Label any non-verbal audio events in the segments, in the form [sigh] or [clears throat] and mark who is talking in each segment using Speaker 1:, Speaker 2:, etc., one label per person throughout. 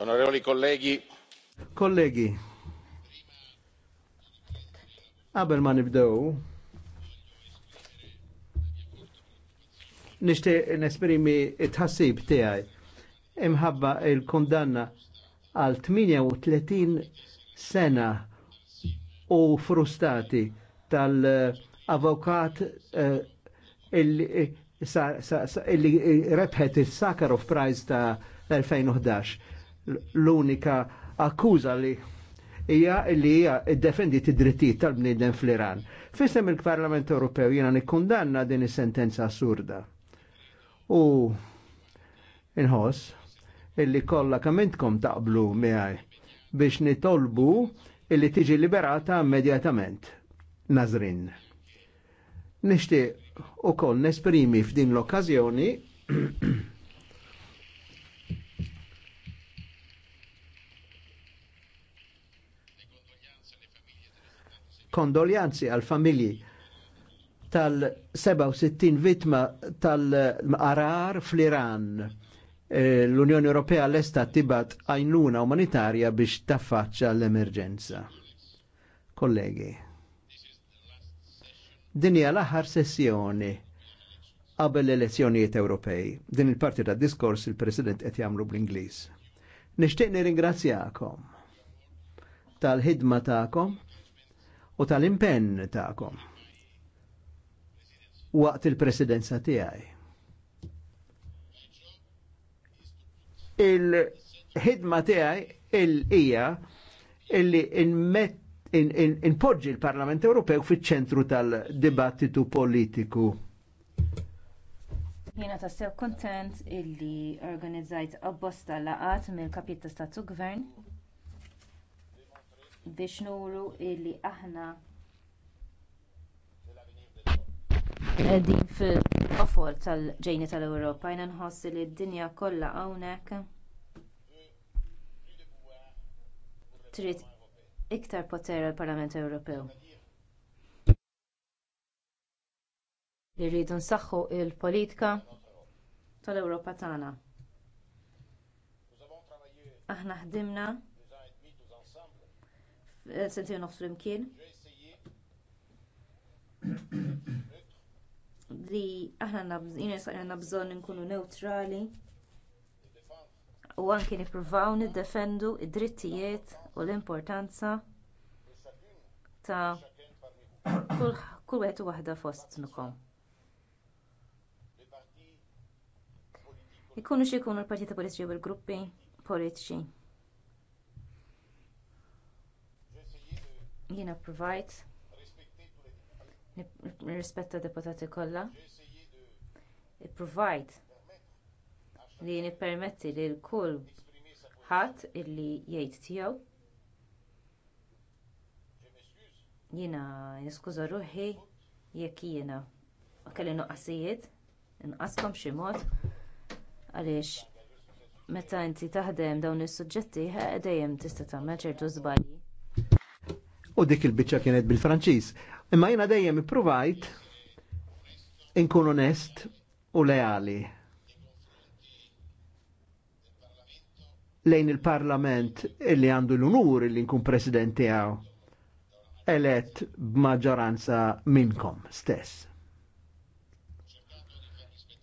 Speaker 1: Onorevoli kollegi.
Speaker 2: Kollegi. Qabel ma nibdew, nishtiq nesprimi it-ħassib tiegħi imħabba il-kondanna għal 38 sena u frustati tal-avokat eh, illi eh, eh, rebħet il sakarov Prize ta' 2011 l-unika akkuża li hija li hija ddefendit id-drittijiet tal-bniedem fl-Iran. Fissem il-Parlament Ewropew jiena nikkundanna din is-sentenza assurda. U inħoss illi kollha kamentkom taqblu miegħi biex nitolbu illi tiġi liberata immedjatament. Nazrin. Nishti u koll nesprimi f'din l-okkazjoni kondoljanzi għal familji tal-67 vittma tal-arar fl-Iran. Eh, L-Unjoni Ewropea l-esta tibat għajnuna umanitarja biex taffaċċa l-emerġenza. Kollegi, din hija l-aħħar sessjoni qabel l-elezzjonijiet Ewropej. Din il-parti ta' diskors il-President qed jagħmlu bl-Ingliż. Nixtieq nirringrazzjakom tal-ħidma tagħkom u tal-impenn ta'kom waqt il-presidenza tiegħi. Il-ħidma tiegħi il-hija illi inpoġġi l-Parlament Ewropew fiċ-ċentru tal-dibattitu politiku.
Speaker 3: Jiena tassew kontent illi organizzajt abbosta laqat mill-kapjiet ta' statu gvern biex nuru li aħna qegħdin fil-qofol tal-ġejni tal-Ewropa. Jiena nħossi li d-dinja kollha hawnhekk trid iktar poter għall parlament Ewropew. Li nsaħħu l politika tal-Ewropa tagħna.
Speaker 1: Aħna ħdimna sentejn nofs flimkien.
Speaker 3: Li aħna jina bżonn nkunu neutrali u anki nippruvaw niddefendu id-drittijiet u l-importanza ta' kull wieħed u waħda fost fostnkom. Ikunu xi jkunu l-partiti politiċi u l-gruppi politiċi Jiena provajt nirrispetta deputati kollha. Provajt li nippermetti li l-kull ħadd illi jgħid tiegħu jiena niskuża ruħi jekk jiena kelli nuqqasijiet inqaskom b'xi mod għaliex meta inti taħdem dawn is-suġġetti dejjem tista' tagħmel ċertu żbalji
Speaker 2: u dik il bicċa kienet bil-Franċiż. Imma jina dejjem ipprovajt inkun onest u leali. lejn il-parlament illi għandu l-unur illi nkun presidenti għaw elett b'maġġoranza minnkom stess.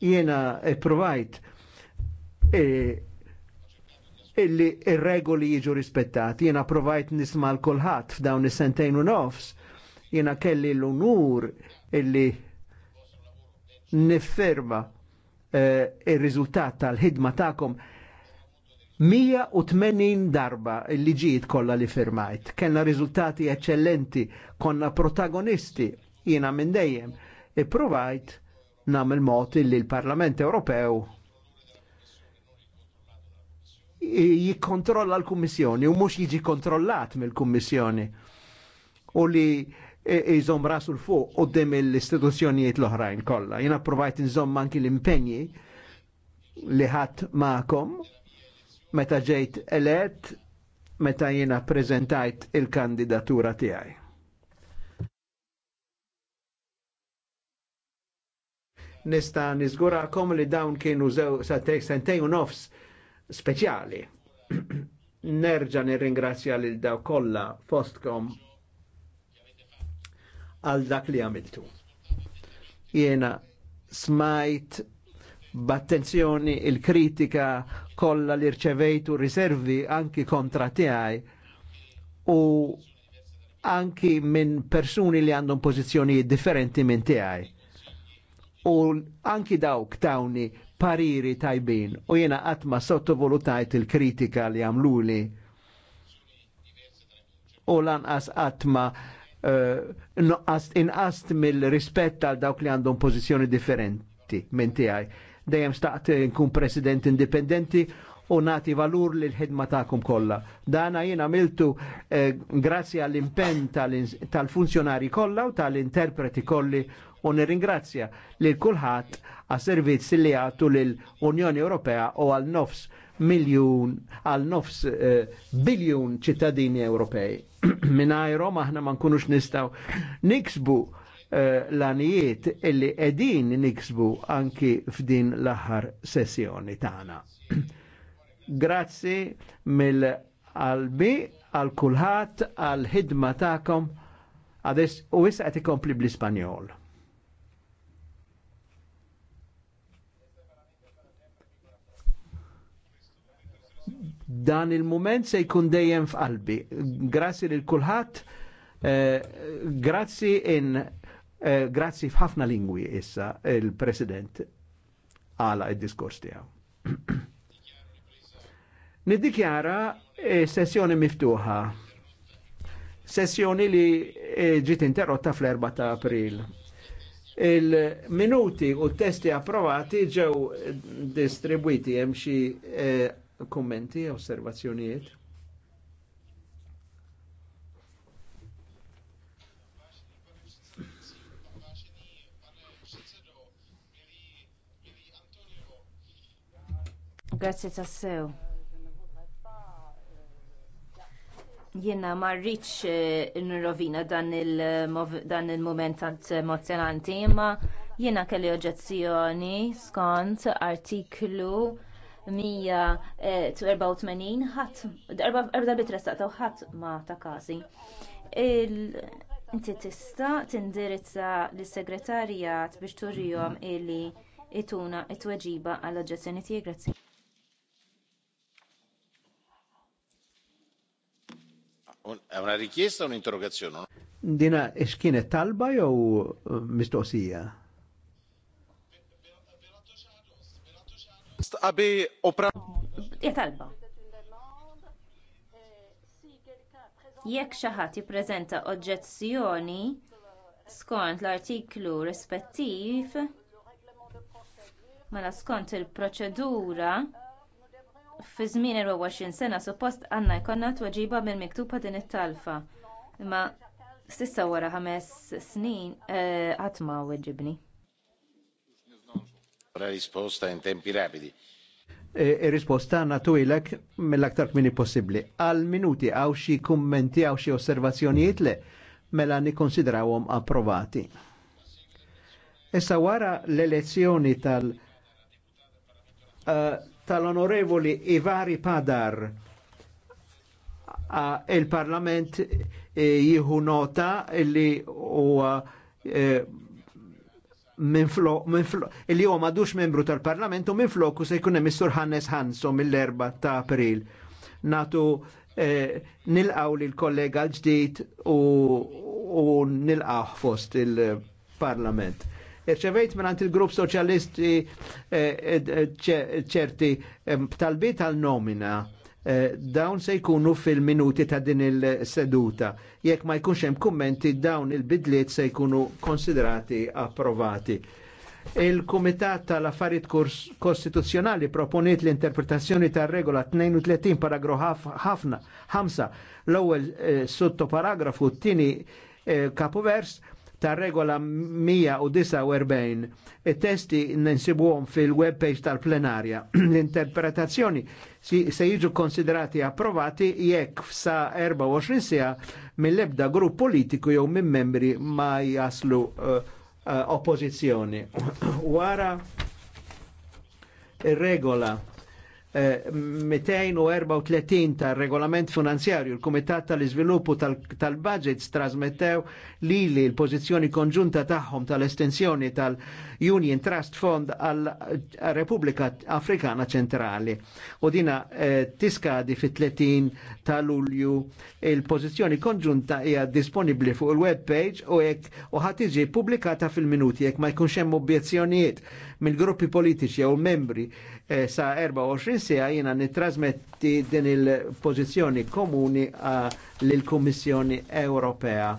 Speaker 2: Jena provajt eh, illi ir-regoli jiġu rispettati. Jiena provajt nisma' l kolħat f'dawn is-sentejn u nofs. Jiena kelli l-unur illi nifferma uh, eh, il riżultat tal-ħidma ta'kom. 180 darba illi ġiet kollha li firmajt. Kellna rizultati eccellenti, konna protagonisti jina minn dejjem. e provajt nagħmel mod li l-Parlament Ewropew jikontrolla l-Kummissjoni u mhux jiġi kontrollat mill-Kummissjoni u li e, e, jżomm e, rasu l-fuq u dem l-istituzzjonijiet l-oħrajn kollha. Jena provajt nżomm anki l-impenji li ħadd magħkom meta ġejt elett meta jiena prezentajt il-kandidatura tiegħi. Nista nizgurakom li dawn kienu zew sa' sentejn nofs speċjali. [clears throat] Nerġa nirringrazzja lil daw kollha fostkom għal dak li għamiltu. Jena smajt b'attenzjoni il-kritika kollha li rċevejtu riservi anki kontra tiegħi u anki minn persuni li għandhom pożizzjonijiet differenti minn tiegħi. U anki dawk tawni pariri tajbin u jena għatma sottovolutajt il-kritika li għamluli u lanqas għatma uh, eh, inqast mill-rispett għal dawk li għandhom pożizzjoni differenti minn tiegħi. Dejjem staqt nkun president indipendenti u nati valur lil ħidma ta'kum kollha. Dana jien għamiltu eh, grazzi għall-impenn tal-funzjonari kollha u tal-interpreti kolli u nirringrazzja li kulħadd għas servizz li għatu l-Unjoni Ewropea u għal nofs miljun għal nofs eh, biljun ċittadini Ewropej. [clears throat] Minajrom aħna ma nkunux nistaw niksbu eh, l-anijiet illi edin niksbu anki f'din l-aħħar sessjoni tagħna. [clears throat] Grazzi mill-qalbi għal kulħadd għal ħidma tagħkom għadess u issa qed ikompli bl-Ispanjol. Dan il-moment se jkun dejjem f'qalbi. Grazzi lil kulħadd, eh, grazzi in eh, grazzi f'ħafna lingwi issa il-President għala id-diskors tiegħu. [clears throat] Niddikjara eh, sessjoni miftuħa. Sessjoni li ġiet interrotta fl-4 ta' April il-minuti u testi approvati ġew distribuiti hemm xi kommenti, osservazzjonijiet.
Speaker 3: Grazie tassew. Jena ma rriċ eh, n-rovina dan il-moment il tant emozjonanti, imma jiena kelli oġezzjoni skont artiklu 184 eh, ħadd erba' darbiet restaqtaw ħadd ma ta' każi. Inti tista' tindirizza lis-segretarjat biex turihom illi ituna t tweġiba għall oġġezzjoni tiegħi grazzi.
Speaker 1: È una richiesta o un'interrogazione?
Speaker 3: Dina, e x'kienet
Speaker 2: talba jew eh, mistoqsija?
Speaker 1: Jekk
Speaker 3: xi ħadd jippreżenta oġġezzjoni skont l-artiklu rispettiv mela skont il-proċedura fi żmien 24 sena suppost għandna jkollna tweġiba mill-miktuba din it-talfa. Imma s'issa wara ħames snin eh, ħadd ma weġibni
Speaker 1: la risposta in tempi rapidi.
Speaker 2: E, e risposta e, e għanna mill-aktar kmini possibli. Għal minuti għaw xi kummenti għaw xi osservazzjonijiet le mela nikkonsidrawhom approvati. Issa wara l-elezzjoni tal- uh, tal-onorevoli Ivari Padar uh, il-Parlament uh, eh, jihu nota illi huwa uh, minn flok, min flok, il huwa madux membru tal-parlamentu minn floku se jkun hemm is-Sur Hannes Hanso mill-4 ta' April. Natu eh, nilqaw l kollega l-ġdid u, u nilqaw fost il-parlament. Irċevejt minn għant il-grupp soċjalisti eh, eh, ċerti eh, eh, talbit tal-nomina Eh, dawn se jkunu fil-minuti ta' din il-seduta. Jekk ma jkunx hemm kummenti, dawn il-bidliet se jkunu konsiderati approvati. Il-Kumitat tal-Affarijiet Kostituzzjonali proponiet l-interpretazzjoni tar regola 32 paragraf ħafna 5 l-ewwel eh, sotto paragrafu t-tieni eh, kapovers ta' regola 149. Il-testi e ninsibuhom fil-webpage tal-plenarja. [clears throat] L-interpretazzjoni se jiġu konsiderati approvati jekk sa 24 sija mill-ebda grupp politiku jew minn membri ma jaslu uh, uh, oppożizzjoni. [clears throat] Wara il regola 234 tal-regolament finanzjarju, il-Kumitat tal-Iżviluppu tal-Budgets trasmettew li li l-pożizzjoni konġunta tagħhom tal-estensjoni tal-Union Trust Fund għal Repubblika Afrikana Ċentrali. U dina tiskadi fit-30 ta' Lulju il pozizjoni konġunta hija disponibbli fuq il-web page u hekk u ħad tiġi pubblikata fil-minuti jekk ma jkunx hemm objezzjonijiet mill-gruppi politiċi u membri eh, sa 24 sija jina nitrasmetti din il pozizjoni komuni eh, lill-Kummissjoni Ewropea.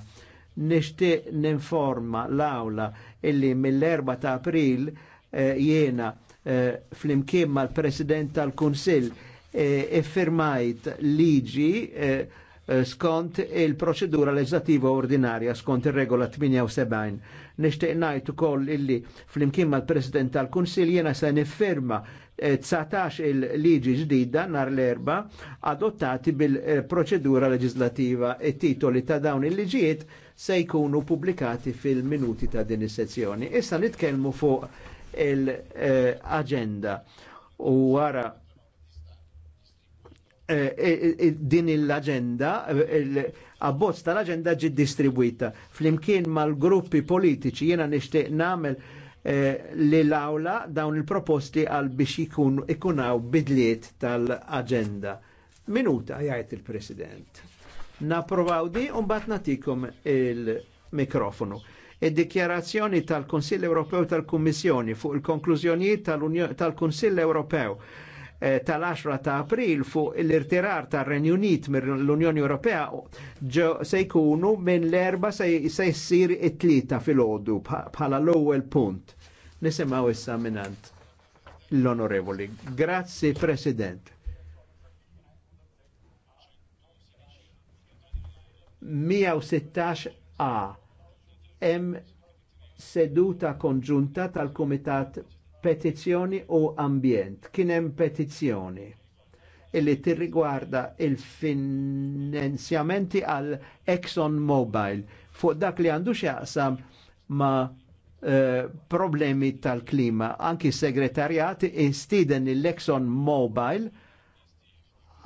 Speaker 2: Nishti ninforma l-Awla illi mill-4 ta' April eh, jiena eh, flimkien mal-President tal kunsil eh, firmajt liġi eh, Eh, skont il-proċedura leġislativa ordinarja skont ir-regola 78. Nixtieq ngħid ukoll illi flimkien mal-President tal-Kunsill jena se nifferma 19 eh, il-liġi ġdida nar l-erba adottati bil-proċedura leġislativa e titoli ta' dawn il-liġijiet se jkunu pubblikati fil-minuti ta' din is-sezzjoni. Issa nitkellmu fuq il-agenda eh, u wara Eh, eh, eh, din l-agenda, l-abbozz tal-agenda ġi distribuita. Flimkien mal-gruppi politiċi jena nishtiq namel li l-awla dawn il-proposti għal biex ikun ikunaw bidliet tal-agenda. Minuta jgħajt il-President. Naprovaw di un bat natikom il-mikrofonu id-dikjarazzjoni tal konsill Ewropew tal-Kummissjoni fuq il-konklużjonijiet tal-Kunsill Ewropew Eh, tal-10 ta' april fuq l-irtirar ta' renju Unit mill-Unjoni Ewropea se jkunu minn l-erba se jsir it-tlieta fil-ħodu bħala l-ewwel punt. Nisimgħu issa minant l-Onorevoli. Grazzi President. a hemm seduta konġunta tal-Kumitat petizzjoni u ambjent. Kien hemm petizzjoni illi tirrigwarda il-finanzjamenti għal Exxon Mobile fuq dak li għandu xaqsam ma' eh, problemi tal-klima. Anki segretarjat istiden l-Exxon Mobile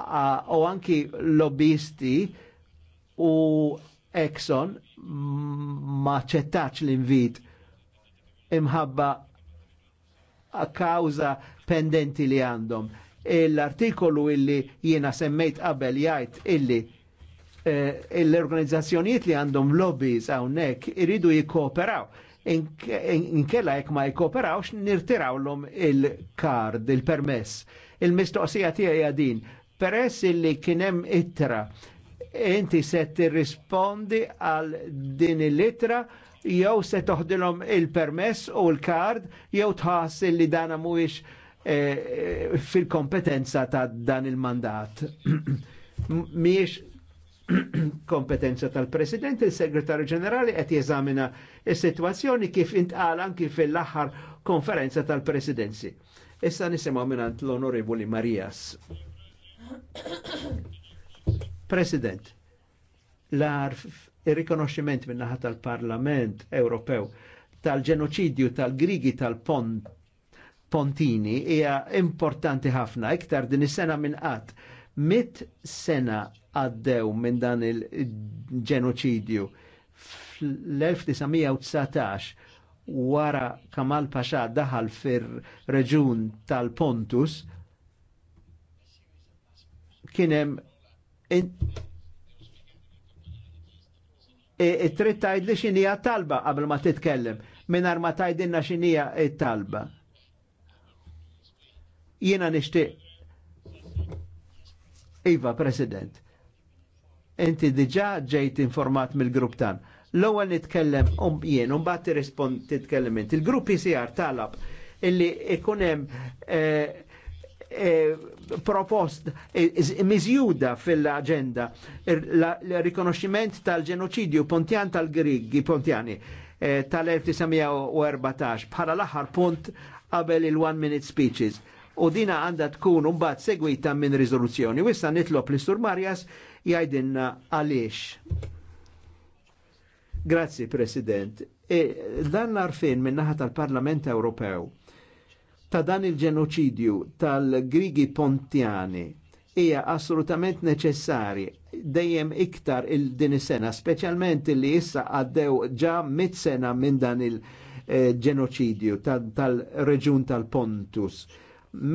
Speaker 2: u anki lobbisti u Exxon ma ċettax l-invit imħabba kawza pendenti li għandhom. L-artikolu illi jiena semmejt qabel jgħid illi eh, l-organizzazzjonijiet li għandhom lobbies hawnhekk iridu jikkooperaw. Inkella jekk ma jkooperawx nirtirawlhom il-kard, il-permess. Il-mistoqsija tiegħi din. Peress illi kien hemm ittra inti se tirrispondi għal din il ittra jew se toħdilhom il-permess u l-kard jew tħass li dana mhuwiex eh, eh, fil-kompetenza ta' dan il-mandat. [clears throat] Miex [clears throat] kompetenza tal-President, il-Segretarju Ġenerali qed jeżamina s-sitwazzjoni kif intqal anki fil-aħħar konferenza tal-Presidenzi. Issa nisimgħu minant l-Onorevoli Marias.
Speaker 4: [clears throat]
Speaker 2: President, l-arf ir-rikonoxximent minnaħa tal-Parlament Ewropew tal-ġenoċidju tal-Grigi tal Pontini hija importanti ħafna iktar din is-sena minn qatt. Mit sena għaddew minn dan il-ġenoċidju fl-1919 wara Kamal Pasha daħal fir-reġun tal-Pontus kienem E, e, trid tgħid li x'inhija talba qabel ma titkellem mingħajr ma tgħidilna x'inhija talba. Jiena nixtieq Iva, President, inti diġà ġejt informat mill-grupp tan. L-ewwel nitkellem um jien, u mbagħad tirrispond titkellem inti. Il-grupp ICR talab illi ikun hemm eh, E, propost e, miżjuda fil-agenda il-rikonoxximent tal-ġenoċidju pontjan tal-Grigi pontjani e, tal-1914 bħala l-aħħar punt qabel il-one minute speeches u dina għanda tkun mbagħad segwita minn riżoluzzjoni. Wissa nitlob l istur Marjas jgħidilna għaliex. Grazzi, President. E, dan l-arfin minn naħa tal-Parlament Ewropew ta' dan il-ġenoċidju tal-Grigi Pontjani hija assolutament neċessari dejjem iktar il-din is-sena, speċjalment li issa għaddew ġa mit sena minn dan il-ġenoċidju eh, tal-reġun tal-Pontus.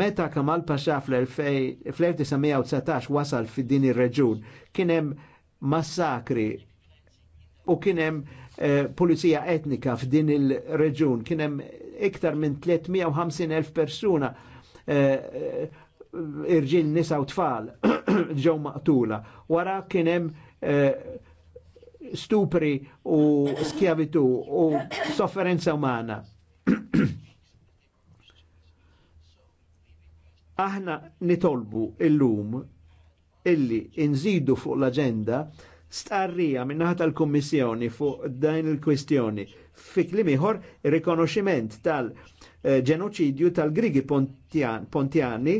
Speaker 2: Meta Kamal Pasha fl-1919 wasal fi din ir-reġun, kien hemm massakri u kien hemm eh, pulizija etnika f'din il-reġun, kien hemm iktar minn 350.000 persuna eh, eh, irġil nisa u tfal [clears throat] ġew maqtula. Wara kien hemm eh, stupri u skjavitu u sofferenza umana. [clears throat] aħna nitolbu illum illi nżidu fuq l-agenda starrija min-naħa tal-Kommissjoni fuq dan il-kwestjoni fi klim ieħor rikonoxximent tal-ġenoċidju tal-Grigi Pontiani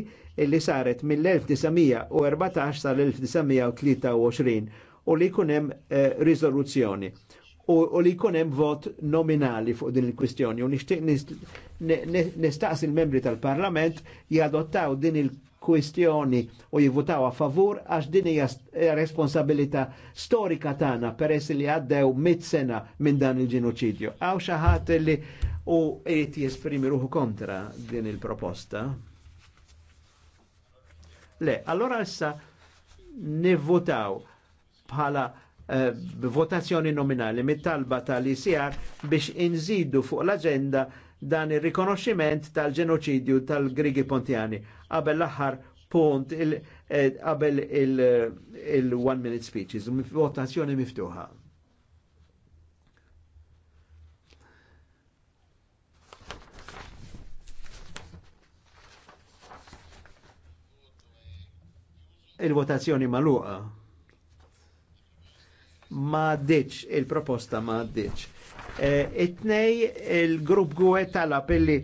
Speaker 2: li saret mill-1914 sal-1923 u li jkun hemm eh, riżoluzzjoni u li jkun hemm vot nominali fuq din il-kwistjoni u nixtieq nistaqsi l-membri tal-Parlament jadottaw din il- kwistjoni u jivutaw a favur għax din hija responsabilità storika tagħna peress li għaddew mit sena minn dan il-ġenoċidju. Għaw xi ħadd li u qed jesprimi ruħu kontra din il-proposta. Le, allora issa nivvutaw bħala eh, votazzjoni nominali mit-talba tal-ICR biex inżidu fuq l-agenda dan ir rikonoximent tal-ġenoċidju tal-Grigi Pontjani. Qabel l-aħħar punt eh, qabel il-one minute speeches, votazzjoni miftuħa. Il-votazzjoni maluqa. Ma ditx, il-proposta ma ditx. Itnej il-grupp għuħet talab illi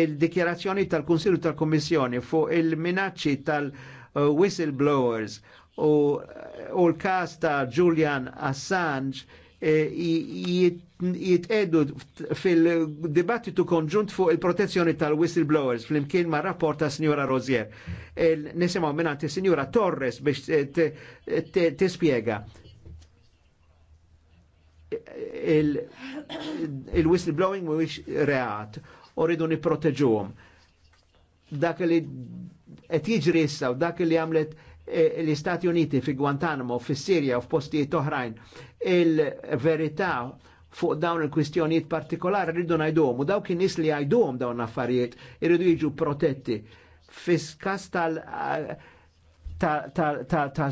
Speaker 2: il-dikjerazzjoni tal konsilju tal-Kommissjoni fuq il-minacċi tal-whistleblowers u l-kas ta' Julian Assange jitqedu fil-dibattitu konġunt fuq il-protezzjoni tal-whistleblowers fl-imkien ma' rapport ta' Signora Rozier. Nisimaw minnanti Signora Torres biex t-spiega. tispiega il-whistleblowing il mhuwiex reat u rridu nipproteġuhom. Dak li qed jiġri issa u dak li għamlet e, l-Istati Uniti fi Guantanamo, fi Sirja u f'postijiet oħrajn, il-verità fuq dawn il-kwistjonijiet partikolari rridu ngħidhom u dawk in-nies li jgħidhom dawn affarijiet irridu jiġu protetti. Fiskas tal ta', ta,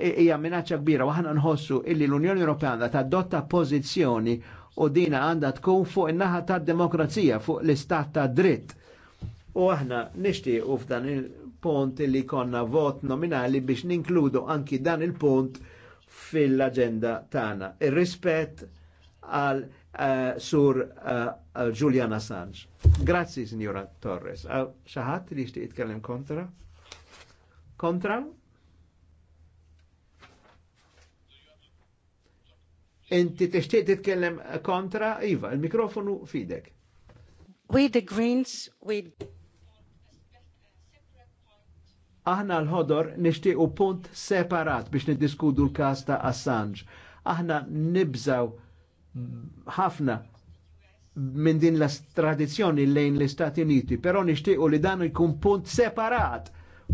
Speaker 2: hija minaċċa kbira u aħna nħossu illi l-Unjoni Ewropea għandha tadotta pożizzjoni u dina għandha tkun fuq in-naħa tad-demokrazija, fuq l-istat ta' dritt. U aħna nixtiequ f'dan il-punt li konna vot nominali biex ninkludu anki dan il-punt fil-agenda tagħna. Ir-rispett għal uh, sur uh, Julian Assange. Grazzi, Signora Torres. Xaħat li jixtieq jitkellem kontra? Kontra? Inti tixtieq titkellem kontra, Iva, il-mikrofonu fidek.
Speaker 5: We the Greens, we
Speaker 2: Aħna l-ħodor nixtiequ punt separat biex niddiskudu l-kas ta' Assange. Aħna nibżaw ħafna minn din la tradizzjoni lejn l-Istati Uniti, però nixtiequ li dan jkun punt separat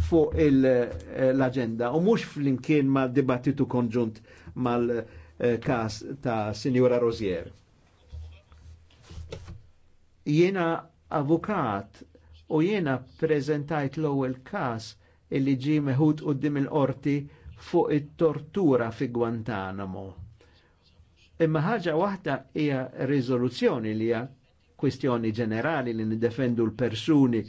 Speaker 2: fuq l-agenda u mhux flimkien mal dibattitu konġunt mal- Eh, kas ta' Signora Rozier. Jiena avukat u jiena prezentajt l-ewwel kas illi ġi meħud qudiem il-qorti fuq it-tortura fi Guantanamo. Imma ħaġa waħda hija riżoluzzjoni li hija kwistjoni ġenerali li nidefendu l-persuni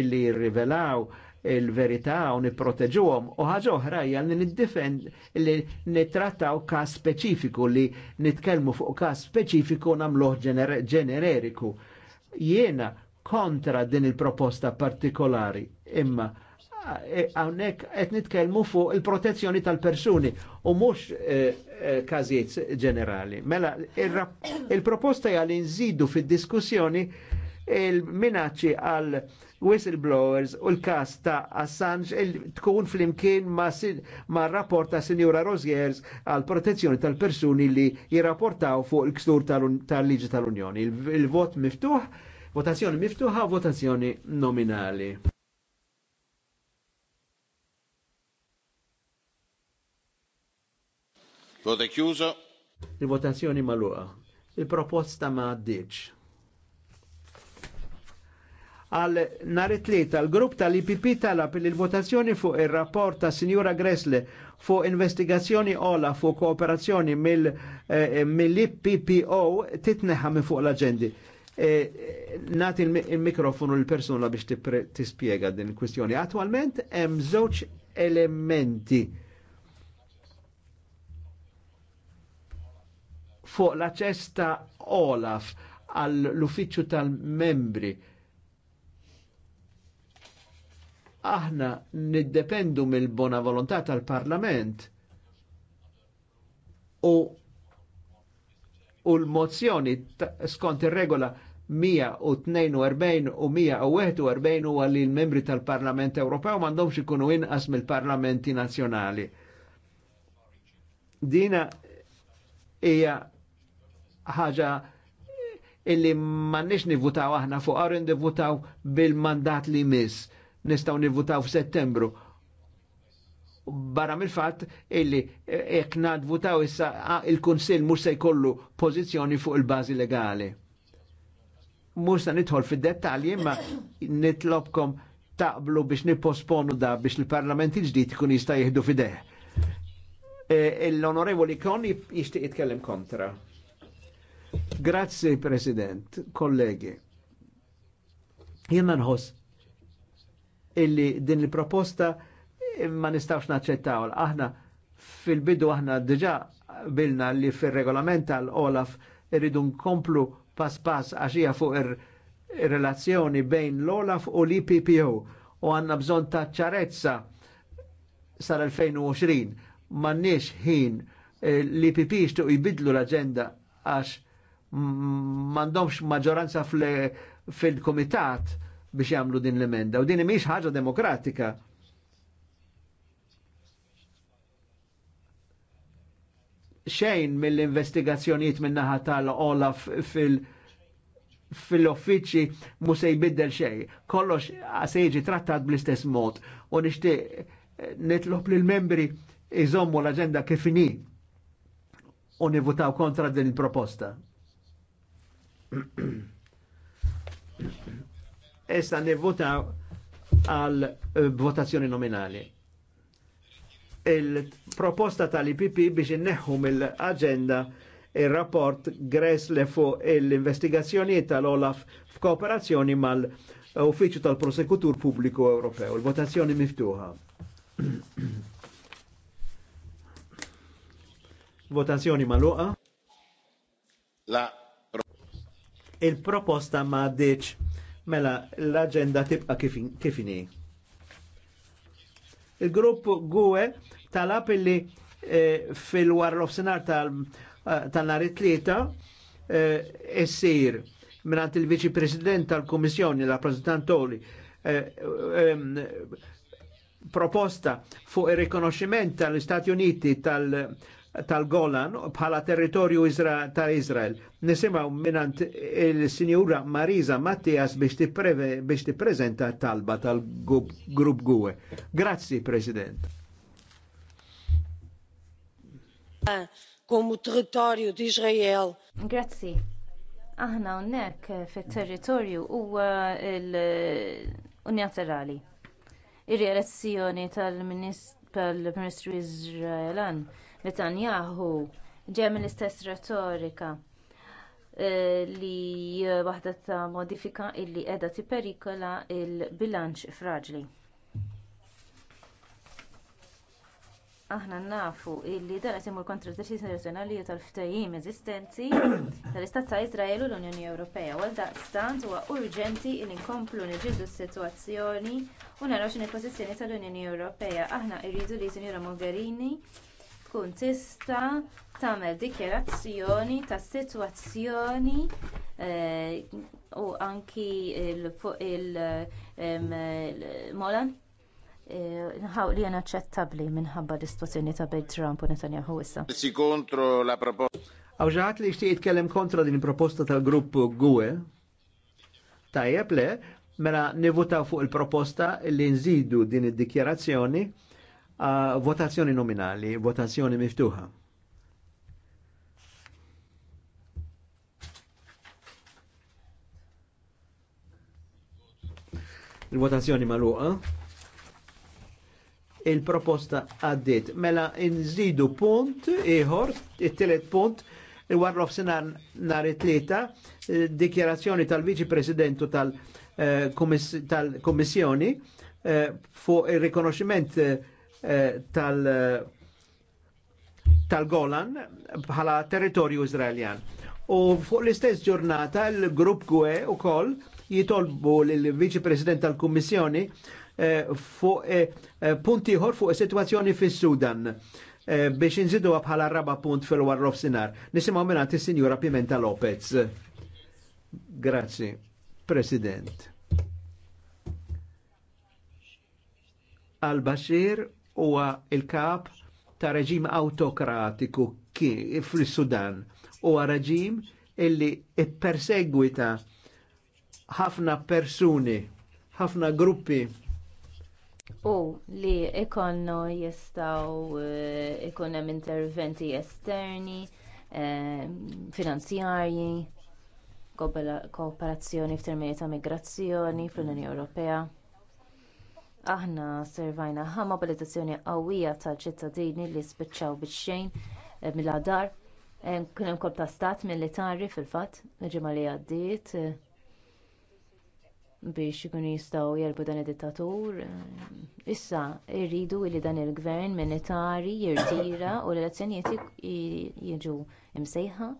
Speaker 2: illi jirrivelaw il-verità u niproteġuhom u ħaġa oħra hija li niddefend li nittrattaw każ speċifiku li nitkellmu fuq każ speċifiku nagħmluh ġeneriku. Jiena kontra din il-proposta partikolari imma e, hawnhekk qed nitkellmu fuq il-protezzjoni tal-persuni u mhux e, e, każijiet ġenerali. Mela il-proposta hija li nżidu fid-diskussjoni il-minacċi għal whistleblowers u l-kas ta' Assange tkun flimkien imkien ma rapport ta' Signora Rosiers għal protezzjoni tal-persuni li jirrapportaw fuq il-kstur tal-liġi tal-Unjoni. Il-vot miftuħ, votazzjoni miftuħa, votazzjoni nominali.
Speaker 1: Voto chiuso.
Speaker 2: Il-votazzjoni maluqa. Il-proposta ma' diċ għal nhar it-tliet tal-grupp tal-IPP talab li l-votazzjoni fuq ir-rapport ta' Signora Gressle fuq investigazzjoni ola fuq kooperazzjoni mill-IPPO eh, titneħa minn fuq l agendi eh, nati il-mikrofonu l-persuna biex tispjega din il-kwistjoni. Attualment hemm żewġ elementi fuq l-aċċess Olaf għall-uffiċċju tal-membri aħna niddependu mill-bona volontà tal-Parlament u u l-mozzjoni skont ir-regola 142 u 141 u għalli l-membri tal-Parlament Ewropew m'għandhomx ikunu inqas mill-parlamenti nazzjonali. Dina hija ħaġa illi m'għandniex nivvutaw aħna fuq għar nivvutaw bil-mandat li miss nistaw nivvutaw f'Settembru. Barra mill-fatt illi eh, jekk nadvutaw issa il-Kunsill mhux se jkollu pożizzjoni fuq il-bażi legali. Mhux se nidħol fid-dettalji imma nitlobkom taqblu biex nipposponu da biex il-Parlament il-ġdid ikun jista' jieħdu fideh. Eh, L-Onorevoli Kon jixtieq jitkellem kontra. Grazzi, President, kollegi. Jena nħoss illi din il-proposta ma nistawx naċċettaw. Aħna fil-bidu aħna diġa bilna li fil-regolament tal-Olaf irridu nkomplu pass pass għaxija fuq ir-relazzjoni bejn l-Olaf u l-IPPO u għanna bżon ta' ċarezza sal-2020 nix ħin eh, l-IPP e xtuq jibidlu l-agenda għax mandomx maġoranza fil-komitat biex jagħmlu din l-emenda u din imiex ħaġa demokratika. Xejn mill-investigazzjonijiet min-naħa tal-Olaf fil- fil-offiċi mu se jbiddel xej. Kollox se trattat bl-istess mod. U nixtieq eh, nitlob l membri iżommu l-aġenda kif inhi u nivutaw kontra din il-proposta. [clears throat] Issa vota għal eh, votazzjoni nominali. Il-proposta tal-IPP biex inneħħu mill-agenda il-rapport Gresle fu l-investigazzjonijiet tal-Olaf f'kooperazzjoni mal-Uffiċċju tal-Prosekutur Pubbliku Ewropew. Il-votazzjoni miftuħa. [clears throat] Votazzjoni maluqa. La il-proposta ma' deċ Mela, l-agenda tibqa kifini. Il-grupp GUE talab illi fil eh, fil-warlof senar tal-nar tal eh, tlieta essir eh, minnant il vici President tal-Komissjoni, l-Rappresentantoli, ehm, proposta fuq il-rikonoxximent tal-Istati Uniti tal-, istati tal-Golan bħala territorju izra ta' Izrael. Nisimaw minant il-Sinjura Marisa Mattias biex tippreżenta talba tal-Grupp Gue. Grazzi, President.
Speaker 3: Komu territorju d'Izrael. Grazzi. Aħna unnek fit-territorju huwa l unjaterali ir reazzjoni tal-Ministru Izraelan Netanyahu ġemm l istess retorika eh, li waħda ta' modifika illi qiegħda perikola l bilanċ fraġli. Aħna nafu illi dan qed imur kontra d tal-ftehim eżistenti tal-Istat ta' Iżrael u l-Unjoni Ewropea. Għal daqstant huwa urġenti li nkomplu niġġieldu s-sitwazzjoni u naraw il l-pożizzjoni tal-Unjoni Ewropea. Aħna rridu li Sinjura Mogherini tkun tista' tagħmel dikjarazzjoni tas-sitwazzjoni eh, u anki fuq il-molan eh, li għana ċettabli minħabba l-istituzzjoni ta' Bill Trump u Netanyahu issa.
Speaker 1: Kontro la
Speaker 3: proposta.
Speaker 2: li xtiq jitkellem kontra din proposta tal-grupp GUE, tajjeb le, mela nivutaw fuq il-proposta li nżidu din id-dikjerazzjoni votazzjoni nominali, votazzjoni miftuħa. il-votazzjoni maluqa. Il-proposta għaddit. Mela nżidu punt iħor, il-telet punt, warrof sinar nar it-tlieta, dikjerazzjoni tal-Viċi Presidentu tal-Kommissjoni tal eh, eh, fuq il-rikonoxximent eh, Eh, tal tal-Golan bħala territorju Izraeljan. U fuq l-istess ġurnata l-grupp GUE u koll jitolbu l-Viċi President tal-Kummissjoni eh, fuq eh, punti ħor fuq situazzjoni fis-Sudan biex inżidu bħala raba punt fil-war sinar. Nisimaw minna t sinjura Pimenta Lopez. Grazzi, President. Al-Bashir huwa il-kap ta' reġim autokratiku fil sudan u reġim illi perseguita ħafna persuni, ħafna gruppi
Speaker 3: U li ikonno jistgħu eh, ikun hemm interventi esterni, eh, finanzjarji, kooperazzjoni f'termini ta' migrazzjoni fl-Unjoni Ewropea aħna servajna ħa mobilizzazzjoni qawwija tal-ċittadini li spiċċaw biċċejn xejn eh, mill-għadar. Kien hemm korp ta' stat militari fil-fatt ġimgħa li għaddiet eh, biex ikunu jistgħu jelbu dan id-dittatur. Eh, issa rridu li dan il-gvern militari jirtira u l-elezzjonijiet jiġu imsejħa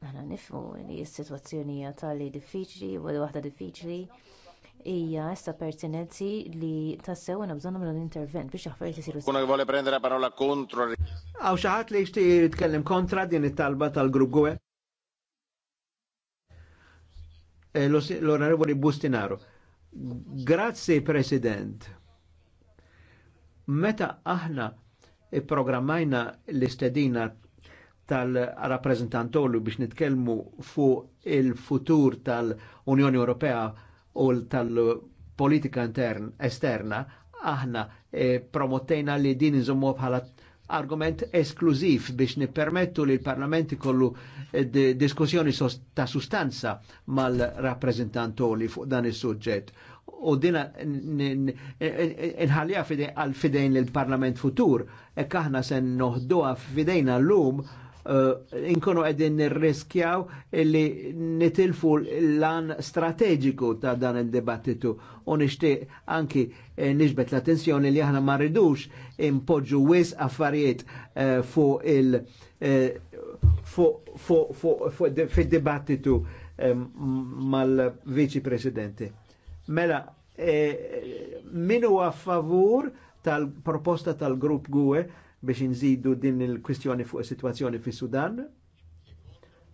Speaker 3: aħna nifhmu li s-sitwazzjoni hija tali diffiċli u waħda diffiċli hija sta pertinenzi li tassew bżonna bżonn l intervent biex affarijiet isiru.
Speaker 1: Kuna vole prendere la parola contro.
Speaker 3: Għaw xaħat ħadd li jixtieq
Speaker 2: jitkellem kontra din it-talba tal-grupp Gwe? Eh, L-Onorevoli Bustinaro. Grazzi President. Meta aħna programmajna l-istedina tal-rappresentantolu biex nitkellmu fuq il-futur tal-Unjoni Ewropea u tal-politika esterna aħna e, eh, promottejna li din nżommu bħala argument esklużiv biex nippermettu li l-Parlament kollu eh, diskussjoni ta' sustanza mal rappreżentantoli fuq dan is-suġġett. U dina nħallija għal fidejn l-Parlament futur, e kaħna sen noħduha fidejna l-lum Eh, inkunu għedin nirriskjaw illi nitilfu l-lan strategiku ta' dan il-dibattitu u nishtiq anki eh, nixbet l-attenzjoni li aħna ma rridux impoġġu wis affarijiet eh, fuq il- fuq dibattitu mal-Viċi Presidenti. Mela, minu għaffavur tal-proposta tal-Grupp GUE biex inżidu din il-kwistjoni fuq is-sitwazzjoni fis sudan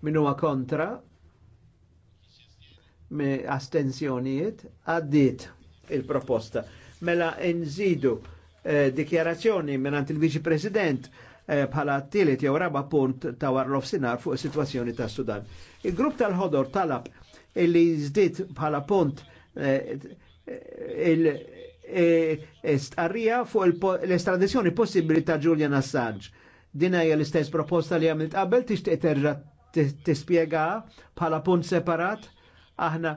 Speaker 2: Min huwa kontra astenzjonijiet għaddit il-proposta. Mela inżidu eh, dikjarazzjoni minnant il-Viċi President eh, bħala eh, t-tielet jew raba punt ta' warlof sinar fuq is-sitwazzjoni ta' Sudan. Il-grupp tal-ħodor talab illi jizdit bħala punt eh, il- E, e, stqarrija fuq l-estradizjoni possibbli ta' Julian Assange. Dina hija l-istess proposta li għamilt qabel tixtieq terġa' tispjega bħala punt separat aħna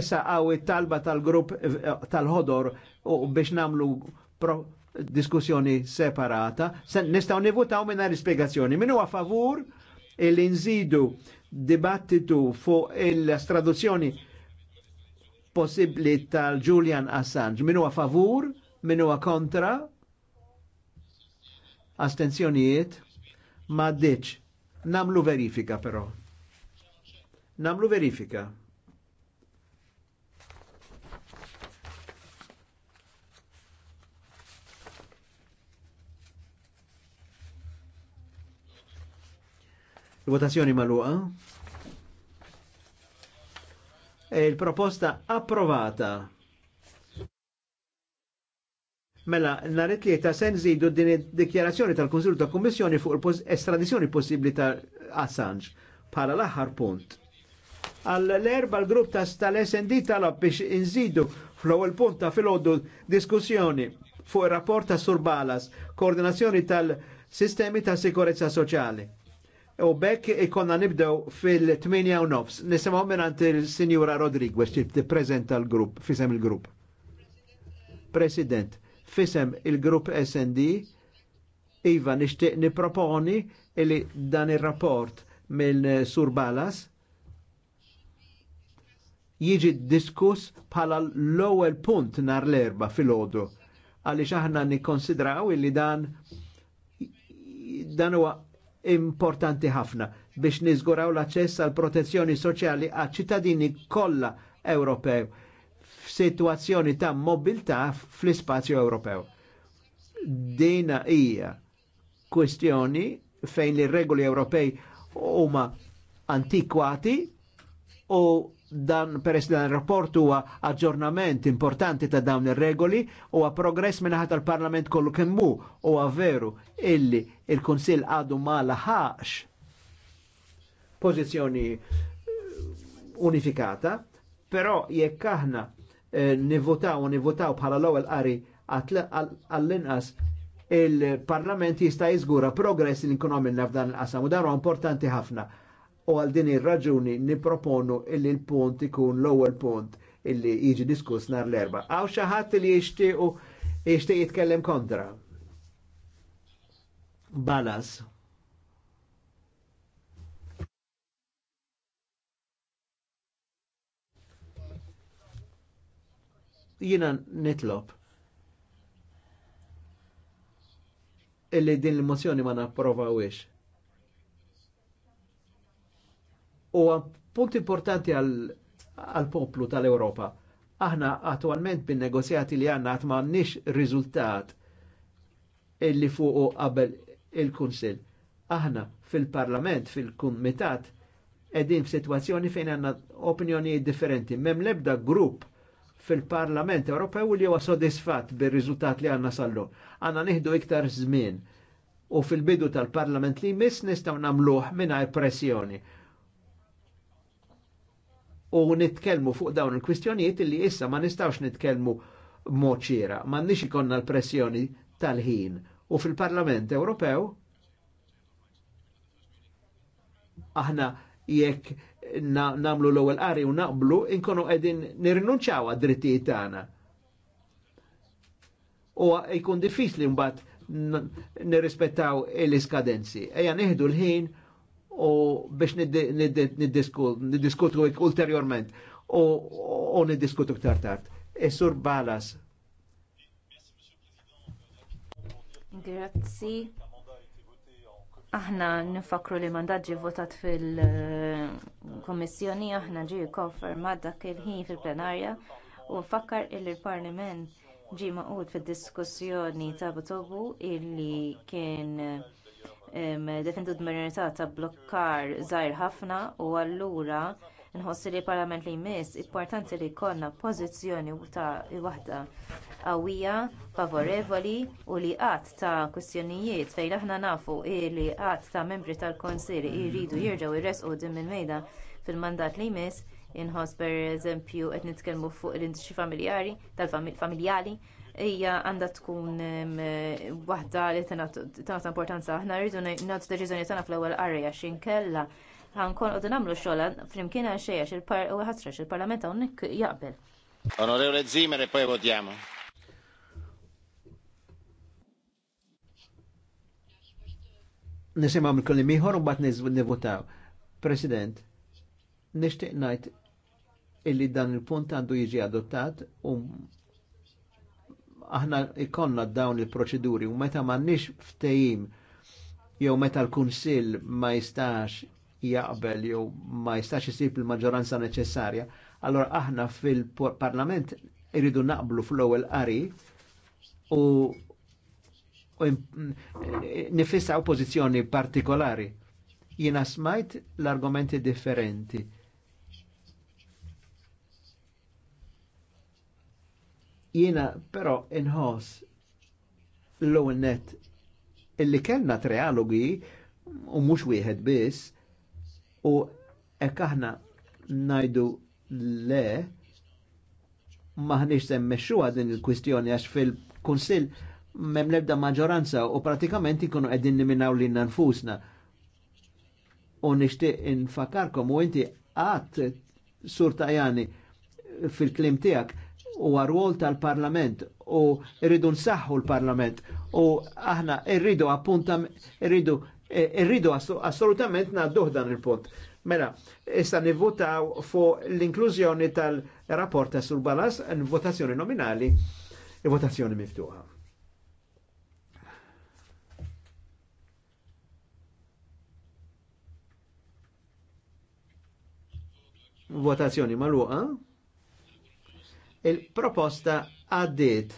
Speaker 2: essa għaw talba tal-grupp tal-ħodor u biex namlu diskussjoni separata, nistaw nivutaw minna rispiegazzjoni. Minu a favur il-inżidu dibattitu fuq il-traduzzjoni possibbli tal-Julian Assange. Min huwa favur, min huwa kontra, astenzjonijiet, ma ditx. Namlu verifika però. Namlu verifika. Il-votazzjoni maluqa il-proposta approvata. Mela, narit li ta' sen zidu din id-dikjarazzjoni tal-Konsilu ta' Kommissjoni fuq l-estradizjoni possibli ta' Assange Pala l-aħħar punt. Għall-erba l-grupp ta' tal-SND talab biex inżidu fl-ewwel punt ta' fil-oddu diskussjoni fuq il rapport ta' Surbalas, koordinazzjoni tal-sistemi ta' sikurezza soċjali. U bekk ikonna nibdew fil-8 u nofs. Nisimaw minnant il-Sinjura Rodriguez ċi t-prezenta l-grupp, fisem il-grupp. President, fisem il-grupp SND, Iva nishtiq niproponi li dan il-rapport mill Sur Balas jiġi diskuss bħala l-ewwel punt nar l-erba fil-ħodu għaliex aħna nikkonsidraw illi dan dan huwa importanti ħafna biex nizguraw l-aċċess għal protezzjoni soċjali għal ċittadini kollha Ewropew f'sitwazzjoni ta' mobilità fl-ispazju Ewropew. Dina hija kwestjoni fejn li regoli Ewropej huma antikwati u dan peress dan il-rapport huwa aġġornament importanti ta' dawn ir-regoli u progress minnaħat tal-Parlament kollu kemmu u veru illi il-Kunsill għadu ma laħax pożizzjoni eh, unifikata, però jekk aħna eh, u nivotaw bħala l-ewwel qari għall-inqas il-Parlament jista' jiżgura progress li nkunu għamilna f'dan il-qasam u dan importanti ħafna u għal din ir-raġuni niproponu illi l-punt ikun l-ewwel punt illi jiġi diskuss nar l-erba. Għaw xi ħadd li jixtiequ jixtieq jitkellem kontra. Balas. Jina nitlob illi din l-mozzjoni ma napprovawiex u punt importanti għal poplu tal-Europa. Aħna attualment bin negozjati li għanna għatma nix riżultat illi fuqu qabel il-Kunsil. Aħna fil-Parlament, fil-Kumitat, edin f-situazzjoni fejn għanna opinjoni differenti. Mem lebda grupp fil-Parlament Ewropew li huwa sodisfatt bir-riżultat li għanna sallu. Għanna nieħdu iktar żmien u fil-bidu tal-Parlament li miss nistgħu nagħmluh mingħajr pressjoni u nitkellmu fuq dawn il-kwistjonijiet li issa ma nistawx nitkellmu moċira, ma nix ikonna l-pressjoni tal-ħin. U fil-Parlament Ewropew aħna jekk na, namlu l-ewwel qari u naqblu inkunu qegħdin nirrinunċaw għad-drittijiet tagħna. U jkun diffiċli mbagħad nirrispettaw l-iskadenzi. Ejja neħdu l-ħin u biex niddiskutu ulterjorment u niddiskutu ktar tard. Is-sur e Balas.
Speaker 3: Grazzi. Aħna nifakru li mandat ġi votat fil-Kommissjoni, eh, aħna ġi konfermat dak il-ħin fil-plenarja u fakkar il-Parlament ġi maqud fil-diskussjoni ta' Butobu illi kien defendu d-minorità ta' blokkar żgħir ħafna u allura nħossi li l-Parlament li jmiss importanti li jkollna pożizzjoni ta' waħda qawwija favorevoli u li qatt ta' kwistjonijiet fejn aħna nafu li qatt ta' membri tal-Kunsill jridu jirġgħu jirresqu din il-mejda fil-mandat li jmiss inħoss pereżempju qed nitkellmu fuq l-indiċi familjari tal-familjali hija għandha tkun waħda li tagħta importanza aħna rridu nagħtu deċiżjoni tagħna fl-ewwel qari għax inkella ħankun qogħdu nagħmlu xogħol flimkien għal xejn u ħasrex il-Parlament hawnhekk jaqbel.
Speaker 1: Onorevole Zimmer e poi votiamo.
Speaker 2: Nisimam il-kollim ieħor u mbagħad nivvotaw. President, nixtieq ngħid illi dan il-punt għandu jiġi adottat u um aħna ikonna dawn il-proċeduri u meta nix ftehim jew meta l-Kunsill ma jistax jaqbel jew ma jistax isib il-maġġoranza neċessarja, allora aħna fil-Parlament irridu naqblu fl-ewwel qari u, u nifissaw pożizzjoni partikolari. Jiena smajt l-argumenti differenti Jiena però inħoss l net illi kellna trialogi u mhux wieħed biss u hekk aħna ngħidu le maħniex semmexxuha din il-kwistjoni għax fil-Kunsill mem lebda maġoranza u pratikament ikunu qegħdin niminaw lilna nfusna. U nixtieq infakarkom u inti għadd sur tajani fil-klim tiegħek u għarwol tal-parlament u rridu nsaħħu l-parlament u aħna rridu appuntam rridu e, rridu assolutament nadduh dan il-punt. Mela, issa nivvotaw fu l-inklużjoni tal rapporta sul balas votazzjoni nominali e votazzjoni miftuħa. Votazzjoni maluqa. Eh? Il-proposta għaddit.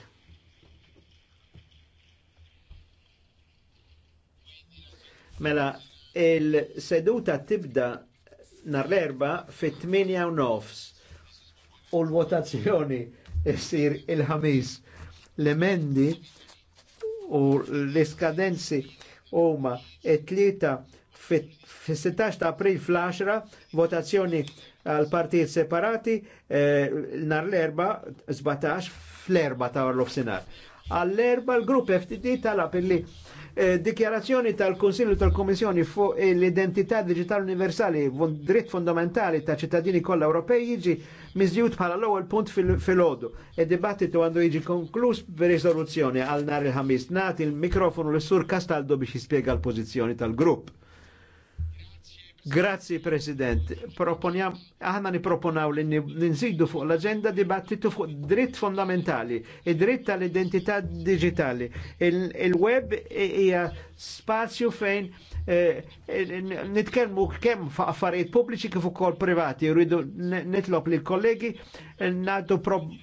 Speaker 2: Mela, il-seduta tibda nar l-erba fit-8 u nofs u l-votazzjoni jessir il-ħamis. L-emendi u l-iskadenzi huma it-tlieta fit-16 ta' april fl-10 votazzjoni għal partijiet separati eh, nar l-erba 17 fl-erba ta' orlof sinar. Għall-erba l-grupp FTD talab illi eh, dikjarazzjoni tal-Konsilju tal-Komissjoni fuq eh, l-identità digitali universali u dritt fondamentali ta' ċittadini kollha Ewropej jiġi miżjud bħala l-ewwel punt fil-ħodu. e dibattitu għandu jiġi konkluż b'riżoluzzjoni għal nhar il-ħamis. Nagħti il-mikrofonu l-Sur Kastaldo biex jispjega l-pożizzjoni tal-grupp. Grazzi President. Proponiam, aħna niproponaw li ninżidu fuq l-agenda dibattitu fuq dritt fondamentali, id-dritt tal-identità digitali. Il-web hija spazju fejn eh, nitkellmu kemm fuq affarijiet pubbliċi kif ukoll privati, rridu nitlob li kollegi nagħtu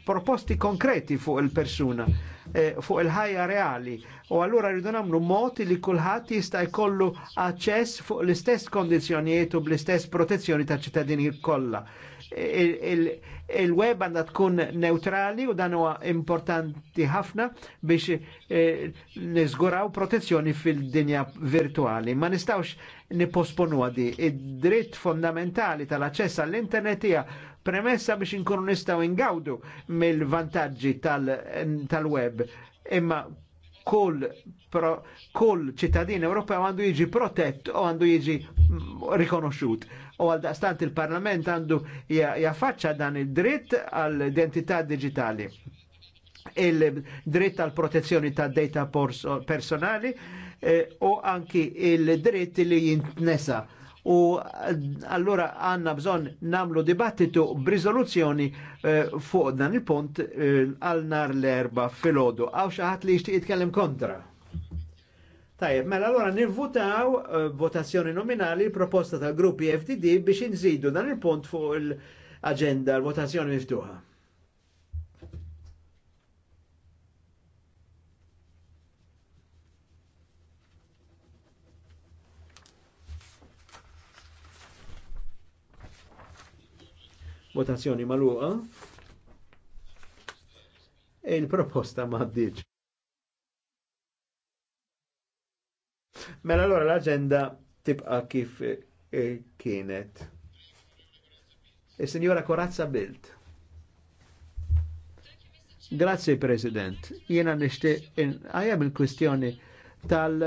Speaker 2: proposti konkreti fuq il-persuna Eh, fuq il-ħajja reali. U allura rridu namlu moti li kulħadd jista' jkollu aċċess fuq l-istess kondizzjonijiet u bl-istess protezzjoni ta' ċittadini kollha. Il-web għandha tkun neutrali u dan huwa importanti ħafna biex eh, niżguraw protezzjoni fil-dinja virtuali. Ma nistgħux nipposponu għadi. Id-dritt fondamentali tal-aċċess għall-internet hija premessa biex inkunu nistaw ingawdu mill-vantaġġi tal-web. Tal Imma kull kull ċittadin Ewropew għandu jiġi protett u għandu jiġi mm, rikonoxxut. U għal daqstant il-Parlament għandu jaffaċċa dan id-dritt għall identità digitali il-dritt għal protezzjoni ta' data personali eh, u anki il-dritt li jintnesa u allura għanna bżon namlu dibattitu b'rizoluzzjoni eh, fuq dan il-punt eh, għal eh, nar l-erba fil-ħodu. Għaw xaħat li jishtiq jitkellem kontra. Tajjeb, mela allora nivvutaw eh, votazzjoni nominali proposta tal-gruppi e FDD biex nżidu dan il-punt fuq il-agenda l-votazzjoni miftuħa. Votazzjoni maluqa. E il-proposta ma għaddiċ. Mela allora l-agenda tibqa kif eh, kienet. il e Signora Corazza Bilt. Grazie President. Jena nishti, għajem il-kwistjoni tal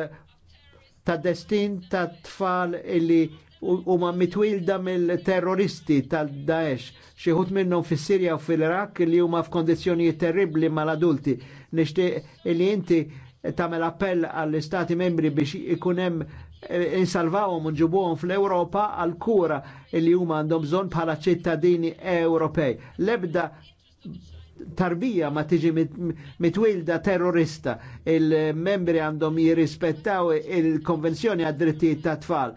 Speaker 2: ta' destin ta' tfal illi u ma mitwilda mill-terroristi tal-Daesh, xieħut minnhom fis sirja u fil-Irak li huma f'kondizjoni terribli mal-adulti. Nixtieq li inti tagħmel appell għall-Istati membri biex ikun hemm eh, insalvawhom u nġibuhom fl-Ewropa għal kura li huma għandhom bżonn bħala ċittadini Ewropej. Lebda tarbija ma tiġi mitwilda terrorista. Il-membri għandhom jirrispettaw il-konvenzjoni għad-drittijiet tat-tfal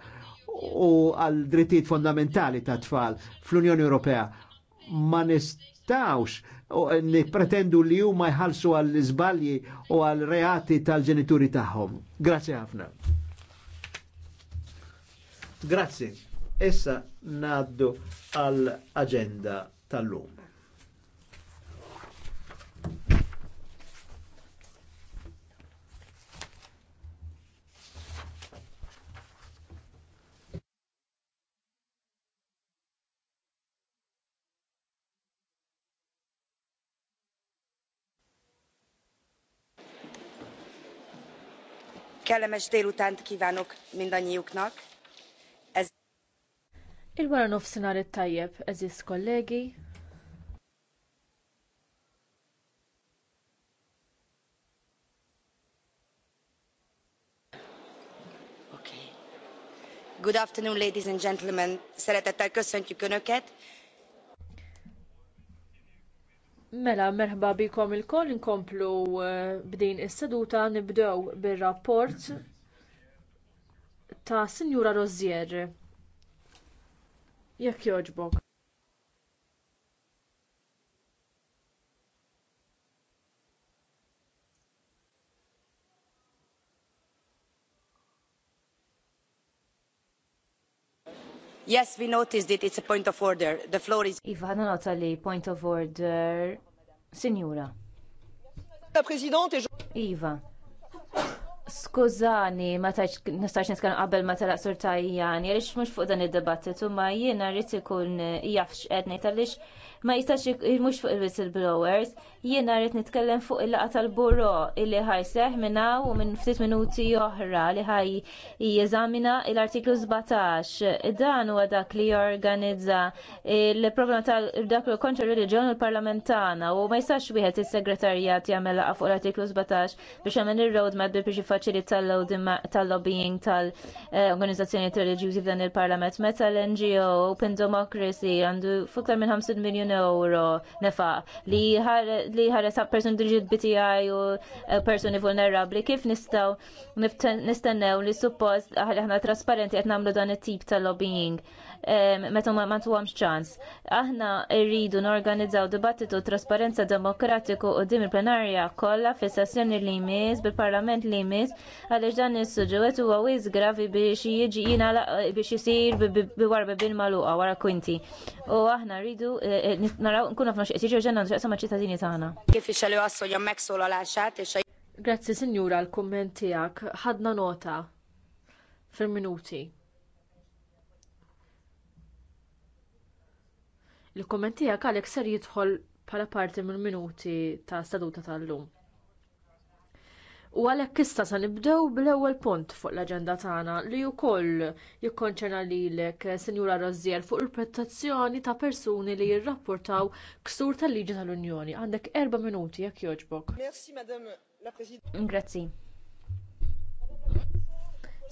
Speaker 2: u għal drittijiet fondamentali ta' tfal fl-Unjoni Ewropea. Ma nistawx nipretendu li huma jħallsu għall iżbalji u għal reati tal-ġenituri tagħhom. Grazzi ħafna. Grazzi. Issa naddu għall-agenda tal-lum.
Speaker 6: kellemes délutánt kívánok mindannyiuknak.
Speaker 7: Il-wara nofsinhar it-tajjeb, eżis kollegi.
Speaker 6: Good afternoon, ladies and gentlemen. Szeretettel köszöntjük
Speaker 7: Önöket. Mela, merħba bikom il-koll inkomplu eh, b'din is-seduta nibdew bir-rapport ta' Sinjura Rozier. Jekk jogħġbok.
Speaker 6: Yes, we noticed it. It's a point of order. The floor
Speaker 3: is... Iva, ħana nota li point of order. Signora. La Presidente... Iva. Skużani, ma taċ nistax nitkellem qabel ma telaq sur tajjani, għaliex mhux fuq dan id-dibattitu ma jiena rrid ikun jafx qed ngħid għaliex ma jistax mhux fuq il-whistleblowers, jiena rrid nitkellem fuq il laqgħa tal-buro illi ħajseħ minnaw u minn ftit minuti oħra li ħaj jeżamina l-artiklu 17. Dan huwa dak li jorganizza il-problema tal-dak li kontra religjon u l-parlamentana u ma jistax wieħed is-segretarjat jagħmel laqgħa fuq l-artiklu 17 biex jagħmel ir-roadmap biex jiffaċilita tal-lobbying tal-organizzazzjoni reliġjużi f'dan il-parlament. Meta l-NGO Open Democracy għandu fuktar minn 50 miljon biljun nefa li ħares għab person dirġit BTI u eh, personi vulnerabli kif nistaw nistennew li suppost aħna ħna trasparenti qed namlu dan it-tip ta' lobbying meta ma tuħamx ċans. Aħna rridu norganizzaw dibattitu trasparenza demokratiku u dim il-plenarja kollha fis sessjoni li jmiss bil-parlament li jmiss għaliex dan is-suġġett huwa wiz gravi biex jiġi jina biex jisir bi warba bil maluqa wara kwinti. U aħna rridu eh, naraw nkun għafna xieqsi ġerġan għandu xieqsa maċ-ċittadini tagħna. Kif
Speaker 6: ixxelu għassu jom meksu l-għalaxat? E
Speaker 3: Grazzi,
Speaker 7: sinjura, l-komment tiegħek.
Speaker 3: ħadna nota
Speaker 7: fil-minuti. Il-komment tiegħek għalhekk ser jidħol bħala parti mill-minuti ta' staduta tal-lum. U għalhekk issa se nibdew bl-ewwel punt fuq l-aġenda tagħna li wkoll jikkonċerna lilek Sinjura Rozier fuq il-protezzjoni ta' persuni li jirrapportaw ksur tal-liġi tal-Unjoni. Għandek erba' minuti
Speaker 3: jekk jogħġbok. Merci
Speaker 4: Madame la
Speaker 3: Presidente. Grazzi.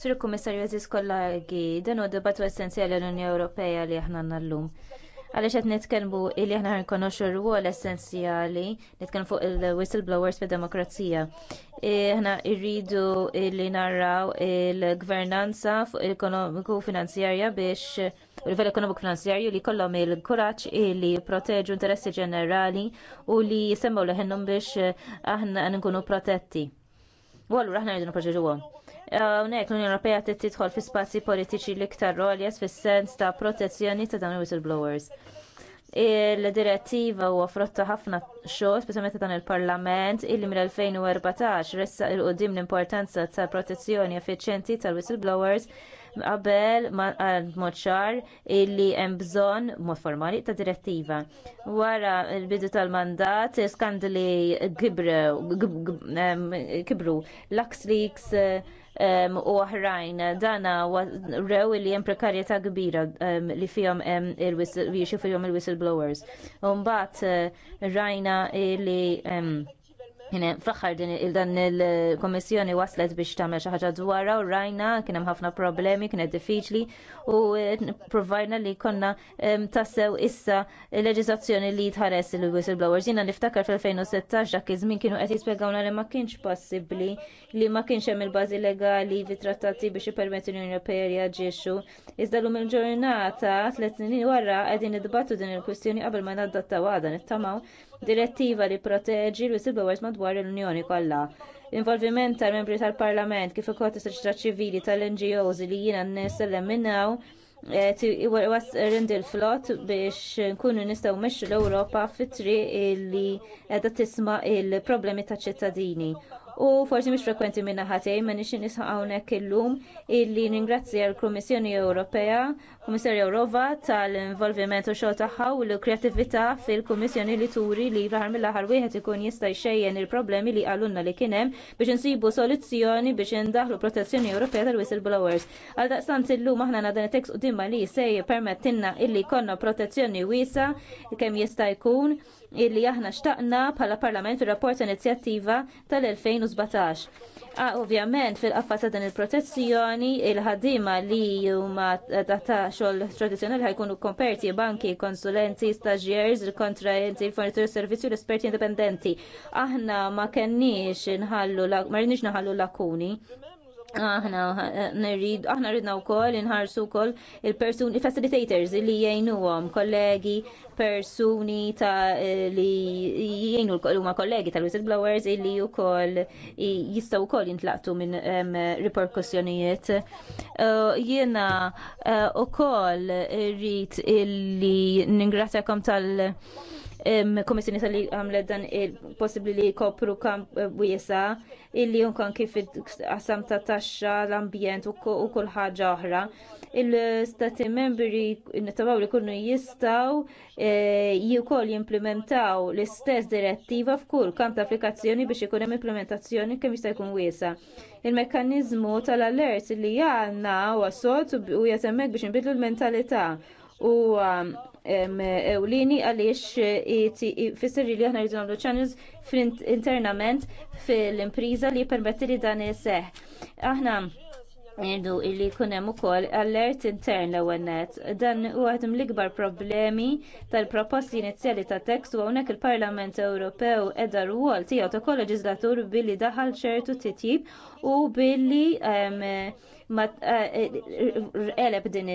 Speaker 3: Sur Kummissarju Aziz kollegi, dan huwa debattu essenzjali l-Unjoni Ewropea li aħna llum għaliex qed nitkellmu li aħna nkonoxxu r-rwol essenzjali nitkellmu fuq il-whistleblowers fid-demokrazija. E, aħna rridu illi narraw il-gvernanza fuq il-ekonomiku finanzjarja biex u livell ekonomiku finanzjarju li kollom il-kuraġġ illi proteġu interessi ġenerali u li jisemmaw leħenhom biex aħna nkunu protetti. U allura aħna rridu għom. Unek, l-Unjoni Ewropea trid tidħol fi spazji politiċi l-iktar roljes fis-sens ta' protezzjoni ta' dawn whistleblowers. Il-direttiva huwa frotta ħafna xogħol, metta dan il-Parlament, illi mill-2014 ressa il qoddim l-importanza ta' protezzjoni effiċjenti tal-whistleblowers qabel mod ċar illi hemm bżonn mod formali ta' direttiva. Wara l-bidu tal-mandat skandali kibru l-Lux Leaks u oħrajn. Dana rew li hemm gbira kbira li fijom jiexu il-whistleblowers. Mbagħad eh, rajna li Fraħħar din il-dan il-Komissjoni waslet biex tagħmel xi ħaġa u rajna kien hemm ħafna problemi, kienet diffiċli u provajna li konna tassew issa leġizazzjoni li tħares il-whistleblowers. Jiena niftakar fil-2016 dak iż-żmien kienu qed jispjegawna li ma kienx possibbli li ma kienx hemm il-bażi legali li trattati biex ippermettu l-Unjoni Ewropea reaġixxu. Iżda lum il-ġurnata tliet snin wara qegħdin idbattu din il-kwistjoni qabel ma nadattaw għadha nittamaw direttiva li proteġi l-whistleblowers madwar l-Unjoni kollha. L-involviment tal-membri tal-Parlament kif ukoll is-soċjetà ċivili tal-NGOs li jiena n-nies elleminaw rendi l-flot biex nkunu nistgħu meċu l-Ewropa fit-triq li qiegħda tisma' il-problemi taċ-ċittadini u forsi mhix frekwenti minna ħatej ma nixin nisħaq hawnhekk illum illi ningrazzja l-Kummissjoni Ewropea, Kummissarju Ewrova tal-involviment u xogħol tagħha u l-kreattività fil-Kummissjoni li turi li raħar mill-aħħar wieħed ikun jista' jxejjen il-problemi li qalunna li kien hemm biex insibu soluzzjoni biex indaħlu protezzjoni Ewropea tal-whistleblowers. Għal daqstant illum aħna nadan tekst u dimma li se jippermettilna illi konna protezzjoni wiesa kemm jista' jkun illi aħna xtaqna bħala Parlament ir-rapport inizjattiva tal-2017. Ovvjament fil-qaffa ta' din il-protezzjoni il ħaddima li huma ta' xogħol tradizzjonali ħajkunu komperti banki, konsulenti, stagjers, il il-fornitur servizzi u l-esperti indipendenti. Aħna ma kenniex nħallu, ma rniex naħallu lakuni Aħna eh, nirrid, aħna ridna wkoll inħarsu wkoll il-persuni facilitators li jgħinuhom kollegi, persuni ta' li jgħinu huma kollegi tal-whistleblowers illi wkoll jistgħu wkoll jintlaqtu minn riperkussjonijiet. Eh, jiena eh, ukoll rrid illi kom tal- Komissjoni tal-li għamlet dan il-possibli li kopru kamp wiesa illi unkan kif qasam ta' taxxa l-ambjent u kull ħaġa oħra. Il-stati membri nittabaw li kunnu jistaw e, jikoll jimplementaw l-istess direttiva f'kull kamp ta' applikazzjoni biex ikun hemm implementazzjoni kemm jista' jkun wiesa. il mekkaniżmu tal-alert li għanna u għasot u jatemmek biex nbidlu l-mentalità u ewlini għaliex eh, fisser li aħna rridu nagħmlu fil internament fil-impriża li permetti li dan iseħħ. Aħna Irdu illi kunem u koll alert intern l għennet. Dan u għadm l-ikbar problemi tal-proposti inizjali ta' tekst u għonek il-Parlament Ewropew qiegħda r tiegħu tijaw ta' kol leġizlatur billi daħal ċertu titjib u billi ehm, eh, eleb din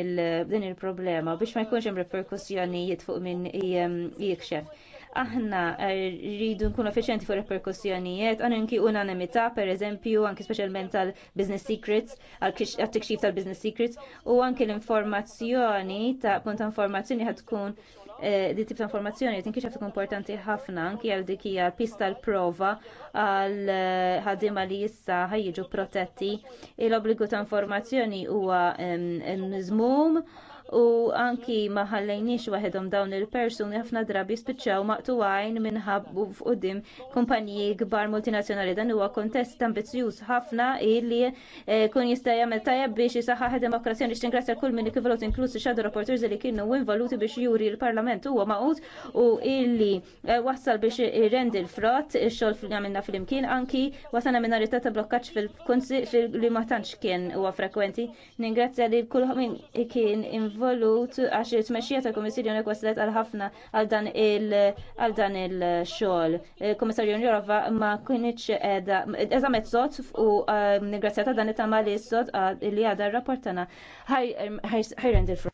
Speaker 3: il-problema biex ma jkunx hemm reperkussjonijiet fuq min ehm, jikxef aħna eh, rridu nkunu efficienti fuq il-perkussjonijiet, anki unanimità, per eżempju, anki speċjalment tal-business secrets, għal-tikxif tal-business secrets, u anki l-informazzjoni, ta' punt informazzjoni ħatkun tkun eh, di tip ta' informazzjoni jtinki tinkixaf ikun importanti ħafna anki għal dik hija pista l-prova għal eh, ħadima li issa ħajġu protetti. l obbligu ta' informazzjoni huwa nżmum u anki ma ħallejniex waħedhom dawn il-persuni ħafna drabi spiċċaw maqtuwajn minħabbu f'qudiem kumpaniji kbar multinazzjonali dan huwa kontest ambizzjuż ħafna illi eh, kun jista' jagħmel tajjeb biex isaħħaħ demokrazija nix tingrazzja kull min ikivlut inklusi xadu rapporters li kienu involuti biex juri l-Parlament huwa maqut u illi eh, wassal biex irrendi l-frott ix-xogħol li għamilna fl-imkien anki wasana minorita ta' blokkaġġ fil-kunsi li ma tantx kien huwa frekwenti. Ningrazzja li kull min kien involuti involut għax it-tmexxija tal-Kummissjoni waslet għal ħafna għal dan il għal dan il-xogħol. Il-Kummissarju Jorova ma kienx qiegħda eżamet sot u ehm, ngrazzja ta' dan it-tama li sot li għadha r-rapport tagħna. Ħajrend ehm, il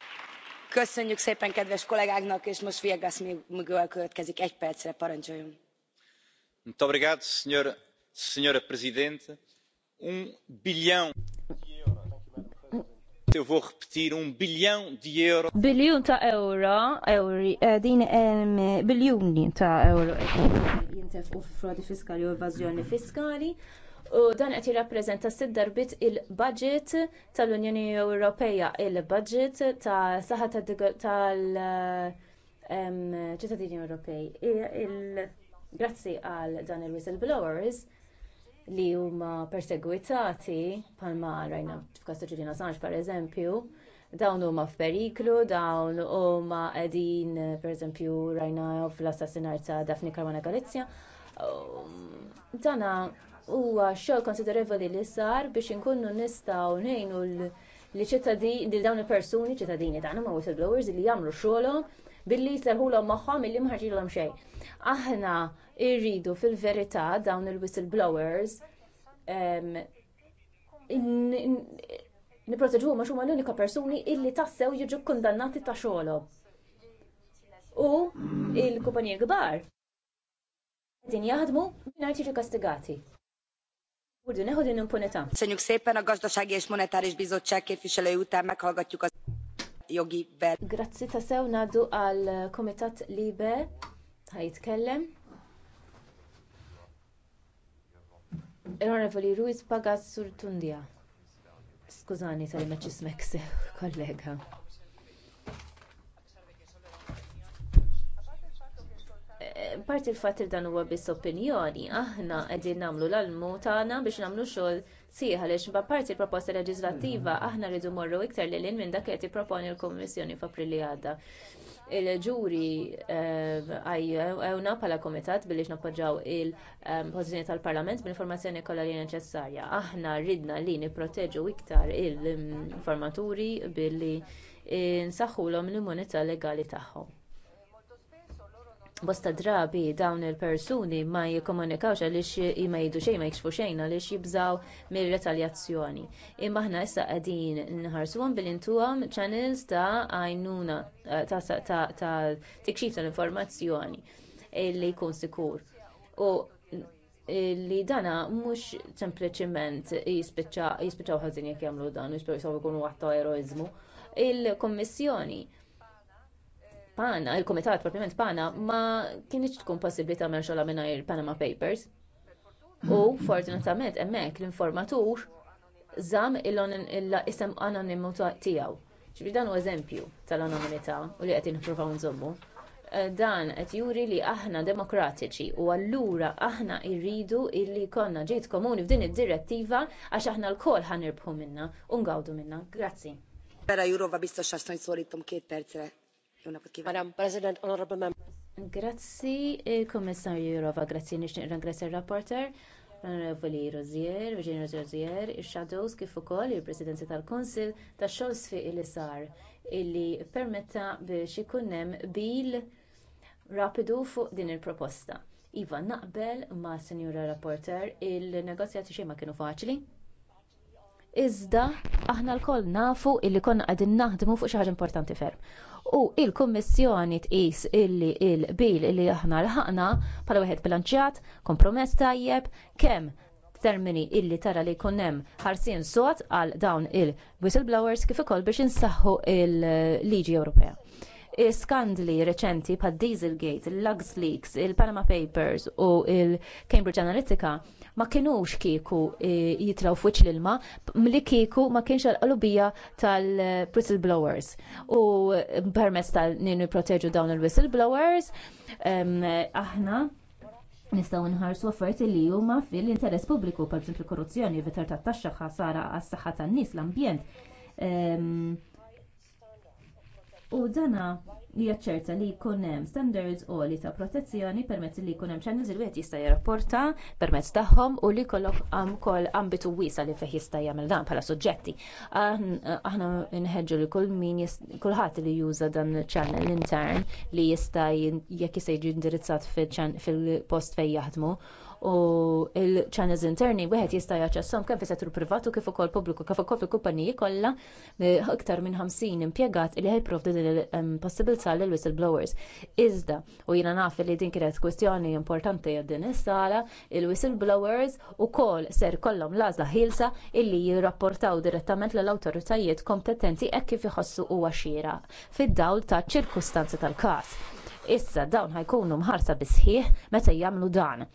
Speaker 3: Köszönjük szépen kedves
Speaker 6: kollégáknak, és most Viegas Miguel következik egy percre, parancsoljon.
Speaker 1: Muito obrigado, senhor, senhora Presidente. Um bilhão. Um
Speaker 3: Biljun ta' euro, eh, din biljuni ta' euro jintefqu frodi fiskali u evażjoni fiskali. U dan qed jirrappreżenta sitt darbit il-budget tal-Unjoni Ewropea, il-budget ta' saħħa tal-ċittadini Ewropej. Grazzi għal dan il-whistleblowers li huma persegwitati bħalma rajna f'każ ta' Julian Assange pereżempju, dawn huma f'periklu, dawn huma qegħdin pereżempju rajna fl assassinar ta' Daphne Karwana Galizja. Dana huwa xogħol konsiderevoli li sar biex inkunu nistgħu ngħinu li ċittadini li dawn il-persuni ċittadini tagħna ma whistleblowers li jagħmlu xogħolhom billi jisserħulhom magħhom illi ma ħarġilhom xejn. Aħna rridu fil-verità dawn il-whistleblowers ehm, niprotegġu ma huma l-unika persuni illi tassew jiġu kundannati ta' xogħolhom. U il-kumpanija kbar din jaħdmu mingħajr jiġu kastigati. Urdu neħu din impunità. Köszönjük szépen a Gazdasági és
Speaker 6: Monetáris Bizottság képviselői után meghallgatjuk az Jogi Bell. Grazzi ta' sew nadu
Speaker 3: għal Komitat Libe ħajtkellem. Onorevoli Ruiz Pagas Surtundja. Skużani tal meċi smek [laughs] kollega. Eh, parti il-fatt dan huwa biss opinjoni, aħna qegħdin nagħmlu l-almu tagħna biex nagħmlu xogħol sieħa għalix xba parti proposta leġislattiva aħna rridu morru iktar l-in minn dak qed proponi l-Kummissjoni f'April li għadda. Il-ġuri eh, għajna bħala komitat billi nappoġġaw il eh, pozizjoni tal-Parlament bil informazzjoni kollha li neċessarja. Aħna ridna li nipproteġu iktar il-informaturi billi nsaħħulhom l-immunità legali tagħhom bosta drabi dawn il-persuni ma jikkomunikawx għaliex ma jgħidu xejn ma jikxfu xejn għaliex jibżaw mir-retaljazzjoni. Imma aħna issa qegħdin nħarsuhom billi intuhom channels ta' għajnuna ta' tikxif tal-informazzjoni li jkun sikur. U li dana mhux sempliċiment jispiċċaw ħażin jekk jagħmlu dan u jispiċċaw jkunu għatta eroiżmu. Il-Kommissjoni pana, il-komitat propriment pana, ma kienieċ tkun possibli la minna mingħajr Panama Papers. U fortunatament hemmhekk l-informatur żamm il-isem anonimu tiegħu. ċibri dan huwa eżempju tal-anonimità u li qed nippruvaw nżommu. Eh, dan qed juri li aħna demokratiċi u allura aħna rridu illi konna ġiet komuni f'din id-direttiva għax aħna lkoll ħanirbħu minnha u ngawdu minnha.
Speaker 6: Grazzi. Vera Jurova biztos asszony solitum kiet percre.
Speaker 3: Madam President, Honorable Members. Grazzi, eh, Kommissarju Jurova, grazzi nixtieq ringrazzi r-rapporter, l-Onorevoli Rozier, Virginia Rozier, ix-Shadows kif ukoll il-Presidenza tal-Kunsil tax-xogħol sfiq li sar illi permetta biex ikun hemm bil rapidu fuq din il-proposta. Iva, naqbel ma' Sinjura Rapporter, il-negozjati xejn ma kienu faċli. Iżda, aħna lkoll nafu illi konna qegħdin naħdmu fuq xi ħaġa importanti ferm u il-Kummissjoni tqis illi il-bil illi aħna l bħala wieħed bilanċjat, kompromess tajjeb, kemm termini illi tara li jkun hemm ħarsien sod għal dawn il-whistleblowers kif ukoll biex insaħħu l liġi Ewropea skandli reċenti pa' Dieselgate, il Leaks, il-Panama Papers u il-Cambridge Analytica ma kienux kieku e, jitraw f'wiċċ l-ilma, mli kieku ma kienx għal-qalubija tal-whistleblowers. U permess tal-ninu proteġu dawn il-whistleblowers, aħna nistaw nħarsu offerti li huma fil-interess pubbliku, per korruzzjoni, vetar tat-taxxa ħasara għas-saħħa tan-nies, l-ambjent U dana li jaċċerta li jkun hemm standards għoli ta' protezzjoni permezz li jkun hemm ċanniż li wieħed jista' jirrapporta permezz tagħhom u li jkollok ukoll ambitu wiesa li fih jista' jagħmel dan bħala suġġetti. Aħna nħeġġu li kull min kulħadd li juża dan il-channel intern li jista' jekk jista' jiġi indirizzat fil-post fejn jaħdmu u il-channels interni wieħed jista' jaċċessahom kemm fis-settur privatu kif ukoll pubbliku kif ukoll fil-kumpaniji kollha iktar eh, minn 50 impjegat li ħajprovdu din il-possibilità ehm, lil whistleblowers. Iżda u jiena naf li din kienet kwestjoni importanti din is-sala, il-whistleblowers ukoll ser kollhom l-għażla ħilsa illi jirrapportaw direttament lill-awtoritajiet kompetenti hekk kif iħossu huwa xieraq fid-dawl ta' ċirkustanzi tal-każ. Issa dawn ħajkunu mħarsa bisħieħ meta jagħmlu dan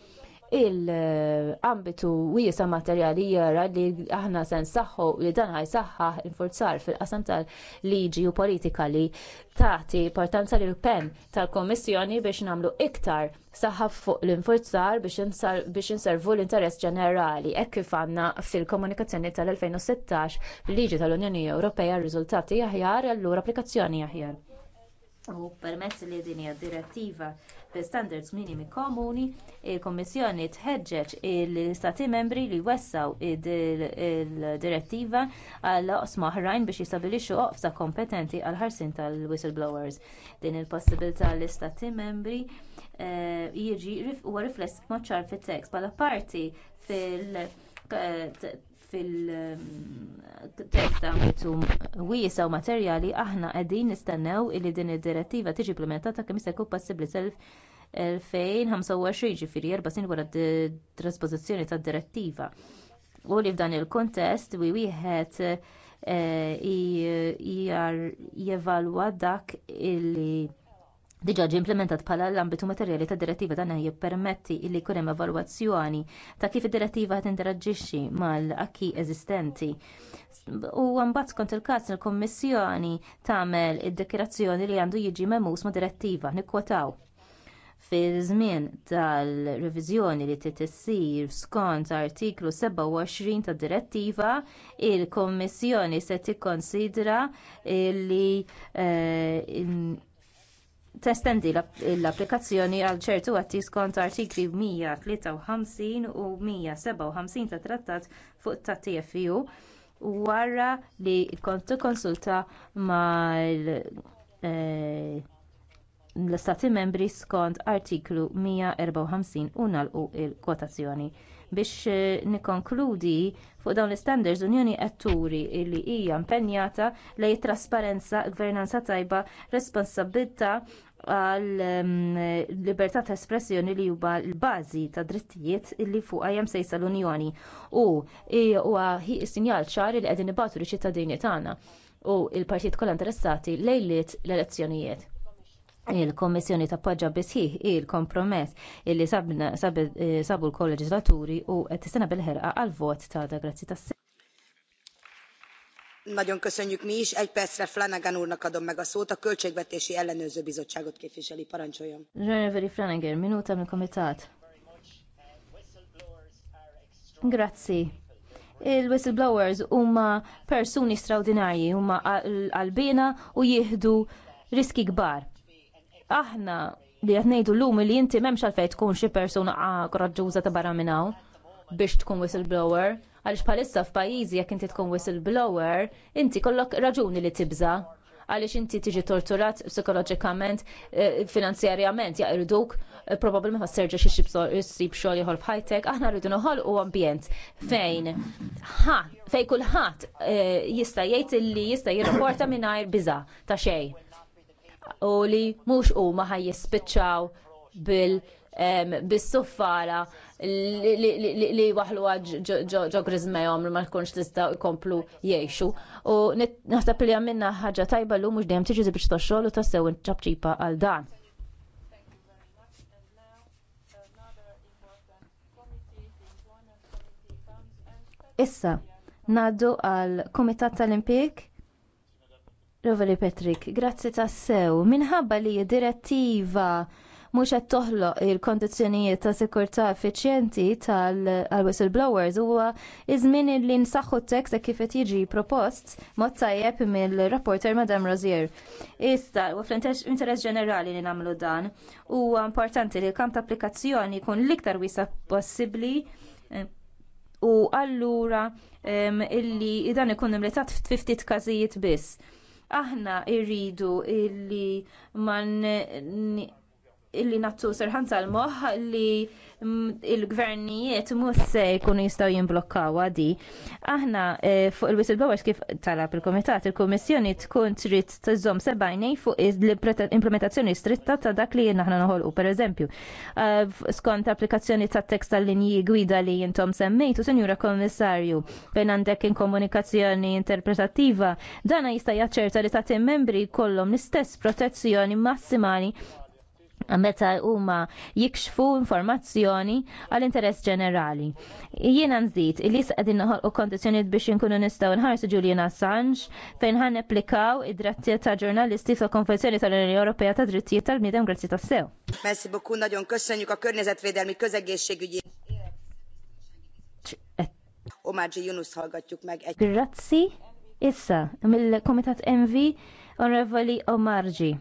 Speaker 3: il-ambitu wiesa materjali jara li aħna sen saħħu li dan għaj saħħaħ infurzar fil-qasam tal-liġi u politika li tagħti importanza l pen tal-Komissjoni biex nagħmlu iktar saħħa fuq l-infurzar biex inservu l-interess ġenerali hekk kif għandna fil-komunikazzjoni tal-2016 liġi tal-Unjoni Ewropea r-riżultati aħjar allura applikazzjoni aħjar. U permezz li din hija direttiva bi standards minimi komuni, il-Kommissjoni tħeġġeġ l-Stati membri li wessaw il-direttiva għal oqsma oħrajn biex jistabilixxu oqsa kompetenti għal ħarsin tal-whistleblowers. Din il-possibilità l-Istati membri eh, jiġi huwa rifless maċċar ċar fit-tekst bħala parti fil- eh, fil-terta wiesa u materjali aħna qegħdin nistennew li din id-direttiva tiġi implementata kemm se jkun possibbli self 2025 ġifieri erba' sin wara trasposizzjoni tad-direttiva. U li f'dan il-kontest wi wieħed eh, jevalwa dak illi Diġa ġie implementat bħala l-ambitu materjali tad direttiva dan jippermetti li jkun hemm evalwazzjoni ta' kif id-direttiva tinteraġixxi mal-akki eżistenti. U mbagħad kont il-każ il-Kommissjoni tagħmel id-dekirazzjoni li għandu jiġi memus ma' direttiva nikkwotaw fil-żmien tal-reviżjoni li issir skont artiklu 27 tad direttiva, il-Kommissjoni se tikkonsidra li eh, testendi l-applikazzjoni għal ċertu għatti skont artikli 153 u 157 tat trattat fuq ta' TFU wara li kont konsulta mal eh, l-Stati membri skont artiklu 154 u nagħlqu l-kwotazzjoni. Biex eh, nikonkludi fuq dawn l-standards Unjoni qed turi li hija impenjata lejn trasparenza, gvernanza tajba, responsabilità għal mm, libertà ta' espressjoni li huwa l-bażi ta' drittijiet li fuqha hemm sejsa l-Unjoni. U huwa sinjal ċar li qegħdin ibatu liċ ċittadini tagħna u l partijiet kollha interessati lejliet l-elezzjonijiet il-Komissjoni tappoġġa bisħiħ il-kompromess illi eh, sabu l-kolleġislaturi u qed tistenna bil-ħerqa għal-vot ta' da grazzi tas
Speaker 6: Nagyon köszönjük mi is. Egy percre Flanagan úrnak adom meg a szót, a Költségvetési Ellenőrző Bizottságot képviseli. Parancsoljon.
Speaker 3: Reverend Flanagan, minuta mill komitat. Grazzi il-whistleblowers huma persuni straordinarji, huma qalbina u jihdu riski gbar aħna li qed ngħidu llum li inti m'hemmx għalfejn tkun xi persuna ah, korraġġuża ta' barra minnaw biex tkun whistleblower, għaliex bħalissa f'pajjiżi jekk inti tkun whistleblower, inti kollok raġuni li tibża għaliex inti tiġi torturat psikoloġikament, eh, finanzjarjament, jaqriduk, eh, probabbilment ma serġa xi ssib xogħol ieħor f'ħajtek, aħna rridu noħolqu ambjent fejn fejn kulħadd eh, jista' jgħid li jista' jirrapporta mingħajr biża' ta' xejn u li mhux huma ħaj jispiċċaw bil bis-suffara li waħlu ġo grizmejom ma jkunx tista' jkomplu jiexu. U naħseb li għamilna ħaġa tajba l lum mhux dejjem tiġi biex tax-xogħol u tassew ċabċipa għal dan. Issa, naddu għal Kumitat tal-Impjeg Roveli Patrick, grazzi tassew. Minħabba li direttiva mhux qed toħloq il-kondizzjonijiet ta' sikurtà effiċjenti tal-whistleblowers huwa iż-żmien li nsaħħu t-tekst kif qed jiġi propost mod tajjeb mill-rapporter Madame Rozier. Issa, u fl-interess ġenerali li nagħmlu dan, huwa importanti li l-kamp ta' applikazzjoni jkun l-iktar wiesa possibbli eh, u allura illi dan ikun imletat f'tiftit każijiet biss aħna irridu illi man illi nattu serħanza l-moħ li mm, il-gvernijiet mhux se jkunu jistgħu jimblokkaw għadi. Aħna eh, fuq il-whistleblowers kif talab il-komitat, il-komissjoni tkun trid tiżżomm sebajnej fuq l-implementazzjoni stritta ta' dak li aħna noħolqu. Per eżempju, eh, skont applikazzjoni ta' tekst tal-linji gwida li jintom semmejtu, Senjura Kommissarju, fejn għandek inkomunikazzjoni interpretattiva, dana jista' jaċċerta li ta' membri kollom l-istess protezzjoni massimali meta huma jikxfu informazzjoni għall interess ġenerali. Jiena nżid li qegħdin inħolqu kondizzjonijiet biex inkunu nistgħu nħarsu Julian Assange fejn ħan applikaw id-drattijiet ta' ġurnalisti fil konvenzjoni tal-Unjoni Ewropea ta' drittijiet tal-bniedem grazzi tas-sew.
Speaker 6: Messi bukun nagyon köszönjük a környezetvédelmi közegészségügyi Maġi junus hallgatjuk meg.
Speaker 3: Grazzi, issa, mill-Komitat MV, Onorevoli Omarġi.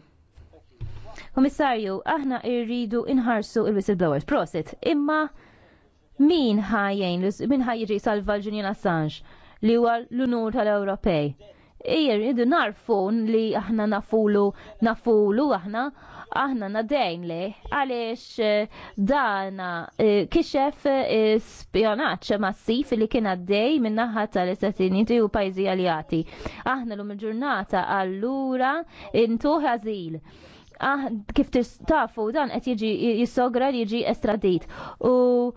Speaker 3: Komissarju, aħna irridu inħarsu il-whistleblowers. Prosit, imma min ħajjen, min ħajri salva l ġunjon Assange li huwa l-unur tal-Ewropej. Ijer, idu narfu li aħna nafulu, nafulu aħna, aħna nadejn li, għalix eh, dana eh, kixef eh, spionaċ massif li kien għaddej minnaħħa tal-Istati Uniti u pajzi għaljati. Aħna l-lum il-ġurnata għallura intuħ għazil ah, kif tafu dan qed jiġi jissogra li jiġi estradit. U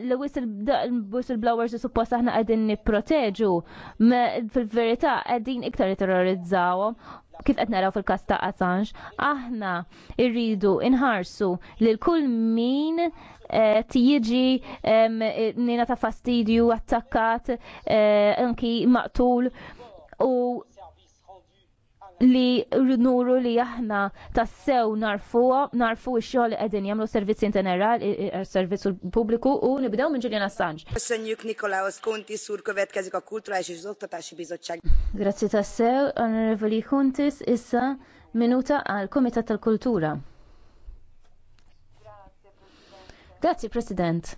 Speaker 3: l-whistleblowers suppost aħna qegħdin nipproteġu fil-verità qegħdin iktar terrorizzawhom kif qed naraw fil-każ ta' Assange, aħna rridu inħarsu lil kull min e, jiġi nina ta' fastidju, attakkat, e, anki maqtul u li nuru li aħna tassew narfu, narfu x li qegħdin jamlu servizzi inteneral, er, servizz publiku u nibdew minn Julian Assange.
Speaker 6: Sanjuk Nikolaos Kunti sur következik a Kulturális és Oktatási
Speaker 3: Bizottság. Grazzi tassew, Onorevoli Kuntis, issa minuta għal Komitat tal-Kultura. Grazie, President. Grazie, President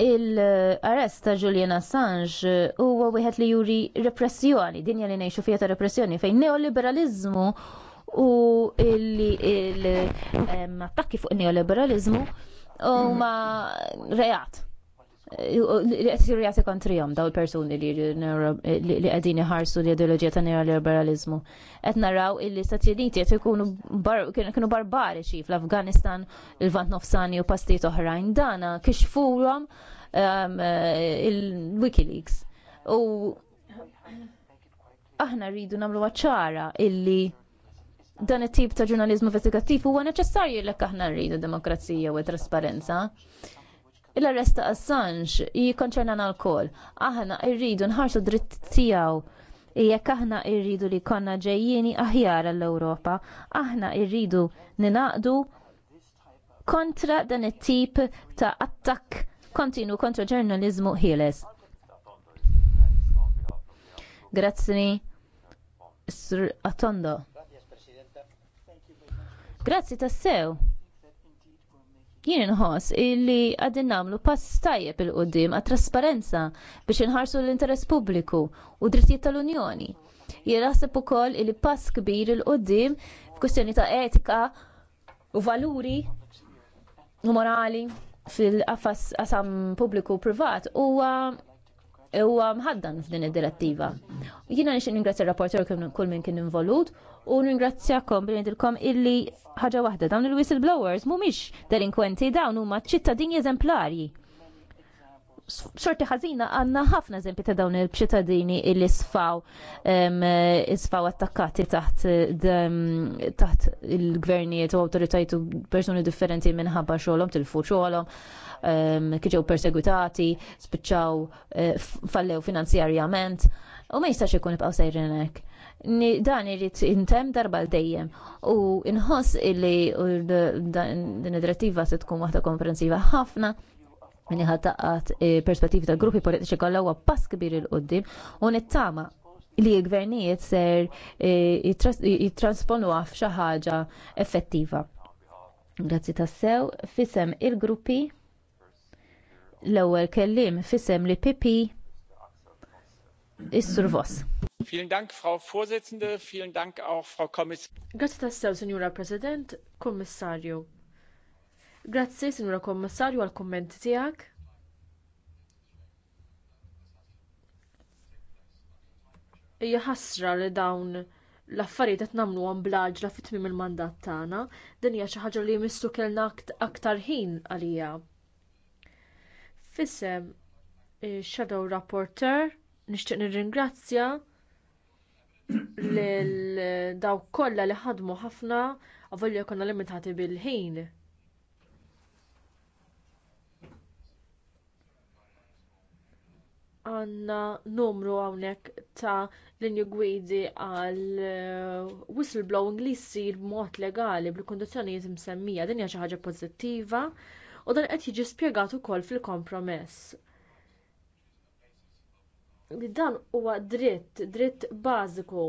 Speaker 3: il-arrest ta' Julian Assange huwa wieħed li juri repressjoni, dinja li ngħixu fiha ta' repressjoni fejn neoliberalizmu u l-attakki fuq il-neoliberalizmu huma reat li qed jirjati kontrihom daw il-persuni li li qegħdin iħarsu l-ideoloġija ta' neoliberalizmu. Qed naraw illi Stati Uniti qed ikunu kienu barbariċi fl-Afganistan, il-Vant Nofsani u pastijiet oħrajn dana kixfurhom um, eh, il-Wikileaks. U aħna rridu nagħmlu ċara illi dan it-tip ta' ġurnalizmu investigattiv huwa neċessarju l aħna rridu demokrazija u trasparenza. Il-arrest ta' Assange na l-kol. Aħna irridu nħarsu dritt tijaw. Jekk aħna irridu li konna ġejjini aħjar għall-Ewropa, aħna irridu ninaqdu kontra dan it-tip ta' attakk kontinu kontra ġurnalizmu ħieles. Grazzi, Sr. Atondo. Grazzi tassew jien nħoss illi għadin namlu pass tajjeb il-qoddim għat trasparenza biex inħarsu l-interess pubbliku u drittijiet tal-Unjoni. Jien naħseb ukoll illi pass kbir il-qoddim f'kwistjoni ta' etika u valuri u morali fil-qafas qasam pubbliku u privat huwa huwa mħaddan f'din id-direttiva. Jiena nixtieq ningrazzja r-rapporter kull minn kien involut u ningrazzjakom bil ngħidilkom illi ħaġa waħda dawn il-whistleblowers mhumiex delinkwenti dawn huma ċittadini eżemplari. Xorti ħażina għandna ħafna eżempi ta' dawn il-ċittadini illi sfaw isfaw attakkati taħt taħt il-gvernijiet u awtoritajiet u persuni differenti minħabba xogħolhom tilfu xogħolhom Um, kiġew persegwitati, spiċċaw eh, fallew finanzjarjament u ma jistax ikun ibqaw sejrinek. dan irrit intem darba l-dejjem u inħoss illi din id-direttiva se tkun waħda komprensiva ħafna minni ħataqat eh, perspettivi ta' gruppi politiċi kollha huwa pass kbir il qoddim u nittama li l-gvernijiet ser eh, jitransponuha f'xi ħaġa effettiva. Grazzi tassew, fisem il-gruppi l-ewwel kelliem fisem li PP is-Sur Voss.
Speaker 1: Vielen Dank, Frau Vorsitzende, vielen Dank auch, Frau Kommissarin.
Speaker 7: Grazie tassew, Signora President, Kommissarju. Grazie, Signora Kommissarju, għal kommenti tiegħek. Hija ħasra li dawn l-affarijiet qed nagħmluhom blaġla fit-tmiem il-mandat tagħna, din hija xi ħaġa li jmissu kellna aktar ħin għalija Fissem Shadow Rapporteur nixtieq nirringrazzja lil dawk kollha li ħadmu ħafna għavolja konna limitati bil-ħin. għanna numru hawnhekk ta' linju gwidi għal eh, whistleblowing li jsir b'mod legali bil kundizzjonijiet msemmija. Din hija xi ħaġa pożittiva u dan qed jiġi spjegat ukoll fil-kompromess. Li dan huwa dritt, dritt bażiku.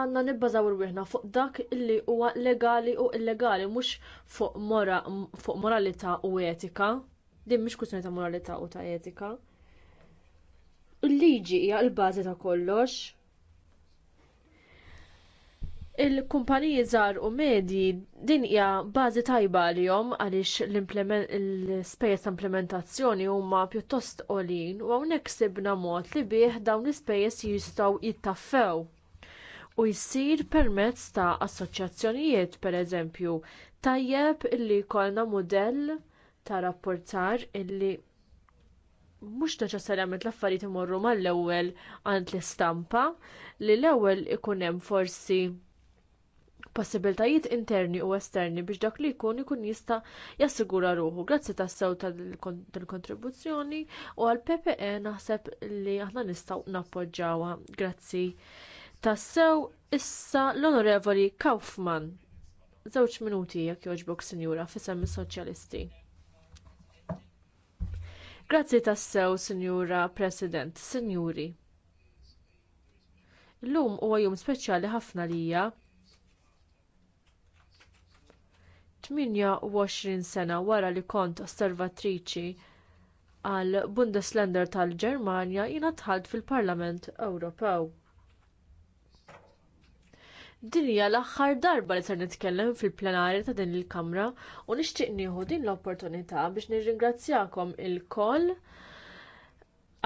Speaker 7: Għanna nibbażaw irwieħna fuq dak illi huwa legali u illegali mhux fuq mora fuq moralità u etika. Din mhix kwistjoni ta' moralità u ta' etika. Il-liġi hija l-bażi ta' kollox Il-kumpaniji żgħar u medji din hija bażi tajba għalihom għaliex l-ispejjeż ta' implementazzjoni huma pjuttost għolin u hawnhekk sibna mod li bih dawn l-ispejjeż jistgħu jittaffew u jsir permezz ta' assoċjazzjonijiet pereżempju tajjeb illi jkollna mudell ta' rapportar illi mhux neċessarjament l-affarijiet imorru mal-ewwel għand l-istampa li l-ewwel ikun hemm forsi Possibiltajiet interni u esterni biex dak li jkun ikun jista' jassigura ruħu. Grazzi tas-sew tal-kontribuzzjoni u għall PPE naħseb li aħna nistgħu nappoġġawha. Grazzi. Tassew issa l-Onorevoli Kaufman. Żewġ minuti jekk jogħġbok sinjura fisem is-Soċjalisti. Grazzi tassew, Sinjura President, Sinjuri. Illum huwa jum speċjali ħafna lija 28 sena wara li kont osservatriċi għall bundesländer tal-ġermanja jiena dħalt fil-parlament ewropew din hija l-aħħar darba li ser nitkellem fil-plenarja ta' din il-Kamra u nixtieq nieħu din l-opportunità biex nirringrazzjakom ilkoll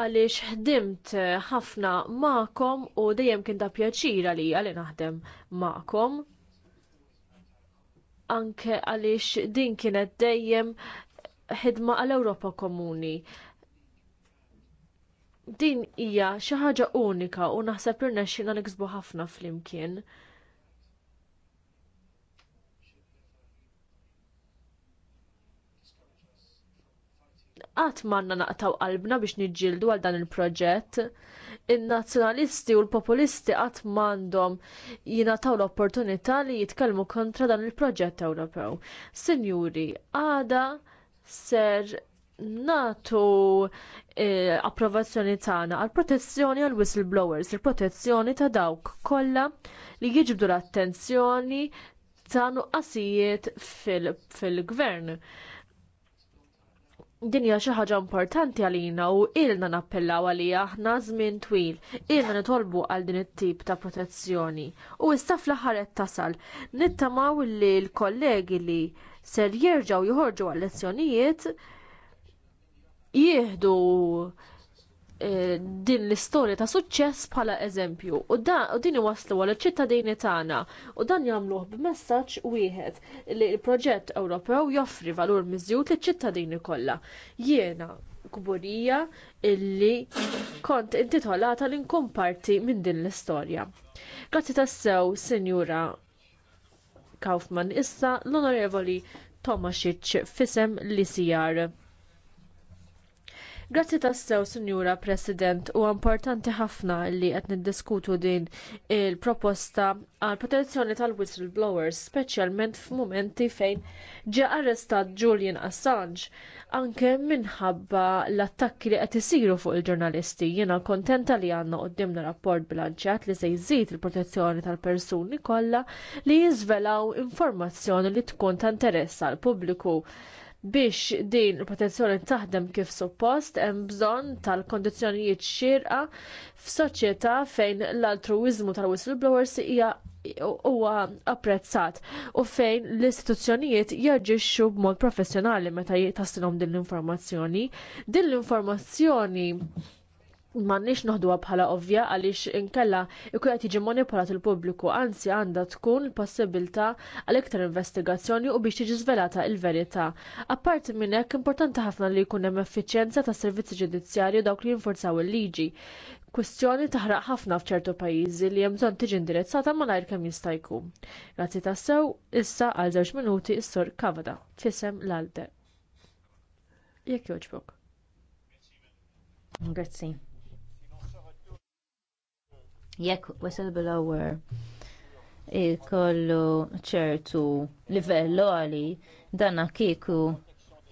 Speaker 7: għaliex ħdimt ħafna magħkom u dejjem kien ta' għalija li naħdem magħkom anke għaliex din kienet dejjem ħidma għall Ewropa Komuni. Din hija xi ħaġa unika u naħseb irnexxina niksbu ħafna flimkien. Qatt m'għandna naqtaw qalbna biex niġġieldu għal dan il-proġett in-nazzjonalisti u l-populisti qatt m'għandhom jingħataw l-opportunità li jitkellmu kontra dan il-proġett Ewropew. Sinjuri, għada ser natu eh, approvazzjoni tagħna għall protezzjoni għal whistleblowers, il-protezzjoni ta' dawk kollha li jiġbdu l-attenzjoni ta' nuqqasijiet fil-gvern. Fil din hija xi ħaġa importanti għalina u ilna nappellaw għalija aħna żmien twil, ilna nitolbu għal din it-tip ta' protezzjoni. U issa fl-aħħar qed tasal, nittamaw li l-kollegi li ser jerġgħu joħorġu għal lezzjonijiet jieħdu Eh, din l-istorja ta' suċċess bħala eżempju u din waslu għal ċittadini tagħna u dan jagħmluh b'messaġġ wieħed li l-proġett Ewropew joffri valur miżjud liċ-ċittadini kollha. Jiena kburija illi kont intitolata li nkun minn din l-istorja. Grazzi tassew, Sinjura Kaufman, issa l-Onorevoli Tomasic fisem l Grazzi tassew, Sinjura President, u importanti ħafna li qed niddiskutu din il-proposta għal protezzjoni tal-whistleblowers, speċjalment f'mumenti fejn ġie arrestat Julian Assange anke minħabba l-attakki li qed isiru fuq il-ġurnalisti. Jiena kontenta li għandna qudiemna rapport bilanċjat li se jżid il-protezzjoni tal-persuni kollha li jiżvelaw informazzjoni li tkun ta' interess għall pubbliku biex din il-protezzjoni taħdem kif suppost hemm bżonn tal-kondizzjonijiet xierqa f'soċjetà fejn l-altruiżmu tal-whistleblowers hija huwa apprezzat u fejn l-istituzzjonijiet jaġixxu b'mod professjonali meta jitaslhom din l-informazzjoni. Din l-informazzjoni m'għandniex noħduha bħala ovvja għaliex inkella ikun qed jiġi manipulat il-pubbliku, anzi għandha tkun possibilità għal iktar investigazzjoni u biex tiġi żvelata l-verità. Apparti minn hekk importanti ħafna li jkun hemm effiċjenza tas servizzi ġudizzjarju dawk li jinforzaw il-liġi. Kwistjoni taħraq ħafna f'ċertu pajjiżi li hemm bżonn tiġi indirizzata malajr kemm jista' jkun. Grazzi tassew, issa għal żewġ minuti s-sur Kavada, fisem l-Alde. Jekk jogħġbok.
Speaker 3: Grazzi. Jekk whistleblower ikollu ċertu livell għali dan kieku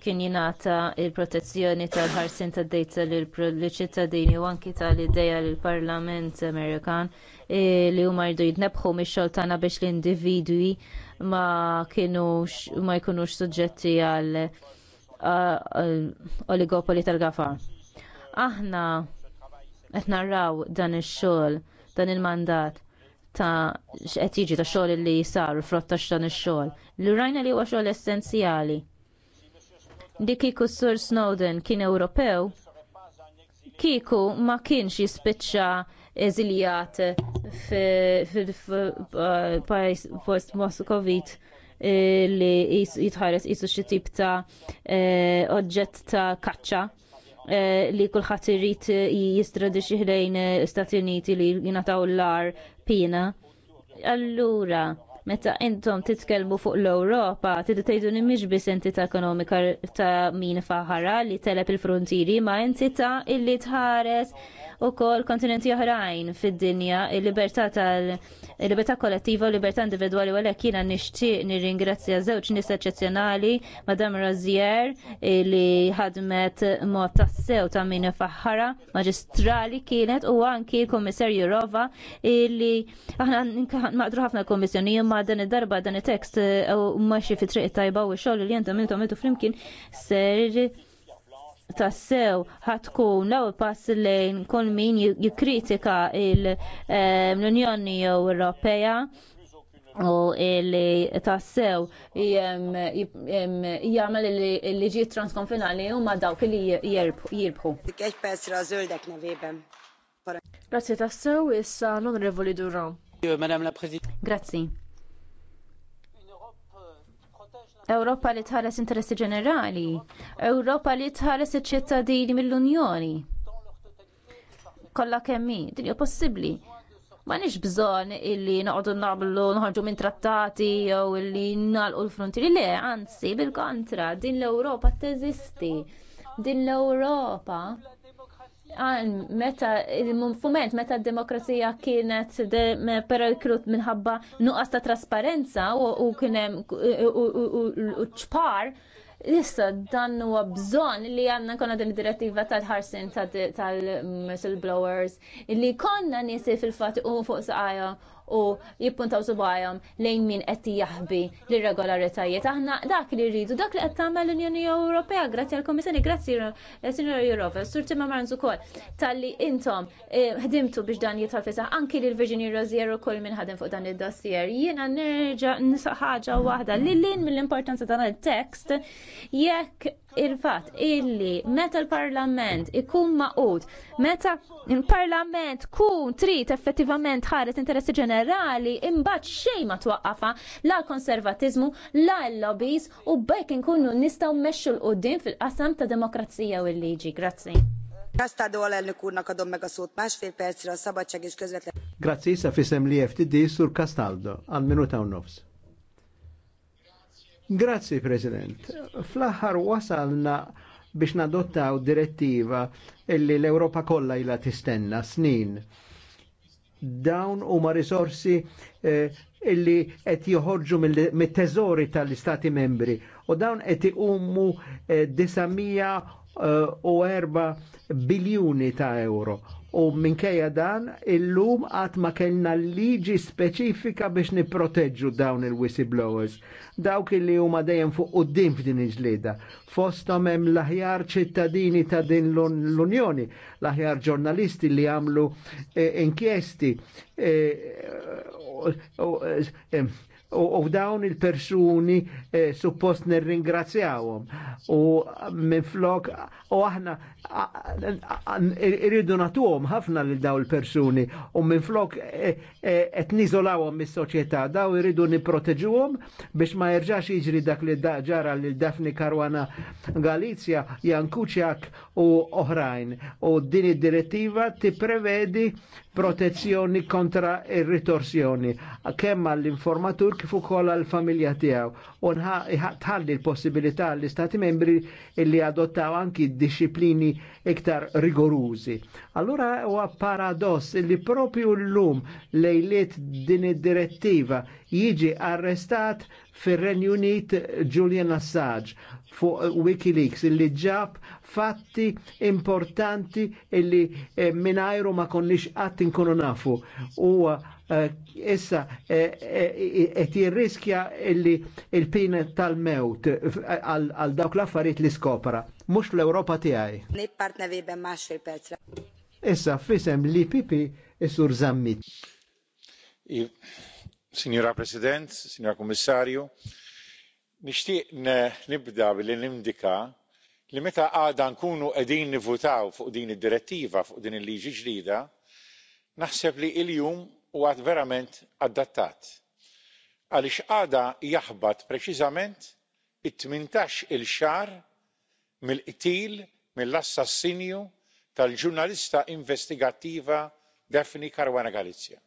Speaker 3: kien jingħata l protezzjoni tal-ħarsien tad-dejta lill-ċittadini u anki tal-idea lill parlament Amerikan eh, li huma jridu jitnebħu mix-xogħol tagħna biex l-individwi ma kinux ma jkunux suġġetti għal oligopoli tal-gafar. Aħna qed narraw dan ix-xogħol dan il-mandat ta' x'qed ta' xogħol li sar u ta' dan ix-xogħol. Li rajna li huwa xogħol essenzjali. Dik kieku Sur Snowden kien Ewropew, kieku ma kienx jispiċċa eżiljat fil-pajis post Moskovit eh, li jitħares jisu xi tip ta' eh, oġġett ta' kaċċa Eh, li kulħadd irid eh, xi ħlejn eh, Stati Uniti li jingħataw l-ar pina. Allura, meta intom titkellmu fuq l-Ewropa, trid tgħidu li mhix biss entità ekonomika ta' min faħara li telep il-frontieri, ma entità illi tħares kol kontinenti oħrajn fid-dinja, il-libertà tal il-libertà kollettiva u libertà individwali u għalhekk jiena nixtieq nirringrazzja żewġ nies eċċezzjonali, Madame Rozier li ħadmet mod tassew ta' min faħħara maġistrali kienet u anki l-Kummissarju li aħna maqdru ħafna kommissjoni imma dan id-darba dan it-tekst eh, u maċi fi triq tajba u x-xogħol li jentom intom intu flimkien ser tassew ħatkun l-ewwel pass lejn kull min jikkritika l-Unjoni Ewropea u li tassew jgħamil il-liġijiet transkonfinali u ma dawk li jirbħu.
Speaker 7: Grazie tassew, issa l-Onorevoli Duran.
Speaker 3: Grazie. Ewropa li tħares interessi ġenerali, Ewropa li tħares iċ-ċittadini mill-Unjoni. Kollha kemm hi, din hija possibbli. Ma nix bżon illi noqdu nablu nħarġu minn trattati jew illi nalqu l-frontieri. Le, anzi, bil-kontra, din l-Ewropa teżisti. Din l-Ewropa meta il-fument meta d-demokrazija kienet il-krut minħabba nuqqas ta' trasparenza u kienem u ċpar Issa dan huwa bżonn li għandna konna din direttiva tal-ħarsin tal-whistleblowers li konna nisi fil-fatt u fuq saqajja u jippuntaw subajhom lejn min qed jaħbi l-irregolaritajiet. Aħna dak li rridu, dak li qed tagħmel l-Unjoni Ewropea, grazzi għall kummissjoni grazzi Sinjor Jurova, Sur Marz ukoll talli intom eh, ħdimtu biex dan jitħol fisaħ anki l Virginia Rozier ukoll minn ħadem fuq dan id-dossier. Jiena nerġa' nisaq ħaġa waħda li lin mill-importanza dan il-tekst jekk il-fat illi meta l-parlament ikun maqut, meta l-parlament kun trid effettivament ħares interessi ġenerali, imbagħad xejn ma twaqqafa la konservatizmu, la l-lobbies u bekk inkunu nistgħu mexxu l qudiem fil-qasam ta' demokrazija u l-liġi. Grazzi. Kastadu
Speaker 6: għal elnik kadom mega sut maċ fil persra sabaċa għiġ
Speaker 2: Grazzi, sa' fisem li FTD sur Kastaldo, għal minuta u nofs. Grazzi, President. Fl-aħħar wasalna biex nadottaw direttiva illi l-Europa kollha ila tistenna snin. Dawn huma risorsi eh, illi qed joħorġu mit-teżori tal-Istati membri u dawn qed iqumu eh, 904 eh, biljuni ta' euro U minkejja dan, illum għat ma kellna liġi speċifika biex niproteġġu dawn il-whistleblowers. Dawk li huma dejjem fuq qudiem f'din il-ġlieda. Fostom hemm l-aħjar ċittadini ta' din l-Unjoni, l-aħjar ġurnalisti li għamlu eh, inkjesti. Eh, eh, u dawn il-persuni suppost suppost nirringrazzjawhom u minn flok u aħna irridu natuhom ħafna lil daw il-persuni u minn flok qed e, niżolawhom mis-soċjetà daw irridu nipproteġuhom biex ma jerġax jiġri dak li ġara lil Dafni Karwana Galizja, Jan Kuċjak u oħrajn. U din id-direttiva tipprevedi protezzjoni kontra ir-ritorsjoni kemm għall-informatur kif ukoll għall-familja tiegħu. U tħalli l-possibilità l-istati membri li adottaw anki disciplini iktar rigorużi. Allura huwa paradoss li propju l-lum lejliet din id-direttiva jiġi arrestat fir-Renju Unit Julian Assange fuq Wikileaks illi ġab fatti importanti illi eh, minajru ma konniex għattin inkunu nafu. U eh, issa eh, qed jirriskja illi il pina tal-mewt għal dawk l-affarijiet li skopra. Mhux l ewropa tiegħi.
Speaker 6: Nippartna vibe max fil-petra.
Speaker 2: Issa fisem li pipi is-sur Zammit.
Speaker 1: Signora President, signora Commissario, nixtieq nibda billi nindika li meta għada nkunu qegħdin nivvutaw fuq din id-direttiva fuq din il-liġi ġdida naħseb li l-jum huwa verament adattat għaliex għada jaħbad preċiżament it tmintax il xahar mill qtil mill assassinju tal ġurnalista investigattiva daphne caruana galizia.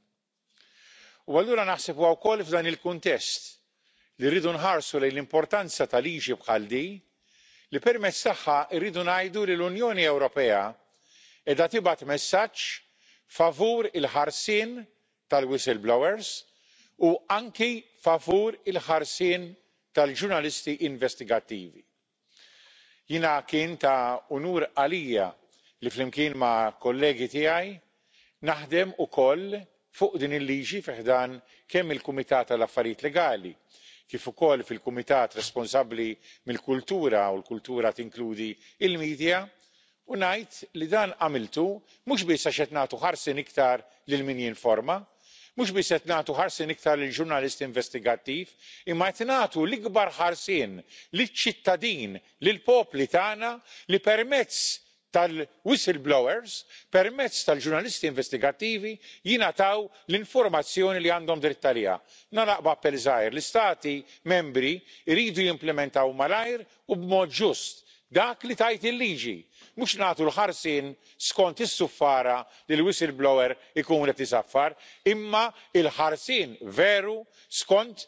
Speaker 1: u allura naħseb wkoll f'dan il kuntest li rridu nħarsu lejn l-importanza ta' liġi bħal din li permezz tagħha rridu ngħidu li l-unjoni ewropea qiegħda tibgħat messaġġ favur il ħarsien tal whistleblowers u anki favur il ħarsien tal ġurnalisti investigattivi. jiena kien ta' unur għalija li flimkien ma' kollegi tiegħi naħdem ukoll fuq din il liġi fi ħdan kemm il kumitat għall affarijiet legali kif ukoll fil kumitat responsabbli mill-kultura u l-kultura tinkludi l midja u ngħid li dan għamiltu mhux biss għax qed nagħtu ħarsien iktar lil min jinforma mhux biss qed nagħtu ħarsien iktar lil ġurnalist investigattiv imma qed nagħtu l ikbar ħarsien liċ ċittadin lill popli tagħna li permezz tal whistleblowers permezz tal ġurnalisti investigattivi jingħataw l-informazzjoni li għandhom dritt għaliha. nagħlaqba appell żgħir l-istati membri jridu jimplementaw malajr u b'mod ġust dak li tajt il-liġi mhux nagħtu l-ħarsien skont is-suffara li l whistleblower ikun qed isaffar imma l ħarsien veru skont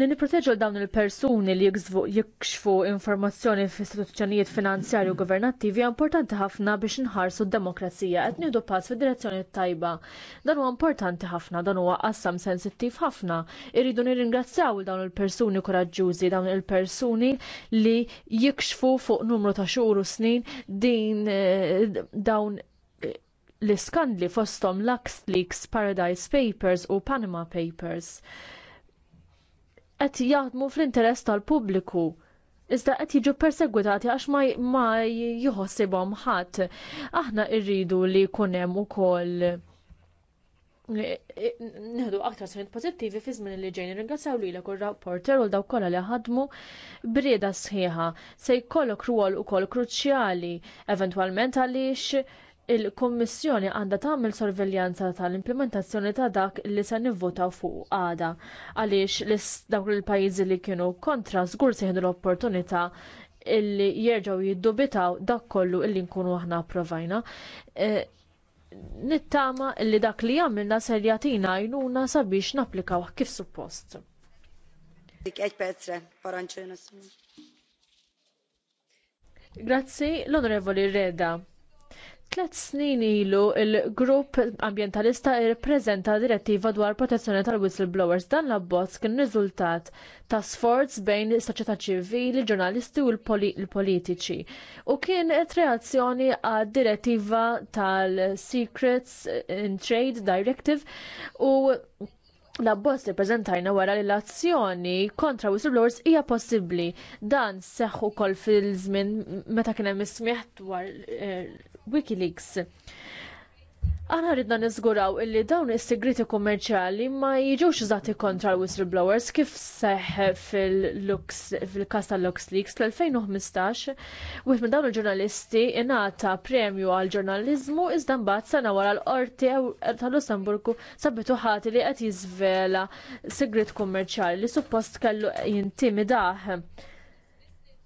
Speaker 7: Li niproteġu dawn il-persuni li jikxfu informazzjoni f'istituzzjonijiet istituzzjonijiet u governattivi importanti ħafna biex nħarsu d-demokrazija qed nieħdu pass fid-direzzjoni tajba. Dan huwa importanti ħafna, dan huwa qassam sensittiv ħafna. Irridu nirringrazzjaw dawn il-persuni koraġġużi, dawn il-persuni li jikxfu fuq numru ta' xhur u snin din eh, dawn l-iskandli fosthom LuxLeaks, Paradise Papers u Panama Papers qed jaħdmu fl-interess tal-pubbliku iżda qed jiġu persegwitati għax ma jħossibhom ħadd. Aħna rridu li jkun hemm ukoll e, e, neħdu aktar sinit pozittivi fi żmien li ġejn ringrazzaw li l rapporter u dawk kollha li ħadmu brieda sħiħa se jkollok rwol ukoll kruċjali eventwalment għaliex il-kummissjoni għandha tagħmel sorveljanza tal-implementazzjoni ta' dak li se nivvotaw fuq għada għaliex dawk il-pajjiżi li kienu kontra żgur se jieħdu l-opportunità illi jerġgħu jiddubitaw dak kollu illi nkunu aħna approvajna. E, nittama li dak li għamilna ser jagħtina għajnuna sabiex napplikaw kif suppost. Grazzi l-Onorevoli Reda. Tlet snin ilu il-grupp ambientalista irrepreżenta direttiva dwar protezzjoni tal-whistleblowers dan l-abbozz kien riżultat ta' sforz bejn is-soċjetà ċivili, ġurnalisti u l-politiċi. U kien qed reazzjoni għad direttiva tal-Secrets in Trade Directive u L-abbozz li prezentajna wara li l-azzjoni kontra whistleblowers hija possibbli. Dan seħħ ukoll fil-żmien meta kien hemm ismieħ dwar eh, Wikileaks. Aħna ridna niżguraw illi dawn is-sigriti kummerċjali ma jiġux żati kontra l-whistleblowers kif seħ fil kas tal-LuxLeaks fl-2015 wieħed minn dawn il-ġurnalisti ingħata premju għal ġurnaliżmu iżda mbagħad sena wara l-qorti tal-Lussemburgu sabitu ħati li qed jiżvela segret kummerċjali li suppost kellu jintimidah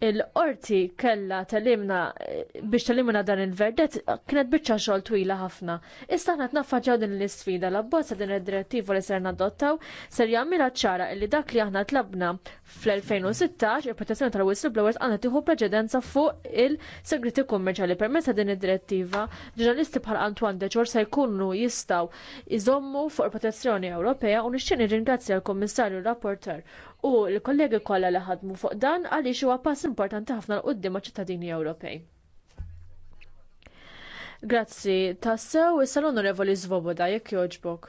Speaker 7: il-qorti kellha telimna eh, biex tal-imna dan il-verdet eh, kienet biċċa xogħol twila ħafna. Issa aħna naffaġaw din l-isfida l-abbozza din id-direttiva li ser nadottaw ser jagħmilha ċara li dak li aħna tlabna fl-2016 il-protezzjoni tal-whistleblowers għandha tieħu preċedenza fuq il-segreti Kummerċa li ta' din id-direttiva ġurnalisti bħal Antoine de se jkunu jistgħu iżommu fuq il-protezzjoni Ewropea u nixtieq ringrazzja l-Kummissarju rapporter u l-kollegi kollha li ħadmu fuq dan għaliex huwa pass importanti ħafna l qudiem ċittadini Ewropej. Grazzi, tassew issa l-Onorevoli Zvoboda jekk jogħġbok.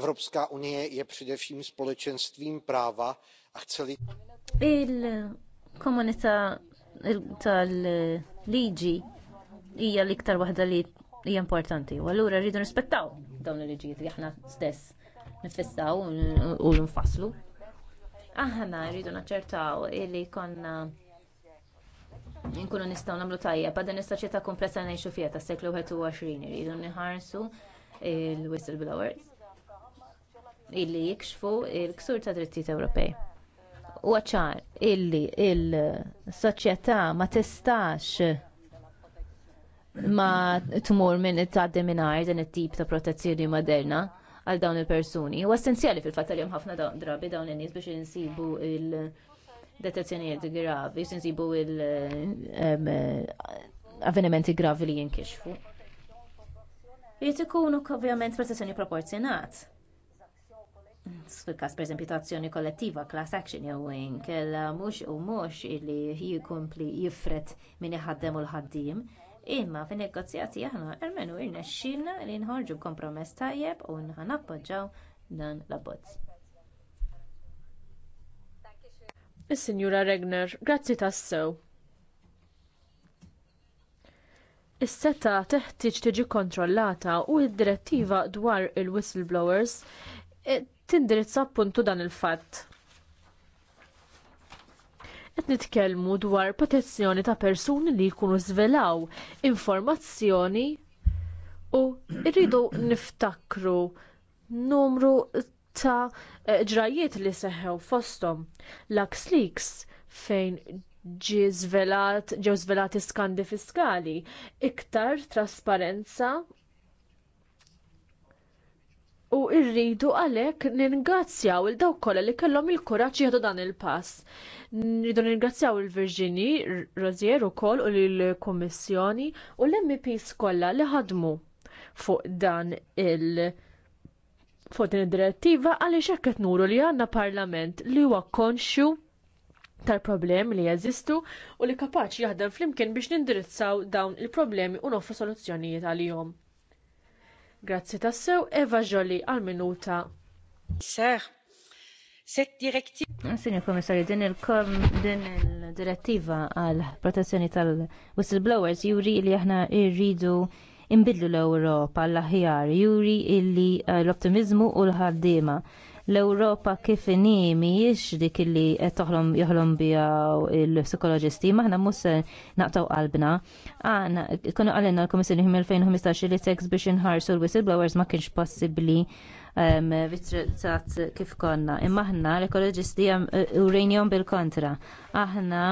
Speaker 8: Evropska Unie je především společenstvím práva a
Speaker 3: Il-komunità tal-liġi hija l-iktar waħda li hija importanti. U allura rridu nispettaw dawn il-liġijiet li aħna stess nifissaw u nfasslu. Aħna rridu naċċertaw illi konna nkunu nistgħu nagħmlu tajjeb għadha nistaċjetà komplessa ngħixu fija tas-seklu 21 iridu nħarsu il-whistleblowers illi jikxfu l ksur ta' drittijiet Ewropej. U ċar illi il-soċjetà ma tistax ma tmur minn it-taddi minn din it-tip ta' protezzjoni moderna għal dawn il-persuni. U essenzjali fil-fatt li ħafna drabi dawn il-nis biex insibu il- detenzjonijiet gravi, sinsibu il-avvenimenti gravi li jinkixfu. Jrid ikunu ovvjament protezzjoni proporzjonat. Fil-każ pereżempju ta' kollettiva, class action jew kella mhux u mhux li jikompli jifret min iħaddem u l ħaddim Imma fin negozjati aħna almenu irna xilna li nħorġu kompromess tajjeb u nħan appoġġaw dan l-abbozz.
Speaker 7: Is-Sinjura Regner, grazzi tassew. Is-seta teħtieġ tiġi kontrollata u d-direttiva dwar il-whistleblowers eh, tindirizza appuntu dan il-fatt Qed nitkellmu dwar protezzjoni ta' persuni li jkunu żvelaw informazzjoni u rridu niftakru numru ta' eh, ġrajiet li seħħew fosthom. Lux Leaks fejn ġew żvelati skandi fiskali, iktar trasparenza u rridu għalhekk ningrazzjaw il daw kolla li kellhom il-kuraġġ jieħdu dan il-pass. Nridu ningrazzjaw il-Virġini Rozier ukoll u lill-Kummissjoni u l-MPs kollha li ħadmu fuq dan il- fuq din id-direttiva għaliex xekket qed nuru li għandna parlament li huwa konxu tal-problemi li jeżistu u li kapaċi jaħdem flimkien biex nindirizzaw dawn il-problemi u nofru soluzzjonijiet għalihom. Grazzi tassew Eva
Speaker 3: Jolli għal minuta. Sir, set direttiva. Signor Komissarju, din il-direttiva għal protezzjoni tal-whistleblowers juri li aħna irridu imbidlu l-Ewropa l-aħjar, juri illi eh, l-optimizmu u l-ħaddiema l-Ewropa kif inhi mhijiex dik illi qed toħlom joħlom bija l-psikoloġisti, maħna mus naqtaw qalbna. Aħna kunu għalina l-Komissjoni 2015 li tex biex inħarsu l-whistleblowers ma kienx possibbli vitrizzat kif konna. Imma aħna l-ekoloġisti eh, urenjom bil-kontra. Aħna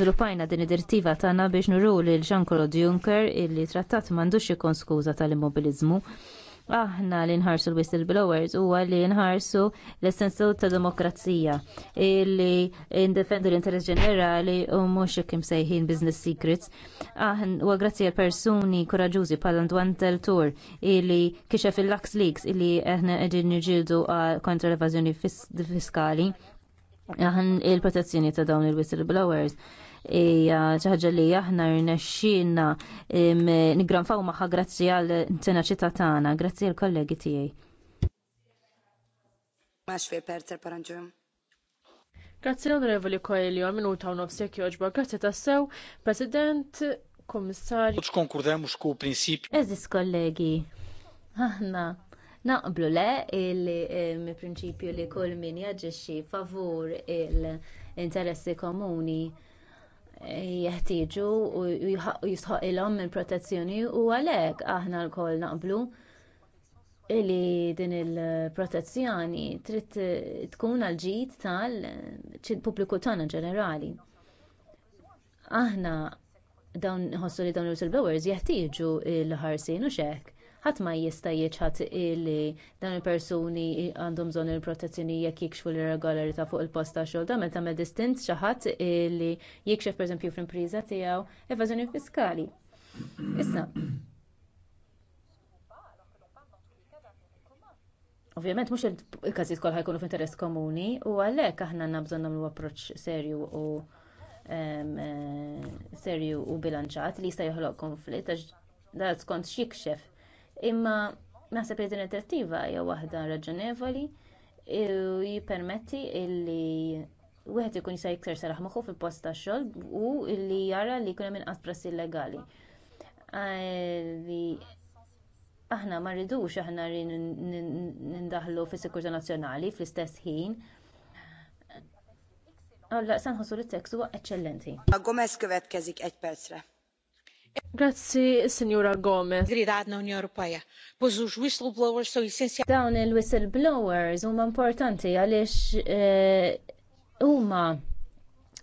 Speaker 3: zlupajna eh, din id-direttiva tagħna biex nuru lil Jean-Claude Juncker illi trattat m'għandux ikun skuża tal-immobilizmu aħna li nħarsu l-whistleblowers huwa li nħarsu l-essenzu ta' demokrazija li indefendu l-interess ġenerali u mhux kim sejħin business secrets. Aħna huwa għagrazzi għal persuni koraġużi bħal Antwan Teltur li kixef il-Lux Leaks li aħna qegħdin nġildu kontra l-evażjoni fiskali aħna il-protezzjoni ta' dawn il-whistleblowers hija xi ħaġa li aħna rnexxina nigranfaw magħha grazzi għal tenaċità tagħna, grazzi għal kollegi tiegħi.
Speaker 6: Maxfie Perter Paranġum.
Speaker 7: Grazzi l-Onorevoli Koelio, minuta ta' nofsek joġba, grazzi tassew, President,
Speaker 3: Komissarju. Uċ konkurdem, mux ku prinsipju. Eżis kollegi, aħna naqblu le il-prinċipju li kull min jaġixxi favur il-interessi komuni jeħtieġu u jistħoq ilhom minn protezzjoni u għalhekk aħna lkoll naqblu li din il-protezzjoni trid tkun għal ġid tal-pubbliku tagħna ġenerali. Aħna dawn ħossu li dawn il whistleblowers jeħtieġu l-ħarsien u xek ħadd ma jista' jiċħad li dan il-persuni għandhom bżonn il-protezzjoni jekk jikxfu l-irregolarità fuq il-post ta' xogħol dan meta distint xi ħadd li jikxef pereżempju fl-impriża tiegħu evażjoni fiskali. Issa, Ovvjament, mhux il-każijiet kollha jkunu f'interess komuni u għalhekk aħna għandna bżonn nagħmlu approċċ serju u eh, serju u bilanċat li jista' joħloq konflitt għax da skont x'jikxef imma naħseb li din it-trattiva hija waħda raġonevoli jippermetti illi wieħed ikun jista' jikser saraħ moħħu fil-post tax-xogħol u li jara li jkun hemm inqas prassi illegali. Aħna ma rridux aħna nindaħlu fis-sikurtà nazzjonali fl-istess ħin. Alla sanħosu li t-tekst huwa eċċellenti.
Speaker 7: Gomez keżik egy percre.
Speaker 3: Grazzi, Signora Gomez. Gridadna Unjoni Europeja. Pożux whistleblowers so essenzjali. Dawn il-whistleblowers huma importanti għaliex eh, huma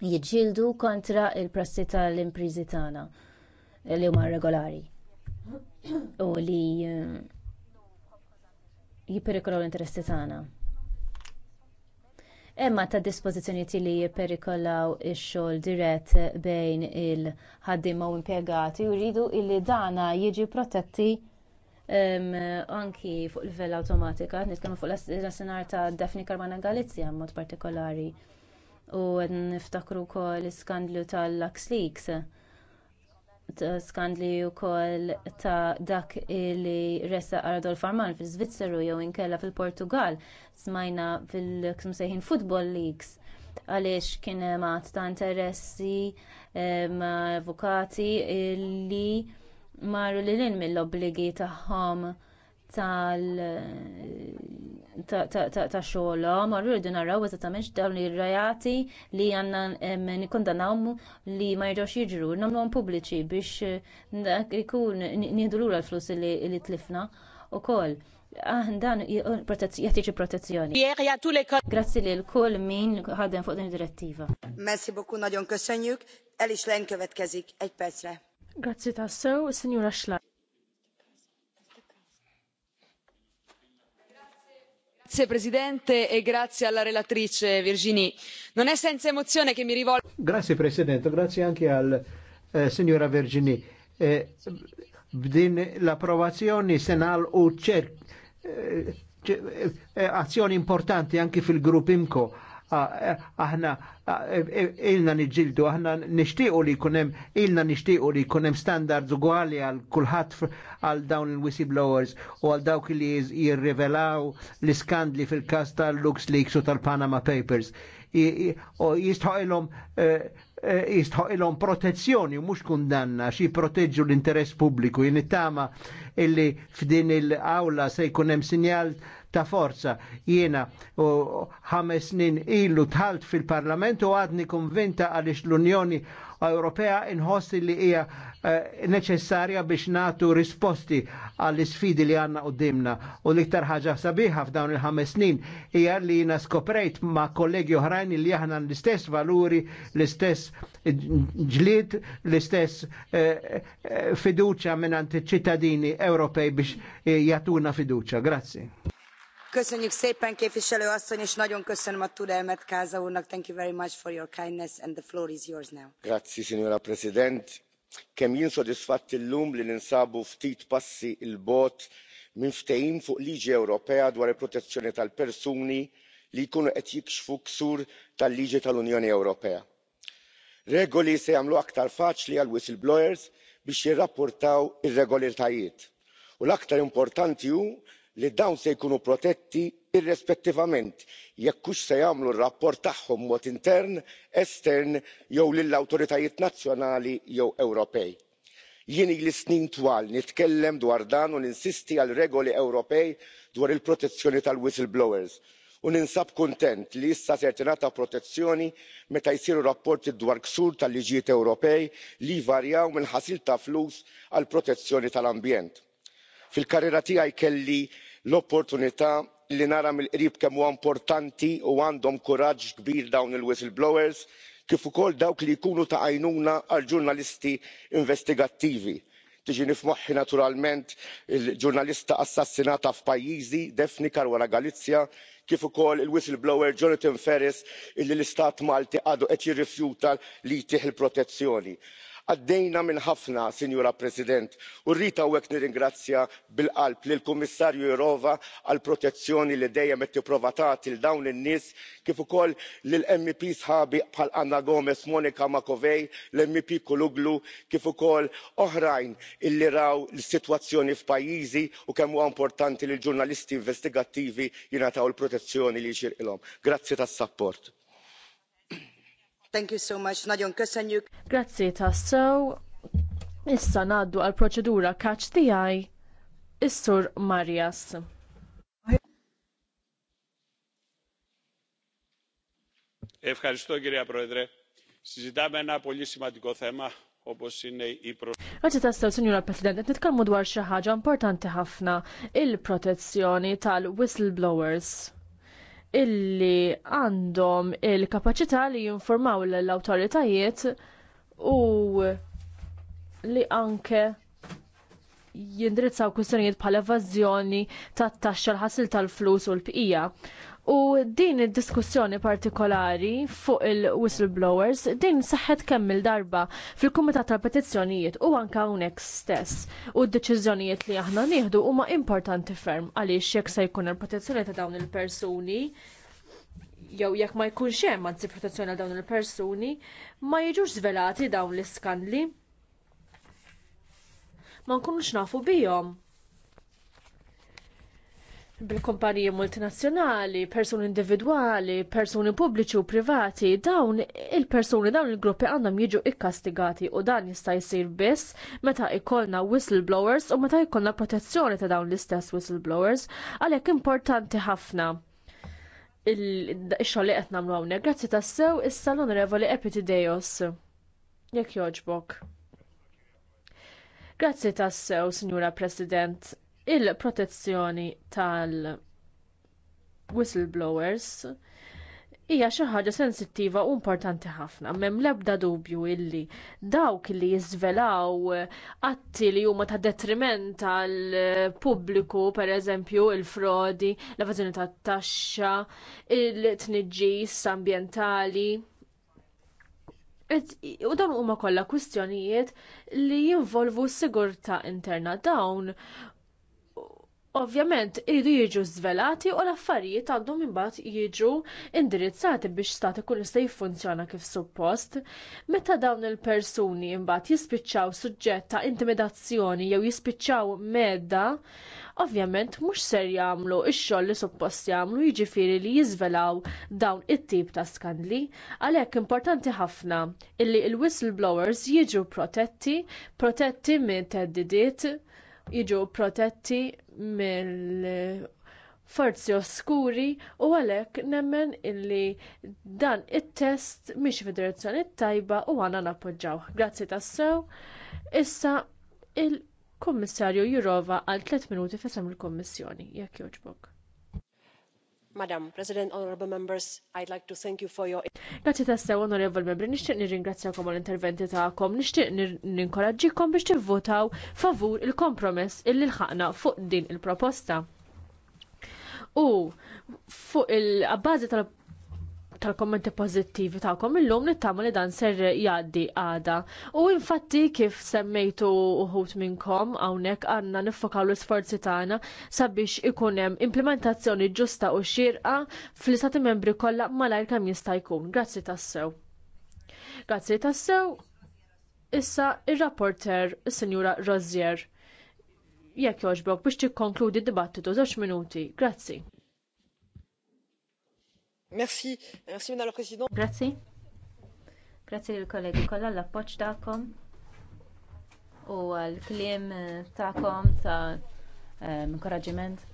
Speaker 3: jiġġieldu kontra il-prassi tal-imprizi tagħna eh, li huma regolari u li eh, jipperikolaw l-interessi tagħna Emma ta' dispożizzjonijiet li jipperikolaw ix-xogħol dirett bejn il-ħaddiema u impjegati u jridu illi dana jiġi protetti anki fuq il-vel awtomatika, nitkellmu fuq l-assinar ta' Daphne Karmana Galizja mod partikolari u niftakru wkoll l-iskandlu tal leaks skandli wkoll ta' dak li ressa Adolf Arman fil iżvizzeru jew inkella fil-Portugal smajna fil-ksum Football Leagues għaliex kien mat ta' interessi ma' avukati li marru lil l mill obbligi tagħhom tal ta' xogħolhom u rridu naraw eżattament dawn ir-rajati li għandna nikkondannawhom li ma jiġux jiġru nagħmluhom pubbliċi biex eh, dak ikun nieħdu lura l-flus li tlifna koll. Ah, dan jattiċi protezzjoni. Grazzi li l-kull min ħadem fuq din direttiva.
Speaker 6: Merci beaucoup, nagyon kessenjuk. El is következik egy percre.
Speaker 3: Grazzi
Speaker 7: tassew, signora Schlag.
Speaker 6: signor presidente onorevoli colleghi grazie alla relatrice virginie non è senza emozione che mi rivolgo.
Speaker 2: grazie presidente grazie anche al eh, signora virginie eh, b'din l-approvazzjoni se nagħlqu ċerk eh, eh azzjoni importanti anche fil-grupp imco E, aħna e, e, ilna niġildu, aħna nishtiqu li kunem, ilna nishtiqu li kunem standards uguali għal kulħat għal dawn il-whistleblowers u għal dawk li jirrivelaw l-iskandli fil-kas tal-LuxLeaks u tal-Panama Papers. U Jistħoqilhom jistħoqilhom protezzjoni mux kundanna xie proteġu l-interess pubbliku jien illi f'din il-awla se jkun sinjal ta' forza. Jiena u ħames snin ilu tħalt fil-Parlament u għadni konvinta għaliex l-Unjoni Ewropea inħoss li hija eh, neċessarja biex natu risposti għall sfidi li għanna u dimna. U liktar ħaġa sabiħa f'dawn il-ħames snin hija li jina skoprejt ma' kollegi oħrajn li jaħna l-istess valuri, l-istess ġlid, l-istess eh, eh, fiduċa minn ċittadini Ewropej biex jatuna fiduċa. Grazzi
Speaker 6: köszönjük szépen képviselő asszony és nagyon köszönöm a türelmet casa úrnak. thank you very much for your kindness and the floor is yours now.
Speaker 8: grazzi signora president kemm jien sodisfatt illum li ninsabu ftit passi l bogħod minn ftehim fuq liġi ewropea dwar il-protezzjoni tal-persuni li jkunu qed jikxfu ksur tal-liġi tal-unjoni ewropea. regoli se jagħmlu aktar faċli għal whistleblowers biex jirrapportaw ir-regolitajiet. u l aktar importanti hu li dawn se jkunu protetti irrispettivament jekk hux se jagħmlu r-rapport tagħhom b'mod intern estern jew lill-awtoritajiet nazzjonali jew ewropej. jien ili snin twal nitkellem dwar dan u ninsisti għal regoli ewropej dwar il protezzjoni tal whistleblowers u ninsab kuntent li issa se tingħata protezzjoni meta jsiru rapporti dwar ksur tal liġijiet ewropej li jvarjaw minn ħasil ta' flus għal protezzjoni tal ambjent. fil karriera tiegħi kelli l-opportunità li nara mill qrib kemm huwa importanti u għandhom kuraġġ kbir dawn il whistleblowers kif ukoll dawk li jkunu ta' għajnuna għal ġurnalisti investigattivi. Tiġi f'moħħi naturalment il ġurnalista assassinata f'pajjiżi daphne caruana galizia kif ukoll il whistleblower jonathan ferris illi l istat malti għadu qed jirrifjuta li jtih il protezzjoni għaddejna minn ħafna sinjura president u rrid hawnhekk nirringrazzja bil qalb lill kummissarju jourov għall protezzjoni li dejjem qed tipprova tagħti lil dawn in-nies kif ukoll lill mep sħabi bħal anna gomes monica macovei l mep kuluglu, kif ukoll oħrajn illi raw is-sitwazzjoni f'pajjiżi u kemm huwa importanti li l ġurnalisti investigattivi jingħataw il protezzjoni li jixirqilhom. grazzi tas-sapport.
Speaker 7: Thank you so much. Nagyon köszönjük. Grazzi tassew. Issa naddu għal proċedura catch the eye. Is-sur Marjas.
Speaker 1: Ευχαριστώ κυρία Πρόεδρε. Συζητάμε ένα πολύ σημαντικό θέμα όπως είναι η προστασία.
Speaker 7: Għadġi tastaw, Signora President, nitkalmu dwar xi ħaġa importanti ħafna, il-protezzjoni tal-whistleblowers illi għandhom il-kapacità li jinformaw l-autoritajiet u li anke jindrizzaw kwistjonijiet bħala evażjoni tat-taxxa l-ħasil tal-flus u l-bqija. U din id-diskussjoni partikolari fuq il-whistleblowers, din saħħet kemm il-darba fil-Kumitat tal-Petizzjonijiet u anka hawnhekk stess. U d-deċiżjonijiet li aħna nieħdu huma importanti ferm għaliex jekk se jkun il-protezzjoni ta' dawn il-persuni jew jekk ma jkunx hemm anzi protezzjoni għal dawn il-persuni, ma jiġux żvelati dawn l-iskandli. Ma nkunux nafu bihom bil-kumpaniji multinazzjonali, persuni individwali, persuni pubbliċi u privati, dawn il-persuni dawn il-gruppi għandhom jiġu ikkastigati u dan jista' jsir biss meta jkollna whistleblowers u meta jkollna protezzjoni ta' dawn l-istess whistleblowers, għalhekk importanti ħafna il-xogħol li qed nagħmlu hawnhekk. Grazzi tassew issa l-Onorevoli Epitideos. Jekk jogħġbok. Grazzi tassew, Sinjura President il-protezzjoni tal-whistleblowers hija xi ħaġa sensittiva u importanti ħafna. M'hemm l-ebda dubju illi dawk li jiżvelaw atti li huma ta' detriment għal pubbliku, pereżempju il-frodi, l-evażjoni tat-taxxa, il-tniġġis ambjentali. U dawn huma kollha kwistjonijiet li jinvolvu s-sigurtà interna dawn Ovvjament iridu jiġu żvelati u l-affarijiet għandhom imbagħad jiġu indirizzati biex stati kun jista' jiffunzjona kif suppost. Meta dawn il-persuni imbagħad jispiċċaw suġġett ta' intimidazzjoni jew jispiċċaw medda, ovvjament mhux ser jagħmlu x-xogħol li suppost jagħmlu jiġifieri li jiżvelaw dawn it-tip ta' skandli, għalhekk importanti ħafna illi l-whistleblowers jiġu protetti, protetti minn teddidiet, jiġu protetti mill forzi oskuri u għalhekk nemmen illi dan it-test mhix fid-direzzjoni tajba u għana nappoġġaw. Grazzi tassew. Issa il-Kummissarju Jurova għal 3 minuti fisem il-Kommissjoni, jekk jogħġbok. Madam President, honorable members, I'd like to thank you for your Grazzi tassew onorevol membri, nixtieq nirringrazzjakom għall interventi tagħkom, nixtieq ninkoraġġikom biex tivvotaw favur il-kompromess illi lħaqna fuq din il-proposta. U fuq il-abbażi tal tal-kommenti pozittivi tagħkom illum nittama li dan ser jgħaddi għada. U infatti kif semmejtu uħut minnkom hawnhekk għandna niffokaw l-isforzi tagħna sabiex ikun hemm implementazzjoni ġusta u xirqa fl-istati membri kollha malajr kemm jista' jkun. Grazzi tassew. Grazzi tassew. Issa ir-rapporter is-Sinjura Rozier. Jekk jogħġbok biex tikkonkludi d-dibattitu żewġ minuti. Grazzi.
Speaker 3: Merci, merci Madame la Présidente. Grazzi. Grazzi lill kollegi kollha l-appoġġ tagħkom u l-kliem eh, tagħkom ta' eh, inkoraġġiment.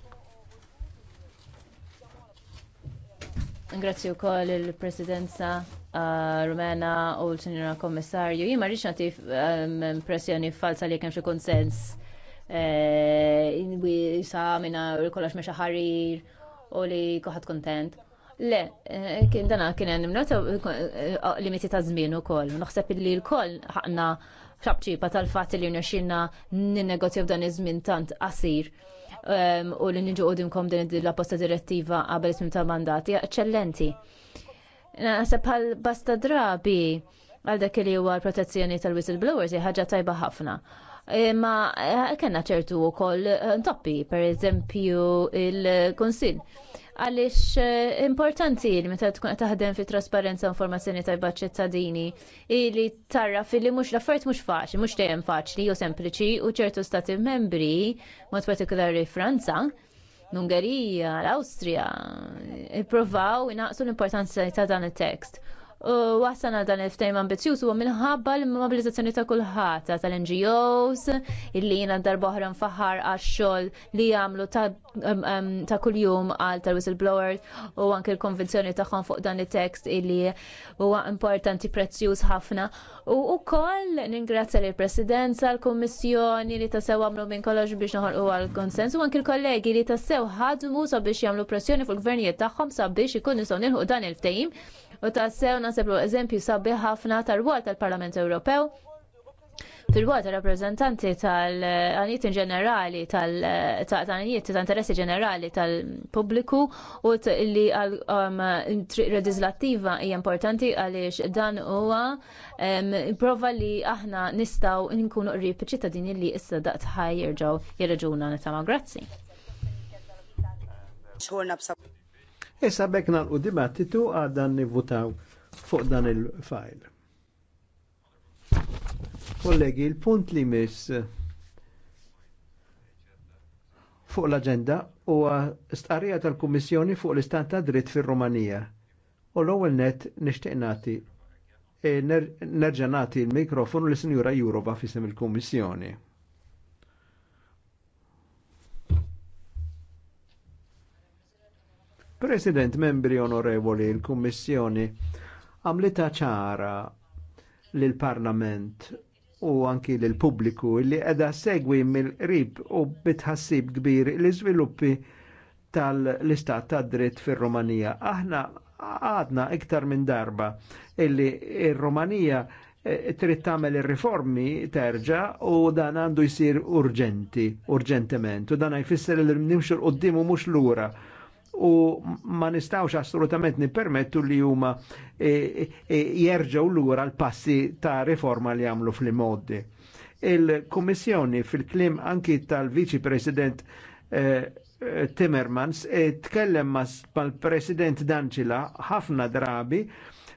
Speaker 3: Ingrazzi wkoll il-Presidenza eh, Rumena u l-Sinjora Kommissarju. Jien ma rridx nagħti impressjoni falsa li hemm xi konsens sa minna kollox mexa ħarir u li koħat kontent. Le, eh, kien dana kien għanimnot limiti ta' zmin u koll. Naħseb li l kol ħakna xabċipa tal-fat li nxinna n-negozju dan iż-żmien tant qasir ehm, u li nġu għodimkom din la posta direttiva qabel ismim tal-mandati. Eccellenti. Naħseb għal basta drabi għal dak li huwa l-protezzjoni tal-whistleblowers ħaġa tajba ħafna. Eh, ma eh, kena ċertu u koll ntoppi, per eżempju, il-konsil għaliex eh, importanti li meta tkun taħdem fi trasparenza informazzjoni tajba ċittadini li tarra fil-li mux laffert mux faċli, mux dejjem faċli u sempliċi u ċertu stati membri, mod partikolari Franza, l-Ungerija, l-Awstrija, ippruvaw naqsu l-importanza ta' dan it-tekst wasana dan il-ftejm ambizjuż huwa minħabba l-mobilizzazzjoni ta' kulħata tal-NGOs illi jiena darba faħar għax-xogħol li jagħmlu ta' kuljum għal tal-whistleblower u anke l-konvenzjoni tagħhom fuq dan it-tekst illi huwa importanti prezzjuż ħafna. U wkoll ningrazzja lill presidenza l-Kummissjoni li tassew għamlu minn kollox biex noħolqu għal konsens u anke l-kollegi li tassew ħadmu sabiex jagħmlu pressjoni fuq il-gvernijiet tagħhom sabiex ikun nistgħu nilħu dan il-ftehim u tassew naseb eżempju sabbi ħafna tal rwol tal-Parlament Ewropew Fil-għad rappresentanti tal-għaniet ġenerali, tal-għaniet ta' interessi ġenerali tal-publiku u li għal-redizlattiva um, hija importanti għaliex dan huwa prova li aħna nistaw nkunu qrib ċittadini li issa daqt ħaj jirġaw jirraġuna nitama. Grazzi.
Speaker 2: Issa bekk nalqu dibattitu għadda nivvutaw fuq dan il-fajl. Kollegi, il-punt li mis fuq l-agenda huwa starija tal-Kummissjoni fuq l-istat ta' dritt fir-Rumanija. U l-ewwel net nixtieq nagħti eh, nerġa' nagħti l-mikrofonu sinjura Jurova fisem il-Kummissjoni. President, membri onorevoli, il-Kummissjoni għamlita ċara l-Parlament u anki l-pubbliku li edha segwi mill-rib u bitħassib kbir l-iżviluppi tal-istat ta' dritt fir-Romanija. Aħna għadna iktar minn darba illi il romanija eh, trid tagħmel ir-riformi terġa u dan għandu jsir urġenti, urġentement, u dan jfisser li nimxu l-qoddim u mhux lura u ma nistawx assolutament nipermettu li huma e, e, jerġgħu lura l-passi ta' riforma li għamlu fl-modi. Il-Kummissjoni fil-klim anki tal-Viċi President e, Timmermans eh, tkellem mal-President Danċila ħafna drabi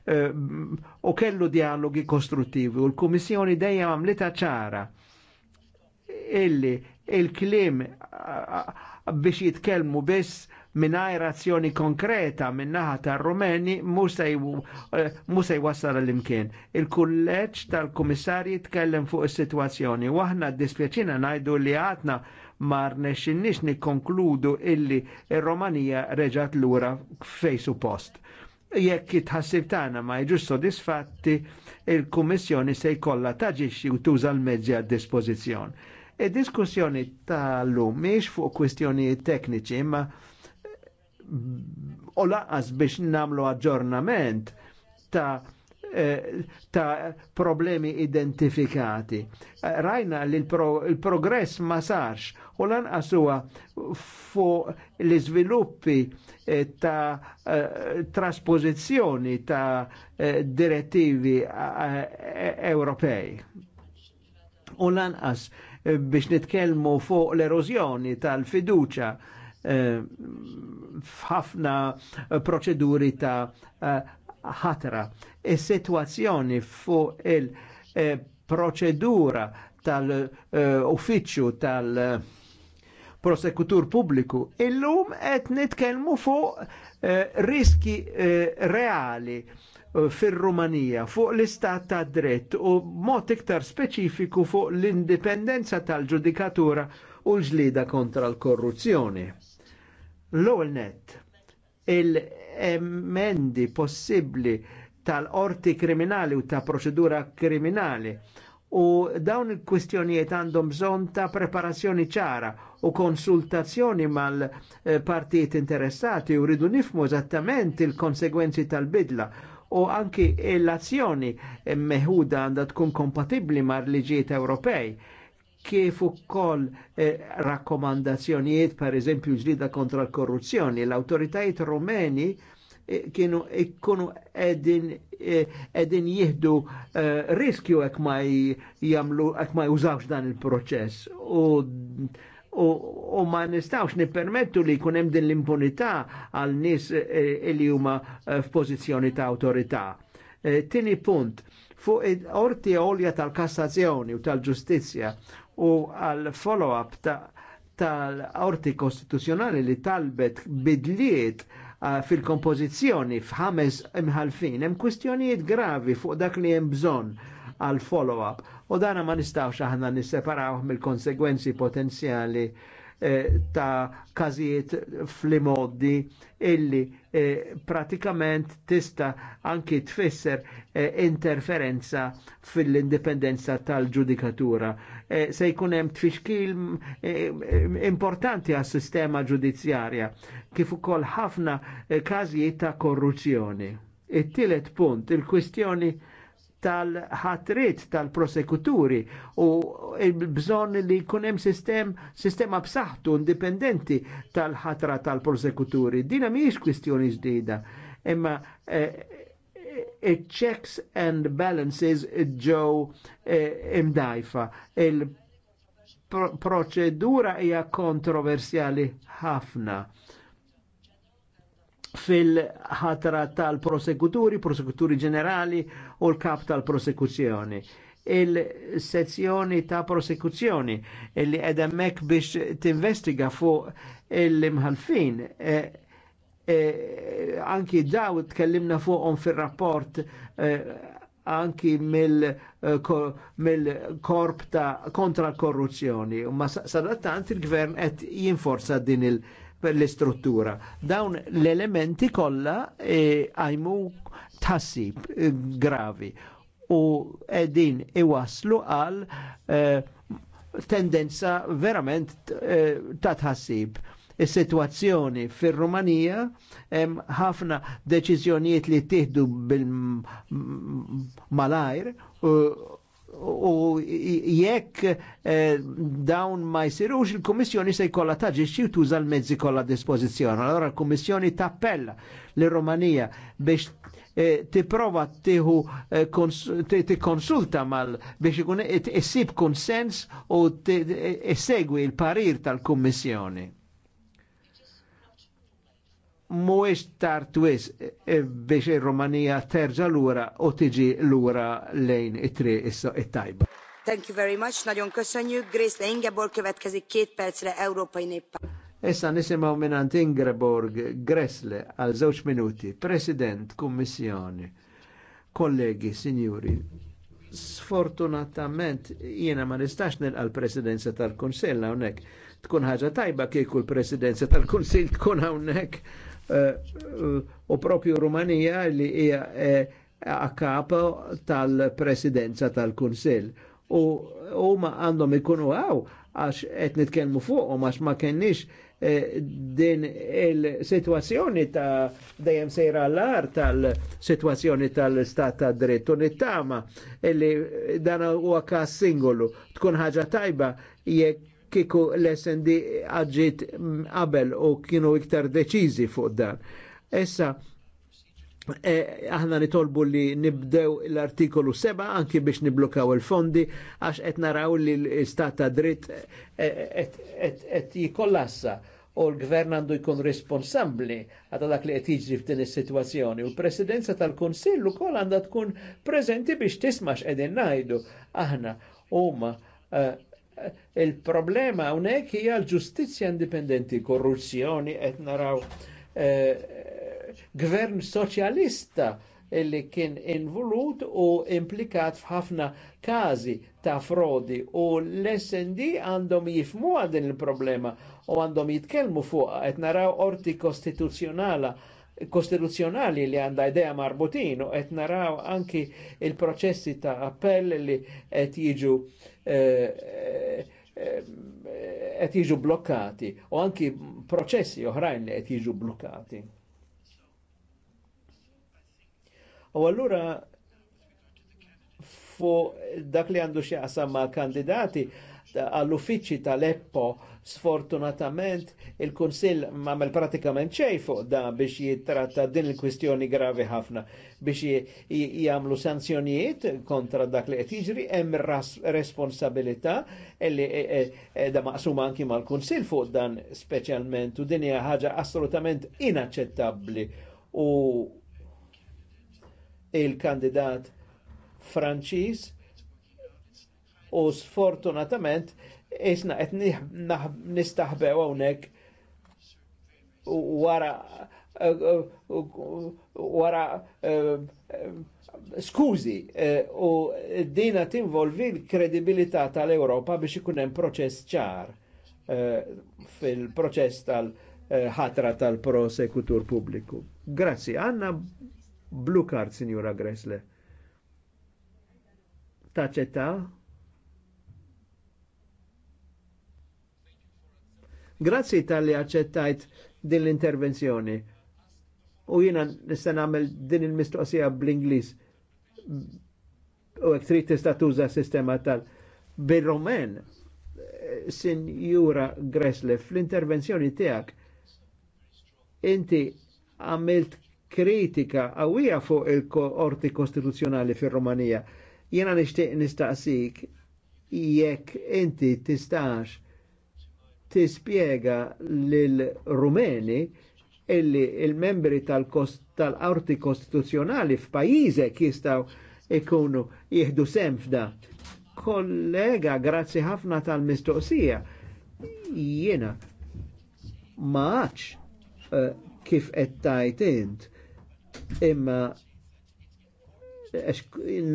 Speaker 2: u kellu dialogi kostruttivi u l-Kummissjoni dejjem għamlita ċara illi il-klim biex jitkellmu biss Minnaj azzjoni konkreta minnaħa naħa tar-Rumeni mhux se eh, jwassal l-imkien. Il-kulleġġ tal-Kummissarji tkellem fuq is-sitwazzjoni u dispieċina najdu ngħidu li għatna mar nexinniex nikkonkludu illi il romanija reġat l-ura fej post. jekk jitħassib tana tagħna ma jiġux sodisfatti, il-Kummissjoni se jkollha taġixxi u tuża l-mezzi għad dispożizzjon. Id-diskussjoni ta' tal-lum miex fuq kwistjonijiet tekniċi imma u laqas biex namlu aġġornament ta' eh, ta' problemi identifikati. Eh, rajna li l-progress ma sarx u lanqas huwa fuq li sviluppi eh, ta' trasposizzjoni ta' direttivi Ewropej. U lanqas biex nitkelmu fuq l erozjoni tal-fiduċa Eh, f'ħafna proċeduri ta' eh, ħatra. Is-sitwazzjoni fuq il-proċedura eh, tal-uffiċċju tal-, prosekutur pubbliku. Illum qed nitkellmu fuq riski reali fir-Rumanija fuq l-istat ta' dritt u mod iktar speċifiku fuq l-indipendenza tal-ġudikatura u l-ġlida kontra l-korruzzjoni. L-ewwel net il-emendi possibbli tal-orti kriminali u ta' proċedura kriminali u dawn il-kwistjonijiet għandhom bżon ta' preparazzjoni ċara u konsultazzjoni mal-partijiet interessati u ridu nifmu eżattament il-konsegwenzi tal-bidla u anki l-azzjoni meħuda għandha tkun kompatibbli mar liġijiet Ewropej kif ukoll eh, rakkomandazzjonijiet per eżempju ġlida kontra l-korruzzjoni. l awtoritajiet rumeni eh, kienu ikkunu eh, edin, eh, edin jihdu uh, riskju ek ma jamlu, ek ma jużawx dan il-proċess. U u, u ma nistawx nippermettu li jkun hemm din l-impunità għal nies eh, li huma f'pożizzjoni ta' awtorità. Uh, tini punt, fuq orti għolja tal-kassazzjoni u tal-ġustizja u għal follow-up tal-orti ta kostituzjonali li talbet bidliet uh, fil kompozizjoni f'ħames imħalfin hemm kwistjonijiet gravi fuq dak li hemm bżonn għal follow-up u dana ma nistawx aħna nisseparaw mill-konsegwenzi potenzjali eh, ta' każijiet fl-modi illi eh, pratikament tista' anki tfisser eh, interferenza fil-indipendenza tal-ġudikatura Eh, se jkun hemm tfixkil eh, eh, importanti għas sistema ġudizzjarja kif ukoll ħafna każijiet ta' korruzzjoni. It-tielet punt, il-kwistjoni tal-ħatrit tal-prosekuturi u bżon li kunem sistem, sistema b'saħħtu indipendenti tal-ħatra tal-prosekuturi. Dina miex kwistjoni ġdida, imma eh, checks and balances ġew eh, imdajfa. Il-proċedura hija kontroversjali ħafna fil-ħatra tal-prosekuturi, prosekuturi ġenerali u l-kap tal-prosekuzzjoni. Il-sezzjoni ta' prosekuzzjoni li edemmek biex tinvestiga fuq il-imħalfin eh, E, anki daw tkellimna fuqhom fir-rapport e, anki mill-korp e, ta' kontra korruzzjoni. Ma sadattant il-gvern qed jinforza din il- l-istruttura. Dawn l-elementi kollha għajmu tħassib gravi u edin iwaslu għal tendenza verament ta' tħassib is-sitwazzjoni fir-Rumanija hemm ħafna deċiżjonijiet li tieħdu bil-malajr u jekk eh, dawn ma jsirux il-Kummissjoni se jkollha taġixxi u tuża l-mezzi kollha dispożizzjoni. Allora l-Kummissjoni tappella l rumanija biex eh, tipprova tiprova tiħu e, eh, konsulta mal biex ikun issib konsens u e-, e-, segwi il-parir tal-Kummissjoni mhuwiex tartwis e, e, biex il romania terġa' lura u tiġi lura lejn it-triq it-tajba.
Speaker 6: Thank you very much, nagyon köszönjük. Grace Ingeborg perz la Europa in Ippa.
Speaker 2: Issa nisimaw minant Ingeborg Gressle għal żewġ minuti, President, Kommissjoni, kollegi, Signori, Sfortunatament jiena ma nistax nilqa l-presidenza tal-Kunsell hawnhekk. Tkun ħaġa tajba kieku l-presidenza tal-Kunsill tkun hawnhekk Eh, eh, u propju Rumanija li hija eh, a kapo tal-presidenza tal-Kunsill. U huma għandhom ikunu għaw għax qed nitkellmu fuqhom għax ma kenniex din il-situazzjoni ta' dejjem sejra l-ar tal-situazzjoni tal-istat ta' dritt u nittama illi dan huwa kas singolu tkun ħaġa tajba jekk kiku l-SND għadġit qabel u kienu iktar deċizi fuq dan. Essa, e, aħna nitolbu li nibdew l-artikolu 7 anki biex niblokaw il-fondi għax qed naraw li l-istat ta' dritt qed e, jikollassa u l-gvern għandu jkun responsabbli għal dak li qed jiġri f'din is-sitwazzjoni. U l-presidenza tal-Kunsill ukoll għandha tkun preżenti biex tisma' x'qegħdin ngħidu aħna huma e, il-problema unek hija l-ġustizzja indipendenti, korruzzjoni qed naraw eh, eh, gvern soċjalista illi kien involut u implikat f'ħafna każi ta' frodi u l-SND għandhom jifmu għadin il-problema u għandhom jitkellmu fuq qed naraw orti kostituzzjonala kostituzzjonali li għanda ideja marbutin u qed naraw anki il-proċessi ta' appell li qed jiġu eh, eh, qed jiġu blokkati u anki proċessi oħrajn li qed jiġu blokkati. U allura fu dak li għandu xi ma' kandidati għall-uffiċċji tal-Eppo sfortunatament Il-Kunsill mamel pratikament xej fuq da biex jitratta din il-kwistjoni gravi ħafna biex jagħmlu sanzjonijiet kontra dak li qed jiġri hemm responsabilità li e, e, e, da maqsuma anki mal-Kunsill fuq dan speċjalment u din hija ħaġa assolutament inaċċettabbli u il-kandidat Franċiż u sfortunatament isna qed nistaħbew hawnhekk wara eh, eh, wara eh, skużi u dina tinvolvi l-kredibilità tal-Europa biex ikun hemm proċess ċar fil-proċess tal-ħatra tal-prosekutur pubbliku. Grazzi, għanna blue card, signora Gressle. Taċetta? Grazzi tal-li accettajt din l-intervenzjoni. U jina nista' nagħmel din il-mistoqsija bl-Ingliż u hekk trid tista' tuża sistema tal bil-Romen Sinjura Greslef, fl-intervenzjoni tiegħek inti għamilt kritika għawija fuq il korti kostituzzjonali fir-Romanija. Jena nixtieq nistaqsik jekk inti tistax tispiega l rumeni illi il-membri tal-arti tal kostituzjonali f'pajjiżek jistgħu ikunu jihdu sem f'da. Kollega, grazzi ħafna tal-mistoqsija. Jiena maħċ eh, kif qed int imma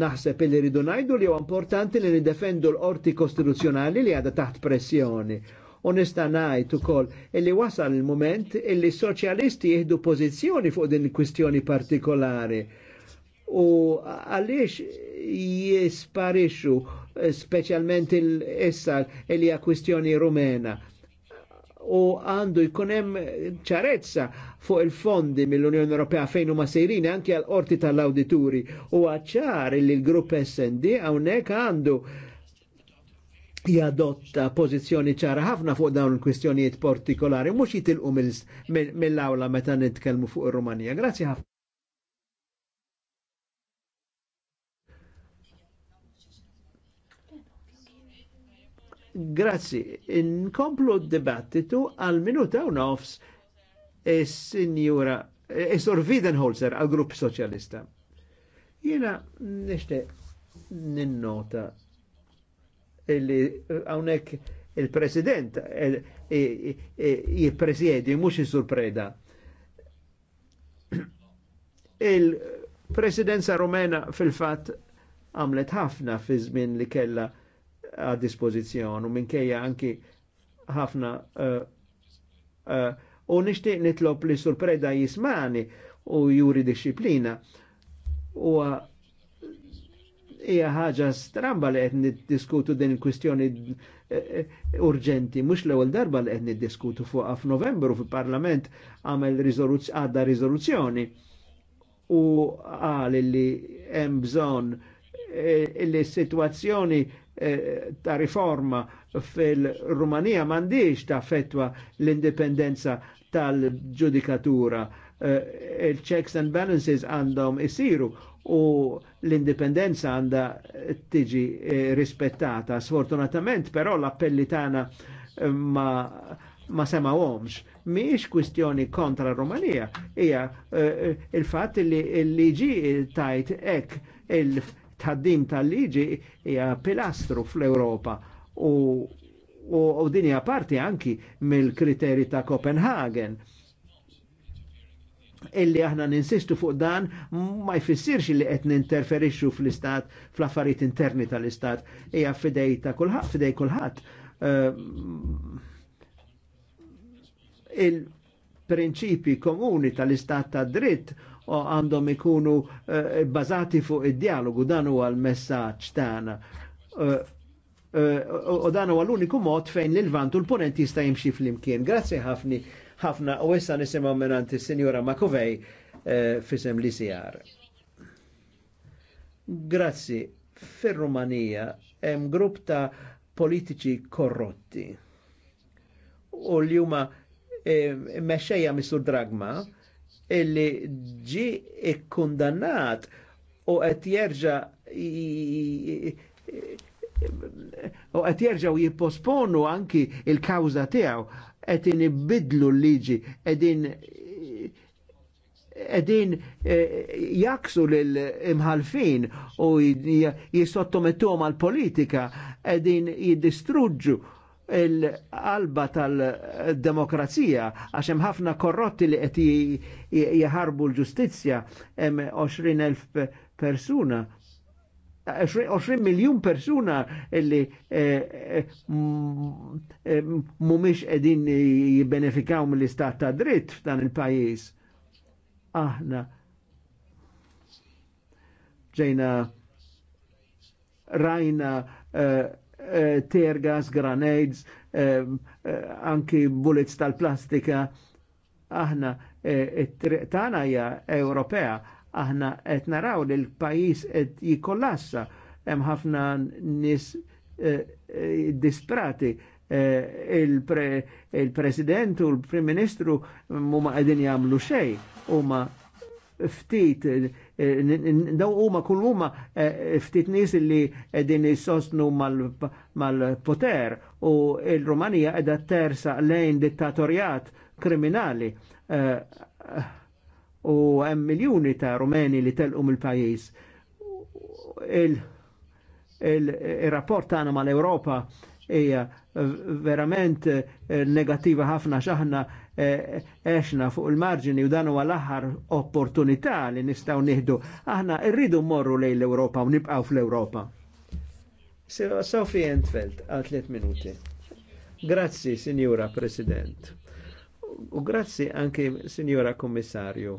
Speaker 2: naħseb li rridu ngħidu li huwa importanti li nidefendu l orti kostituzjonali li għada taħt pressjoni u nista' ngħid ukoll illi wasal il moment illi soċjalisti jihdu pozizjoni fuq din kwistjoni partikolari u għaliex jisparixu eh, specialment il-issa illi hija kwistjoni rumena u għandu jkun hemm ċarezza fuq il-fondi mill-Unjoni Ewropea fejn huma sejrin anke għal qorti tal-awdituri u għaċċar li l-grupp SND hawnhekk għandu jadotta pożizzjoni ċara ħafna fuq dawn il-kwistjonijiet partikolari, mhux jitilqu mill-awla meta nitkellmu fuq ir-Rumanija. Grazzi ħafna. Grazzi, inkomplu d-dibattitu għal minuta u nofs is-sinjura e sur Widenholzer għal grupp soċjalista. Jiena nishtiq ninnota illi hawnhekk eh, il-President eh, eh, jippresjedi mhux is-surpreda. [clears throat] Il-Presidenza Rumena fil-fatt għamlet ħafna fi żmien li kella għad dispożizzjon u minkejja anki ħafna u nishtiq nitlob li surpreda jismani u juri u hija ħaġa stramba li qed niddiskutu din il-kwistjoni eh, eh, urġenti, mhux l-ewwel darba li qed niddiskutu fuqha f'Novembru fil-Parlament għamel għadda riżoluzzjoni u qal li hemm bżonn eh, li situazzjoni ta' riforma fil-Rumanija m'għandix ta' fetwa l-indipendenza tal-ġudikatura. Il-checks and balances għandhom isiru u l-indipendenza għanda tiġi eh, rispettata. Sfortunatament, però l-appelli tana eh, ma ma semawomx. Miex kwistjoni kontra Romania, hija uh, il-fatt li l-liġi tajt ek il-taddim tal-liġi hija pilastru fl-Europa u, u, u dinja parti anki mill-kriteri ta' Kopenhagen illi aħna ninsistu fuq dan ma jfissirx li qed ninterferixxu fl-istat fl-affarijiet interni tal-istat hija fidej ta' kulħadd fidej kulħadd. Ehm, il-prinċipi komuni tal-istat ta' dritt għandhom ikunu eh, bbażati fuq id-dialogu dan huwa l-messaġġ tagħna. Eh, eh, u dan huwa l-uniku mod fejn l-vant u l-ponent jista' jimxi fl-imkien. Grazzi ħafni ħafna u issa nisimaw minant is-Sinjura Makovej eh, fisem li sijar. Grazzi, fil rumanija hemm grupp ta' politiċi korrotti u li juma eh, Mr. Dragma illi ġi ikkundannat u qed jerġa' u qed jerġgħu jipposponu anki il-kawża tiegħu qegħdin ibidlu l-liġi, qegħdin edin e, jaksu l-imħalfin u jisottomettom għal politika edin jiddistruġġu l-qalba tal-demokrazija għax hemm ħafna korrotti li qed jħarbu l-ġustizzja hemm 20,000 persuna 20 miljon persuna li eh, eh, eh, mumiex edin jibbenefikaw mill-istat ta' dritt f'dan il-pajis. Aħna ġejna rajna tergas, gas, grenades, anki bullets tal-plastika. Aħna it-triq tagħna hija Ewropea aħna qed naraw li l-pajjiż qed jikollassa hemm ħafna nis eh, eh, disprati eh, il-president u l-prim ministru huma qegħdin jagħmlu xejn huma ftit daw huma kull huma ftit nies li qegħdin jissostnu mal-poter u l-Rumanija qiegħda tersa lejn dittatorjat kriminali. Eh, u hemm miljuni ta' Rumeni li telqu mill-pajjiż. Il-rapport il, il tagħna mal-Ewropa hija verament eh, negativa ħafna xaħna eħxna eh, fuq il-marġini u dan huwa l-aħħar opportunità li nistgħu nieħdu. Aħna rridu morru lejn l-Ewropa u nibqgħu fl-Ewropa. Sophie Entfeld, għal tliet minuti. Grazzi, Signora President. U grazzi anke, Signora Kommissarju.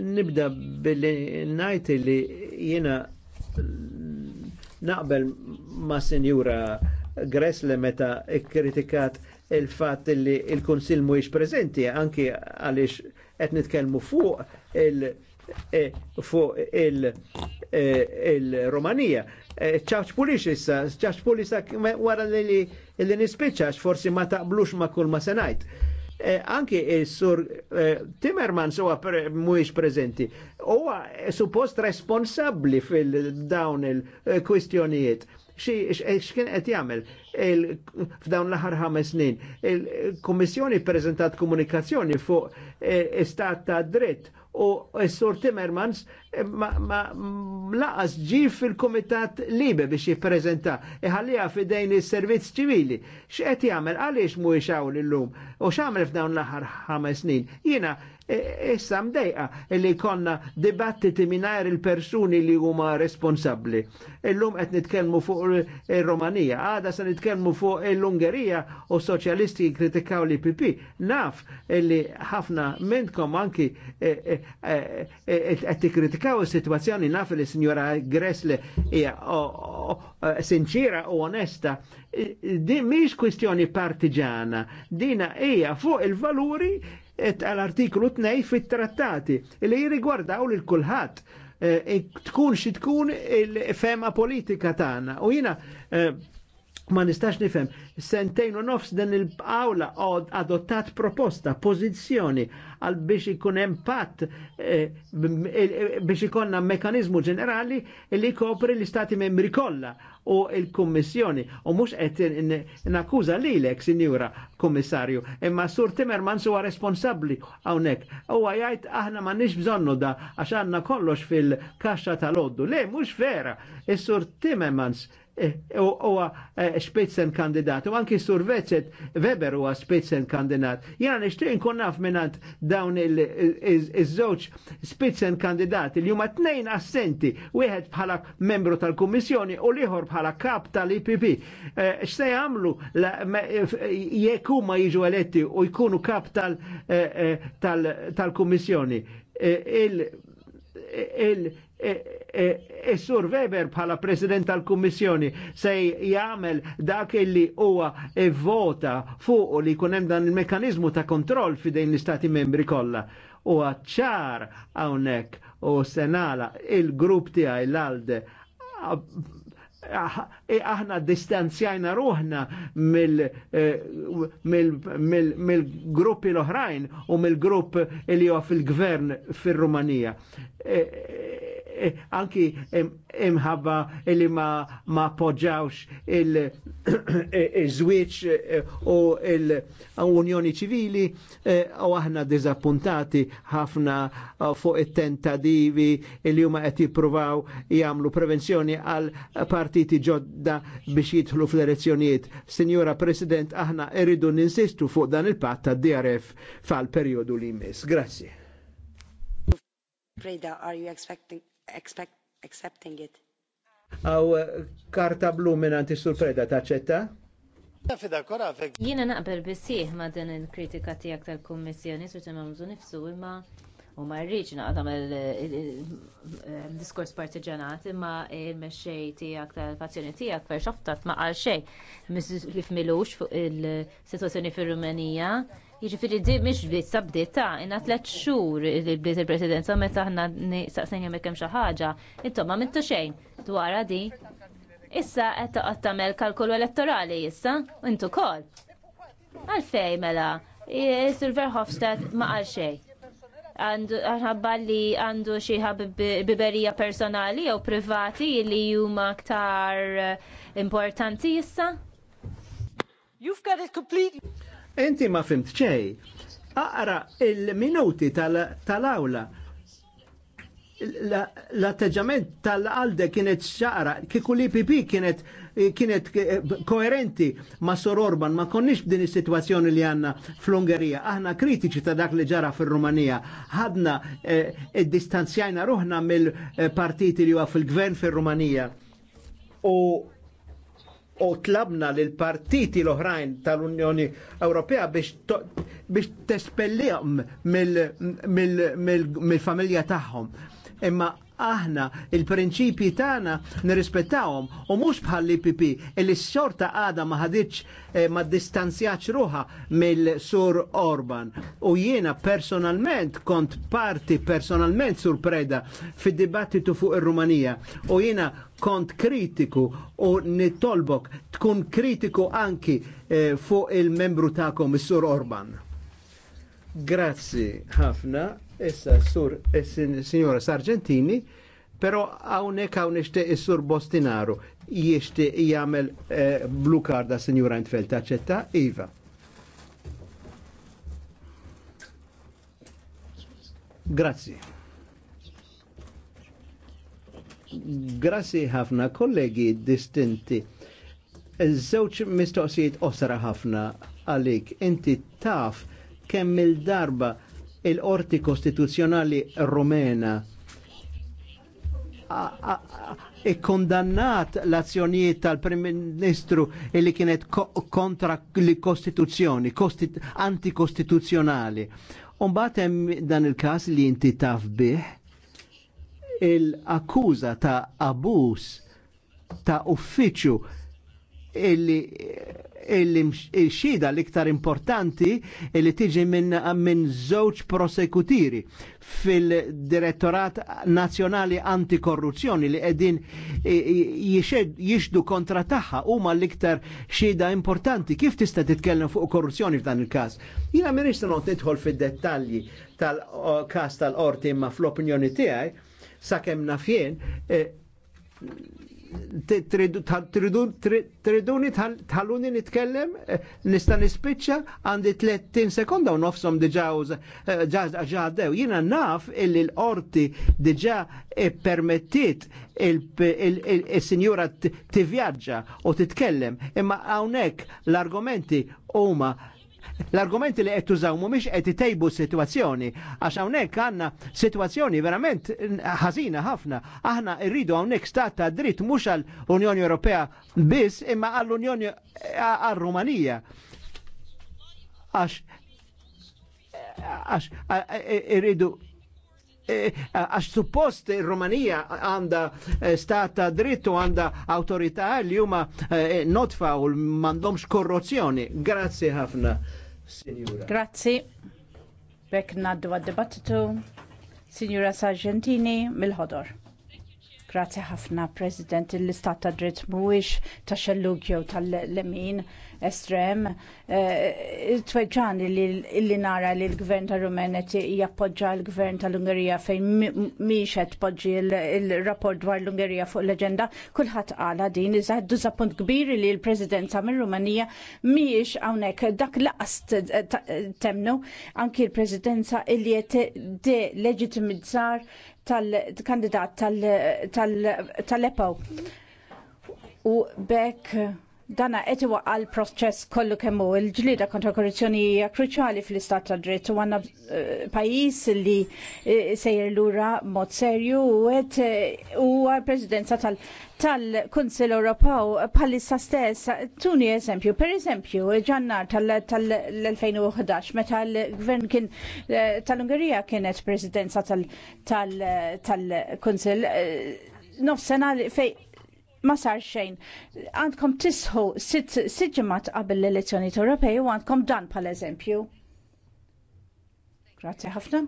Speaker 2: Nibda billi najt li jena naqbel ma Signora Gressle meta kritikat il-fat li il-Konsil mhuwiex preżenti anke għaliex qed nitkellmu fuq il- Eh, fuq il-Romanija. Eh, ċaċ eh, pulix issa, ċaċ pulix wara li li nispiċax forsi ma taqblux ma kull ma senajt. Anki il-sur Timmermans huwa mhuwiex preżenti. Huwa suppost responsabbli fil-dawn il-kwistjonijiet x'kien qed jagħmel f'dawn l-aħħar ħames snin. Il-Kummissjoni preżentat komunikazzjoni fuq istat ta' dritt u s-sur Timmermans eh, ma, ma laqas ġif fil-komitat libe biex jipprezenta iħallija fidejn is-servizz ċivili. X'qed jagħmel għaliex mhuwiex hawn illum u x'għamel f'dawn l-aħħar ħames snin. Jiena E, issa mdejqa li konna dibattiti minar il-persuni li huma responsabli. Illum qed nitkellmu fuq il-Romanija, għada se nitkellmu fuq l-Ungerija u soċjalisti kritikaw li PP. Naf li ħafna minnkom anki e, e, qed tikkritikaw is-sitwazzjoni naf li sinjora Gressle hija sinċira u onesta. Din mhix kwistjoni partiġana, dina hija fuq il-valuri tal-artiklu 2 fit-trattati li jirrigwardaw il-kulħat e, eh, eh, tkun xi tkun il-fema politika tagħna. U jiena eh, ma nistax nifhem sentejn u nofs dan il-awla adottat proposta, pożizzjoni għal biex ikun impatt eh, eh, eh, biex ikonna mekanizmu ġenerali li kopri l-istati membri kollha u il-Kommissjoni. U mux qed nakkuża lilek, Sinjura Kommissarju, imma Sur Timmermans huwa responsabbli hawnhekk. Huwa jgħid aħna m'għandniex bżonnu da għax għandna kollox fil-kaxxa tal-oddu. Le, mhux vera. Is-Sur Timmermans Eh, huwa eh, Spitzen kandidat, u anki Sur Weber huwa Spitzen kandidat. Jena nishtiq nkun naf minant dawn il żewġ Spitzen kandidat li huma tnejn assenti, wieħed bħala membru tal-Kummissjoni u liħor bħala kap tal-IPP. Eh, x'se jagħmlu jekk huma jiġu eletti u jkunu kap tal-Kummissjoni. il E, e sur Weber bħala President tal-Kummissjoni se jagħmel dak illi huwa e vota fuq li jkun hemm dan il mekanizmu ta' kontroll f'idejn l-Istati membri kollha. U ċar hawnhekk u senala il-grupp tiegħi l-alde aħna distanzjajna ruħna mill-gruppi e, l-oħrajn u mill-grupp li huwa fil-gvern fir-Rumanija. Eh, anki imħabba illi ma ma poġġawx il-żwieċ [clears throat] eh, eh, u l-Unjoni ċivili u aħna dizappuntati ħafna fuq it-tentativi illi huma qed jippruvaw jagħmlu prevenzjoni għal partiti ġodda biex jidħlu fl-elezzjonijiet. Sinjora President, aħna irridu ninsistu fuq dan il-patt tad-DRF fal-perjodu li jmiss. Grazzi.
Speaker 6: Preda, are you expecting expect,
Speaker 3: accepting it.
Speaker 2: Aw eh, karta blu minn anti surpreda taċċetta?
Speaker 3: Jiena naqbel bisih ma' din il-kritika tiegħek tal-Kummissjoni sur tema nifsu imma u ma rridx naqdam il-diskors partiġanat imma il-mexxej tiegħek tal-fazzjoni tiegħek fer xoftat ma qal xejn li fmilux fuq il-sitwazzjoni fir-Rumenija Jiġifieri di mhix bdiet sa bdiet ta' inha tliet xhur bdiet il-Presidenza meta aħna nistaqsejn jekk hemm xi ħaġa, intom ma mintu xejn dwara di. Issa qed toqgħod tagħmel kalkolu elettorali issa, intu kol. Għalfej mela, Sir Verhofstadt ma qal xejn għandu ħabba li għandu xi biberija personali jew privati li huma aktar eh, importanti issa?
Speaker 2: You've got it completely. Inti ma fimt ċej. Aqra il-minuti tal-awla. L-atteġġament tal-alde kienet xaqra, kiku li pipi kienet kienet eh, koerenti ma' Sor Orban, ma' konniex din is-sitwazzjoni li għanna fl-Ungerija. Aħna kritiċi ta' dak li ġara fil-Rumanija. Ħadna eh, id-distanzjajna ruħna mill-partiti eh, li huwa fil-gvern fil-Rumanija. U u tlabna lil partiti l-oħrajn tal-Unjoni Ewropea biex tespellihom mill-familja tagħhom imma aħna il-prinċipji tagħna nirrispettawhom u mhux bħal l-IPP li s xorta għada ma ħadiċ eh, ma distanzjax ruħa mill-Sur Orban. U jiena personalment kont parti personalment sur preda fid-dibattitu fuq ir-Rumanija u jiena kont kritiku u nitolbok tkun kritiku anki eh, fuq il-membru tagħkom is-Sur Orban. Grazzi ħafna issa sur eh, signora Sargentini, pero hawnhekk hawn xte sur Bostinaru jiexte jagħmel eh, blue signora Intfelta, ċetta, iva. Grazie. Grazie ħafna kollegi distinti. Zewċ mistoqsijiet osra ħafna għalik. Inti taf kemm il-darba il-Qorti Kostituzzjonali Rumena e kondannat l-azzjonijiet tal-Prim Ministru li kienet kontra li kostituzzjoni antikostituzzjonali. Umbat hemm dan il-każ li inti taf bih il-akkuża ta' abus ta' uffiċċju illi il-xida l-iktar importanti li tiġi minn min żewġ prosekutiri fil-Direttorat Nazzjonali Antikorruzzjoni li qegħdin jixdu kontra tagħha huma l-iktar xhieda importanti. Kif tista' titkellem fuq korruzzjoni f'dan il-każ? Jiena m'iniex nagħmel nidħol fid-dettalji tal-każ tal-qorti imma fl-opinjoni tiegħi sakemm nafjen eh, Triduni tħalluni nitkellem, eh, nista nispiċċa għandi 30 sekonda u nofsom diġa eh, ġaddew. Jina naf illi l-orti diġa permettit il-sinjura tivjaġġa u titkellem, imma għawnek l-argumenti huma L-argumenti li qed tużaw mhumiex qed itejbu situazzjoni għax hawnhekk għandna situazzjoni verament ħażina ħafna. Aħna rridu hawnhekk stat ta' dritt mhux għall-Unjoni Ewropea biss imma għall-Unjoni għall-Rumanija. Għax għax irridu għax suppost il-Romanija għanda eh, stat ta' drittu għanda autorità li huma eh, notfa u mandomx korruzzjoni. Grazzi ħafna. Grazzi. Bek
Speaker 9: naddu għad-dibattitu. Signora Sargentini mill-ħodor. Grazzi ħafna, President, l-istat ta' dritt mhuwiex ta' xellugju tal-lemin estrem. Eh, Tweġġani li nara li l-gvern ta' Rumen jappoġġa l-gvern tal-Ungerija fejn miexet qed poġġi l-rapport dwar l-Ungerija fuq l-aġenda. Kulħadd għala din iżda dizappunt kbir li l-Presidenza minn Rumanija miex hawnhekk dak laqast temnu anki l-Presidenza illi qed de leġitimizzar tal-kandidat tal-EPO. U bekk Dana qed iwaqqa l-proċess kollu kemm hu il-ġlieda kontra korruzzjoni hija kruċjali fl-istat ta' dritt u għandna eh, pajjiż li uh, sejjer lura mod serju u qed eh, huwa uh, presidenza tal- kunsill kunsil Ewropew bħalissa stess tuni eżempju, per eżempju, ġannar tal-2011 meta l-gvern kien tal-Ungerija kienet presidenza tal-Kunsil tal tal nofsena fej ma sar xejn. Għandkom tisħu sitt ġemat qabel l-elezzjoni Ewropej u għandkom dan pal eżempju. Grazie ħafna.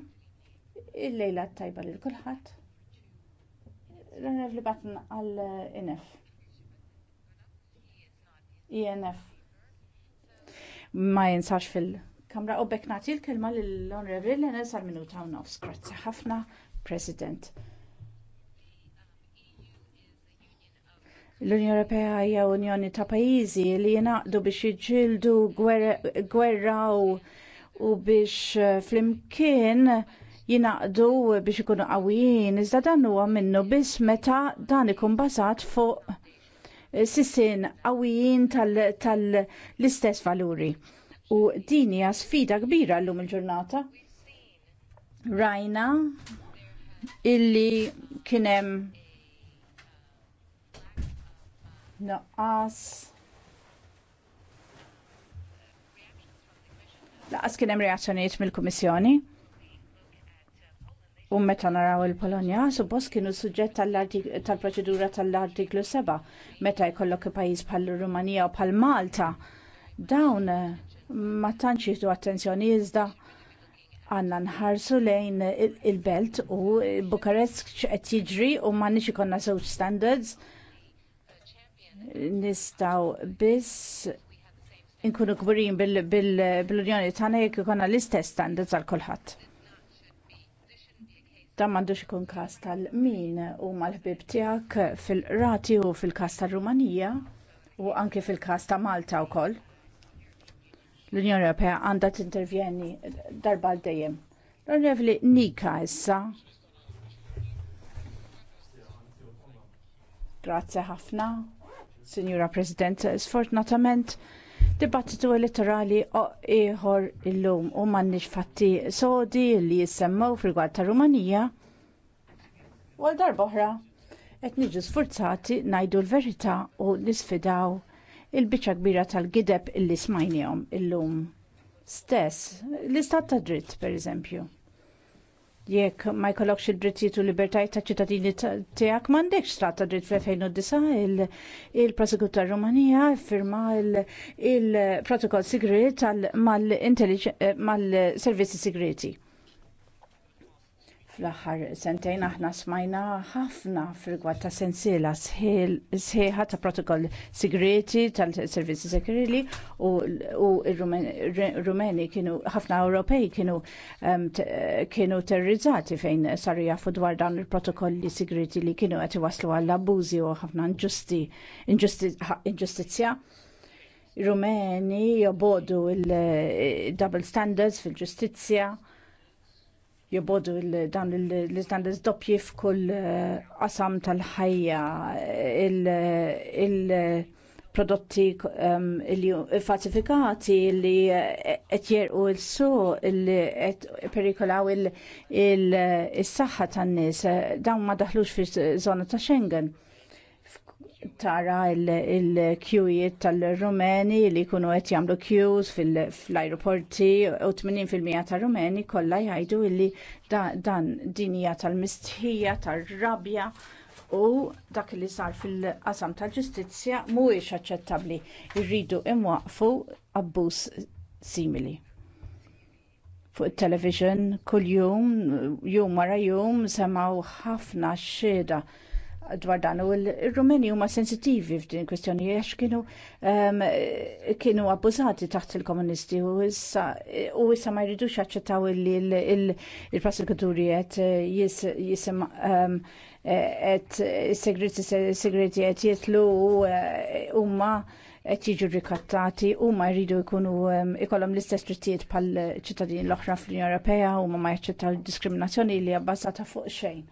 Speaker 9: Il-lejla tajba lil kulħadd. L-nerv li batn għal INF. E INF. E ma jinsax fil-kamra u bekk nagħti l-kelma lill-onorevoli l-enes għal minuta u nofs. Grazzi ħafna, President. L-Unjoni Ewropea hija unjoni ta' pajjiżi li jingħaqdu biex jiġġieldu gwerra u biex eh, flimkien jingħaqdu biex ikunu qawwijin, iżda dan huwa minnu biss meta dan ikun bażat fuq sissien qawwijin tal-istess valuri. U din hija sfida kbira llum il-ġurnata. Rajna illi kien hemm naqas Laqas kien hemm reazzjonijiet mill-Kummissjoni. U meta naraw il-Polonja, suppost kienu suġġett tal-proċedura tal-artiklu 7, meta jkollok pajjiż bħal rumanija u bħal Malta. Dawn eh, ma tantx jieħdu attenzjoni iżda għandna nħarsu lejn il-belt u Bukarest qed jiġri u m'għandniex ikollna żewġ standards nistaw biss inkunu kburin bil-Unjoni tagħna jekk ikonna l-istess standard għal kulħadd. Dan m'għandux ikun każ tal-min u mal-ħbib tiegħek fil-Rati u fil-każ tal rumanija u anke fil-każ ta' Malta wkoll. L-Unjoni għanda għandha intervjeni darba l dejjem. L-Onorevoli Nika issa. Grazzi ħafna. Signora President, sfortunatament dibattitu elettorali ieħor illum u m'għandniex fatti sodi li jissemmaw fil-gwad ta' Rumanija. Għal darboħra, qed niġu sfurzati ngħidu l-verità u nisfidaw il bicċa kbira tal-gideb illi smajnihom illum stess, l-istat ta' dritt, pereżempju jekk ma jkollokx id-drittijiet u libertajiet ta' ċittadini tiegħek m'għandekx strat ta' dritt fl-2009 il-prosekutur Rumanija firma il-protokoll mal-intelligence eh, mal-servizzi sigreti. Fl-aħħar sentejn aħna smajna ħafna frigwa ta' sensiela sħiħa ta' protokoll segreti tal-servizzi segreti u il-Rumeni kienu ħafna Ewropej kienu kienu terrorizzati fejn saru jafu dwar dan il-protokolli segreti li kienu qed waslu għall abbużi u ħafna inġustizja. inġustizzja. Rumeni jobodu il-double eh, standards fil-ġustizzja jobodu dan l-istandards doppji f'kull eh, qasam tal-ħajja il-prodotti ehm, falsifikati li eh, qed jerqu l-su li qed perikolaw il-saħħa tan-nies eh, dawn ma daħlux fi żona ta' Schengen tara il-kjujiet tal-Rumeni li jkunu qed jagħmlu queues fl-ajruporti u 80% tar-Rumeni kollha jgħidu li dan din hija tal-mistħija tar-rabja u dak li sar fil-qasam tal-ġustizzja mhuwiex aċċettabbli. Irridu imwaqfu abbuż simili fuq it television kuljum jum wara jum semgħu ħafna xeda dwar dan u l-Rumeni huma sensittivi f'din kwestjoni għax kienu kienu abbużati taħt il-komunisti u issa ma jridux jaċċettaw li il-prosekuturi qed jisim qed segreti qed jitlu huma eh, qed jiġu rikattati u ma jridu jkunu ikollhom l-istess drittijiet bħal ċittadini l-oħra fl-Unjoni Ewropea u ma jaċċettaw diskriminazzjoni li hija fuq xejn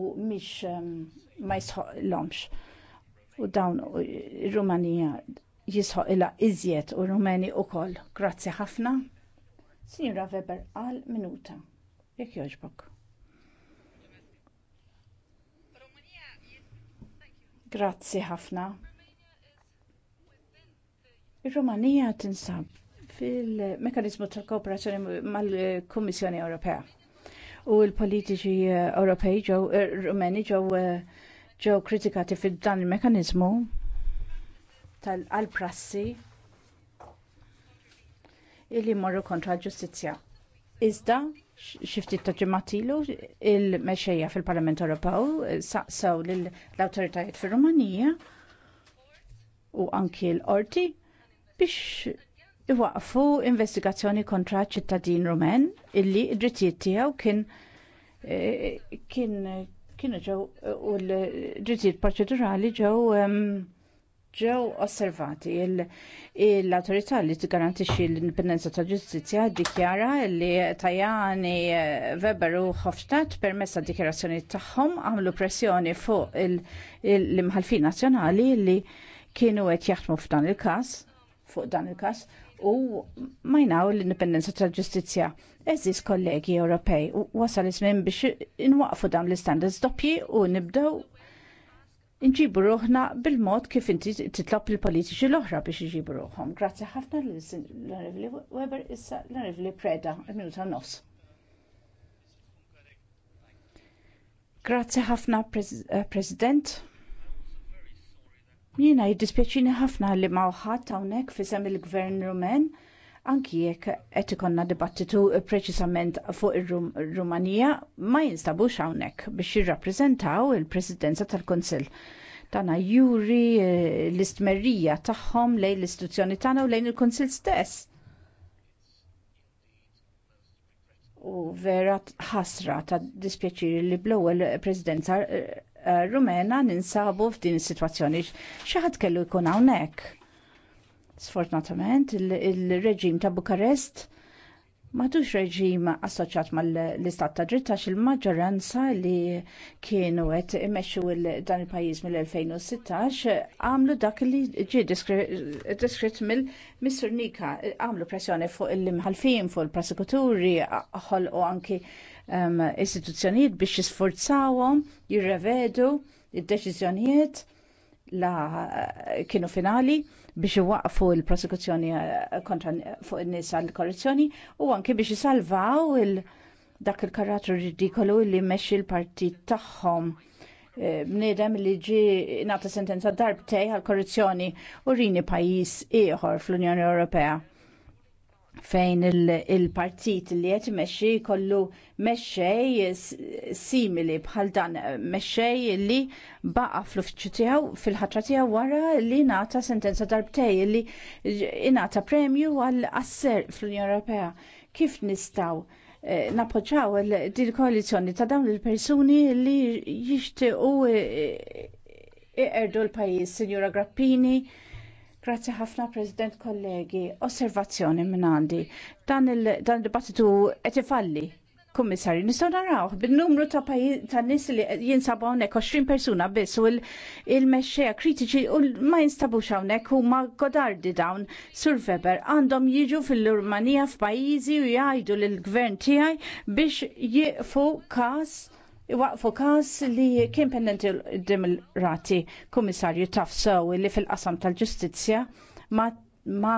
Speaker 9: u mhix ma l-omx. U dawn ir-Rumanija jisħoq ilha iżjed u Rumeni wkoll. Grazzi ħafna. Signora Weber għal minuta. Jekk jogħġbok. Grazzi ħafna. Ir-Rumanija tinsab fil-mekanizmu tal-kooperazzjoni mal-Kummissjoni Ewropea u l-politiċi Ewropej ġew eh, Rumeni ġew uh, ġew kritikati fid dan il-mekanizmu tal-prassi illi jmorru kontra l-ġustizzja. Iżda, xi ftit ta' ġimatilu, il-mexxejja fil-Parlament Ewropew saqsew lill-awtoritajiet fir-Rumanija u anki l-qorti biex iwaqfu investigazzjoni kontra ċittadin rumen illi id-drittijiet tiegħu kien eh, kien kienu ġew u l-ġitiet proċedurali ġew ġew osservati l-autorità li tgarantixxi l-indipendenza tal ġustizzja ddikjara li Tajani Weber u Hofstadt permezz tad dikjarazzjoni tagħhom għamlu pressjoni fuq l-imħalfin nazzjonali li kienu qed jaħdmu f'dan il-każ fuq dan il-każ u majnaw l-indipendenza tal-ġustizja. Eżis kollegi Ewropej u wasal ismin biex inwaqfu dawn l-standards doppji u nibdew nġibu ruħna bil-mod kif inti titlob il-politiċi l-oħra biex iġibu ruħom. Grazzi ħafna l-Rivli Weber issa l-Rivli Preda, minuta nofs. Grazzi ħafna, eh, President. Jiena jiddispjaċini ħafna li ma' uħat hawnhekk fisem il-Gvern Rumen anki jekk qed ikonna dibattitu preċisament fuq ir-Rumanija ma jinstabux hawnhekk biex jirrappreżentaw il-Presidenza tal-Kunsill. Tana juri eh, l-istmerrija tagħhom lejn l-istituzzjoni tagħna u lejn il-Kunsill stess. U vera ħasra ta' dispjaċiri li bl-ewwel Presidenza eh, Rumena ninsabu f'din is-sitwazzjoni. Xi ħadd kellu jkun hawnhekk. Sfortunatament il-reġim ta' Bukarest m'għadux reġim assoċjat mal-istat ta' dritta il-maġġoranza li kienu qed imexxu dan il-pajjiż mill-2016 għamlu dak li ġie diskrit mill-Mr. Nika għamlu pressjoni fuq il limħalfin fuq il-prosekuturi ħolqu anki um, istituzzjonijiet biex jisforzawhom jirrevedu id-deċiżjonijiet la eh, kienu finali biex iwaqfu l-prosekuzzjoni eh, kontra fuq in-nies għall korruzzjoni u anke biex isalvaw il dak il-karattru ridikolu li mmexxi l-partit tagħhom eh, bnedem li ġi nata sentenza darbtej għal korruzzjoni u rini pajis ieħor fl-Unjoni Ewropea fejn il-partit li qed imexxi jkollu mexxej simili bħal dan mexxej li baqa fl-uffiċċju tiegħu fil-ħatra tiegħu wara li ngħata sentenza darbtej li ingħata premju għal asser fl-Unjoni Ewropea. Kif nistgħu napoċaw din koalizjoni ta' dawn il-persuni li jixtiequ erdu l-pajjiż, Sinjura Grappini, Grazzi ħafna, President kollegi. Osservazzjoni minn għandi. Dan il-dibattitu qed ifalli. Kummissarju, nistgħu narawh bin-numru ta' ta' nies li jinsabu hawnhekk 20 persuna biss u il-mexxejja kritiċi u ma jinstabux hawnhekk huma godardi dawn Sur Weber għandhom jiġu fil-Rumanija f'pajjiżi u jgħidu lill-gvern tiegħi biex jieqfu każ Iwaqfu każ li kien pendenti demokrati kummissarju taf li fil-qasam tal-ġustizzja ma ma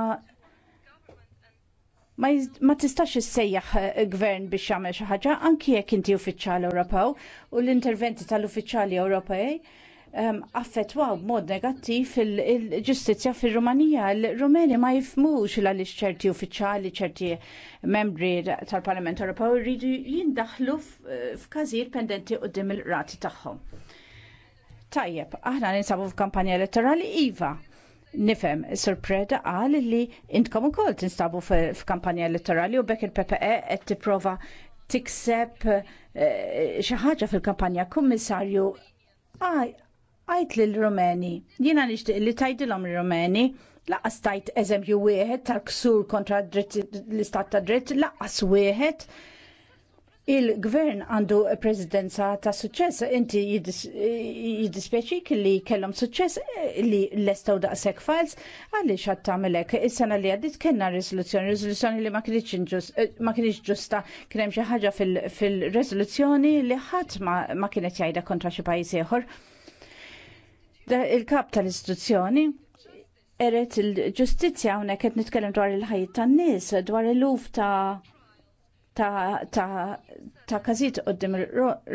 Speaker 9: ma, ma tistax issejjaħ eh, gvern biex jagħmel xi ħaġa anki jekk inti uffiċjali Ewropew u l-interventi tal-uffiċjali Ewropej affettwaw b'mod negattiv il-ġustizja fil-Rumanija. Il-Rumeni ma jifmux għaliex ċerti uffiċjali, ċerti membri tal-Parlament Ewropew rridu jindaħlu f'każir pendenti dim il-rati tagħhom. Tajjeb, aħna ninsabu f'kampanja elettorali iva. Nifem, sorpreda qal li intkom ukoll tinstabu f'kampanja elettorali u bekk il-PPE qed tipprova tikseb eh, xi ħaġa fil-kampanja kummissarju għajt l rumeni jiena nixtieq li tajdilhom l rumeni laqas tajt eżempju wieħed tal-ksur kontra l-istat ta' dritt laqas wieħed il-gvern għandu presidenza ta' suċċess, inti jiddispjaċik li kellhom suċċess eh, li lestaw daqshekk files għaliex għad tagħmelek. Is-sena li għaddit kena riżoluzzjoni, riżoluzzjoni li ma kienix eh, ġusta, kien hemm xi ħaġa fil rezoluzjoni li ħadd ma kienet jajda kontra xi pajjiż ieħor il-kap tal-istituzzjoni eret il-ġustizja hawnhekk qed nitkellem dwar il ħajt tan-nies, dwar il-luf ta' ta' ta' ta' każijiet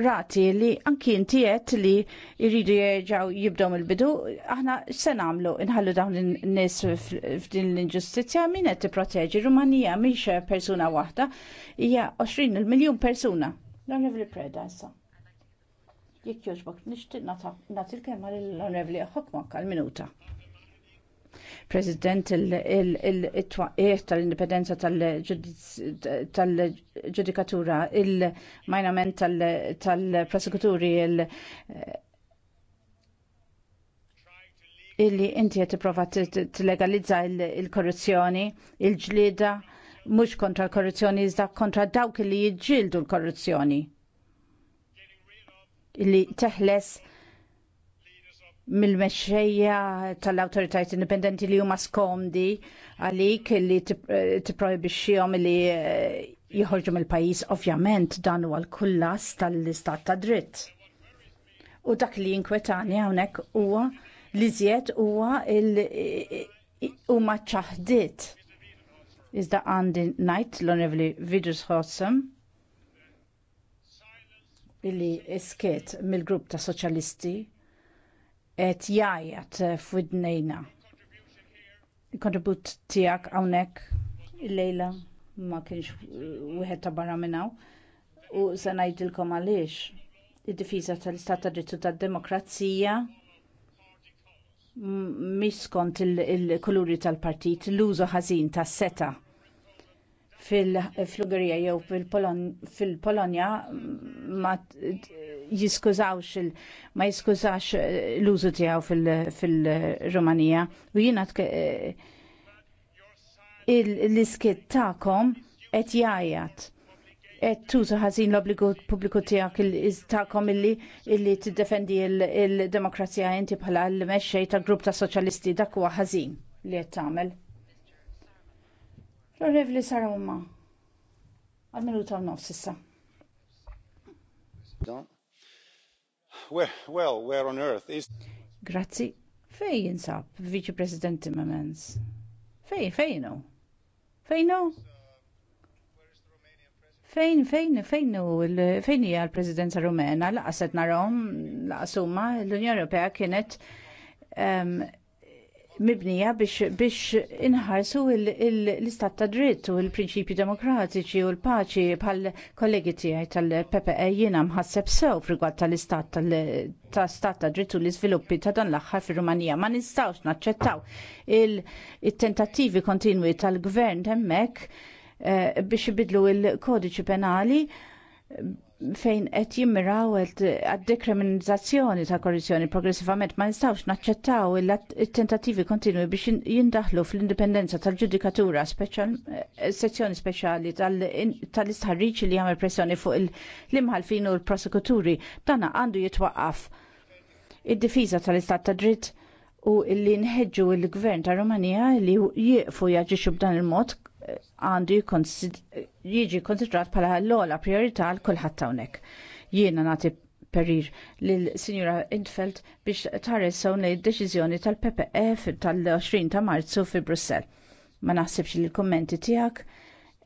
Speaker 9: rati li anki inti li jridu jieġaw jibdom il-bidu, aħna se nagħmlu inħallu dawn in-nies f'din l-inġustizzja min qed tipproteġi Rumanija mhix persuna waħda hija 20 il-miljon persuna. Dawn li preda issa. Jekk jogħġbok nixtieq nagħti l-kelma lill-Onorevoli Hokmak għal-minuta. President il-twaqqiet tal-indipendenza tal-ġudikatura, il-majnament tal-prosekuturi, illi inti qed tipprova legalizza il-korruzzjoni, il-ġlieda mhux kontra l-korruzzjoni iżda kontra dawk li jiġġieldu l-korruzzjoni li teħles mill-mexxejja tal-awtoritajiet indipendenti li huma skomdi għalik li tipprojbixxihom li eh, jħorġu mill-pajjiż ovvjament dan huwa l-kullas tal-istat ta' dritt. U dak li jinkwetani hawnhekk huwa li żjed huwa huma ċaħdiet. Iżda għandi ngħid l onevli Vidrus Hossam illi skiet mill-grupp ta' soċjalisti qed jajat f'idnejna. Il-kontribut tiegħek hawnhekk illejla ma kienx wieħed ta' barra minnaw u se ngħidilkom għaliex id-difiża tal-istat ta' drittu tad-demokrazija miskont il-kuluri tal-partit l-użu ħażin tas-seta' fil flugerija jew fil-Polonja ma jiskużawx ma jiskużax l-użu tiegħu fil-Rumanija u jiena l iskiet tagħkom qed jgħajjat qed tuża ħażin l-obbligu pubbliku tiegħek tagħkom illi illi tiddefendi l-demokrazija inti bħala l-mexxej tal-grupp ta' soċjalisti dak huwa ħażin li qed tagħmel. L-Orevli Sara Mumma, għal ta' nofs
Speaker 1: well, where on earth is...
Speaker 9: Grazzi. Fej jinsab, Viċi President Timmermans? Fej, fejnu? Fejnu? Fejn, fejn, fejn fejn hija l-Presidenza Rumena, laqaset narahom, laqasuma, l-Unjoni Ewropea kienet um, mibnija biex, biex inħarsu l-istat ta' dritt u l-prinċipji demokratiċi u l-paċi bħal kollegi tiegħi tal-PPE jiena mħasseb sew frigwad tal-istat tal-istat ta' dritt u l-iżviluppi ta' dan l-aħħar fir-Rumanija. Ma nistgħux naċċettaw il-tentattivi kontinwi tal-gvern hemmhekk eh, biex ibidlu l kodiċi penali fejn qed jimmiraw għad-dekriminalizzazzjoni ta' korruzzjoni progressivament ma nistgħux naċċettaw il-tentativi kontinwi biex jindaħlu fl-indipendenza tal-ġudikatura eh, sezzjoni speċjali tal-istħarriċ li jagħmel pressjoni fuq l-imħalfin u l-prosekuturi dana għandu jitwaqqaf id-difiża tal-istat ta' dritt u li nħeġġu l-gvern ta' Rumanija li jieqfu jaġixxu b'dan il-mod għandu jiġi konsidrat bħala l-ola priorità għal kulħadd hawnhekk. Jiena nagħti perir lil sinjura Intfeld biex tares sewna id-deċiżjoni tal-PPF e tal-20 ta' Marzu fi Brussell. Ma naħsibx li l-kommenti tiegħek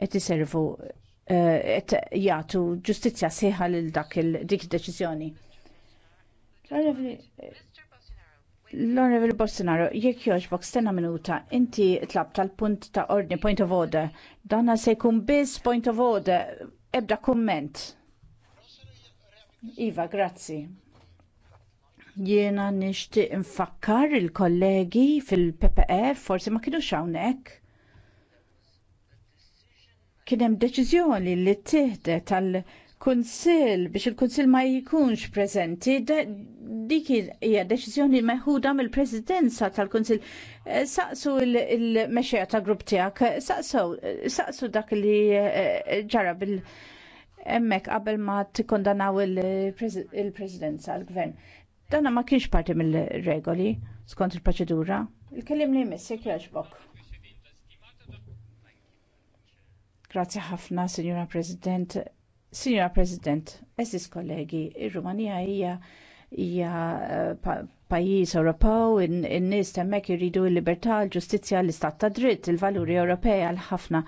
Speaker 9: qed iservu eh, qed jagħtu ġustizzja siħa lil dak dik il deċiżjoni L-Honorable Bolsonaro, jekk joġbok stenna minuta, inti tlab tal-punt ta' ordni, point of order. Danna se jkun biss point of order, ebda komment. Iva, grazzi. Jiena nixtieq infakkar il-kollegi fil-PPE, forsi ma kinux hawnhekk. Kien hemm deċiżjoni li ttieħdet tal- kunsil biex il-kunsil ma jkunx prezenti dik hija deċiżjoni meħuda mill-presidenza tal-kunsil eh, saqsu il-mexxejja ta' grupp tiegħek eh, eh, saqsu dak li ġara bil- emmek qabel ma tikkondanaw il-presidenza, l-gvern. Danna ma kienx parti mill-regoli skont il-proċedura. Il-kellim li jmiss, jek jaġbok. Grazie ħafna, Signora President. Signora President, eżis kollegi, ir-Rumanija hija hija eh, pajjiż Ewropew, in-nies hemmhekk iridu l-libertà, l-ġustizzja, l-istat ta' dritt, il-valuri Ewropej għal ħafna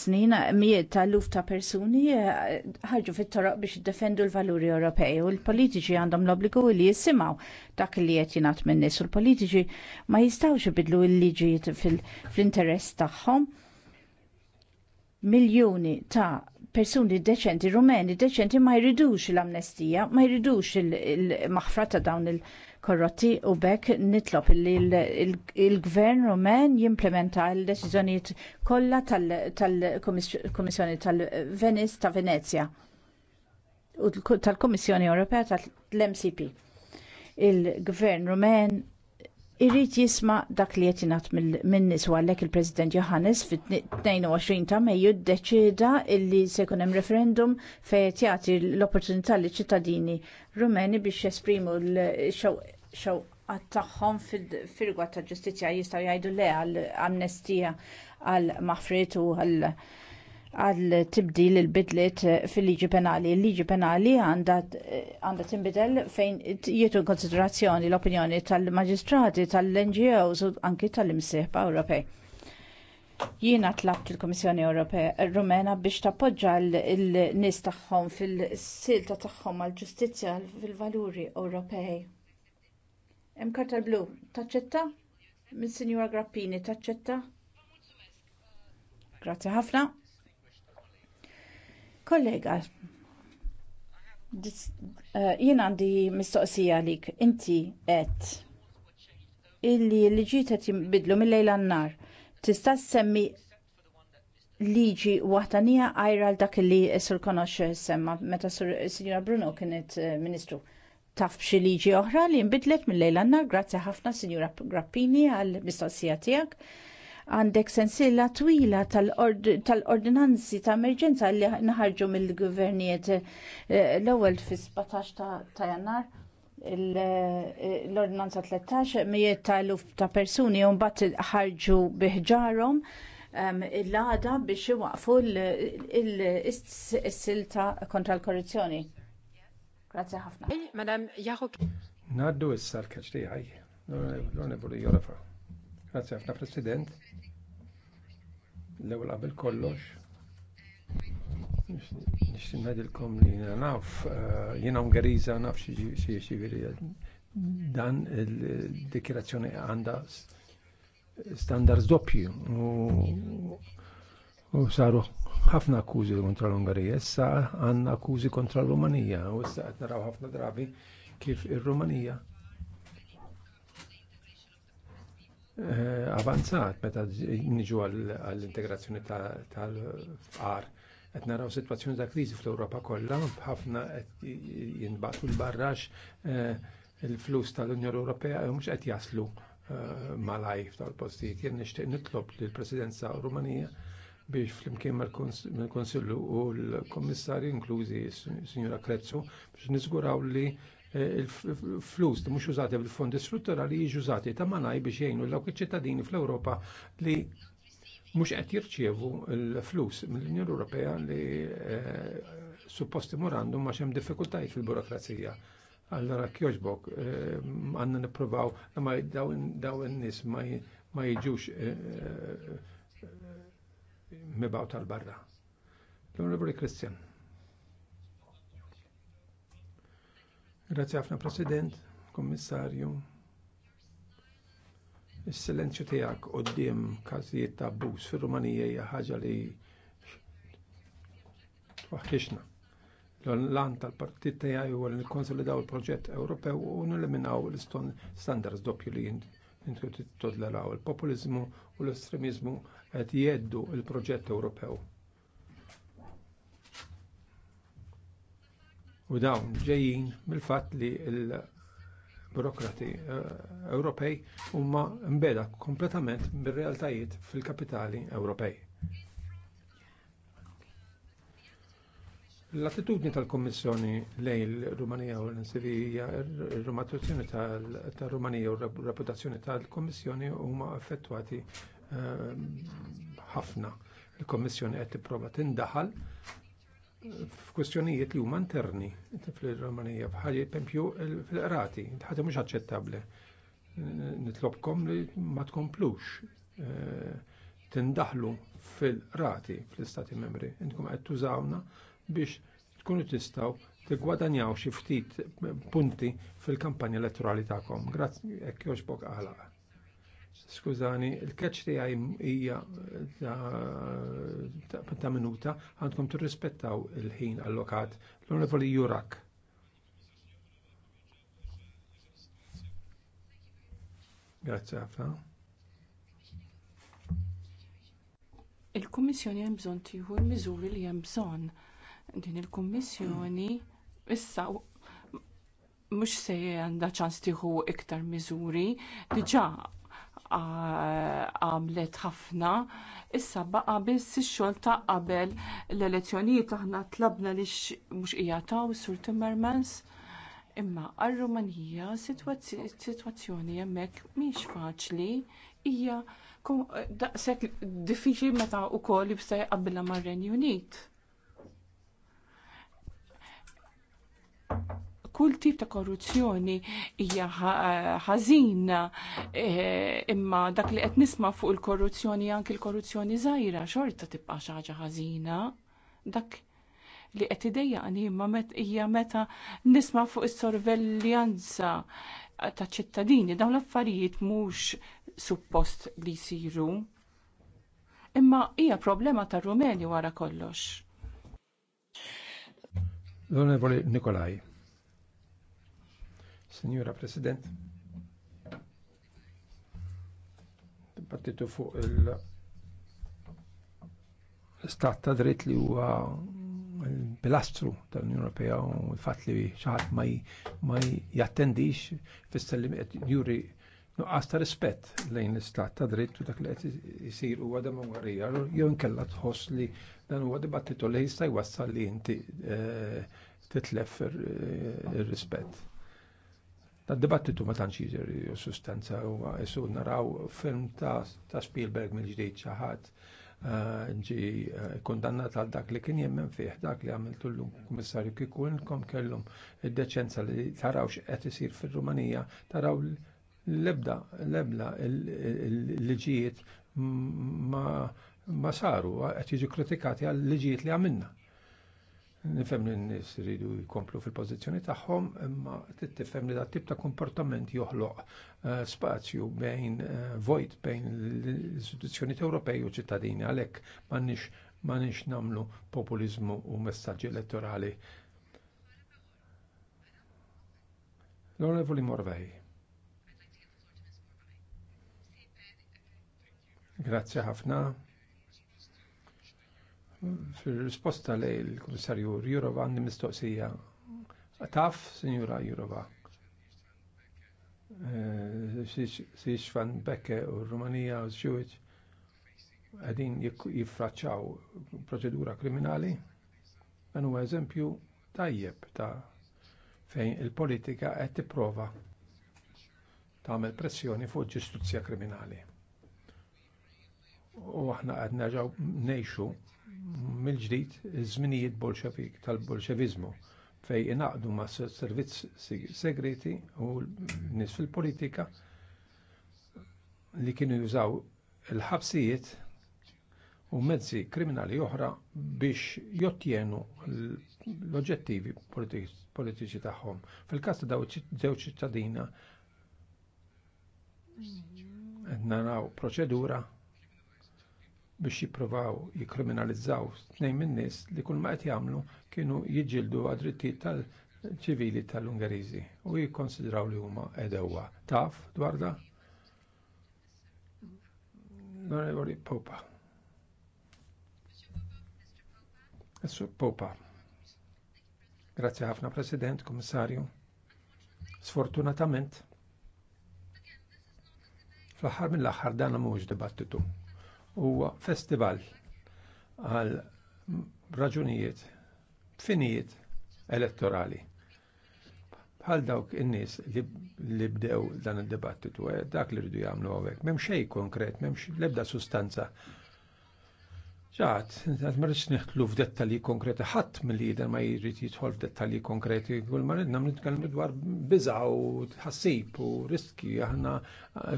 Speaker 9: snin mijiet ta' luf ta' persuni eh, ħarġu fit-toroq biex jiddefendu l-valuri Ewropej u l-politiċi għandhom l-obbligu li jissimgħu dak li qed jingħat min-nies u l-politiċi ma jistgħux ibidlu l-liġijiet fl-interess tagħhom. Miljuni ta' persuni deċenti, rumeni deċenti ma jridux l-amnestija, ma jridux il-maħfra ta' dawn il-korrotti u bekk nitlob il-gvern rumen jimplementa l-deċiżjonijiet kollha tal-Komissjoni tal-Venice ta' Venezia u tal-Komissjoni Ewropea tal-MCP. Il-gvern rumen irrid jisma dak li qed ingħat min-nies u għalhekk il-President Johannes fit-22 ta' Mejju ddeċida li se jkun hemm referendum fejn qed jagħti l-opportunità li ċittadini Rumeni biex jesprimu l xew tagħhom fil-rigward tal-ġustizzja jistgħu jgħidu le għall amnestija għal mafrit u għal għal tibdil il-bidliet fil-liġi penali. Il-liġi penali għandha tinbidel fejn jietu konsiderazzjoni l-opinjoni tal-magistrati, tal-NGOs u anki tal-imsieħba Ewropej. Jiena tlabt il-Komissjoni Ewropea Rumena biex tappoġġa l-nies tagħhom fil-silta tagħhom għall ġustizzja fil-valuri Ewropej. Hemm karta blu, taċċetta? Min Sinjura Grappini taċċetta? Grazzi ħafna. Kollega, eh, jien għandi mistoqsija għalik, inti qed illi liġi qed jinbidlu mill-lejla n-nar. Tista' semmi liġi waħdanija għajra għal dak li sur konox semma meta Sinjora Bruno kienet eh, Ministru. Taf b'xi liġi oħra li nbidlet mill-lejla n-nar, grazzi ħafna Sinjora Grappini għall mistoqsija tiegħek għandek sensilla twila tal-ordinanzi ta' emerġenza li naħarġu mill-gvernijiet eh, l-ewwel fi 17 ta' jannar eh, l-ordinanza 13 mijiet ta' luf ta' persuni u mbagħad ħarġu biħġarhom l-għada biex iwaqfu l-silta kontra l-korruzzjoni. Grazie ħafna. Madam Jahuk.
Speaker 10: Naddu is sarkaċ kaċ Grazie ħafna President. L-ewwel qabel kollox. Nixtin ngħidilkom li jiena naf, eh, jiena Ungeriża naf xi dan il-dikirazzjoni għandha standards doppju u saru ħafna akkużi kontra l-Ungarija, issa għandna akkużi kontra l-Rumanija u issa qed naraw ħafna drabi kif ir-Rumanija Eh, avanzat meta niġu għall-integrazzjoni tal-fqar. Qed naraw sitwazzjoni ta' kriżi fl-Ewropa kollha, ħafna qed jinbaqtu l-barrax eh, il-flus tal-Unjoni Ewropea mhux qed jaslu eh, malaj tal-postijiet. Jien nixtieq nitlob lill presidenza Rumanija biex flimkien mal-Konsillu u l-Kommissarju inklużi s-Sinjura Krezzu biex niżguraw li il-flus mhux użati fil-fondi strutturali jiġu użati ta' malaj biex jgħinu l-dawk iċ-ċittadini fl-Ewropa li mhux qed jirċievu l-flus mill-Unjoni Ewropea li eh, supposti morandum għax hemm diffikultajiet fil-burokrazija. Allora kjoġbok, eh, għanna nippruvaw ma daw n-nis ma jiġux eh, mibaw tal-barra. L-Onorevoli Christian. Grazzi ħafna President, Kommissarju. Is-silenzju tiegħek quddiem każijiet ta' abbuż fir-Rumanija hija ħaġa li twaħħixna. L-lan tal-partit tiegħi huwa li nikkonsolidaw il-proġett Ewropew u nilliminaw l-iston standards doppju li intu tittolleraw il-populiżmu u l-estremiżmu qed jgħeddu l proġett Ewropew. U dawn ġejjin mill-fatt li l-burokrati eh, Ewropej huma mbeda kompletament bir-realtajiet fil-kapitali Ewropej. L-attitudni tal-Kommissjoni lejn il-Rumanija u l-Sivija, il-Rumatazzjoni tal-Rumanija u l-reputazzjoni tal-Kommissjoni huma affettwati eh, ħafna. Il-Kommissjoni qed tipprova tindaħal f'kwestjonijiet li huma interni fil-Romanija bħal pempju fil-qrati, ħaġa mhux aċċettabbli. Nitlobkom li ma tkomplux eh, tindaħlu fil-qrati fl-Istati Membri. Intkom qed tużawna biex tkunu tistgħu tigwadanjaw xi ftit punti fil-kampanja elettorali tagħkom. Grazzi, hekk jogħġbok aħlaq. Skużani, il-catch li għaj hija ta' minuta, għandkom turrispettaw il-ħin allokat. L-onorevoli Jurak. Grazie ħafna.
Speaker 11: Il-Kummissjoni hemm bżonn tieħu l-miżuri li hemm bżonn. Din il-Kummissjoni issa mhux se għandha ċans tieħu iktar miżuri, diġà għamlet ħafna, issa baqa biss ix-xogħol ta' qabel l-elezzjonijiet aħna tlabna li mhux ta' sur Timmermans. Imma għar-Rumanija sitwazzjoni hemmhekk mhix faċli hija daqshekk diffiċli meta wkoll jista' jqabbilha mar-Renju Unit kull tip ta' korruzzjoni hija ħażina e, imma dak li qed nisma' fuq il-korruzzjoni anke l-korruzzjoni żgħira xorta tibqa' xi ħaġa ħażina. Dak li qed idejja imma hija meta nisma' fuq is-sorveljanza ta' ċittadini dawn l-affarijiet mhux suppost li jsiru. Imma hija problema tar-Rumeni wara kollox.
Speaker 10: L-Onorevole Nikolaj. Signora President. partitu fuq il stat ta' dritt li huwa pilastru tal-Unjoni Ewropea u l-fatt li xi ħadd ma jattendix fisser qed juri nuqqas ta' rispett lejn l-istat ta' dritt u dak li qed isir huwa demokrazija jew inkella tħoss li dan huwa dibattitu li jista' jwassal li inti eh, titlef eh, ir-rispett. Dibattitu ma tantx jiġri sustanza u issu naraw film ta' Spielberg mill-ġdid xi ħadd eh, ġi eh, kundannat għal dak li kien jemmen fih, dak li għamiltu l kummissarju kiku inkom kellum id-deċenza li taraw x'qed isir fir-Rumanija, taraw l-ebda, l-ebda l-liġijiet ma saru, qed jiġu kritikati għal liġijiet li għamilna. Nifhem li n nis iridu jkomplu fil-pożizzjoni tagħhom, imma t-tifem li dat tip ta' komportament joħloq eh, spazju bejn eh, vojt bejn l-istituzzjonijiet Ewropej u ċittadini għalhekk m'għandniex m'għandniex nagħmlu populiżmu u messaġġi elettorali. L-Onorevoli Morvej. Grazzi ħafna. Fil-risposta li l komissarju Jurova għandi mistoqsija. Taf, Sinjura Jurova, eh, Six van Bekke u Rumanija u Xjuċ għedin jiffraċċaw proċedura kriminali. Dan u eżempju tajjeb ta' fejn il-politika qed tipprova tagħmel pressjoni fuq ġustizzja kriminali. U aħna qed nerġgħu ngħixu mill-ġdid iż-żminijiet bolxevik tal-bolxevizmu fejn inaqdu ma' servizz segreti u nies fil-politika li kienu jużaw il-ħabsijiet u mezzi kriminali oħra biex jottienu l-oġettivi politiċi tagħhom. Fil-każ ta' żew ċittadina qed naraw proċedura biex jippruvaw jikkriminalizzaw tnejn min-nies li kull ma qed jagħmlu kienu jiġġieldu għad-drittijiet tal-ċivili tal-Ungeriżi u jikkonsidraw li huma edewwa. Taf dwar da? Onorevoli Popa. Esu Popa. Grazzi ħafna President, Kommissarju. Sfortunatament, fl-aħħar mill-aħħar dan mhuwiex dibattitu huwa festival għal raġunijiet finijiet elettorali. Bħal dawk in-nies li bdew dan id-dibattitu, eh, dak li rridu jagħmlu hawnhekk. M'hemm xejn konkret, m'hemmx l-ebda sustanza ċaħt, ma marriċ neħtlu f'dettali konkreti, ħadd mill-lider ma jrid jidħol f'dettali konkreti, kull marrid namlu nitkellmu dwar biża u tħassib u riski, aħna,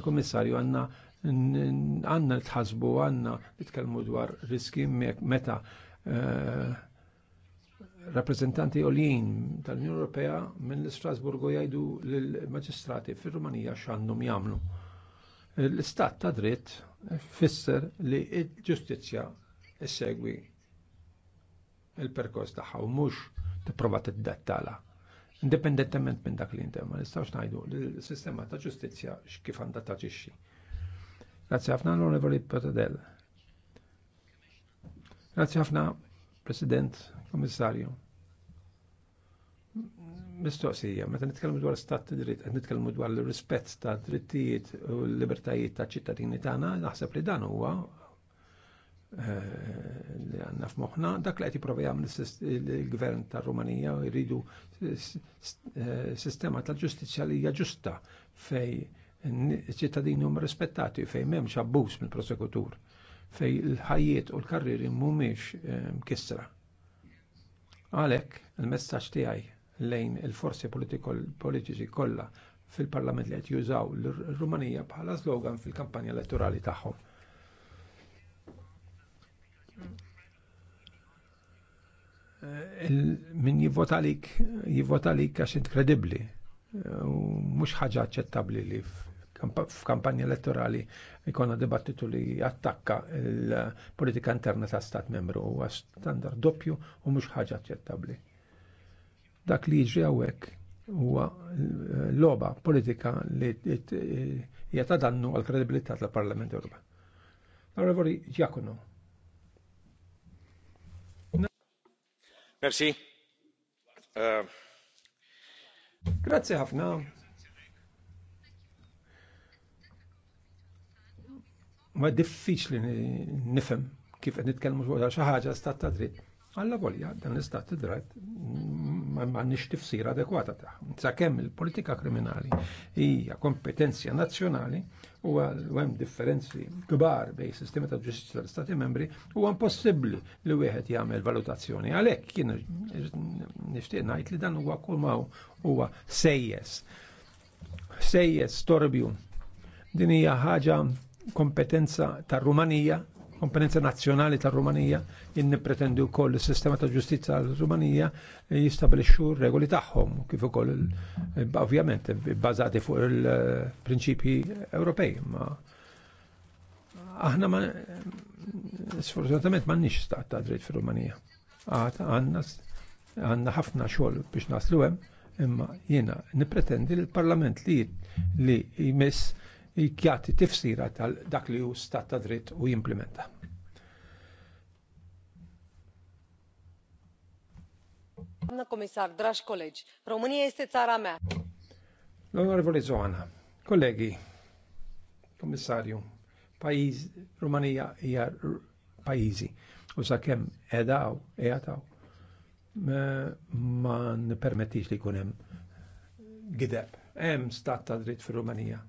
Speaker 10: komissarju għanna għanna tħasbu għanna nitkellmu dwar riski meta eh, rappresentanti olin tal-Unjoni Ewropea minn l-Strasburgu jgħidu lill-maġistrati fir-Rumanija x'għandhom jagħmlu. L-istat ta' dritt fisser li l-ġustizzja ssegwi il-perkors tagħha u mhux tipprova tiddettala. Indipendentement minn dak li intema, nistgħux ngħidu li l-sistema ta' ġustizzja x'kif għandha taġixxi. Grazie ħafna l-Onorevoli Patadell. Grazzi ħafna, President, Kommissarju. Mistoqsija, meta nitkellmu dwar stat dritt, qed nitkellmu dwar l-rispett ta' drittijiet u l-libertajiet ta' ċittadini tagħna, naħseb li dan huwa eh, li għanna f'moħna, dak li qed jipprova jagħmlu il-gvern tar Rumanija jridu eh, sistema tal ġustizzja li hija ġusta fej ċittadini huma rispettati fejn m'hemmx abbuż mill-prosekutur fej l-ħajjiet u l-karriri mhumiex mkissra. Ehm, Għalhekk il-messaġġ tiegħi lejn il-forzi politiċi kollha fil-parlament li qed jużaw l-Rumanija bħala slogan fil-kampanja elettorali tagħhom. Eh, min jivvotalik jivvotalik għax kredibli eh, u mhux ħaġa aċċettabbli li f'kampanja elettorali jkollna dibattitu li attakka l-politika interna ta' stat membru huwa standard doppju u mhux ħaġa aċċettabbli. Dak li jiġri hawnhekk huwa loba politika li hija ta' dannu għal kredibilità tal-Parlament Ewropew. Onorevoli ġakunu.
Speaker 8: Merci.
Speaker 1: Euh,
Speaker 10: Grazie ħafna. ma diffiċli nifhem kif qed nitkellmu dwar xi ħaġa stat ta' dritt. Alla volja dan l-istat ta' dritt nix tifsir adekwata ta' sakemm il-politika kriminali hija kompetenzja nazzjonali u hemm differenzi kbar bej sistema ta' ġustizja tal-Stati membri huwa impossibbli li wieħed jagħmel valutazzjoni. Għalhekk kien nixtieq ngħid li dan huwa kull huwa sejjes. Sejjes torbju. Din hija ħaġa kompetenza tar-Rumanija, kompetenza nazzjonali tar-Rumanija, jien nippretendu wkoll is-sistema ta' ġustizza ta' rumanija jistabilixxu r-regoli tagħhom kif ukoll eh, ovvjament eh, bbażati fuq il-prinċipji Ewropej. Ma aħna ma eh, sfortunatament m'għandniex stat ta' dritt fir-Rumanija. Għandna għandna ħafna xogħol biex naslu hemm, imma jiena nippretendi l-Parlament li li jmiss jgħati tifsira tal dak li hu stat ta' dritt u jimplementa.
Speaker 6: Doamnă comisar, dragi colegi, România este țara mea.
Speaker 10: L-Onorevole Zoana, kollegi, komissarju, pajiz, Rumanija hija pajizi, u sakemm edaw, edaw, ma n permettix li kunem gideb. Hemm stat ta' dritt fir-Rumanija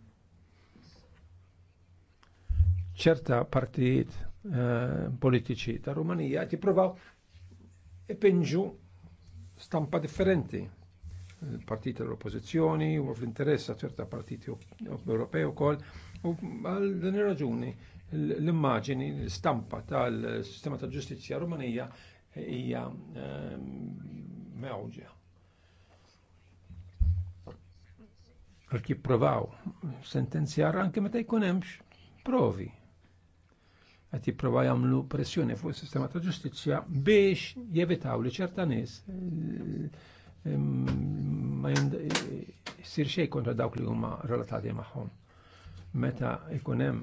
Speaker 10: ċerta partijiet eh, politiċi ta' Rumanija qed provaw ipinġu stampa differenti Partijiet l-oppozizjoni u fl-interess ta' ċerta partiti Ewropew ukoll u għal din ir-raġuni l-immaġini, l-stampa tal-sistema ta' ġustizzja Rumanija hija ehm, mewġa. Għal kif provaw sentenzjar anke meta jkun hemmx provi qed jipprova jagħmlu pressjoni fuq is-sistema ta' ġustizzja biex jevitaw li ċerta nies eh, eh, ma jsir xejn kontra dawk li huma relatati magħhom. Meta jkun hemm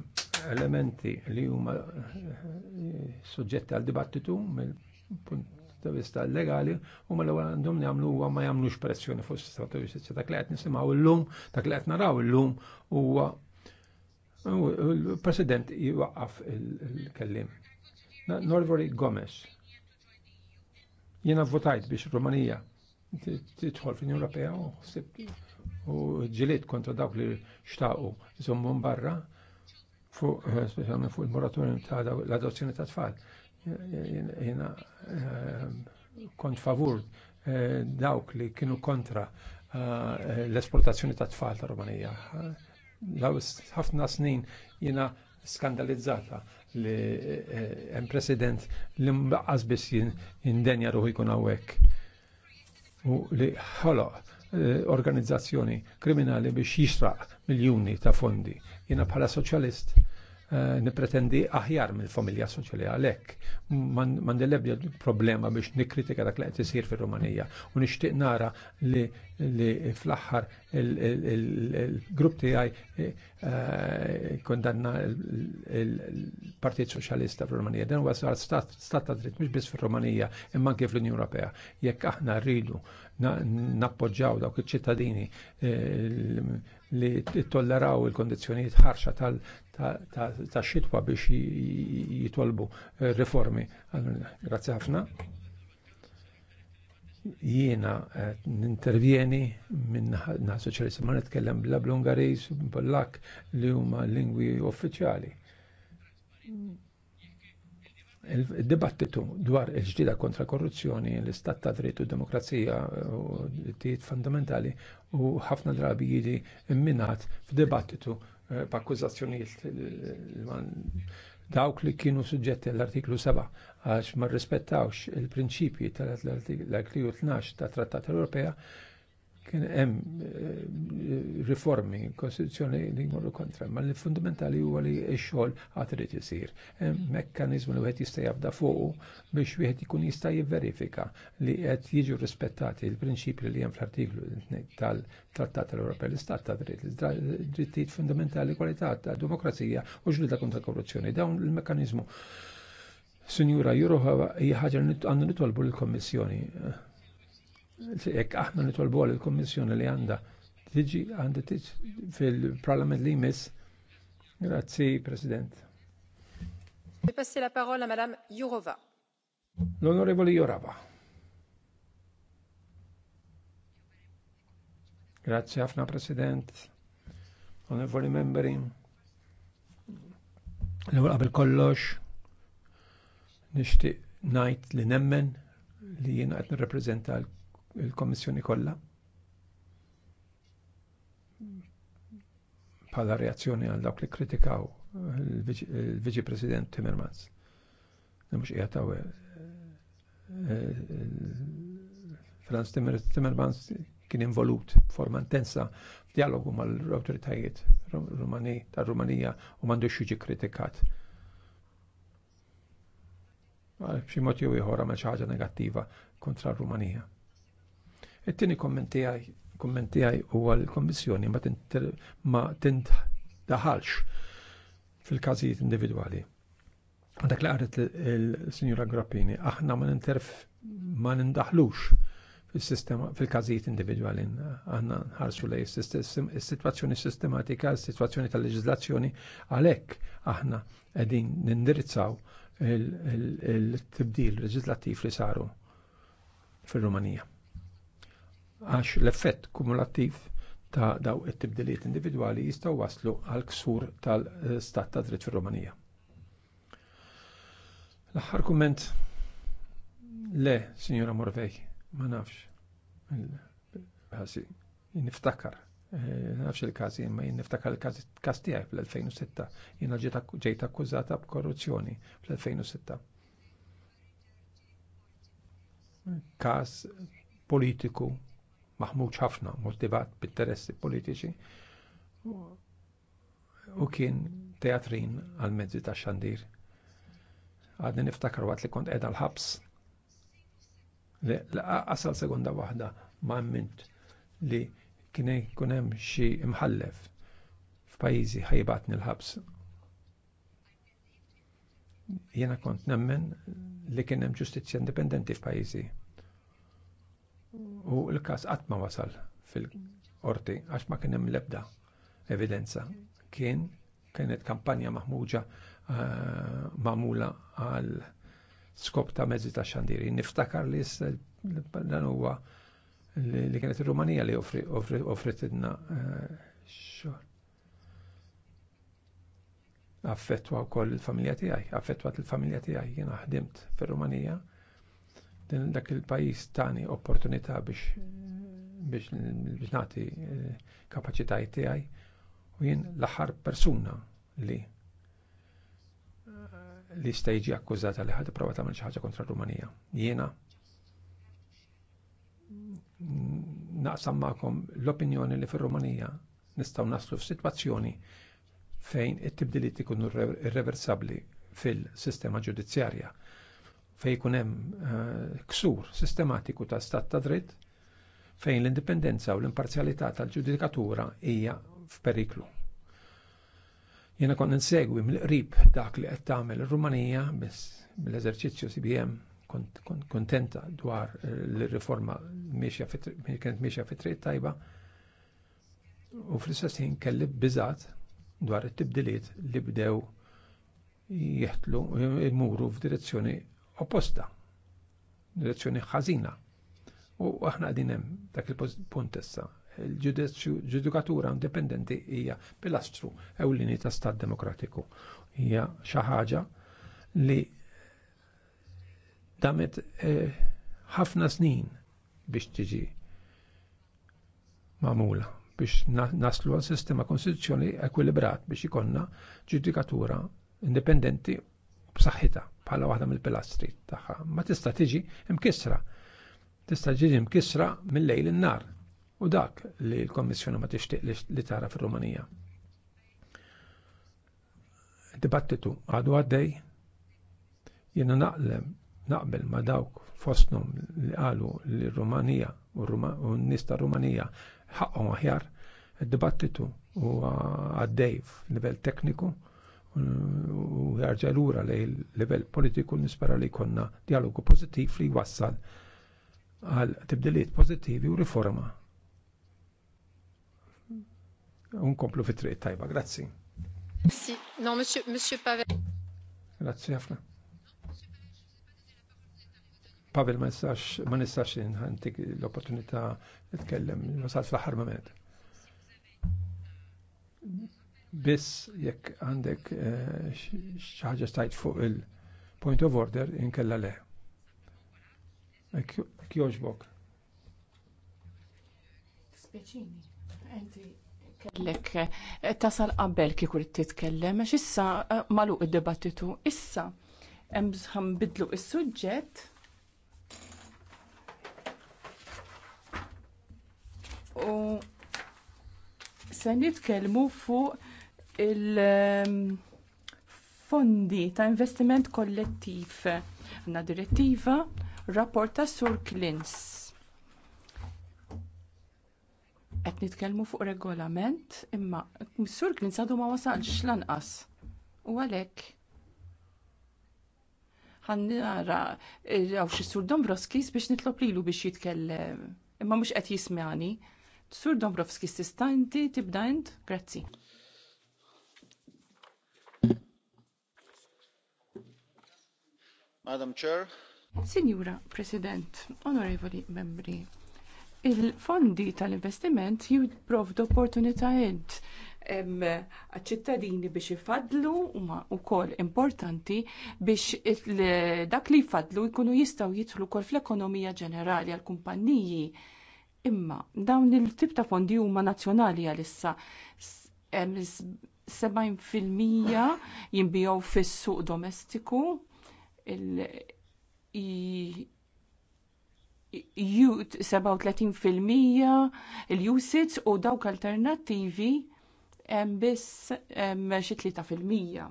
Speaker 10: elementi li huma eh, suġġetti għal dibattitu mill-punt ta' vista legali u ma għandhom jagħmlu huwa ma jagħmlux pressjoni fuq is-sistema ta' ġustizzja dak li qed nisimgħu llum, dak li qed naraw illum huwa Il-President jiwaqqaf il-kellim. Norvori Gomes. Jena votajt biex Rumanija tidħol fin Ewropea u ġiliet kontra dawk li xtaqu jżommhom barra fuq speċjalment fuq il-moratorium ta' l-adozzjoni ta' tfal. Jena eh, kont favur eh, dawk li kienu kontra eh, l-esportazzjoni ta' tfal ta' Romania ħafna snin jiena skandalizzata li eh, eh, hemm president li mbaqqas biss jindenja ruħu jkun hawnhekk. U li ħoloq eh, organizzazzjoni kriminali biex jixtraq miljuni ta' fondi. Jiena bħala soċjalist Eh, nipretendi aħjar mill-familja soċjali għalhekk. Mandellebja problema biex nikkritika dak li qed isir fir-Rumanija u nixtieq nara li fl-aħħar il-grupp tiegħi eh, kondanna il-Partit Soċjalista fil rumanija Dan huwa stat ta' dritt mhux biss fir-Rumanija imma anke fl-Unjoni Ewropea. Jekk aħna rridu nappoġġaw dawk iċ-ċittadini eh, li tolleraw il kondizjoniet ħarxa ta' xitwa biex jitolbu eh, riformi. Grazzi ħafna. Jiena eh, nintervjeni minn na' soċjalista ma nitkellem bla bl-Ungarijs, bl-Lak li huma lingwi uffiċjali. Il-dibattitu dwar il-ġdida kontra korruzzjoni, l-istat ta' dritt u demokrazija eh, u d-tiet fundamentali u ħafna drabi jidi imminat f'dibattitu b'akkużazzjonijiet eh, dawk li kienu suġġetti l-artiklu 7 għax ma rrispettawx il-prinċipji tal-artiklu 12 tat Trattat Ewropea kien hemm eh, riformi kostituzzjoni li jmorru kontra, ma li fundamentali huwa li x-xogħol għad irid isir. Hemm mekkaniżmu li wieħed jista' jabda fuqu biex wieħed ikun jista' jivverifika li qed jiġu rispettati l-prinċipji li hemm fl-artiklu tal-Trattat tal-Ewropej l-Istat ta' dritt, drittijiet fundamentali kwalità ta' demokrazija u ġlida kontra korruzzjoni. Dawn il-mekkaniżmu Sinjura Juroħa hija ħaġa għandu nitolbu l-Kommissjoni jekk aħna nitolbu għal il-Kommissjoni li għandha tiġi għandha tiġi fil-Parlament li jmiss. Grazzi, President.
Speaker 9: Passi la parola a Madame Jourova.
Speaker 10: L'onorevole Jourova. Grazie Afna President, onorevoli membri. L-ewwel qabel kollox nixtieq ngħid li nemmen li jien qed nirrappreżenta l il-Kommissjoni kollha. Pala reazzjoni għal dawk li kritikaw il-Viċi President Timmermans. Mhux qiegħed eh, eh, Franz Timmermans kien involut forma intensa f'dialogu mal-awtoritajiet tar-Rumanija u m'għandux jiġi kritikat b'xi mod jew ieħor għamel xi ħaġa negattiva kontra r-Rumanija. It-tieni kommentijaj, għaj, u għal-Kommissjoni ma daħalx fil-każijiet individwali. Dak li qalet il signora Grappini, aħna ma ninterf ma nindaħlux fil-sistema fil-każijiet individwali. Aħna nħarsu lej is-sitwazzjoni sistematika, s sitwazzjoni tal leġizlazzjoni għalhekk aħna qegħdin nindirizzaw il-tibdil leġislattiv li saru fir-Rumanija għax l-effett kumulattiv ta' daw it-tibdiliet individwali jistgħu waslu għal ksur tal-stat ta' dritt fir-Rumanija. L-aħħar kumment le, Sinjora Morvej, ma nafx. Ħasi, niftakar. Eh, nafx il-każ ma jien niftakar il-każ tiegħi fl-2006. Jiena ġejt akkużata b'korruzzjoni fl-2006. Każ politiku maħmuġ ħafna, motivat bit teressi politiċi u kien teatrin għal mezzi ta' xandir. Għadni niftakar għat li kont edha l-ħabs. Għasal segunda wahda ma' mint li kien kunem xi imħallef f'pajjiżi ħajbatni l-ħabs. Jena kont nemmen li kien hemm ġustizzja indipendenti f'pajjiżi u l-każ qatt ma wasal fil-qorti għax ma kien hemm l-ebda evidenza. Kien kienet kampanja maħmuġa eh, magħmula għal skop ta' mezzi ta' xandiri. Niftakar li dan huwa li kienet ir-Rumanija li offrit idna eh, xogħol. Affettwa wkoll il-familja tiegħi, affettwat il-familja tiegħi jiena ħdimt fir-Rumanija Din dak il-pajis tani opportunità biex biex, biex nati eh, tiegħi u jien l-aħħar persuna li li jiġi akkużata li ħad prova tagħmel xi ħaġa kontra Rumanija. Jiena naqsam magħkom l-opinjoni li fir-Rumanija nistgħu naslu f'sitwazzjoni fejn it-tibdiliet ikunu irreversabbli fil-sistema ġudizzjarja fej jkun hemm eh, ksur sistematiku ta' stat ta' dritt fejn l-indipendenza u l-imparzjalità tal-ġudikatura hija f'periklu. Jiena kont insegwi mill-qrib dak li qed tagħmel ir-Rumanija mill-eżerċizzju CBM kontenta dwar eh, l-riforma kienet miexja fit triq tajba u fl-istess ħin kelli biżgħat dwar it-tibdiliet li bdew jeħtlu imuru f'direzzjoni opposta, direzzjoni ħażina. U aħna qegħdin hemm dak il-punt issa. Il-ġudikatura indipendenti hija pilastru ewlieni ta' stat demokratiku. Hija xi ħaġa li damet eh, ħafna snin biex tiġi mamula biex naslu għal sistema konstituzzjoni ekwilibrat biex ikonna ġudikatura indipendenti b'saħħitha bħala waħda mill-pilastri tagħha. Ma tista' tiġi mkissra. Tista' tiġi mkisra mill-lejl in-nar. U dak li l-Kommissjoni ma tixtieq li tara fir-Rumanija. Dibattitu għadu għaddej jiena naqlem naqbel ma dawk fostnum li qalu li rumanija u n-nies ta' Rumanija ħaqhom aħjar, id-dibattitu u għaddej f'livell tekniku u jarġa' lura lejn level politiku nispera li konna dialogu pożittiv li wassal għal tibdiliet pożittivi u riforma. Unkomplu fit-triq tajba, grazzi.
Speaker 4: Merci. Non, monsieur, monsieur Pavel.
Speaker 10: Grazzi ħafna. Pavel, ma nistax, ma nistax nħantik l-opportunità nitkellem, wasal fl-aħħar moment biss jekk għandek eh, ħaġa stajt fuq il-point of order inkella le. Kjoġbok.
Speaker 11: Speċini, enti kellek
Speaker 10: eh, tasal
Speaker 11: qabel kieku li titkellem, għax issa eh, maluq id-dibattitu, issa hemm bżħam bidlu is-suġġett u se nitkellmu fuq il-fondi ta' investiment kollettiv. Għanna direttiva, rapport ta' Sur Klins. Qed nitkellmu fuq regolament, imma Sur Klins għadu ma wasalx lanqas. U għalhekk ħannara eh, għaw xi Sur Dombrovskis biex nitlob lilu biex jitkellem, imma mhux qed jismani. Sur Dombrovskis tista' inti tibda int? Grazzi.
Speaker 1: Madam Chair.
Speaker 11: Signora President, onorevoli membri, il-fondi tal-investiment jipprovdu opportunitajiet għal-ċittadini biex ifadlu huma wkoll importanti biex dak li jfadlu jkunu jistgħu jidħlu wkoll fl-ekonomija ġenerali għall kumpanniji Imma dawn il-tip ta' fondi huma nazzjonali għalissa. fil-mija jimbijaw fis-suq domestiku il-jut 37% il-usage u dawk alternattivi biss xi 3%.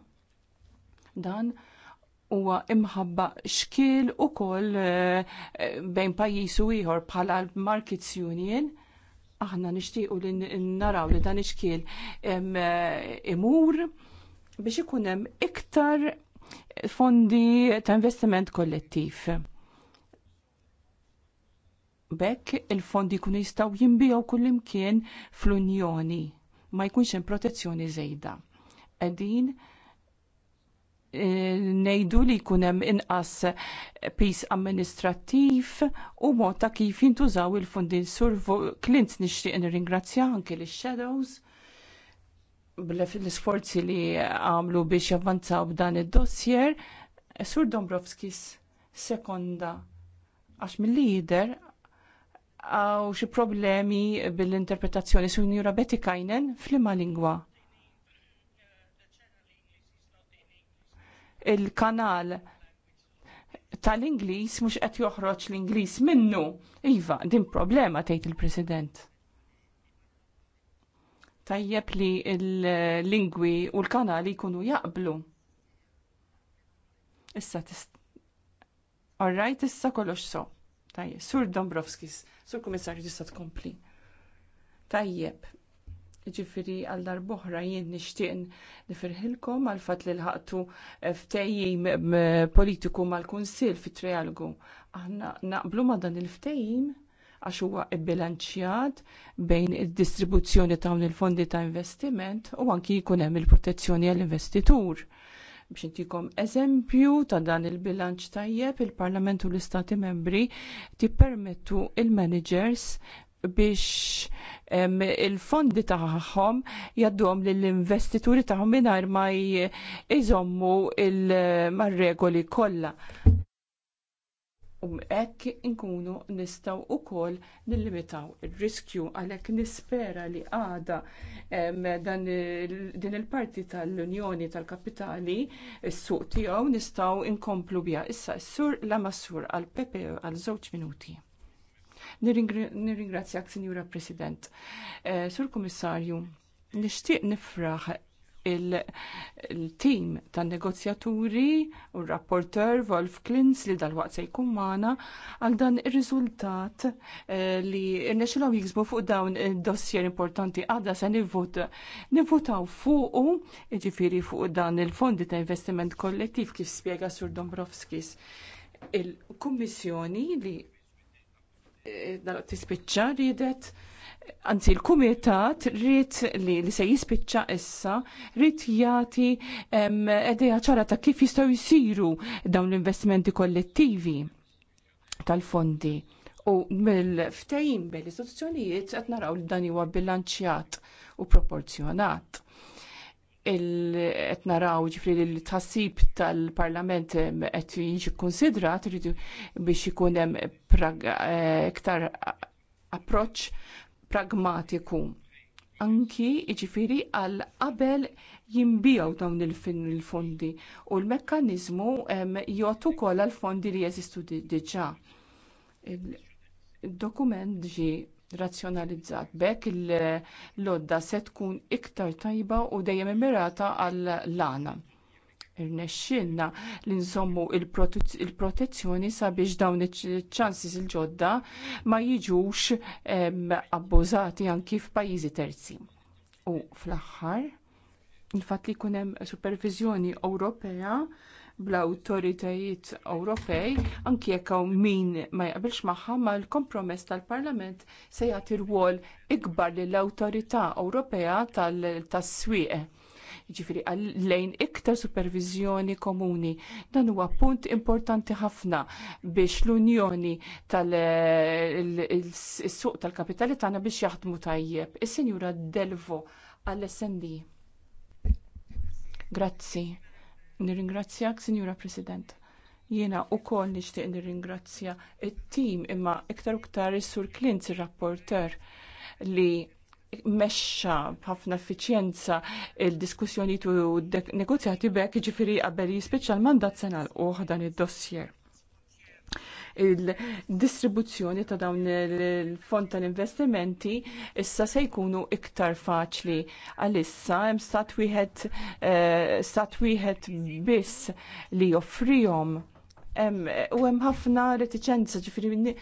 Speaker 11: Dan huwa imħabba xkiel ukoll eh, bejn pajjiż u ieħor bħala l-Markets Union aħna nixtiequ li naraw li dan ixkiel eh, imur biex ikun hemm iktar fondi ta' investiment kollettiv. Bekk il-fondi jkunu jistgħu jinbijaw kullimkien fl-Unjoni ma jkunx hemm protezzjoni żejda. Qegħdin e, nejdu li kunem inqas pis amministrattiv u mod ta' kif jintużaw il fondi survu Klint nixtieq nirringrazzja anke l shadows l isforzi li għamlu biex javvanzaw b'dan id-dossier, Sur Dombrovskis sekonda għax mill-lider għaw xi problemi bil-interpretazzjoni su Njura Betikajnen fl-imma lingwa. Il-kanal tal-Inglis mhux qed joħroġ l-Inglis minnu. Iva, din problema tgħid il-President tajjeb li l-lingwi u l-kanali jkunu jaqblu. Issa tist. right, issa kollox so. Tajjeb, Sur Dombrovskis, Sur komissarju tista' tkompli. Tajjeb, ġifiri għal darboħra jien nishtiq nifirħilkom għal fat li l-ħaqtu ftejjim politiku mal-Kunsil fit trialgu Aħna naqblu ma dan il-ftejjim għax huwa bbilanċjat bejn id-distribuzzjoni ta' il-fondi ta' investiment u anki jkun hemm il-protezzjoni għall-investitur. Biex intikom eżempju ta' dan il-bilanċ tajjeb, il-Parlament u l-Istati membri tippermettu il-managers biex il-fondi tagħhom jaddom lill-investituri tagħhom mingħajr ma jżommu il-regoli kollha u hekk inkunu nistgħu wkoll nillimitaw ir-riskju għalhekk nispera li għada din il-parti tal-Unjoni tal-Kapitali s-suq tiegħu nistgħu nkomplu biha issa s-sur la massur għal Pepe għal żewġ minuti. Nirringrazzjak, Signora President. Eh, Sur Kummissarju, nixtieq nifraħ il-tim il tan negozjaturi u r-rapporteur Wolf Klins li dal-waqt se jkun Mana għal dan ir-riżultat eh, li rnexxilhom jiksbu fuq dawn il dossier importanti għadda se nivvotaw fuq fuqu jiġifieri fuq dan il-fondi ta' investiment kollettiv kif spjega Sur Dombrovskis il-kummissjoni li eh, dal-tispiċċa ridet anzi l-kumitat rrit li, li se jispiċċa issa rrit jati edeja ċara ta' kif jistgħu jsiru dawn l-investimenti kollettivi tal-fondi. U mill ftajim bel l-istituzzjonijiet qed naraw li dan huwa bilanċjat u proporzjonat qed naraw ġifri li tħassib tal-Parlament qed jiġi konsidrat biex ikun hemm eh, iktar approċċ pragmatiku. Anki jiġifieri għal qabel jimbijaw dawn il-fondi u l mekkaniżmu jgħotu kol għal fondi li jeżistu diġà. Il-dokument ġi razzjonalizzat b'hekk il-lodda se tkun iktar tajba u dejjem immirata għall-lana irnexxilna li nżommu il-protezzjoni sabiex dawn iċ-ċansis il-ġodda ma jiġux abbużati anki f'pajjiżi terzi. U fl-aħħar, il-fatt li jkun hemm supervizjoni Ewropea bl-awtoritajiet Ewropej, anki jekk hawn min ma jaqbilx magħha ma l-kompromess tal-Parlament se jagħti rwol ikbar lill-Awtorità Ewropea tas-swieq ġifiri lejn iktar supervizjoni komuni. Dan huwa punt importanti ħafna biex l-Unjoni tal-suq tal-kapitali tagħna biex jaħdmu tajjeb. Is-Sinjura Delvo għall-SND. Grazzi. Nirringrazzjak, Sinjura President. Jiena wkoll nixtieq nirringrazzja it tim imma iktar u ktar is-Sur Klint, ir rapporter li mexxa b'ħafna effiċjenza il-diskussjoni tu negozjati bekk ġifiri qabel jispiċċa mandat sena l dan id-dossier. Il-distribuzzjoni ta' dawn il-fond tal-investimenti issa se jkunu iktar faċli għalissa hemm stat wieħed eh, stat wieħed biss li joffrihom u hemm ħafna reticenza ġifieri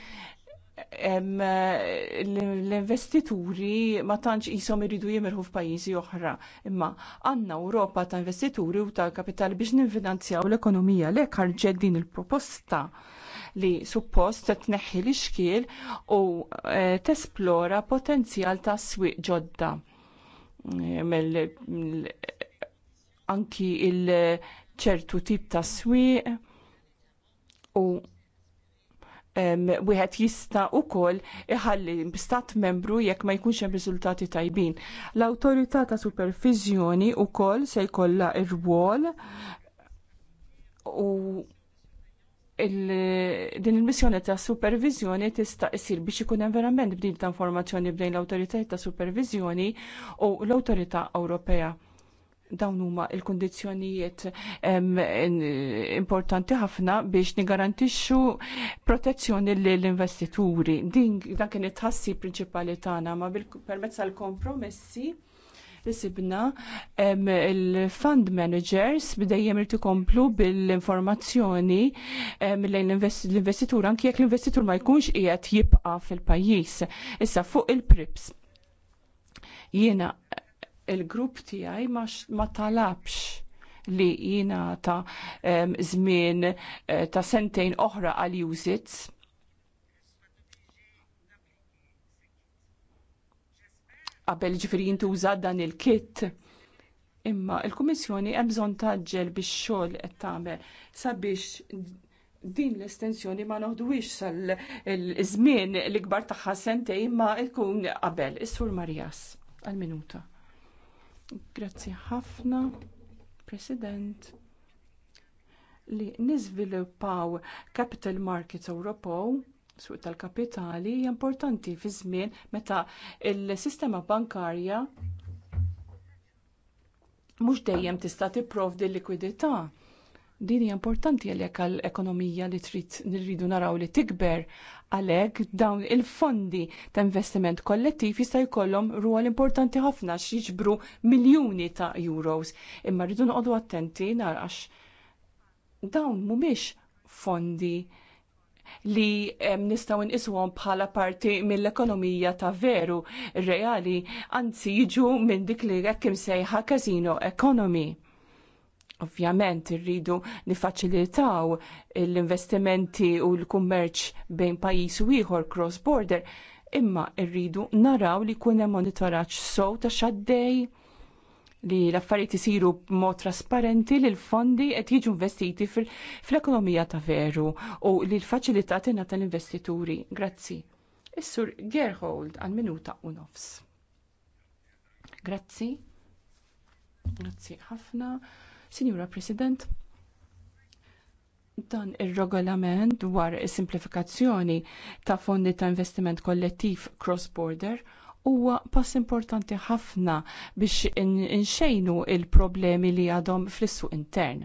Speaker 11: l-investituri ma tantx qishom iridu jimirħu f'pajjiżi oħra. Imma għandna Ewropa ta' investituri u ta' kapitali biex ninfinanzjaw l-ekonomija li ħarġet din il-proposta li suppost tneħħi l-ixkiel u e, tesplora potenzjal ta' swiq ġodda. Anki il-ċertu tip ta' swiq u wieħed jista' wkoll iħalli stat membru jekk ma jkunx hemm riżultati tajbin. L-awtorità ta' supervizjoni wkoll se jkollha rwol u il din il-missjoni ta' supervizjoni tista' issir biex ikun hemm verament bdil ta' informazzjoni bejn l awtorità ta' supervizjoni u l-Awtorità Ewropea dawn huma il-kundizzjonijiet importanti ħafna biex nigarantixxu protezzjoni lill investituri Din dan kien it-tħassi prinċipali tagħna ma permezz tal-kompromessi sibna il-fund managers bidejjem irti komplu bil-informazzjoni l-investitur anki jekk l-investitur ma jkunx qiegħed jibqa' fil-pajjiż. Issa fuq il-prips. Jiena il-grupp tiegħi ma talabx li jina ta' zmin eh, ta' sentejn oħra għal usits. Qabel ġifri jintuża dan il-kit. Imma il-Kummissjoni hemm bżonn taġġel biex xogħol qed tagħmel sabiex din l-estensjoni ma noħduwix sal-żmien l-ikbar tagħha sentejn ma jkun qabel. Is-Sur Marjas għal-minuta. Grazzi ħafna, President li niżviluppaw Capital Markets Ewropew suq tal-kapitali hija importanti fi żmien meta s sistema bankarja mhux dejjem tista' tipprovdi l likwidità. Din hija importanti għalhekk għall-ekonomija li trid nirridu naraw li tikber Għalhekk dawn il-fondi ta' investiment kollettiv jista' jkollhom rwol importanti ħafna x jiġbru miljuni ta' euros. Imma rridu noqogħdu attenti nar għax dawn mhumiex fondi li nistaw nqiswhom bħala parti mill-ekonomija ta' veru reali, anzi jiġu minn dik li hekk imsejħa casino economy. Ovvjament irridu nifaċilitaw l-investimenti u l-kummerċ bejn pajjiż u ieħor cross border, imma rridu naraw li jkun hemm monitoraġġ sow ta' xaddej li l-affarijiet isiru b'mod trasparenti li l-fondi qed jiġu investiti fl-ekonomija ta' veru u li l-faċilità tingħata l-investituri. Grazzi. Is-sur Gerhold għal minuta u nofs. Grazzi. Grazzi ħafna. Sinjura President, dan ir-regolament dwar is-simplifikazzjoni ta' fondi ta' investiment kollettiv cross-border huwa pass importanti ħafna biex inxejnu il-problemi li għadhom fl-issuq intern.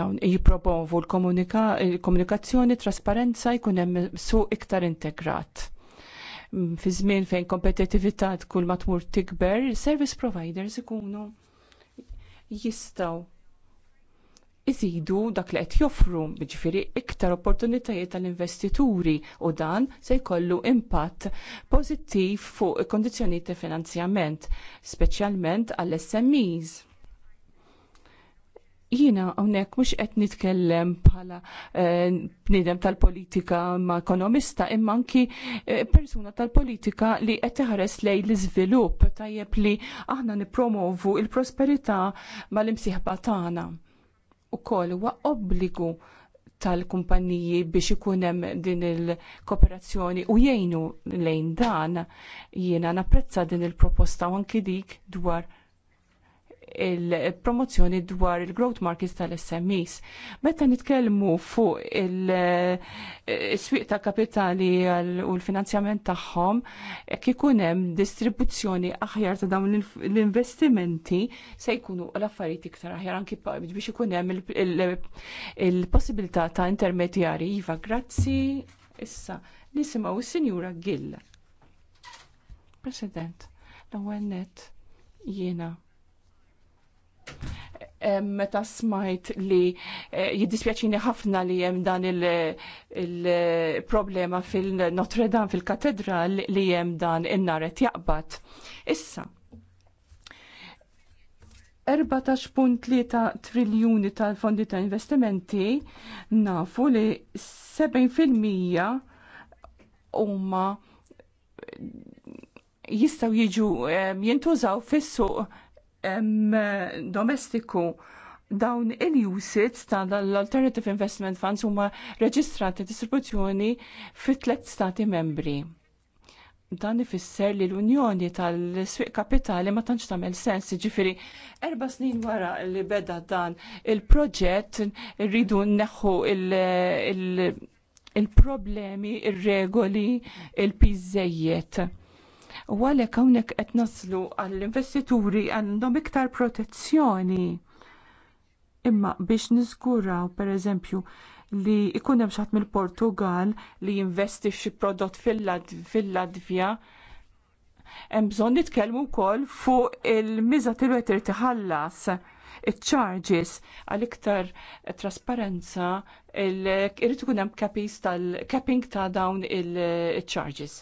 Speaker 11: Dawn jippropovu l-komunikazzjoni, trasparenza jkun hemm su iktar integrat. Mm, fi żmien fejn kompetitività tkun matmur tikber, il-service providers ikunu jistgħu iżidu dak li qed joffru, jiġifieri iktar opportunitajiet tal-investituri u dan se jkollu impatt pożittiv fuq il kondizzjonijiet ta' finanzjament, speċjalment għall-SMEs. Jiena hawnhekk mhux qed nitkellem bħala eh, bniedem tal-politika ma ekonomista imma anki eh, persuna tal-politika li qed teħares lejn l-iżvilupp tajjeb li aħna nippromovu l prosperità mal-imsieħba tagħna. Ukoll huwa obbligu tal kumpanniji biex ikun hemm din il-kooperazzjoni u jgħinu lejn dan jiena napprezza din il-proposta u anki dik dwar il-promozzjoni dwar il-growth markets tal-SMEs. Meta nitkellmu fuq il-swieq eh, ta' kapitali u l-finanzjament tagħhom, kikun hemm distribuzzjoni aħjar ta' dawn l-investimenti se jkunu l-affarijiet iktar aħjar anki biex ikun hemm il-possibilità ta' intermedjari. Iva, grazzi. Issa, nisimaw is-Sinjura Gill. President, l-ewwel nett jiena meta smajt li eh, jiddispjaċini ħafna li hemm dan il-problema eh, fil-Notre Dame fil-katedral li hemm dan in-naret jaqbad. Issa, 14.3 triljuni tal-fondi ta' investimenti nafu li 7% huma jistgħu jiġu eh, jintużaw fis-suq domestiku dawn il-usits tal-Alternative Investment Funds huma reġistrati distribuzzjoni fit tliet stati membri. Dan ifisser li l-Unjoni tal-Swiq Kapitali ma tantx tagħmel sens, jiġifieri erba' snin wara li beda dan il-proġett rridu neħħu il-problemi, il il il ir regoli il-piżejjed U għalhekk hawnhekk qed naslu għall-investituri għandhom iktar protezzjoni. Imma biex niżguraw pereżempju li ikun hemm xaħat mill-Portugal li jinvesti f'xi prodott fil-Latvja, hemm bżonn nitkellmu wkoll fuq il-miża tilweter tiħallas iċ charges għal-iktar trasparenza il ikun hemm capping ta' dawn il-charges.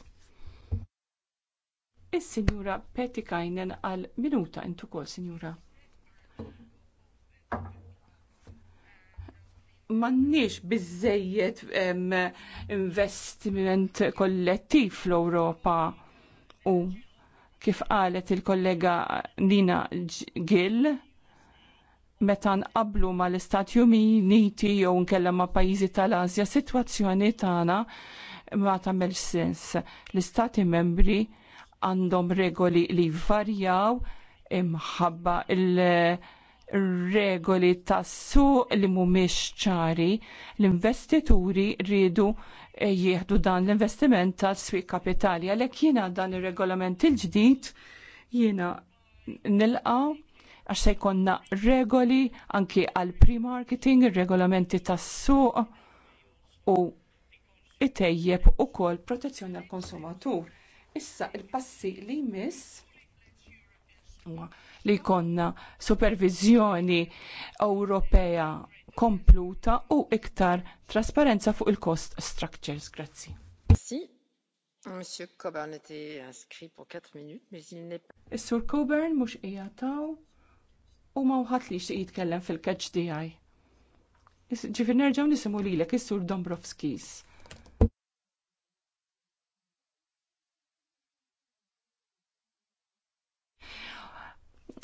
Speaker 11: Is-Sinjura Petikajnen għal minuta intu kol, Sinjura. Mannix bizzejiet investiment kollettiv fl-Europa u kif qalet il-kollega Nina Gill meta nqablu mal istati Uniti jew nkellem ma' pajjiżi tal-Asja, sitwazzjoni tagħna ma tagħmel sens. L-Istati membri għandhom regoli li varjaw imħabba il-regoli tas-suq li mhumiex ċari, l-investituri rridu eh, jieħdu dan l-investiment tas-swieq kapitali. Għalhekk jiena dan ir-regolament il ġdid jiena nilqa għax se jkollna regoli anki għal pre-marketing, regolamenti tas-suq u itejjeb ukoll protezzjoni għall konsumatur Issa il-passi li jmiss li jkollna supervizjoni Ewropea kompluta u iktar trasparenza fuq il-cost structures. Grazzi. Merci. Monsieur Coburn était inscrit pour 4 minutes, mais il n'est pas... Is-sur Coburn mhux qiegħ u ma wħadd li xtieq jitkellem fil-catch DI. Ġifier nerġgħu nisimgħu lilek is-sur Dombrovskis.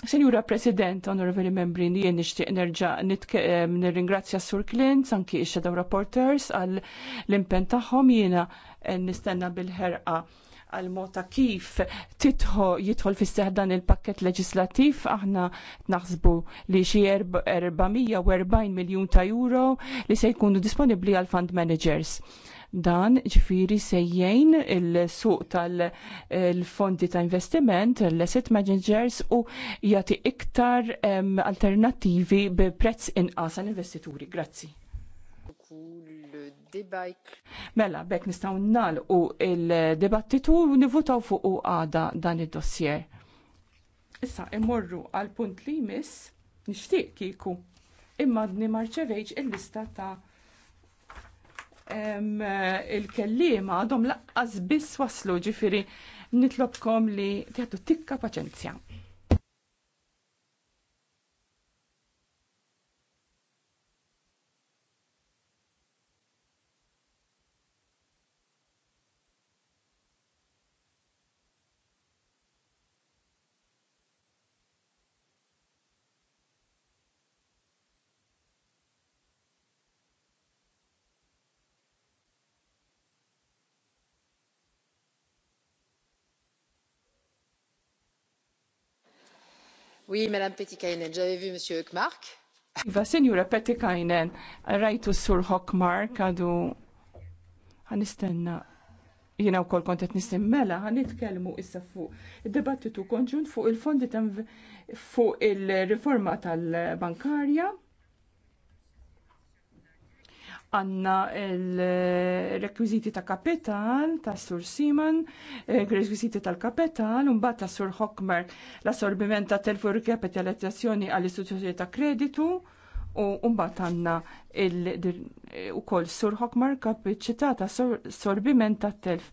Speaker 11: Senjura President, onorevoli membri, jien nixtieq nerġa' nirringrazzja Sur Klin, anki ix-Shadow Reporters għal l-impen tagħhom jiena eh, nistenna bil-ħerqa għal mota kif titħo jitħol fi dan il-pakket leġislattiv aħna naħsbu li xi 440 miljun ta' euro li se jkunu disponibbli għal fund managers. Dan ġifiri sejjejn il-suq tal-fondi ta' investiment, l-asset managers u jati iktar um, alternativi bi prezz inqas investituri. Grazzi. Mela, bekk nistaw nal u il-debattitu nivutaw fuq u għada dan id-dossier. Issa, imorru għal punt li jmiss nixtieq kieku imma dni il-lista ta' Eh, il-kellima għadhom laqqas biss waslu ġifiri nitlobkom li tieħdu tikka paċenzja.
Speaker 6: Oui, Madame Petikainen, j'avais vu Monsieur Ekmark.
Speaker 11: Iva, Signora Petikainen, rajtu sur Hockmark għadu għanistenna jina u kol kontet nisim mela għanitkellmu issa fuq id-debattitu konġunt fuq il-fondi fuq il-riforma tal-bankarja għanna il-rekwiziti ta' kapital, ta' sur Siman, rekwiziti tal-kapital, un ta' sur Hockmer, l-assorbiment ta' telfur rikapitalizzazzjoni għall istituzjoni ta' kreditu, u un-bat għanna u kol sur Hockmer kapacità ta' assorbiment ta' telf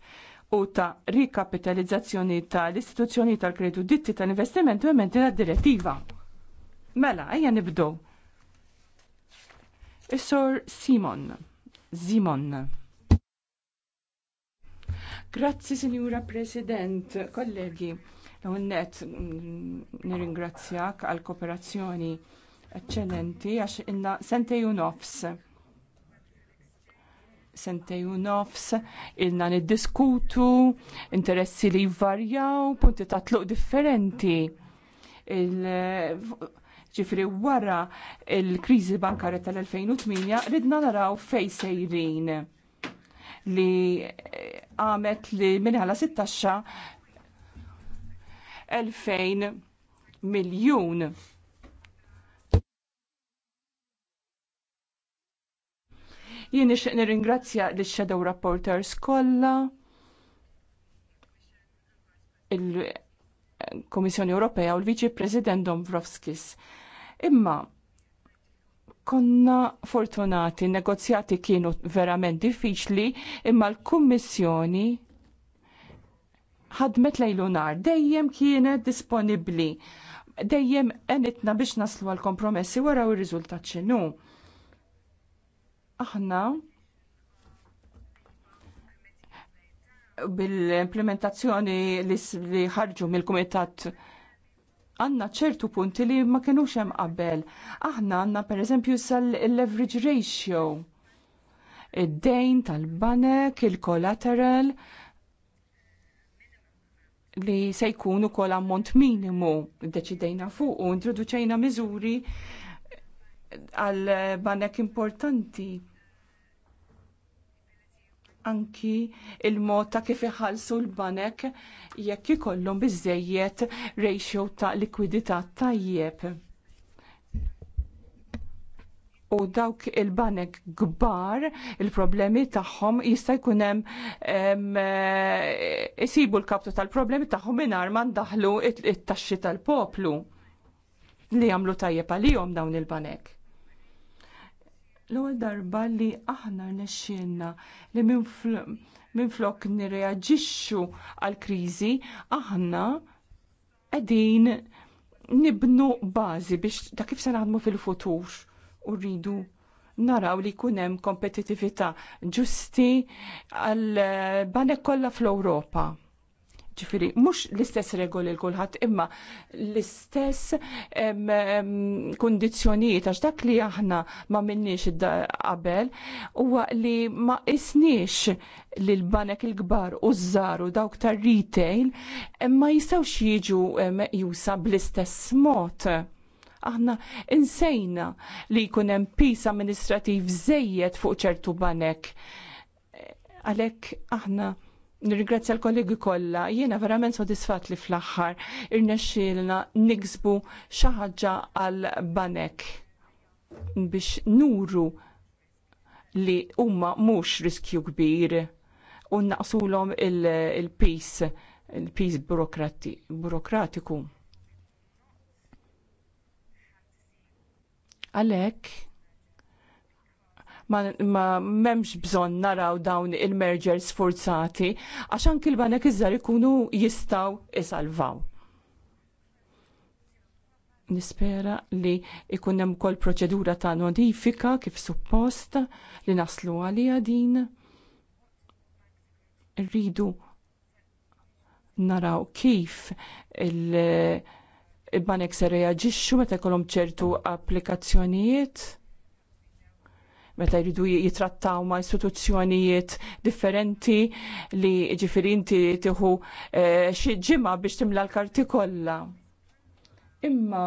Speaker 11: u ta' rikapitalizzazzjoni ta' l-istituzzjoni tal-kreditu ditti tal-investiment u għementi direttiva Mela, għajja nibdow Is-Sur Simon. Simon. Grazzi, Signora President, kollegi. Unnet, mm, nirringrazzjak għal kooperazzjoni eccellenti għax inna sentej nofs. Sentej nofs, inna niddiskutu, interessi li jvarjaw, punti ta' tluq differenti. Il Ġifri wara il-kriżi bankarja tal-2008 ridna naraw fej sejrin li eh, għamet li minħala 16 2000 miljun. Jien nixtieq nirringrazzja lix-shadow rapporters kollha il-Komissjoni Ewropea u l-Viċi President Dombrovskis Imma konna fortunati, negozjati kienu verament diffiċli, imma l-Kummissjoni ħadmet lejlu nar, dejjem kienet disponibli, dejjem enitna biex naslu għal kompromessi waraw il r-riżultat xinu. Aħna bil-implementazzjoni li ħarġu mill-Kumitat għanna ċertu punti li ma kienux hemm qabel. Aħna għanna pereżempju sal-leverage ratio. Id-dejn tal-banek, il-collateral li se jkunu kol ammont minimu deċidejna fuq u introduċejna miżuri għal banek importanti anki il-mod ta' kif iħallsu l-banek jekk ikollhom biżejjed ratio ta' likwidità tajjeb. U dawk il-banek kbar, il-problemi tagħhom jista' jkun hemm eh, isibu l-kaptu tal-problemi tagħhom mingħajr ma ndaħlu it-taxxi tal-poplu li jagħmlu tajjeb għalihom dawn il-banek l-ewwel darba li aħna rnexxielna li minflok nirreaġixxu għall kriżi aħna qegħdin nibnu bażi biex ta' kif se naħdmu fil-futur u rridu naraw li jkun hemm kompetitività ġusti għall banek kollha fl-Ewropa ġifiri, mux l-istess regoli l-kulħat, imma l-istess kondizjonijiet, għax dak li aħna ma minnix qabel, huwa li ma isniex li l-banek il-gbar u u dawk tar retail ma jistawx jiġu jusa bl-istess mod aħna insejna li jkun hemm pis amministrativ żejjed fuq ċertu banek. Għalhekk aħna Nirringrazzja l-kollegi kollha, jiena verament sodisfatt li fl-aħħar irnexxielna niksbu xi ħaġa għal banek biex nuru li huma mhux riskju kbir u naqsulhom il-pis il-pis burokratiku. Għalhekk ma memx bżon naraw dawn il-mergers forzati għax anki l-banek ikunu jistaw isalvaw. Nispera li ikun hemm ukoll proċedura ta' nodifika kif suppost li naslu għalija din. Rridu naraw kif il-banek se reaġixxu meta kolom ċertu applikazzjonijiet meta jridu jitrattaw ma' istituzzjonijiet differenti li ġifirinti inti tiħu eh, xi ġima biex timla l-karti kollha. Imma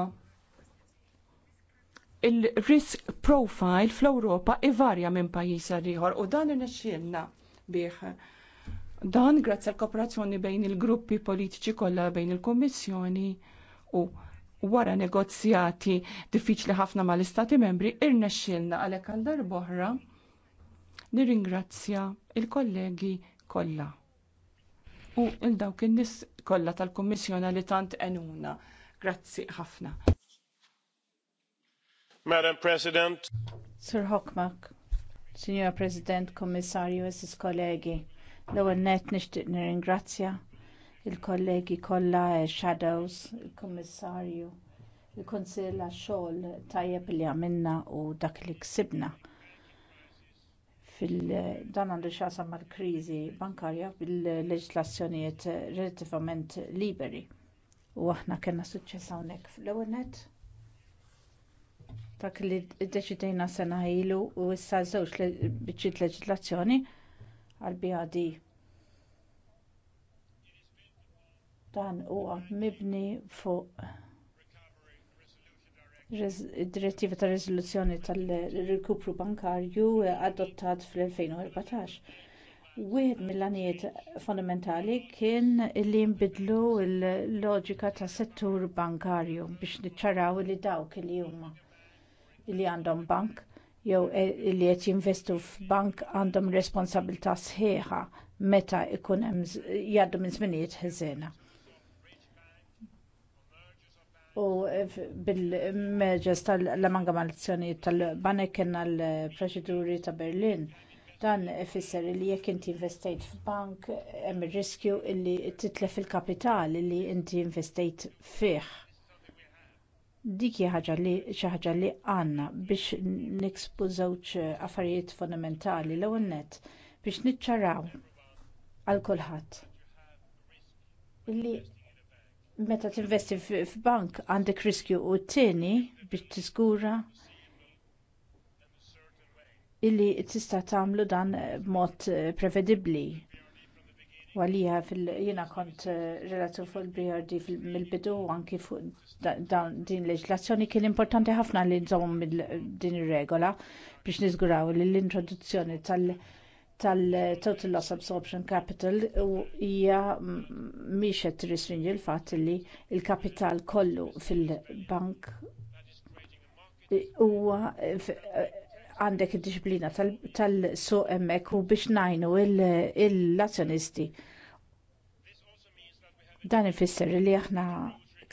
Speaker 11: il-risk profile fl-Ewropa ivarja minn pajjiż għal ieħor u dan irnexxielna bih. Dan grazzi l kooperazzjoni bejn il-gruppi politiċi kollha bejn il-Kummissjoni u wara negozjati diffiċli ħafna mal-istati membri irnexxielna għalhekk għal darboħra nirringrazzja il-kollegi kollha. U il-dawk in-nies kollha tal-Kummissjona li tant enuna. Grazzi ħafna.
Speaker 4: Madam President.
Speaker 11: Sir Hockmark, Signora
Speaker 9: President, Kommissarju, Essis kollegi, l-ewwel nett nixtieq nirringrazzja il-kollegi kollha, shadows, il-kummissarju, il-kunsill għax-xogħol tajjeb li għamilna u dak li ksibna fil-dan għandu xasam mal kriżi bankarja bil-leġislazzjonijiet relativament liberi. U aħna kellna suċċess hawnhekk fl-ewwel nett. Dak li ddeċidejna sena ilu u issa żewġ biċċiet leġislazzjoni għall BAD dan huwa mibni fuq id-direttiva ta' riżoluzzjoni tal-rikupru bankarju adottat fl-2014. Wieħed mill-għanijiet fondamentali kien li nbidlu l-loġika tas settur bankarju biex niċċaraw li dawk li huma li għandhom bank jew li qed jinvestu f'bank għandhom responsabilità sħiħa meta jkun hemm jgħaddu minn żminijiet ħżiena u bil-meġes tal-amalgamazzjoni tal-banek kien l-proċeduri ta' Berlin dan ifisser li jekk inti investejt f'bank hemm ir-riskju li titlef il-kapital li inti investejt fih. Dik hija ħaġa li xi ħaġa li għandna biex niksbu żewġ affarijiet fondamentali l-ewwel nett biex niċċaraw għal kulħadd. Illi meta tinvesti f'bank għandek riskju u t-tieni biex tiżgura illi tista' tagħmlu dan b'mod eh, prevedibbli. Walija jiena kont eh, relatur fuq il-BRD mill-bidu anki fuq din leġlazzjoni kien importanti ħafna li nżommu din ir-regola biex niżguraw li l-introduzzjoni tal- tal-total loss absorption capital hija mhix qed tirrestringi l-fatt li l-kapital kollu fil-bank huwa għandek id-disciplina tal-suq hemmhekk u biex ngħinu l-azzjonisti. Dan ifisser li aħna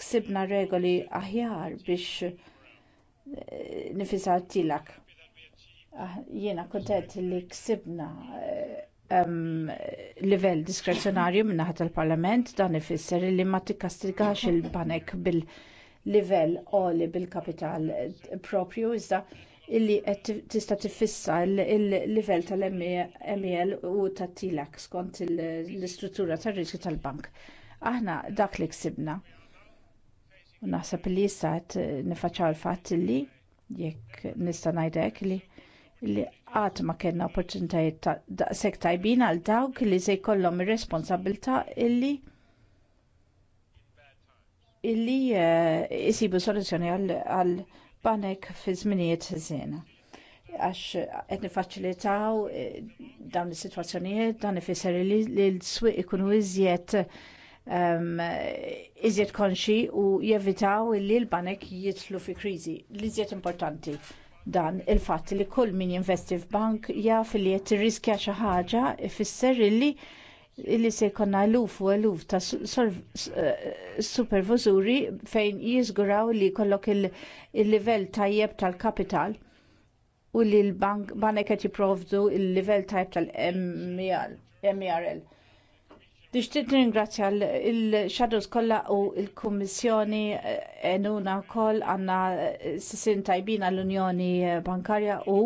Speaker 9: ksibna regoli aħjar biex eh, nifisa tilak Ah, jiena kuntent li ksibna um, livell diskrezzjonarju minn naħa il-Parlament dan ifisser li ma tikkastigax il-banek bil-livell oli bil-kapital propju iżda illi tista' tifissa il-livell tal ml e u tat-TILAC skont l-istruttura tar-riski tal-bank. Aħna dak li ksibna. Naħseb li issa qed nifaċċaw il-fatt li jekk nista' ngħidlek li li għat ma kellna opportunitajiet daqshekk tajbin għal dawk li se jkollhom ir-responsabilità illi illi jisibu eh, soluzzjoni għal banek fi żminijiet żiena. Għax qed nifaċilitaw eh, dawn is-sitwazzjonijiet dan ifisser li l-swieq ikunu iżjed ehm, iżjed konxi u jevitaw illi l-banek jidħlu fi kriżi. L-iżjed importanti dan il-fatt li kull min jinvesti f'bank jaf li qed tirriskja xi ħaġa ifisser illi illi se jkollna eluf u eluf ta' eh, superviżuri fejn jiżguraw li jkollok il-livell tajjeb tal-kapital u li l-bank banek qed jipprovdu e e l livell tajjeb tal-MRL. Nixtieq ringrazzja il-Shadows kollha u l-Kummissjoni eh, enuna wkoll għandna eh, sissin tajbina l-Unjoni eh, Bankarja u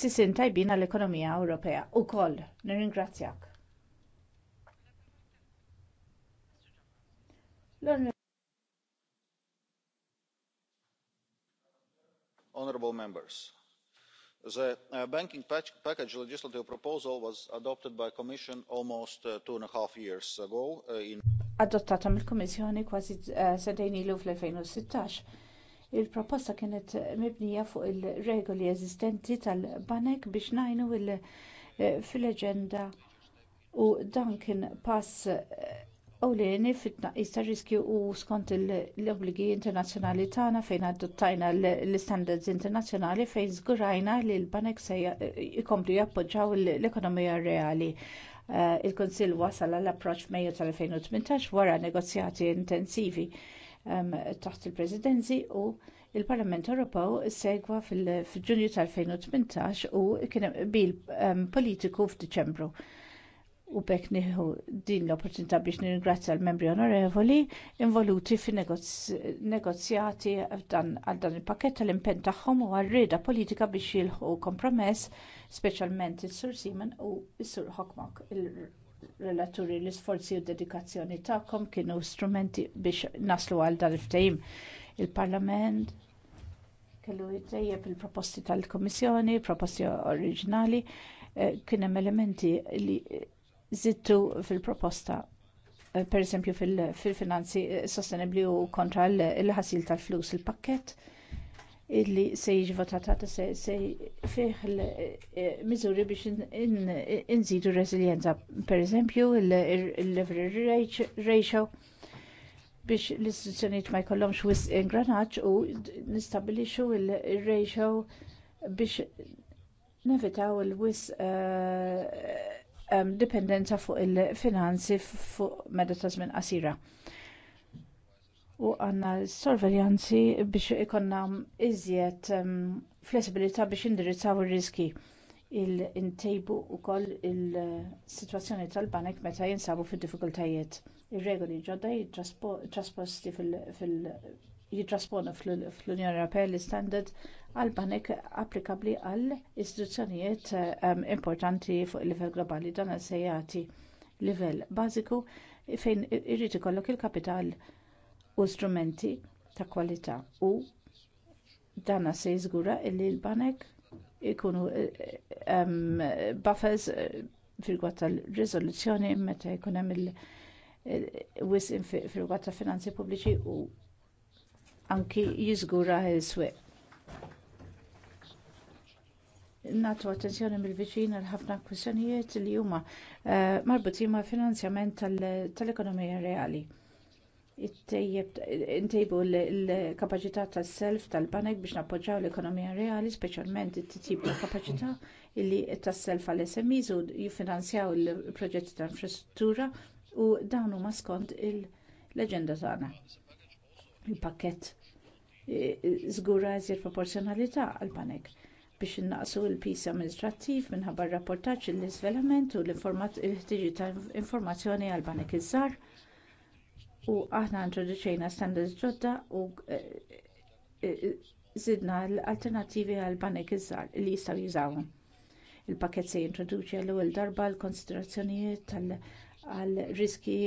Speaker 9: sisin tajbina l-Ekonomija Ewropea ukoll. Nirringrazzjak.
Speaker 1: Honorable members, the uh, banking package legislative proposal was adopted by the commission almost uh, two and a half years ago uh, in
Speaker 9: adottata mill-Kummissjoni kważi sedejn ilu fl-2016. Il-proposta kienet mibnija fuq il-regoli eżistenti tal-banek biex ngħinu fil-eġenda u dan kien pass ewlieni fit-tnaqqis tar riskju u skont l-obbligi internazzjonali tagħna fejn adottajna l-istandards internazzjonali fejn żgurajna li l-banek se jkomplu jappoġġjaw l-ekonomija reali. Eh, il kunsill wasal għall approċċ Mejju tal-2018 wara negozjati intensivi taħt il-Presidenzi u l parlament Ewropew segwa fil-Ġunju tal-2018 u kien bil politiku f'Diċembru u bekk nieħu din l-opportunità biex nirringrazzja l-membri onorevoli involuti fin negozjati għal dan il-pakket tal-impenn tagħhom u għal-rieda politika biex jilħu kompromess, speċjalment is-Sur Simon u s-Sur Hockmok. il-relaturi l-isforzi u dedikazzjoni tagħkom kienu strumenti biex naslu għal dan il-ftehim. Il-Parlament kellu jittejjeb il-proposti tal-Komissjoni, proposti oriġinali, eh, kien hemm elementi li zittu fil-proposta eh, pereżempju fil-finanzi eh, sostenibbli u kontra l-ħasil tal-flus il-pakket illi se jiġi votat se fih eh, miżuri biex inżidu r reżiljenza pereżempju il-leverage ratio biex l-istituzzjonijiet ma jkollhomx wisq ingranaġġ u nistabbilixxu il-ratio biex nevitaw il-wisq um, dipendenza fuq il-finanzi fuq medda ta' żmien qasira. U għandna sorveljanzi biex ikonna iżjed um, flessibilità biex indirizzaw ir-riski il-intejbu wkoll il sitwazzjoni tal-banek meta jinsabu fid diffikultajiet. Ir-regoli ġodda jitrasposti fil-, fil jitrasponu fl-Unjoni Ewropea l-istandard għal-banek applikabbli għall istituzzjonijiet ehm, importanti fuq il-livell globali dan għal sejjati livell bażiku fejn irrid ikollok il-kapital u strumenti ta' kwalità u dan se jiżgura li l-banek ikunu um, buffers e, fil tal-riżoluzzjoni meta jkun hemm il-wisq e, fil ta' finanzi pubbliċi u anki jiżgura l-swieq. Natu attenzjoni mill-viċin għal ħafna kwistjonijiet li huma eh, marbutin ma' finanzjament tal-ekonomija reali. Intejbu l-kapacità tas-self tal-banek biex nappoġġaw l-ekonomija reali, speċjalment it-tip ta' kapacità illi tas-self għal smis u jiffinanzjaw il-proġetti ta' infrastruttura u dawn huma skont l-eġenda tagħna. Il-pakket żgura e, e, jżid proporzjonalità għal banek biex innaqsu l-pis amministrattiv minħabba r rapportaġġ l-iżvelament u l-ħtiġi ta' informazzjoni għal banek iż-żar u aħna introduċejna standards ġodda u żidna e, l-alternattivi għal banek iż-żar li jistgħu jiżawhom. Il-pakket se jintroduċi l-ewwel darba l-konsiderazzjonijiet għal riski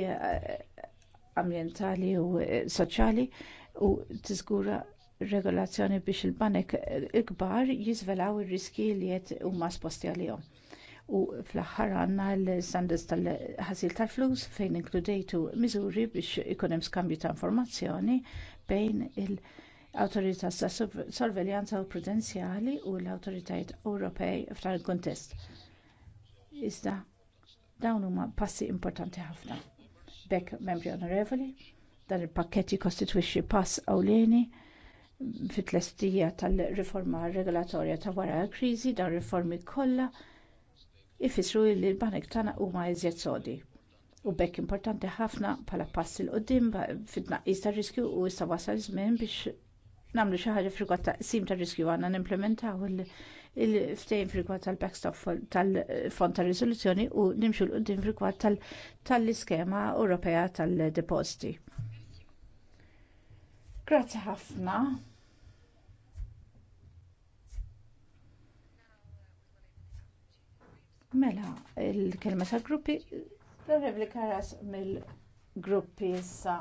Speaker 9: ambjentali u eh, soċjali u tiżgura regolazzjoni biex il-banek eh, il-kbar jiżvelaw ir-riski li qed huma sposti għalihom. U fl-aħħar għandna l-standards tal-ħasil tal-flus fejn inkludejtu miżuri biex ikun hemm skambju ta' informazzjoni bejn il- awtorità ta' sorveljanza u prudenzjali u l-awtoritajiet Ewropej f'dan il-kuntest. Iżda dawn huma passi importanti ħafna. Bekk membri onorevoli, dan il-pakketti kostitwixxi pass awleni fit-tlestija tal-riforma regolatorja ta' wara l-kriżi dan riformi kollha ifissru li l-banek tagħna huma eżjed sodi. U bekk importanti ħafna bħala pass il qoddim fit-tnaqqis tar riskju u issa wasal żmien biex nagħmlu xi ħaġa frigwat ta' sim tar riskju għandna nimplementaw il-ftejn frikwat tal-backstop tal-fond tal-risoluzzjoni u nimxu l-qoddim frikwat tal-iskema Ewropea tal-deposti. Grazzi ħafna. Mela, il-kelma tal gruppi l-Revli Karas mill-gruppi issa,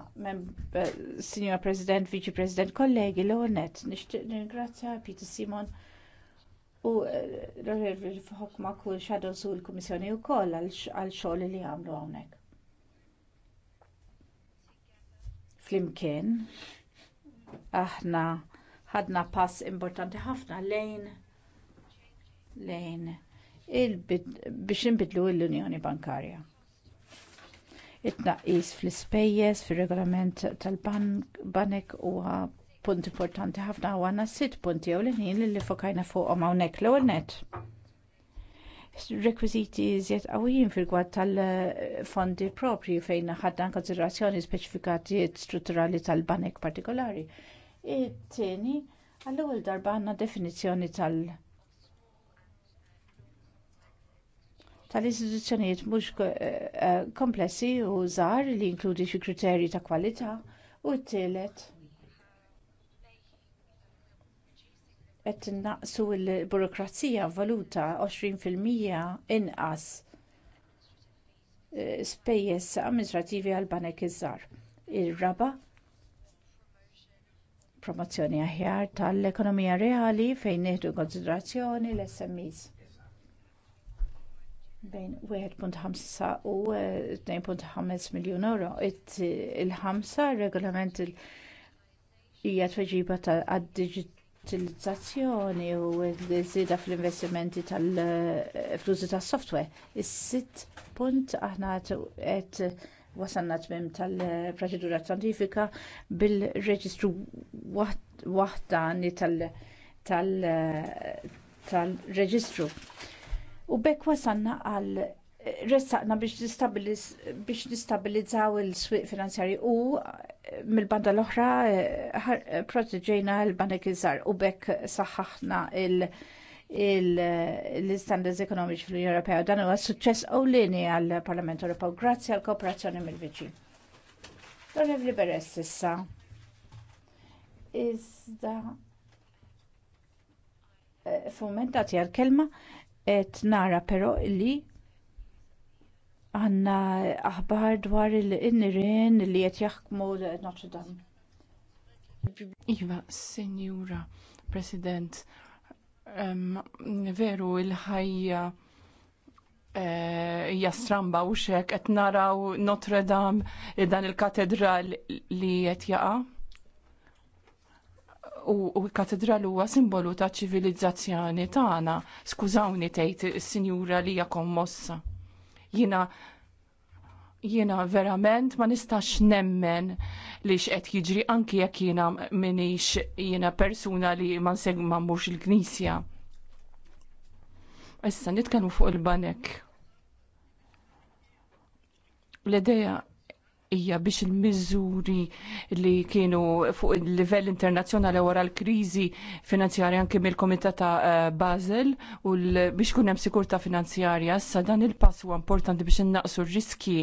Speaker 9: Signor President, Viċi President, kollegi, l-għonet, nishtiq ringrazzja Peter Simon u eh, ħokma kull shadows u l-Kummissjoni wkoll għal xogħol li għamlu hawnhekk. Flimkien aħna ħadna pass importanti ħafna lejn lejn biex nbidlu l-Unjoni Bankarja. It-tnaqqis fl-ispejjeż fir-regolament tal-banek huwa punt importanti ħafna u għanna sitt punti jew l-ħin li fokajna fuqhom hawnhekk l-ewwel net. Rekwiżiti iżjed qawwijin fil-gwad tal-fondi propri fejn ħaddan konsiderazzjoni speċifikatijiet strutturali tal-banek partikolari. It-tieni għall-ewwel darba għandna definizzjoni tal- tal-istituzzjonijiet mhux eh, eh, komplessi u żgħar li jinkludi xi kriterji ta' kwalità u t telet qed innaqsu l-burokrazija valuta 20% inqas eh, spejjeż amministrattivi għall banek iżgħar. Ir-raba' promozzjoni aħjar tal-ekonomija reali fejn nieħdu konsiderazzjoni l-SMEs. Bejn 1.5 u 2.5 eh, miljun euro. Il-ħamsa regolament hija tweġiba għad-diġit utilizzazzjoni u l-żieda fl-investimenti tal-flużi tas-software. Is-sitt punt aħna qed wasanna tmim tal-proċedura scientifika bil-reġistru waħdani tal-reġistru. U bekk wasanna għal ressaqna biex nistabilizzaw il-swiq finanzjari u eh, mill-banda l-oħra eh, proteġejna l-banek kizzar u bekk saħħaħna l-standards ekonomiċi fl-Ewropea. Dan huwa suċċess ewlieni għall-Parlament Ewropew grazzi għall kooperazzjoni mill-viċin. Onorevoli Beres issa. Iżda eh, fumentati għal-kelma qed nara però li għanna aħbar dwar il-nirien
Speaker 11: li qed jaħkmu Notre Dame. Iva, Sinjura President, um, veru il-ħajja hija eh, uh, stramba u xek qed naraw Notre Dame dan il-katedral li qed jaqa' u, u katedral huwa simbolu ta' ċivilizzazzjoni tagħna. Skużawni tgħid is-sinjura li hija kommossa. Jina jiena verament ma nistax nemmen li x'qed jiġri anki jekk jiena minix jiena persuna li ma nsegma mhux il-Knisja. Issa nitkellmu fuq il-banek. L-idea hija biex il-miżuri li kienu fuq il-livell internazzjonali wara l-kriżi finanzjarja anke mill-Komitat ta' eh, Basel u biex kun hemm sikurta finanzjarja issa dan il-pass huwa importanti biex innaqsu r-riski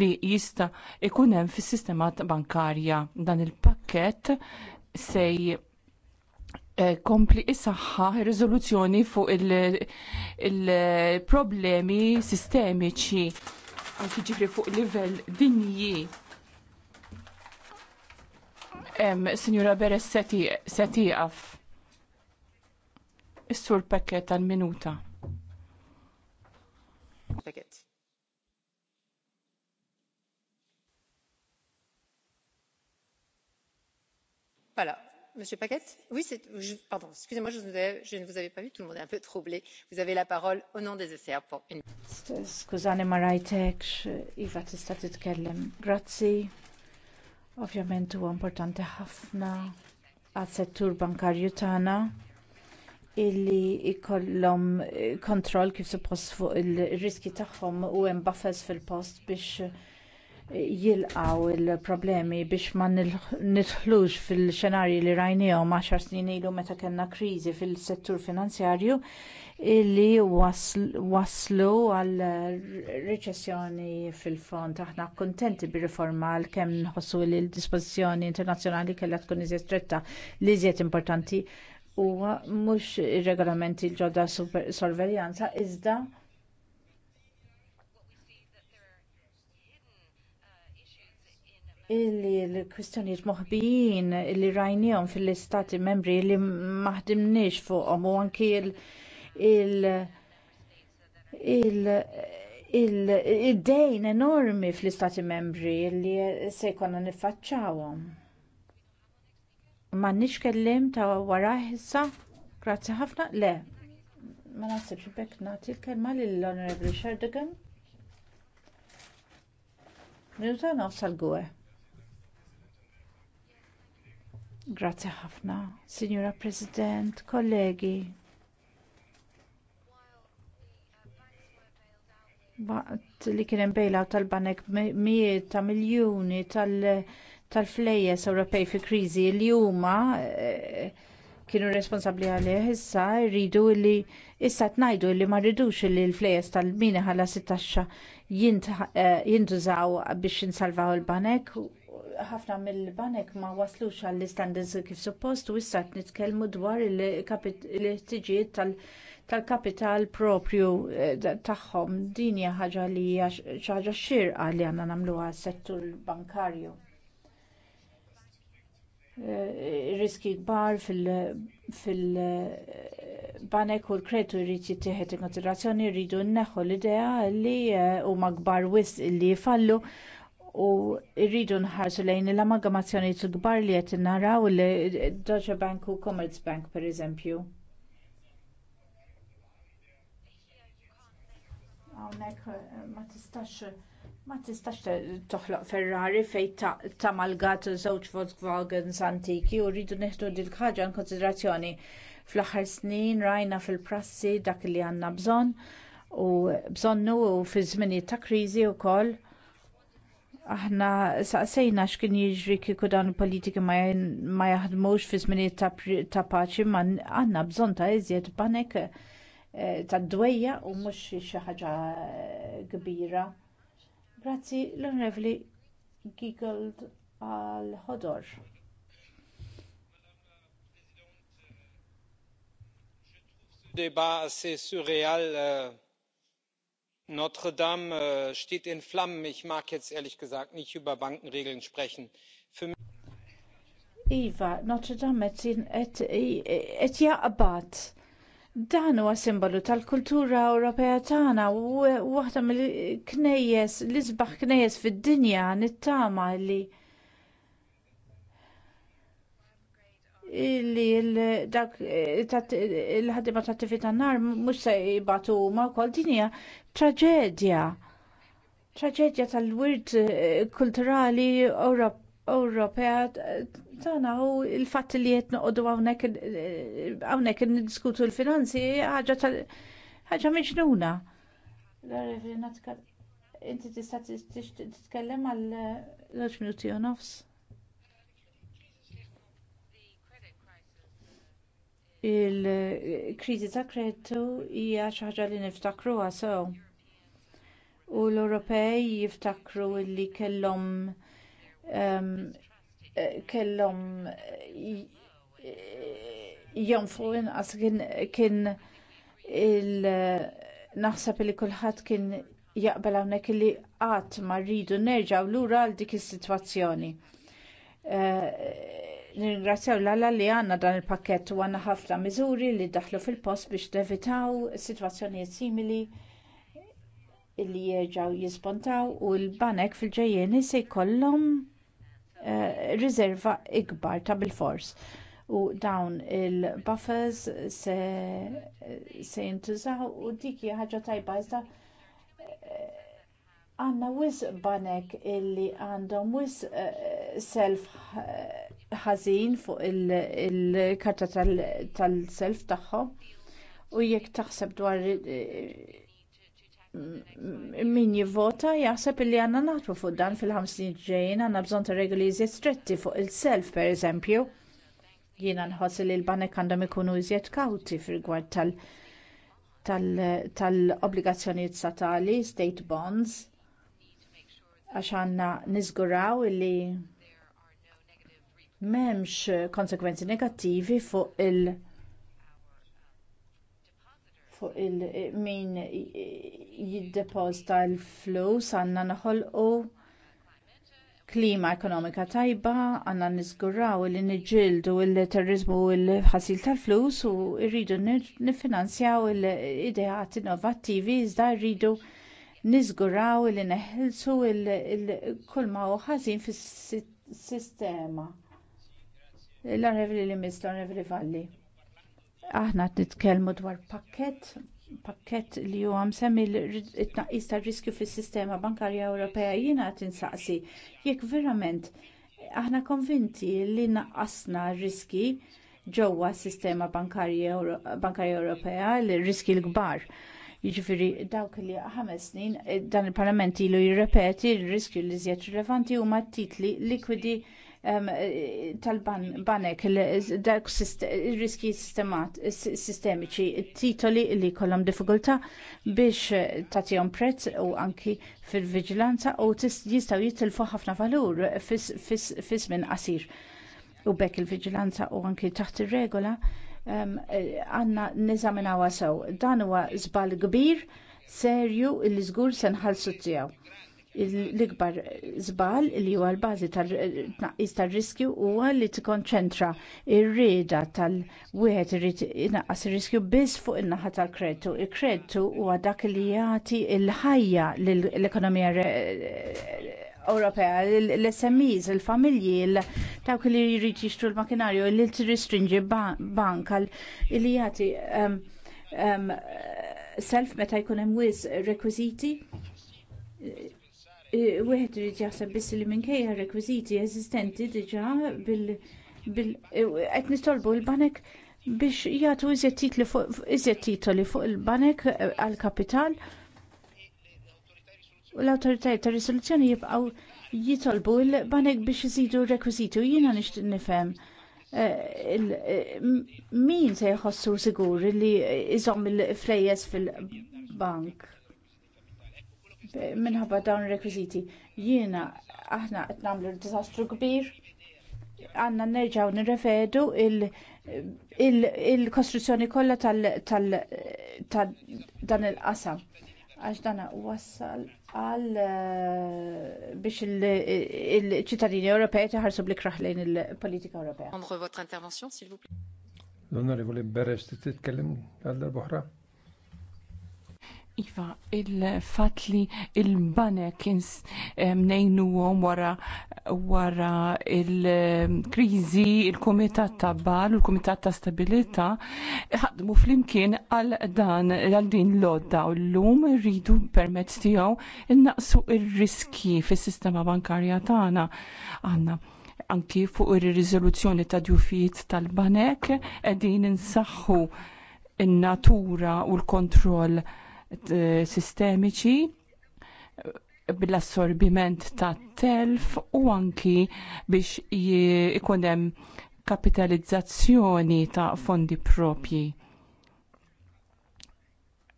Speaker 11: li jista' ikun hemm fis-sistema bankarja. Dan il-pakkett sej eh, kompli isaħħa riżoluzzjoni fuq il-problemi sistemiċi anki ġifri fuq livell dinji. Signora Beres għaf. Is-sur pakket tal-minuta.
Speaker 4: Pakket.
Speaker 6: Pala, monsieur paquet oui c'est pardon excusez moi je, vous je ne vous avais pas vu tout le monde est un peu troublé vous avez la parole au nom des ecr pour une
Speaker 9: skużani ma rajtekx iva tista' titkellem grazzi ovvjament huwa importanti ħafna għas-settur bankarju tagħna illi jkollhom kontroll kif suppost fuq ir-riski tagħhom u hemm buffers fil-post biex jilqaw il-problemi biex ma nidħlux fil-xenarji li rajnijom 10 snin ilu meta kellna kriżi fil-settur finanzjarju li waslu għal riċessjoni fil-fond. Aħna kuntenti bir riforma għal kemm nħossu li l-dispożizzjoni internazzjonali kellha tkun iżjed stretta li iżjed importanti huwa mhux ir-regolamenti l-ġodda sorveljanza iżda illi l-kwistjonijiet moħbijin li rajnijom fil-istati membri li maħdimniex fuqhom u anki il-dejn enormi fl-istati membri li se jkollna niffaċċawhom. nix kellim ta' wara issa? Grazzi ħafna? Le. Ma nasib bekk nagħti l-kelma lill-Honorable Sherdigan. Newton of gwe Grazzi ħafna, Signora President, kollegi. Waqt li kien hemm bailout tal-banek mijiet ta' miljuni tal-flejjes Ewropej fi kriżi li huma eh, kienu responsabbli għalih issa rridu li issa tnajdu li ma rridux li l-flejes tal mini ħalla 16 eh, jintużaw biex insalvaw il-banek ħafna mill-banek ma waslux għall istandards kif suppost u issa qed nitkellmu dwar il-ħtiġijiet tal-kapital proprju eh, tagħhom. Din hija ħaġa li hija xi ħaġa xirqa li għandna nagħmluha settur bankarju. Eh, Riski kbar fil-banek u l-kreditu jrid jittieħed in konsiderazzjoni jridu nneħħu l-idea li eh, huma kbar wisq li jfallu u rridu nħarsu lejn l-amalgamazzjoni kbar li qed naraw il-Deutsche Bank u Commerzbank pereżempju. Hawnhekk eh, ma tistax ma tistax toħloq Ferrari fejn tamalgat żewġ Volkswagens antiki u rridu neħdu dil ħaġa konsiderazzjoni. Fl-aħħar snin rajna fil-prassi dak li għandna bżonn u bżonnu u fi żminijiet ta' kriżi wkoll aħna saqsejna x'kien jiġri kieku dan il-politiki ma jaħdmux fi żminijiet ta' paċi ma għandna bżonn ta' iżjed panek eh, ta' dwejja u mhux xi ħaġa eh, kbira. Grazzi l-Onorevoli Giggled għal ħodor.
Speaker 2: Débat assez surréal euh,
Speaker 12: notre dame äh, steht in flammen ich mag jetzt ehrlich gesagt nicht über bankenregeln sprechen.
Speaker 9: iva notre dame et jaqbad dan huwa simbolu tal-kultura Ewropea tagħna u waħda mill-knejjes l-isbaħ knejjes fid-dinja nittama li li dak eh, il-ħaddiema ta' attività nar mhux se jibatu ma' wkoll din traġedja. Traġedja tal-wirt eh, kulturali Ewropea tana u il fat li qed noqogħdu hawnhekk eh, niddiskutu l-finanzi ħagġa tal ħaġa miġnuna. Inti tista' titkellem għal loġ eh, minuti u nofs. Il-kriżi ta' kreditu hija xi ħaġa li niftakru sew. So u l-Ewropej jiftakru li kellhom um, kellhom eh, jonfu inqas kien il naħseb li kulħadd kien jaqbel hawnhekk li qatt ma rridu nerġgħu lura għal dik is-sitwazzjoni. Eh, nirringrazzjaw l-alla li għandna dan il-pakket u għandna ħafna miżuri li daħlu fil-post biex devitaw sitwazzjonijiet simili illi jerġgħu jispontaw u l-banek fil-ġejjeni se jkollhom uh, riserva ikbar ta' bilfors u dawn il-buffers se, se jintużaw u dik hija ħaġa tajba iżda eh, għandna wisq banek illi għandhom wisq uh, eh, self ħażin fuq il-karta il tal-self tal tagħhom u jekk taħseb dwar min jivvota jaħseb illi għandna naħtu fuq dan fil-ħamsin ġejjin għandna bżonn ta' regoli iżjed stretti fuq il-self pereżempju. Jiena nħossi li l-banek għandhom ikunu iżjed kawti fil-gwad tal-obbligazzjonijiet statali, state bonds, għax għandna niżguraw li m'hemmx konsegwenzi negattivi fuq il- fuq il-min jiddeposta l-flus għandna naħolqu klima ekonomika tajba, għandna niżguraw li niġġieldu l terriżmu u l-ħasil tal-flus u rridu nifinanzjaw l-ideat innovattivi iżda rridu niżguraw li neħilsu l-kulma u ħażin fis-sistema. l li Limis, l Valli aħna nitkellmu dwar pakkett pakkett li huwa msemmi it-tnaqqis tar-riskju fis-sistema bankarja Ewropea jiena qed jekk verament aħna konvinti li naqqasna r-riski ġewwa s-sistema bankarja Ewropea r riski l-kbar. Jiġifieri dawk li ħames snin eh, dan il-Parlament ilu jirrepeti r-riskju li żjed rilevanti huma t titli likwidi E, tal-banek, dak riski sistemiċi, titoli li kollom diffikulta biex e, tatijom prezz u anki fil-vigilanza u jistaw jitilfu ħafna valur fis minn qasir. U bekk il-vigilanza u anki taħt ir-regola e, għanna neżaminawa sew. Dan huwa żball kbir serju il-żgur se nħallsu tiegħu l-ikbar żball li huwa l-bażi tar-tnaqqis tar-riskju huwa li tikkonċentra r-rieda tal-wieħed irid inaqqas ir-riskju biss fuq in-naħa tal-kreditu. Il-kreditu huwa dak li jagħti l-ħajja l-ekonomija Ewropea, l-SMEs, il-familji, dawk li jrid jixtru l-makinarju, li tirristringi banka, li jagħti um, um, self meta jkun hemm wisq rekwiżiti wieħed irid jaħseb biss li minkejja rekwiżiti eżistenti diġà bil qed nitolbu l-banek biex jagħtu iżjed titli fuq iżjed titoli fuq il-banek eh, għall kapital u l-awtoritajiet ta' risoluzzjoni jibqgħu jitolbu l-banek biex iżidu r-rekwiżiti u jiena nixtieq nifhem eh, eh, min se jħossu sigur li iżomm il-flejjes fil-bank minħabba dawn il rekwiżiti Jiena aħna qed nagħmlu disastru kbir għanna nerġaw nirrevedu il-kostruzzjoni kollha tal dan il-qasam għax dan wassal għal eh, biex il-ċittadini Ewropej taħarsu blik raħlejn il-politika Ewropea. Prendre votre intervention, s'il vous
Speaker 10: plaît. l Beres, titkellem għal darbohra?
Speaker 11: Iva, il-fat li il-banek mnejnu għom wara, wara il-krizi, il-komitat ta' bal, il-komitat ta' stabilita, ħadmu fl-imkien għal dan, għal din lodda u l-lum rridu permezz tijaw il-naqsu il-riski fis sistema bankarja tagħna għanna anki fuq ir-riżoluzzjoni ta' djufijiet tal-banek qegħdin insaħħu in-natura u l-kontroll Eh, sistemiċi eh, bl-assorbiment ta' telf u anki biex ikun hemm kapitalizzazzjoni ta' fondi propji.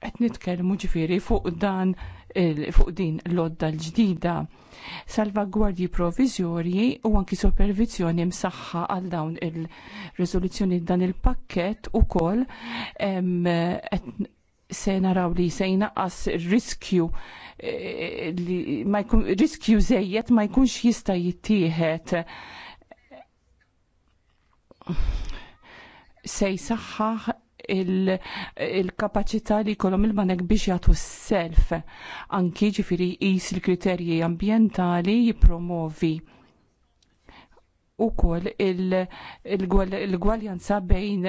Speaker 11: Qed nitkellmu ġifieri fuq dan fuq din l-odda l-ġdida. Salvagwardji proviżorji u anki supervizjoni msaħħa għal dawn il-rezoluzzjoni dan il-pakket u kol se naraw li se jnaqqas riskju eh, li ma jkun riskju zejjed ma jkunx jista' jittieħed se jsaħħaħ il-kapacità il li kolom il-banek biex jagħtu s-self anki ġifiri jis il-kriterji ambientali jipromovi u kol il-gwaljanza bejn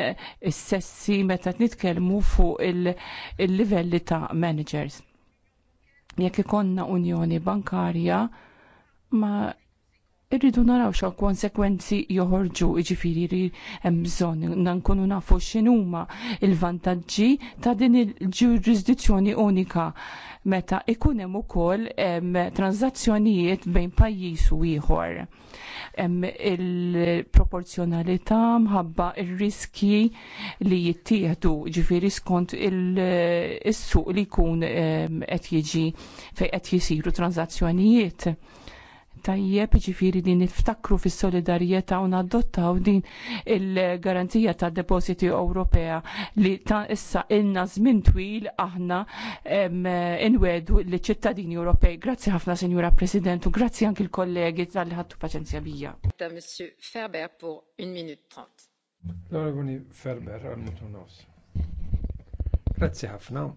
Speaker 11: is-sessi meta nitkelmu fuq il-livelli ta' managers. Jekk ikonna unjoni bankarja ma irridu naraw xa konsekwenzi joħorġu iġifiri hemm bżonn nkunu nafu x'inhuma il-vantaġġi ta' din il-ġurisdizzjoni unika meta ikun hemm ukoll transazzjonijiet bejn pajjiż u ieħor il-proporzjonalità mħabba il-riski li jittieħdu ġifiri skont il-suq li jkun ehm, qed jiġi fejn qed jisiru tranzazzjonijiet tajjeb ġifiri li niftakru fis solidarjetà u nadottaw din il-garanzija ta' depositi Ewropea li ta' issa inna żmien twil aħna inwedu li ċittadini Ewropej. Grazzi ħafna Signora President u grazzi anki l-kollegi tal-li
Speaker 10: ħattu paċenzja bija.
Speaker 9: Ta' Mr. Ferber pour 1 minute 30.
Speaker 10: L-Oregoni Ferber għal nos. Grazzi ħafna,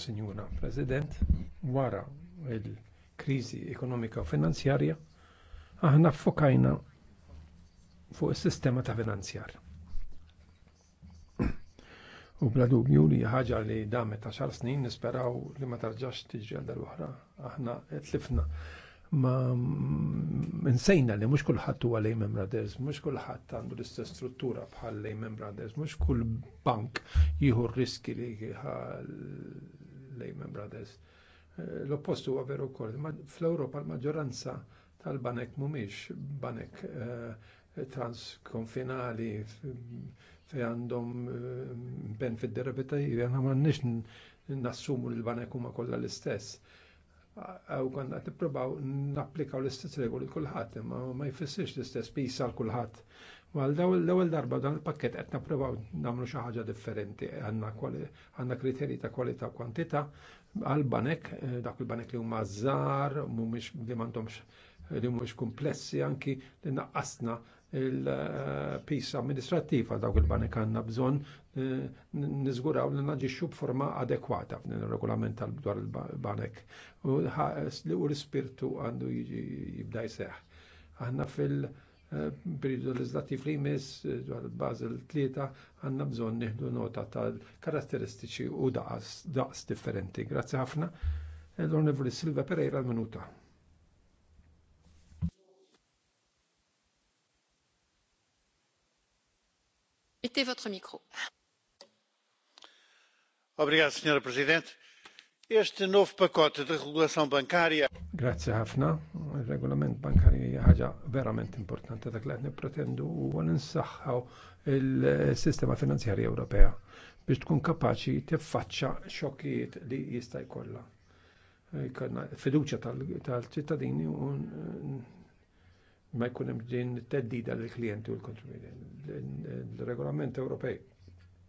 Speaker 10: Signora President, wara il- kriżi ekonomika u finanzjarja, aħna ffokajna fuq is-sistema ta' finanzjar. U bla dubju li ħaġa li damet ta' xar snin nisperaw li ma tarġax tiġi għal oħra Aħna tlifna ma mm, nsejna li mhux kulħadd huwa membra Brothers, mhux kulħadd għandu l-istess struttura bħal membra Brothers, mhux kull bank jieħu riski li Lehman Brothers Eh, l-oppostu huwa veru wkoll, fl-Ewropa l-maġġoranza tal-banek mhumiex banek eh, transkonfinali fej għandhom eh, ben fid-derivativi, għanna m'għandniex nassumu li l-banek huma kollha l-istess għaw konna t-probaw n-applikaw l-istess regoli kullħat, ma ma jfissirx l-istess pisa l-kullħat. l-ewel darba dan il-pakket qed napprovaw namlu xi ħaġa differenti, għandna kriteri ta' kwalità u kwantità għal-banek, eh, dak il-banek li huma żgħar, mhumiex li m'għandhomx li mhumiex komplessi anki li naqqasna il-pis amministrativa dawk il-banek għandna bżonn eh, niżguraw li naġixxu b'forma adekwata f'din ir-regolament dwar il-banek. U l-ispirtu għandu jibda jseħħ. Aħna fil- Eh, periodu leżlattiv li jmiss eh, dwar Basel tlieta għanna bżon nieħdu nota tal karakteristiċi u daqs, daqs differenti. Grazie ħafna. l onnevoli Silva Pereira l-minuta.
Speaker 9: Mettez votre micro.
Speaker 1: Obrigado, Sr. Presidente
Speaker 10: Este nuf pakot ta' regulazzjon bankarja. Grazzi ħafna. Il-regolament bankarja hija ħaġa verament importanti dak li qed nippretendu huwa ninsaħħaw il-sistema finanzjarja Ewropea biex tkun kapaċi tiffaċċa xokkijiet li jista' jkollha. Fiduċja tal-ċittadini u ma jkun hemm din teddida lill-klijenti u l-kontribwenti. Il-regolament Ewropej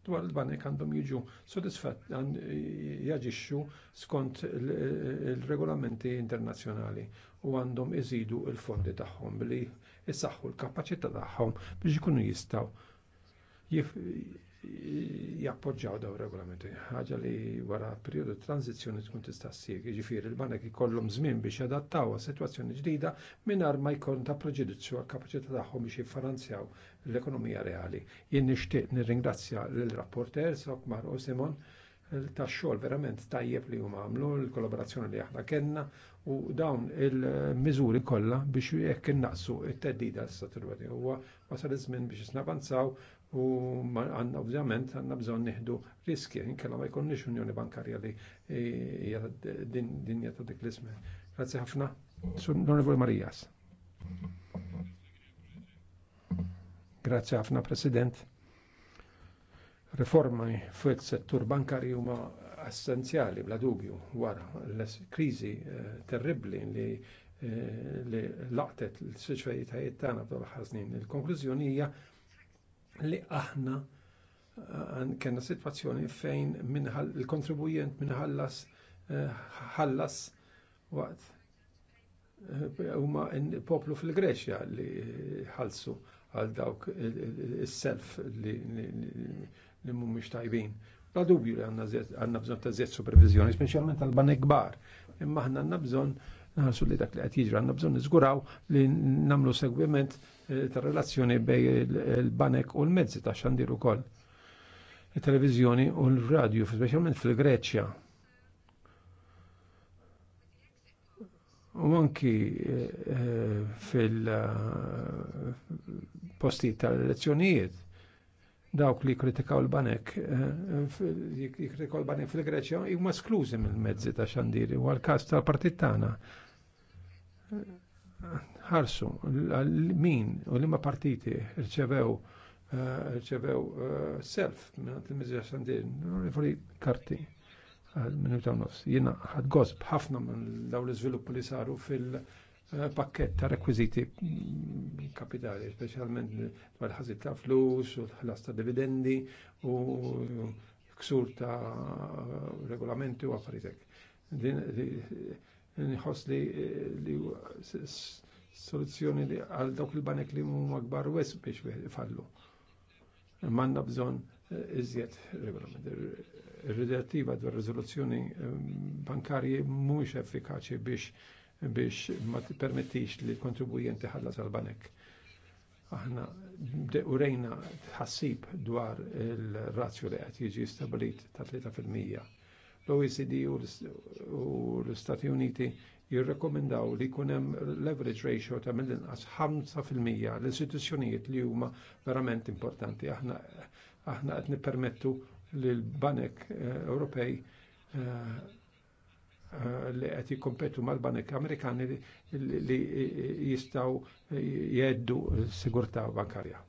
Speaker 10: dwar il-banek għandhom jiġu sodisfatt jaġixxu skont il-regolamenti internazzjonali u għandhom iżidu il-fondi tagħhom billi jisaxħu l-kapaċità tagħhom biex ikunu jistgħu jappoġġaw daw regolamenti. Ħaġa li wara periodu tranzizjoni tkun tista' ssir. Jiġifieri il-banek ikollhom żmien biex jadattaw sitwazzjoni ġdida mingħajr ma jkun ta' preġudizzju għall-kapaċità tagħhom biex jiffinanzjaw l-ekonomija reali. Jien nixtieq nirringrazzja lill-rapporter u Simon ta' xogħol verament tajjeb li huma għamlu, l-kollaborazzjoni li aħna kellna u dawn il-miżuri kollha biex jekk innaqsu t-teddida s-saturwati. Huwa wasal iż-żmien biex navanzaw u għanna ovvjament għanna bżon nieħdu riski, inkella ma jkunniex unjoni bankarja li e, dinja ta' dik l Grazzi ħafna. L-Onorevole Marijas. Grazzi ħafna, President. Reformi fuq settur bankari huma essenzjali bla dubju wara l-kriżi e, terribbli li e, li laqtet l-soċjetajiet tagħna f'dawn ħażnin Il-konklużjoni hija li aħna eh, kena situazzjoni fejn il-kontribujent minħallas eh, ħallas waqt eh, huma poplu fil-Greċja li ħalsu għal dawk is-self li mhumiex tajbin. La dubju li għandna bżonn ta' żied supervizjoni, speċjalment għal banek kbar. Imma aħna għandna bżonn nħarsu li dak li qed jiġri għanna bżonn niżguraw li nagħmlu segwiment eh, ta' relazzjoni bej il-banek u l-mezzi ta' xandir ukoll. Il-televizjoni u l-radju, speċjalment fil-Greċja. U anki eh, eh, fil-posti tal-elezzjonijiet dawk li kritikaw l-banek jikritikaw l-banek fil-Greċja huma sklużi mill-mezzi ta' xandiri u għal-każ tal partitana ħarsu min u liema partiti rċevew eh, rċevew eh, self minn il-Mizja Sandin, riferi karti eh, minn ta' nofs. Jena ħad gosb ħafna minn daw li izviluppi li saru fil-pakket ta' rekwiziti mm, kapitali, specialment għal ħazit ta' flus u ħlas ta' dividendi u ksur ta' regolamenti u għaffaritek nħos li soluzzjoni li għal dawk il-banek li huma akbar wes biex fallu. Manna bżon eh, iżjed il redattiva dwar rezoluzzjoni eh, bankarji mhumiex effikaċi biex biex ma permettix li kontribujenti ħallas għal banek. Aħna urejna tħassib dwar il-razzju li qed jiġi stabilit ta' 3 l-OECD u l-Stati Uniti jirrekomendaw li jkun hemm leverage ratio ta' mill-inqas 5% l-istituzzjonijiet li huma verament importanti. Aħna aħna qed nippermettu li banek eh, Ewropej eh, eh, li qed jikkompetu mal-Banek Amerikani li jistgħu jgħeddu s-sigurtà bankarja.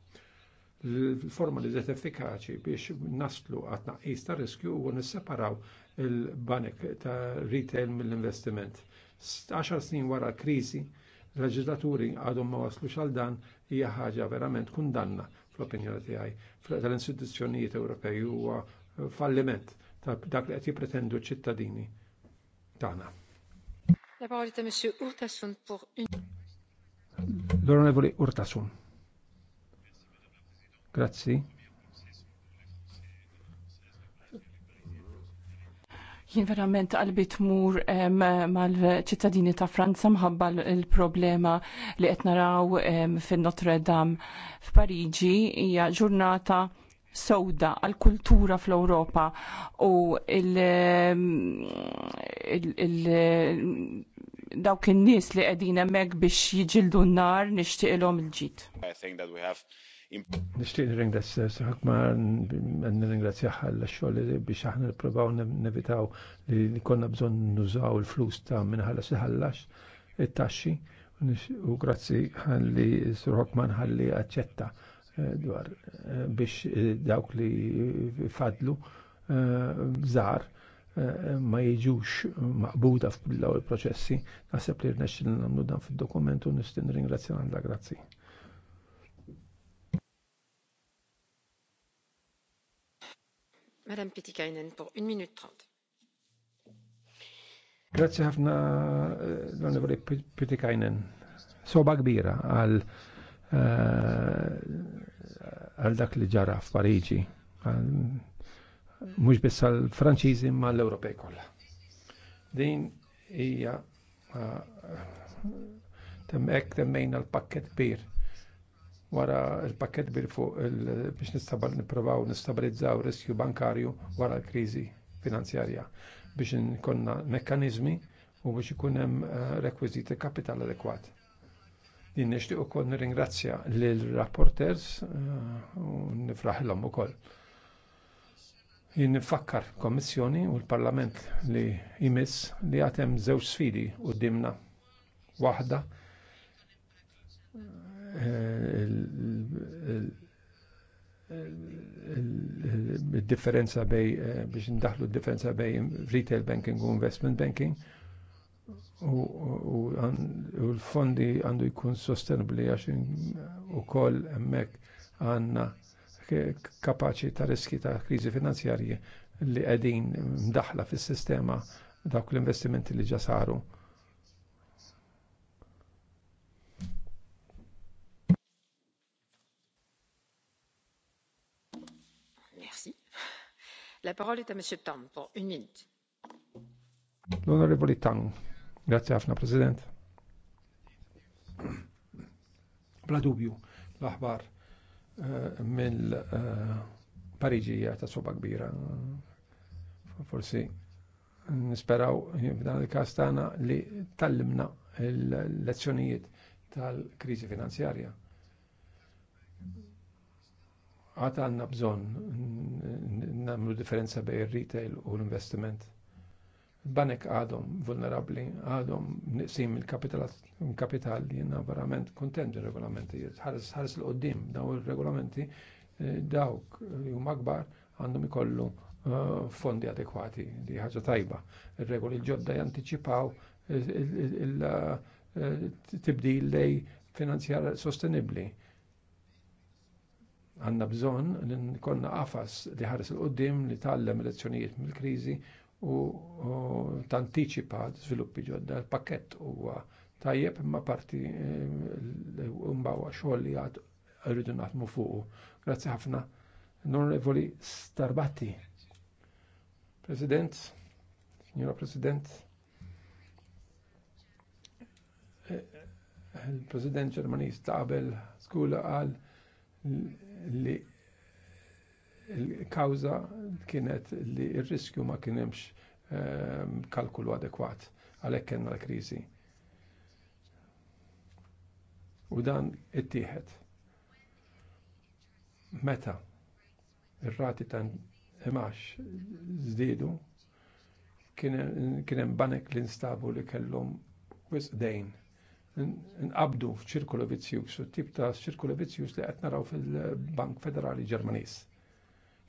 Speaker 10: L-forma li zet effikaċi biex naslu għat naqqis ta' riskju u nisseparaw il-banek ta' retail mill-investiment. 10 snin wara l-kriżi, l-leġislaturi għadhom ma waslux għal dan hija ħaġa verament kundanna fl-opinjoni tiegħi tal-istituzzjonijiet Ewropej huwa falliment ta' dak li qed jippretendu ċ-ċittadini tagħna.
Speaker 6: La parola Monsieur Urtasun pour une
Speaker 10: L'onorevole Urtasun. Grazzi,
Speaker 11: Jien verament qalbi tmur mal-ċittadini ta' Franza mħabba l-problema li qed naraw fin Notre Dame f'Pariġi hija ġurnata sewda għall kultura fl-Ewropa u dawk in-nies li qegħdin hemmhekk biex jiġildu n-nar nixtieqilhom il-ġid.
Speaker 10: Nishtiq nirringrazzja Ħakmar, nirringrazzja ħalla xogħol biex aħna nippruvaw nevitaw li konna bżonn nużaw il-flus ta' s-ħallax il taxxi u grazzi ħalli s Ħakman ħalli aċċetta eh, dwar eh, biex eh, dawk li fadlu żgħar ma jiġux maqbuda f'l-ewwel proċessi. Naħseb li rnexxin nagħmlu dan fid-dokument u nistin għandha grazzi. Grazie ħafna eh, l-onorevoli Pitikajnen. Soba kbira għal eh, għal dak li ġara f'Pariġi. Mhux biss għal Franċiżi ma l-Ewropej kollha. Din hija eh, temmek temmejna l-pakket kbir wara l-pakket bil fuq biex nippruvaw nistabilizzaw riskju bankarju wara l-kriżi finanzjarja biex inkonna mekkaniżmi u biex ikun hemm eh, rekwiżiti kapital adekwat. Din nixtieq ukoll nirringrazzja lill rapporters eh, u nifraħilhom ukoll. Jien nifakkar Kommissjoni u l-Parlament li jmiss li għatem żewġ sfidi quddiemna waħda il-differenza bej eh, biex ndaħlu d-differenza bej retail banking u investment banking u l-fondi għandu jkun sostenibli għax u koll emmek għanna kapaċi ta' riski ta' krizi finanzjarji li għedin mdaħla fis sistema dawk l-investimenti li ġasaru. saru La parola ta' un L-Onorevoli Tang, grazie ħafna, President. Bla dubju, l-aħbar eh, mill-Pariġija eh, ta' soba kbira. Forsi nisperaw f'dan il-kas li tallimna l-lezzjonijiet tal-kriżi finanzjarja għata għanna bżon namlu differenza bej il-retail u l-investiment. Banek għadhom vulnerabli, għadhom nisim il-kapital li jenna verament kontent il-regolamenti, ħares l-qoddim daw il-regolamenti eh, dawk li huma għandhom ikollu eh, fondi adekwati li ħaġa tajba. il regoli l-ġodda jantiċipaw il-tibdil eh, lej finanzjar sostenibli Għanna bżon li konna qafas li ħares il-qoddim li tallem lezzjonijiet mill-kriżi u tantiċipa sviluppi ġodda. l pakket huwa tajjeb imma parti eh, mbawa xogħol li għad rridu naħdmu fuqu. Grazzi ħafna. Onorevoli Starbatti. President, signora President, eh, il-President ta' qabel skula għal li l-kawza kienet li r-riskju ma kienemx ehm, kalkulu adekwat għalhekk kena l-kriżi. U dan ittieħed. Meta ir-rati ta' imax zdidu kien hemm banek li instabu li kellhom wisq dejn nqabdu f'ċirkolo vizzjus, tip ta' ċirkolo vizzjus li qed naraw fil-Bank Federali Ġermaniż.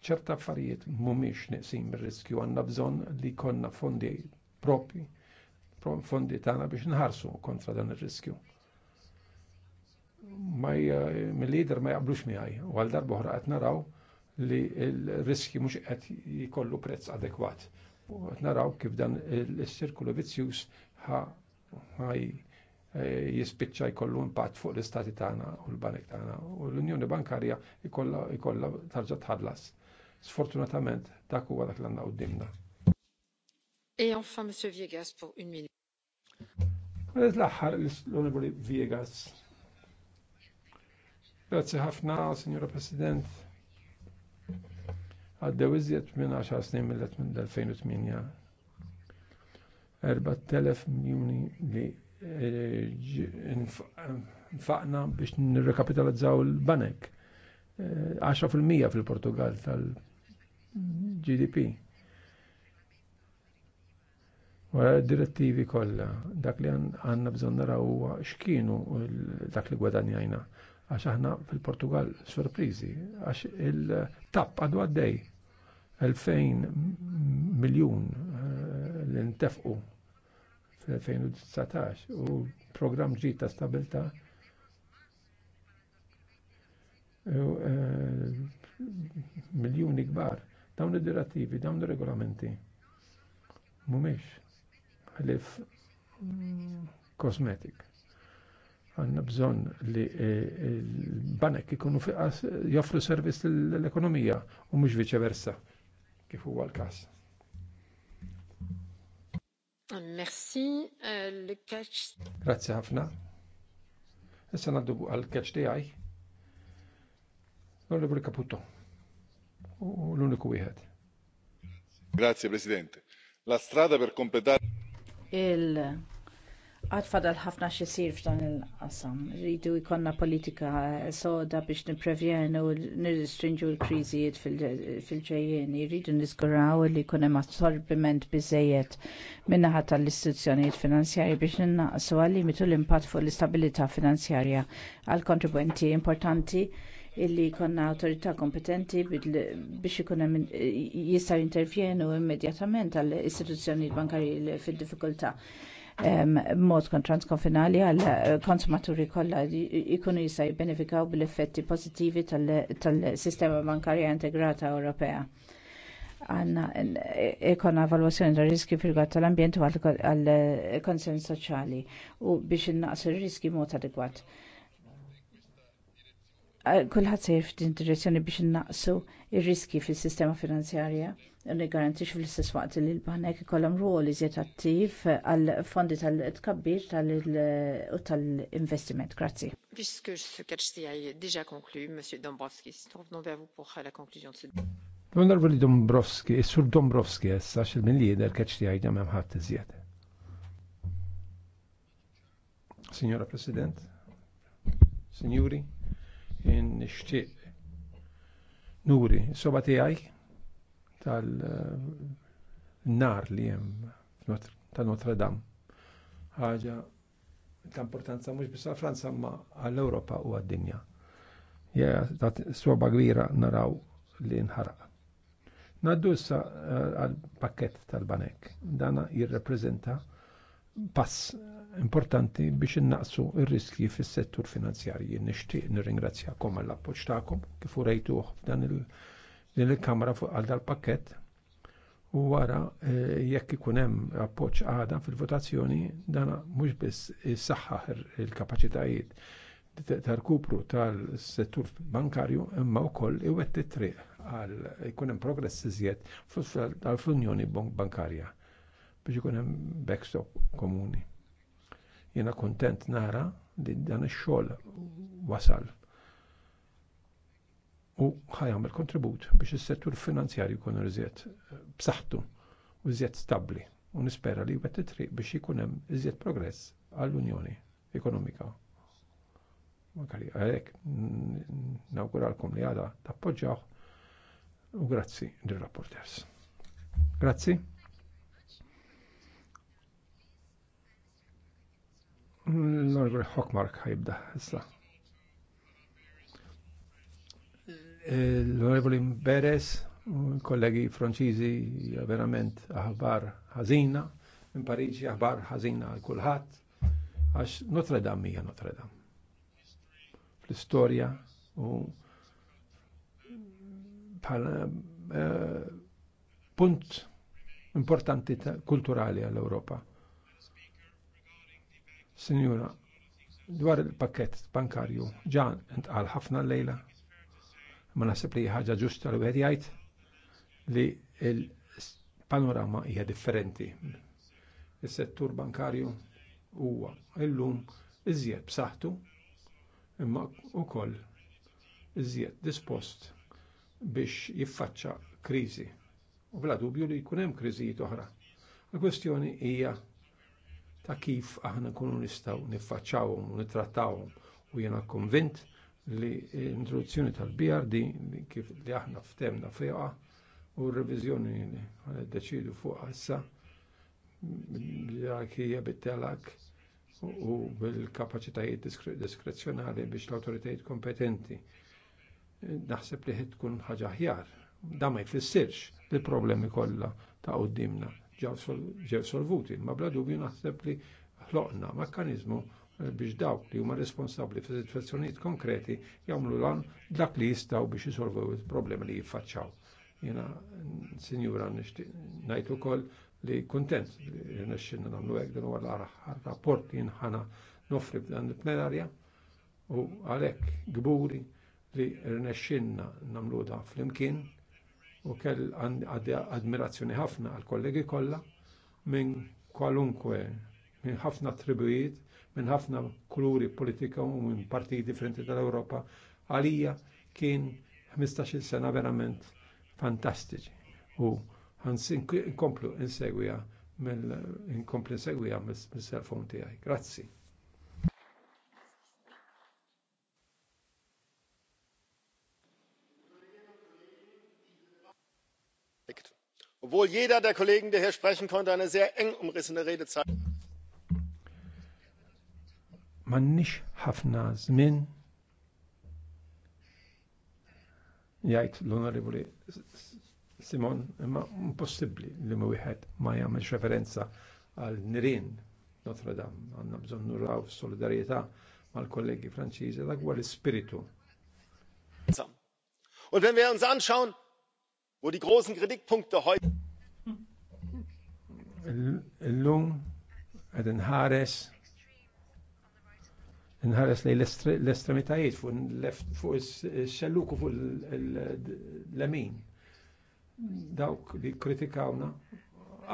Speaker 10: ċerta affarijiet mhumiex neqsin mir-riskju għandna bżonn li konna fondi propri, fondi tagħna biex nħarsu kontra dan ir-riskju ma mill-lider ma jaqblux miegħi U għal darba oħra qed naraw li l-riski mhux qed jkollu prezz adekwat. U qed naraw kif dan is-sirkulu vizzjuż ħaj Eh, jispicċa jkollu impatt fuq l-istati tagħna u l-banek tagħna u l-Unjoni Bankarja jkollha tarġa' tħallas. Sfortunatament dak huwa dak l-għandna qudiemna.
Speaker 6: Et enfin, Monsieur Viegas, pour une minute.
Speaker 10: L-aħħar l-Onorevoli Viegas. Grazie ħafna, Signora President. Għaddew iżjed minn 10 snin mill-2008. 4,000 miljoni li nfaqna biex nirrekapitalizzaw il-banek. 10% eh, fil-Portugal
Speaker 4: tal-GDP.
Speaker 10: Wara direttivi kollha, dak li għandna bżonn naraw huwa x'kienu dak li gwadanjajna. Għax aħna fil-Portugal sorpriżi, għax il tap għadu għaddej. 2000 miljun eh, l-intefqu fl-2019 u program ġid ta' stabilta eh, miljoni kbar dawn id-dirattivi, dawn ir-regolamenti mhumiex għalif
Speaker 4: mm,
Speaker 10: kosmetik. Għanna bżon li eh, l-banek ikunu fiqas joffru servizz l-ekonomija u mhux viċeversa kif huwa l-każ.
Speaker 5: Euh,
Speaker 10: Grazie ħafna. Issa naddu għal-catch di għaj. L-Olivri Caputo. l-uniku
Speaker 1: wieħed. Grazie Presidente. La strada per completare
Speaker 9: il Għad fadal ħafna xisir f'dan il-qasam. Rridu jkollna politika soda biex niprevjenu nirristringu l-kriżijiet fil-ġejjien. Rridu niskuraw li jkun hemm assorbiment bizzejiet min-naħa tal-istituzzjonijiet finanzjarji biex innaqsu għal-limitu l-impatt fuq l istabilita finanzjarja għall kontribwenti importanti illi jkollna awtorità kompetenti biex ikun hemm jistgħu jintervjenu immedjatament għall istituzzjonijiet bankarji fil-difikulta mod kon transkonfinali għal eh, konsumaturi kollha jkunu jista' jibbenefikaw bil-effetti pożittivi tal-sistema bankarja integrata Ewropea. Għanna e-, ikon evalwazzjoni ta' riski fil tal-ambjent u għal eh, konsens soċjali u biex innaqsu r-riski mod adekwat kulħadd sejr f'din direzzjoni biex innaqsu ir-riski fis-sistema finanzjarja u niggarantixxu fl-istess waqt li l-banek ikollhom rwol iżjed attiv għal fondi tal-tkabbir u tal-investiment. Grazzi.
Speaker 4: Puisque
Speaker 6: ce catch CI déjà conclu, Monsieur Dombrovskis, revenons vers vous pour la conclusion de ce
Speaker 10: Dombrovski, Dombrovski, sur Dombrovski, essa xil-min li jider catch CI ġam t iżjed. Signora President, Signori, nixtieq nuri soba tiegħi tal-nar li hemm ta' Notre Dame. Ħaġa ta' importanza mhux biss għall-Franza ma għall-Ewropa u għad-dinja. Ja, soba kbira naraw li nħaraq. Naddu issa eh, għal pakket tal-banek. Dana jirrepreżenta pass importanti biex innaqsu r riski fis-settur finanzjarji. Nixtieq nirringrazzjakom għall appoġġ tagħkom kif urejtuh f'dan il-kamra fuq għal dal pakket u wara eh, jekk ikun hemm appoġġ għada fil-votazzjoni dan mhux biss issaħħaħ il-kapaċitajiet tal-kupru tal-settur bankarju imma wkoll iwetti triq għal ikun hemm progress iżjed tal-Unjoni Bankarja biex ikun hemm backstop komuni. Jiena kuntent nara li dan ix-xogħol wasal u ħajam il-kontribut biex is-settur finanzjarju jkun irżiet eh, b'saħħtu u iżjed stabbli u nispera li it triq biex ikun hemm iżjed progress għall-Unjoni Ekonomika. Makari, għalek, nawguralkom li għada tappoġġaw u grazzi dir-rapporters. Grazzi. Norbert Hockmark ħajibda issa. l onorevoli Beres, kollegi franċizi, verament aħbar ħazina, minn Pariġi aħbar ħazina għal kulħadd, għax Notre Dame hija Notre Dame. fl istoria u eh, punt importanti kulturali għall-Europa. Signora, dwar il-pakket bankarju ġan intqal ħafna l-lejla, ma naħseb li ħaġa ġusta li wieħed li il-panorama hija differenti. Is-settur bankarju huwa illum iżjed b'saħħtu imma wkoll iżjed dispost biex jiffaċċa kriżi. U bla dubju li jkun hemm kriżijiet oħra. La kwestjoni hija ta' kif aħna nkunu nistgħu niffaċċawhom u nittrattawhom u jiena konvint li l-introduzzjoni tal-BRD kif li aħna ftemna fiha u r-reviżjoni li deċidu fuq issa hija bit u bil-kapaċitajiet diskrezzjonali biex l-awtoritajiet kompetenti naħseb li tkun ħaġa ħjar. Da ma jfissirx li problemi kollha ta' quddiemna ġew solvuti. Ma bla dubju naħseb li ħloqna mekkaniżmu eh, biex dawk li huma responsabbli fi situazzjonijiet konkreti jagħmlu lan dak li jistgħu biex isolvu il-problemi li jiffaċċaw. Jiena sinjura nixtieq ngħid ukoll li kuntent li nixxinna nagħmlu hekk din huwa l-aħħar rapport li nħana nofri b'dan il-plenarja u għalhekk gburi li rnexxinna nagħmlu dan flimkien u kell admirazzjoni ħafna għal kollegi kollha minn kwalunkwe minn ħafna tribujiet, minn ħafna kuluri politika u minn partiti differenti tal-Ewropa għalija kien 15-il sena verament fantastiċi u nkomplu insegwija mill-inkomplu insegwija mill-cellphone tiegħi. Grazzi.
Speaker 8: obwohl jeder der kollegen der hier sprechen konnte eine sehr eng umrissene redezeit
Speaker 10: M'għandniex ħafna żmien jgħid l-Onorevoli Simon imma impossibbli li wieħed ma jagħmelx referenza għal nirien Notre Dame għandna bżonn nuraw solidarjetà mal-kollegi Franċiżi l-akbar ispiritu. Und
Speaker 8: wenn wir uns anschauen, wo die großen Kritikpunkte heute
Speaker 10: l-lum għed nħares nħares lejn l-estremitajiet fuq il-xelluku fuq l-lemin. Dawk li kritikawna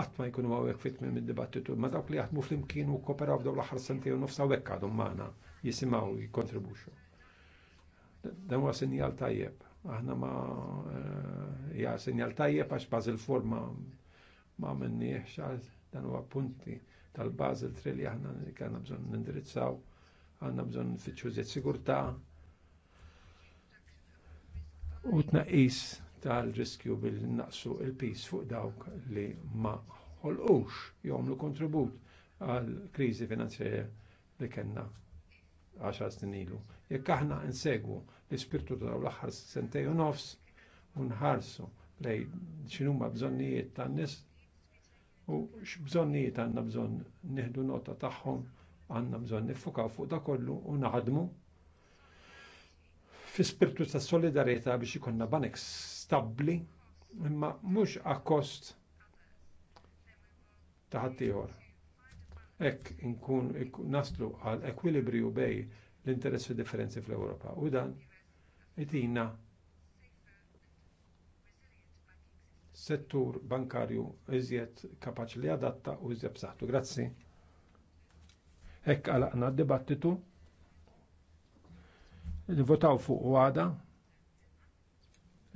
Speaker 10: għatma jkunu għawek fit minn id-dibattitu, ma dawk li għatmu fl-imkien u kooperaw f'dawn l axar sentej u nofs għawek għadu maħna jisimaw jikkontribwixxu. Dan huwa sinjal tajjeb. Aħna ma eh, ja sinjal tajjeb għax bażil forma ma minni għal dan huwa punti tal-Basel Trail li aħna għandna bżonn nindirizzaw, għandna bżonn nfittxu żiet sigurtà u tnaqqis tal-riskju bil naqsu il-pis fuq dawk li ma ħolqux jomlu kontribut għal kriżi finanzjarja li kellna 10 snin ilu. Jekk aħna insegwu l-ispirtu ta' l-aħħar sentej nofs u nħarsu lejn x'inhuma bżonnijiet tan-nies u x'bżonnijiet għandna bżonn nieħdu nota tagħhom, għandna bżonn niffukaw fuq da kollu u naħdmu fi spirtu ta' solidarieta biex ikonna banek stabbli imma mhux akkost ta' ħaddieħor. Hekk inkun naslu għal ekwilibrju bej l-interessi differenzi fl-Ewropa u dan itina settur bankarju iżjed kapaċi li adatta u iżjed b'saħħtu. Grazzi. Hekk għalaqna d-dibattitu. Votaw fuq u għada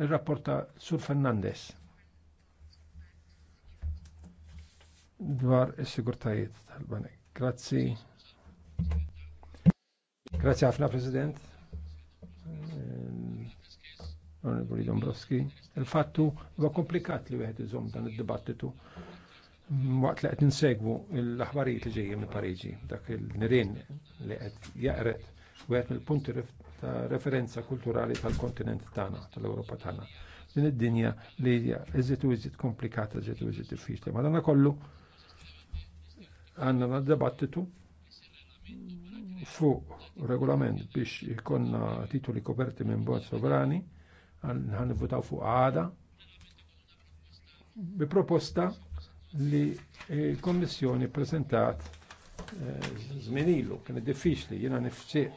Speaker 10: il-rapporta Sur Fernandez dwar is-sigurtajiet tal-banek. Grazzi. Grazzi ħafna President onorevoli Dombrovski. Il-fattu huwa komplikat li wieħed iżomm dan id-dibattitu waqt li qed insegwu l-aħbarijiet li ġejjin minn Pariġi, dak il-nirien li qed jaqret wieħed mill-punti ta' referenza kulturali tal-kontinent tagħna, tal-Ewropa tagħna. Din id-dinja li hija eżiet u eżiet komplikata, eżiet u eżiet diffiċli. Ma dan kollu għandna dibattitu fuq regolament biex ikonna titoli koperti minn bot sovrani għan votaw fuq għada bi proposta li l-Kommissjoni prezentat zminilu, eh, kien diffiċli, jena nifċieq.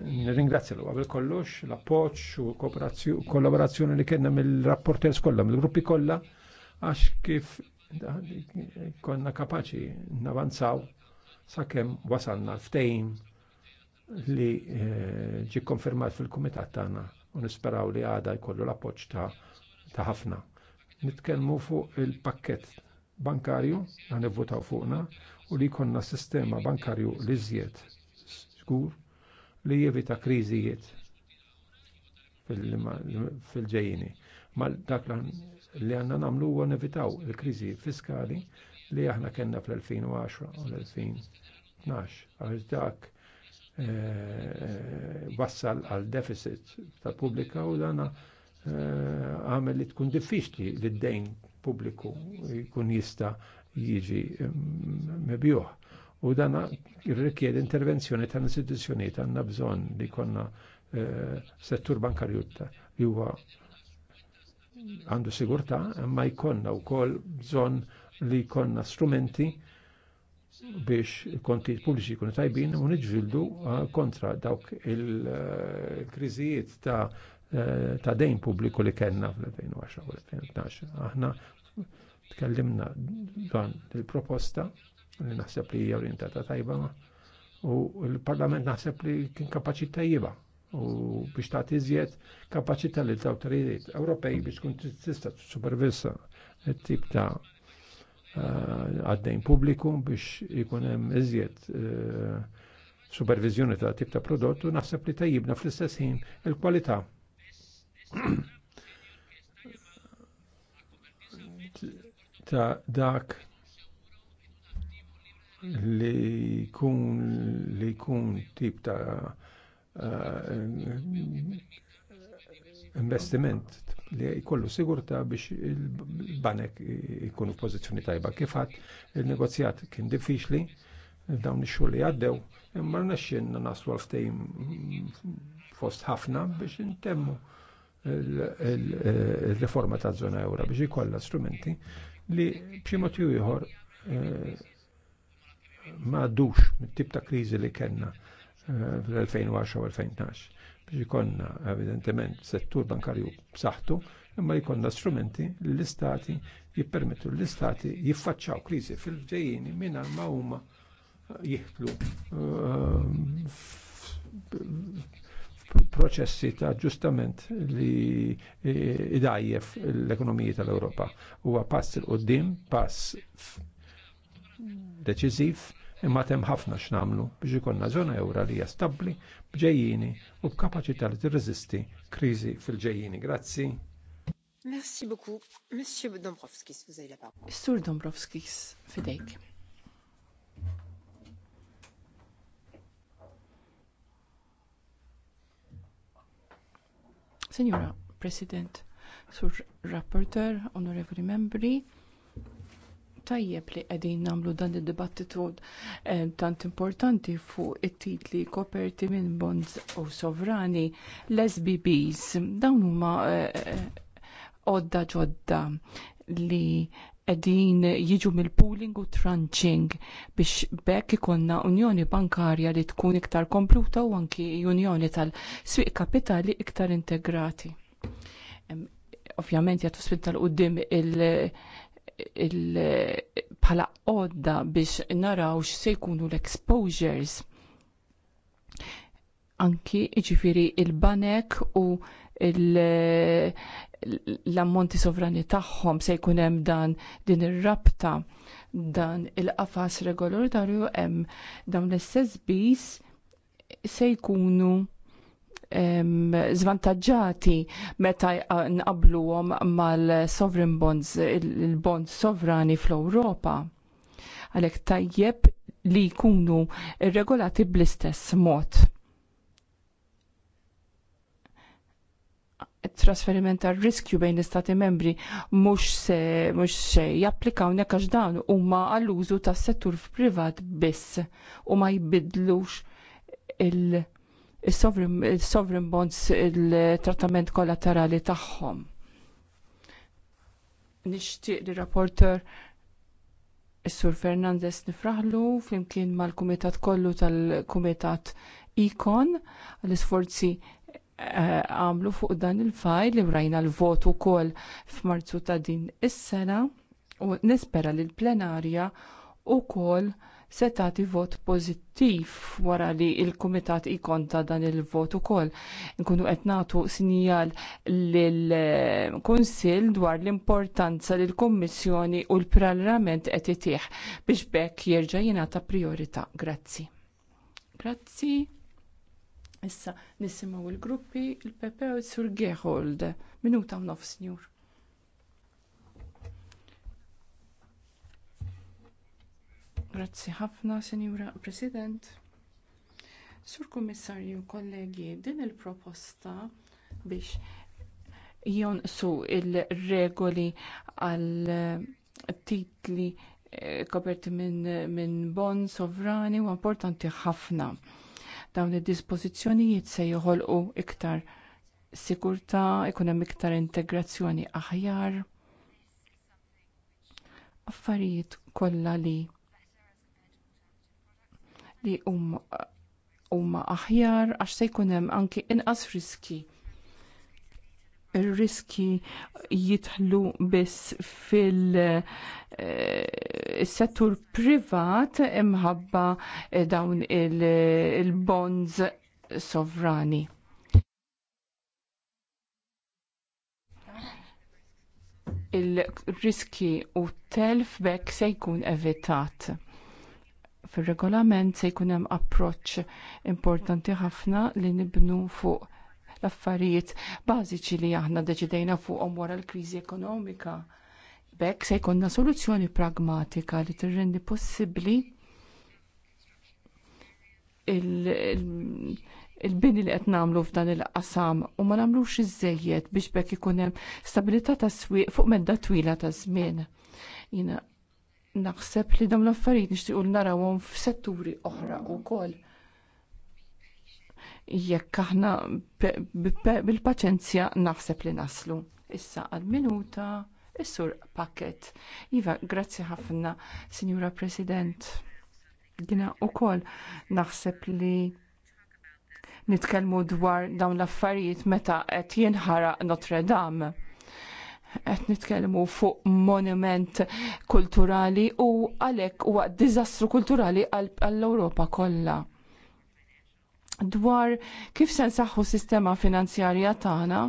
Speaker 10: l għabel kollox, l-appoċ u kollaborazzjoni li kena mill-rapporters kollha, mill-gruppi kollha, għax kif konna kapaċi navanzaw sakemm wasanna ftejn li eh, ġi konfermat fil-kumitat tagħna u nisperaw li għada jkollu l-appoġġ ta' ħafna. Nitkellmu fuq il-pakket bankarju għan nivvotaw fuqna u li jkollna sistema bankarju li żjed skur li jevita kriżijiet fil-ġejjini. Ma dak li għanna namlu huwa nevitaw il-kriżi fiskali li aħna kellna fl-2010 u l-2012 għax dak Eh, wassal għal deficit tal-pubblika u dana eh, għamel li tkun diffiċli li d-dejn publiku jkun jista jiġi mebjuħ. Mm, u dana jirrikjed intervenzjoni ta' istituzzjoni għanna bżon li konna eh, settur bankarju li huwa għandu sigurta, ma jkonna u kol bżon li konna strumenti biex konti pubbliċi jkunu tajbin u niġġildu uh, kontra dawk il-kriżijiet ta' uh, ta' dejn publiku li kellna fl-2010 u 2012. Aħna tkellimna dan il-proposta li naħseb li hija orientata tajba u l-Parlament naħseb li kien kapaċi tajjiba u biex ta' tiżjed kapaċità tal-autoritajiet Ewropej biex tkun tista' supervisa t-tip ta' Eh, għaddejn pubbliku biex ikun hemm iżjed eh, supervizjoni ta' tip ta' prodott u naħseb li tajibna fl-istess ħin il-kwalità.
Speaker 4: [clears throat]
Speaker 10: ta' dak li kun li kun tip ta' eh, investiment li jkollu sigurta biex il-banek jkunu f'pożizzjoni tajba. Kif Kifat il-negozjat kien diffiċli, dawn ix-xogħol li għaddew, imma rnexxinna naslu għal fost ħafna biex intemmu il-riforma ta' zona ewra biex ikollha strumenti li b'xi ju ieħor eh, ma dux mit-tip ta' kriżi li kellna eh, fl-2010 u 2012 biex ikonna evidentement settur bankarju b'saħħtu, imma jkollna strumenti li l-istati jippermettu l-istati jiffaċċaw kriżi fil-ġejjini mingħajr ma huma eh, jieħdlu eh, proċessi ta' ġustament li eh, idajjef l-ekonomiji tal-Ewropa. Huwa pass il qoddim pass deċiżiv imma tem ħafna x'namlu biex ikollna żona ewra li hija stabbli b'ġejjini u b'kapaċità li tirreżisti kriżi fil-ġejjini. Grazzi. Merci
Speaker 11: beaucoup, Monsieur Dombrovskis, vous avez la parole. Sur Dombrovskis, fidejk. Signora President, sur rapporteur, Honorevoli membri, tajjeb li qegħdin nagħmlu dan id-dibattitu eh, tant importanti fuq it-titli koperti minn bonds u sovrani l-SBBs. Dawn huma għodda eh, ġodda li qegħdin jiġu mill-pooling u tranching biex bekk ikonna unjoni bankarja li tkun iktar kompluta u anki unjoni tal-swieq kapitali iktar integrati ovvjament jgħatu spinta l-qoddim il- bħala għodda biex naraw x'se jkunu l-exposures. Anki ġifiri il-banek u l-ammonti sovrani tagħhom se jkun hemm dan din ir-rabta dan il-qafas regolatorju hemm dawn l-istess bis se jkunu zvantagġati meta nqabbluhom mal-sovereign bonds, il-bonds sovrani fl-Ewropa. Għalhekk tajjeb li jkunu regolati bl-istess mod. trasferiment tar riskju bejn l-istati membri mhux se mhux se japplikaw għax dawn huma għall-użu tas-settur privat biss u ma jbidlux il- il-sovereign bonds il-trattament kollaterali tagħhom. Nixtieq li rapporter sur Fernandez nifraħlu flimkien mal-Kumitat kollu tal-Kumitat Ikon l-isforzi eh, għamlu fuq dan il-fajl li rajna l-votu kol f'Marzu ta' din is-sena u nispera li l-plenarja u kol se tagħti vot pożittiv wara li l kumitat ikonta dan il-vot ukoll. Nkunu qed nagħtu sinjal lill-Kunsill dwar l-importanza li l-Kummissjoni u l-Parlament qed itih biex bekk jerġa' jingħata priorità. Grazzi. Grazzi. Issa nisimgħu l-gruppi il-Pepe u s-Sur Minuta u nofs, Njur. Grazzi ħafna, Sinjura President. Sur Kummissarju, kollegi, din il-proposta biex jonqsu il-regoli għal titli eh, koperti minn min bon sovrani u importanti ħafna. Dawn id-dispożizzjonijiet se joħolqu iktar sikurtà, ikun hemm iktar integrazzjoni aħjar. Affarijiet kollha li li huma aħjar għax se jkun hemm anki inqas riski ir-riski jitħlu biss fil-settur eh, privat imħabba eh, dawn il-bonds il sovrani. Il-riski u telf bekk se jkun evitat fir-regolament se jkun hemm approċċ importanti ħafna li nibnu fuq l-affarijiet bażiċi li aħna deċidejna fuqhom wara l-kriżi ekonomika. B'hekk se jkollna soluzzjoni pragmatika li tirrendi possibbli il-bini li qed nagħmlu f'dan il-qasam u ma nagħmlux iż biex bekk ikun hemm stabilità tas-swieq fuq medda twila ta' żmien. Jina naħseb li dawn l-affarijiet nixtiequ narawhom f'setturi oħra wkoll. Jekk aħna bil-paċenzja naħseb li naslu. Issa għal-minuta, is-sur pakket. Iva, grazzi ħafna, Sinjura President. Gina u naħseb li nitkellmu dwar dawn l-affarijiet meta qed jinħaraq Notre Dame qed nitkellmu fuq monument kulturali u għalhekk huwa diżastru kulturali għall-Ewropa kollha. Dwar kif se nsaħħu sistema finanzjarja tagħna,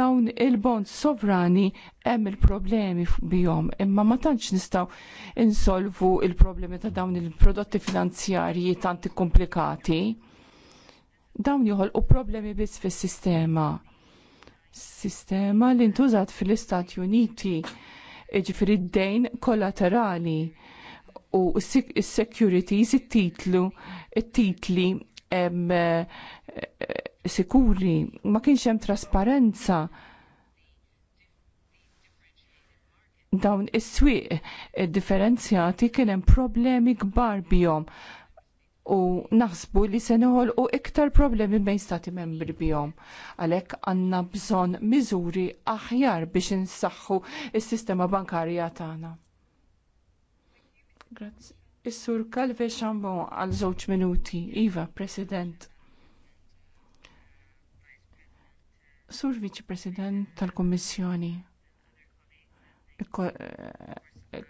Speaker 11: dawn il-bond sovrani hemm il-problemi bihom, imma ma tantx nistgħu insolvu il-problemi ta' dawn il-prodotti finanzjarji tant komplikati. Dawn joħolqu problemi biss fis-sistema sistema li ntużat fil-Istati Uniti ġifiri d-dejn kollaterali u s-securities it-titlu, it-titli eh, eh, sikuri, ma kienx hemm trasparenza dawn is-swieq differenzjati kien hemm problemi kbar bihom u naħsbu li se u iktar problemi bejn stati membri bihom. Għalhekk għandna bżonn miżuri aħjar biex insaħħu s-sistema bankarja tagħna. Grazzi. Is-sur Calve Chambon għal żewġ minuti, Iva, President. Sur Viċi President tal-Kummissjoni. Eh,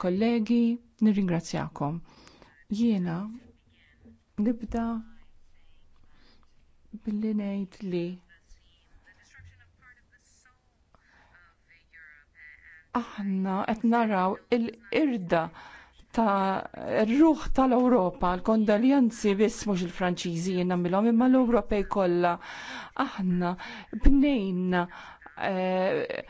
Speaker 11: kollegi, nirringrazzjakom. Jiena Nibda billi ngħid li aħna qed naraw il-irda ta' ruħ tal-Ewropa, l-kondaljanzi biss mhux il-Franċiżi jiena milhom imma l-Ewropej kollha. Aħna bnejna eh,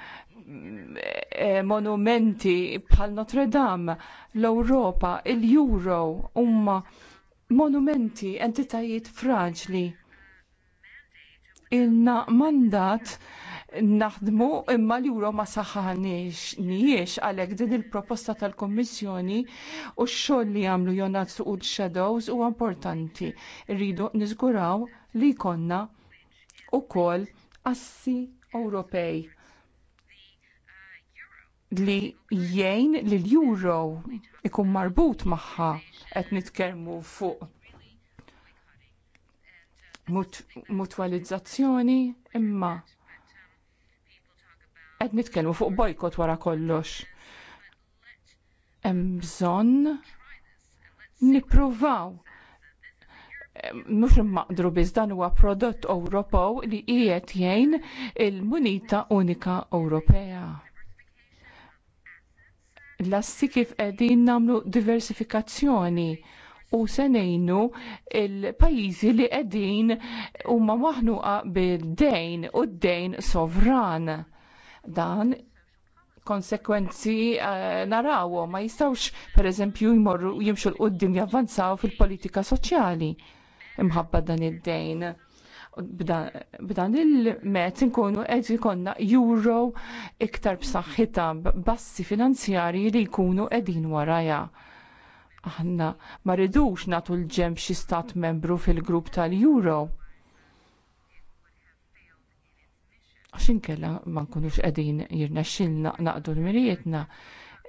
Speaker 11: eh, monumenti bħal Notre Dame, l-Ewropa, il-Euro huma monumenti, entitajiet fraġli. Ilna mandat naħdmu imma li uro ma saħħanix nijiex għalek din il-proposta tal-Kommissjoni u x-xogħol li għamlu Jonat Suqud Shadows u importanti. Rridu niżguraw li konna u kol assi Ewropej li jgħin li l-euro ikun marbut magħha qed nitkellmu fuq mutualizzazzjoni mutwalizzazzjoni imma qed nitkellmu fuq bojkot wara kollox. Hemm bżonn nippruvaw mux maqdru biss dan huwa prodott Ewropew li qiegħed jgħin il-munita unika Ewropea l-assi kif qegħdin nagħmlu diversifikazzjoni u senejnu il-pajizi li qegħdin huma maħnuqa bil-dejn u d-dejn sovran. Dan konsekwenzi uh, eh, narawo ma jistawx pereżempju jmorru jimxu l-qoddim javvanzaw fil-politika soċjali imħabba dan id-dejn b'dan il-met nkunu qed ikonna euro iktar b'saħħitha bassi finanzjarji li jkunu qegħdin waraja. Aħna ma ridux nagħtu l-ġem xi stat membru fil-grupp tal-euro. Għax inkella ma nkunux qegħdin jirnexxilna naqdu l-mirietna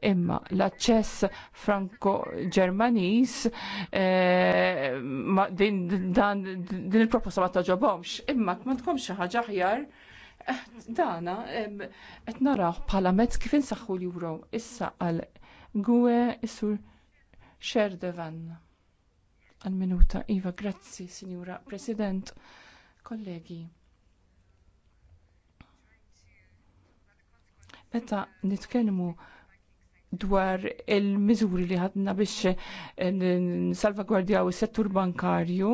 Speaker 11: imma l-aċċess franko-ġermaniż eh, din, il-proposta ma taġobomx, imma ma tkomx xi ħaġa aħjar eh, dana qed naraw bħala mezz kif insaħħu l-euro issa għal gwe isur xerdevan. Għal minuta, Iva, grazzi, Signora President, kollegi. Meta nitkenmu dwar il-miżuri li ħadna biex eh, salvagwardjaw is-settur bankarju,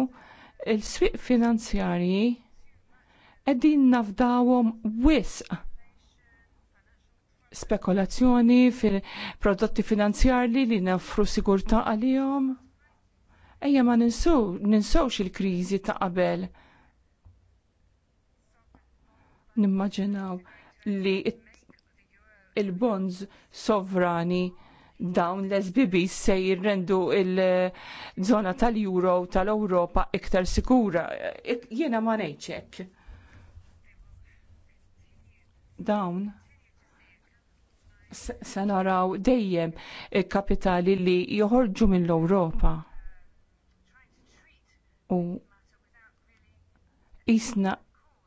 Speaker 11: il-swieq finanzjarji qegħdin nafdawhom wisq spekulazzjoni fil-prodotti finanzjarji li nafru sigurtà għalihom. Ejja ma ninsew, ninsewx il-kriżi ta' qabel. Nimmaġinaw li t il-bonds sovrani dawn l-SBB se jirrendu il-zona tal-Euro tal-Europa iktar sikura. Jiena ma nejċek. Dawn se naraw dejjem kapitali li joħorġu mill-Europa. U isna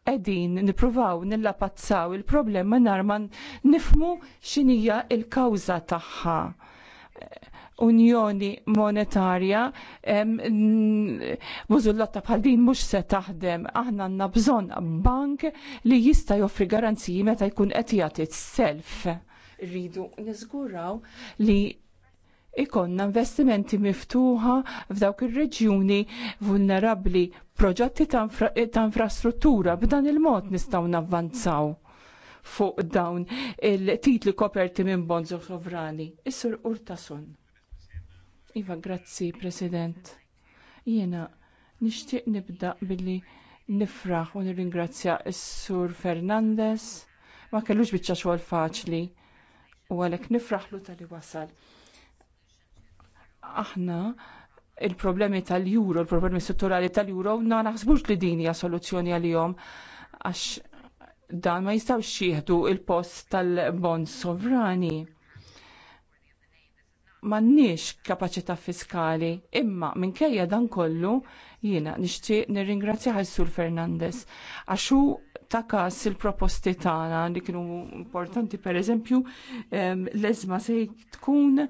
Speaker 11: qegħdin nippruvaw nillapazzaw il-problema narman nifmu x'inhija l-kawża tagħha. Unjoni monetarja bużullotta bħal din mhux se taħdem aħna għandna bżonn bank li jista' joffri garanziji meta jkun qed jagħti self. Rridu niżguraw li ikonna investimenti miftuħa f'dawk ir-reġjuni vulnerabbli proġetti ta' infrastruttura b'dan il-mod nistgħu navvanzaw fuq dawn il-titli koperti minn bonzo sovrani. Is-sur Urtasun. Iva, grazzi, President. Jiena nixtieq nibda billi nifraħ u nirringrazzja is-sur Fernandez. Ma kellux biċċa xogħol faċli u għalhekk nifraħlu tal wasal. Aħna il-problemi tal-juro, il-problemi strutturali tal-juro, na naħsbux li din hija soluzzjoni għalihom għax dan ma jistaw jieħdu il-post tal-bond sovrani. nix kapacita fiskali, imma minkejja dan kollu jiena nixtieq għal ħajsul Fernandez għaxu ta' kas il-proposti tagħna li kienu importanti pereżempju ehm, l ezma se tkun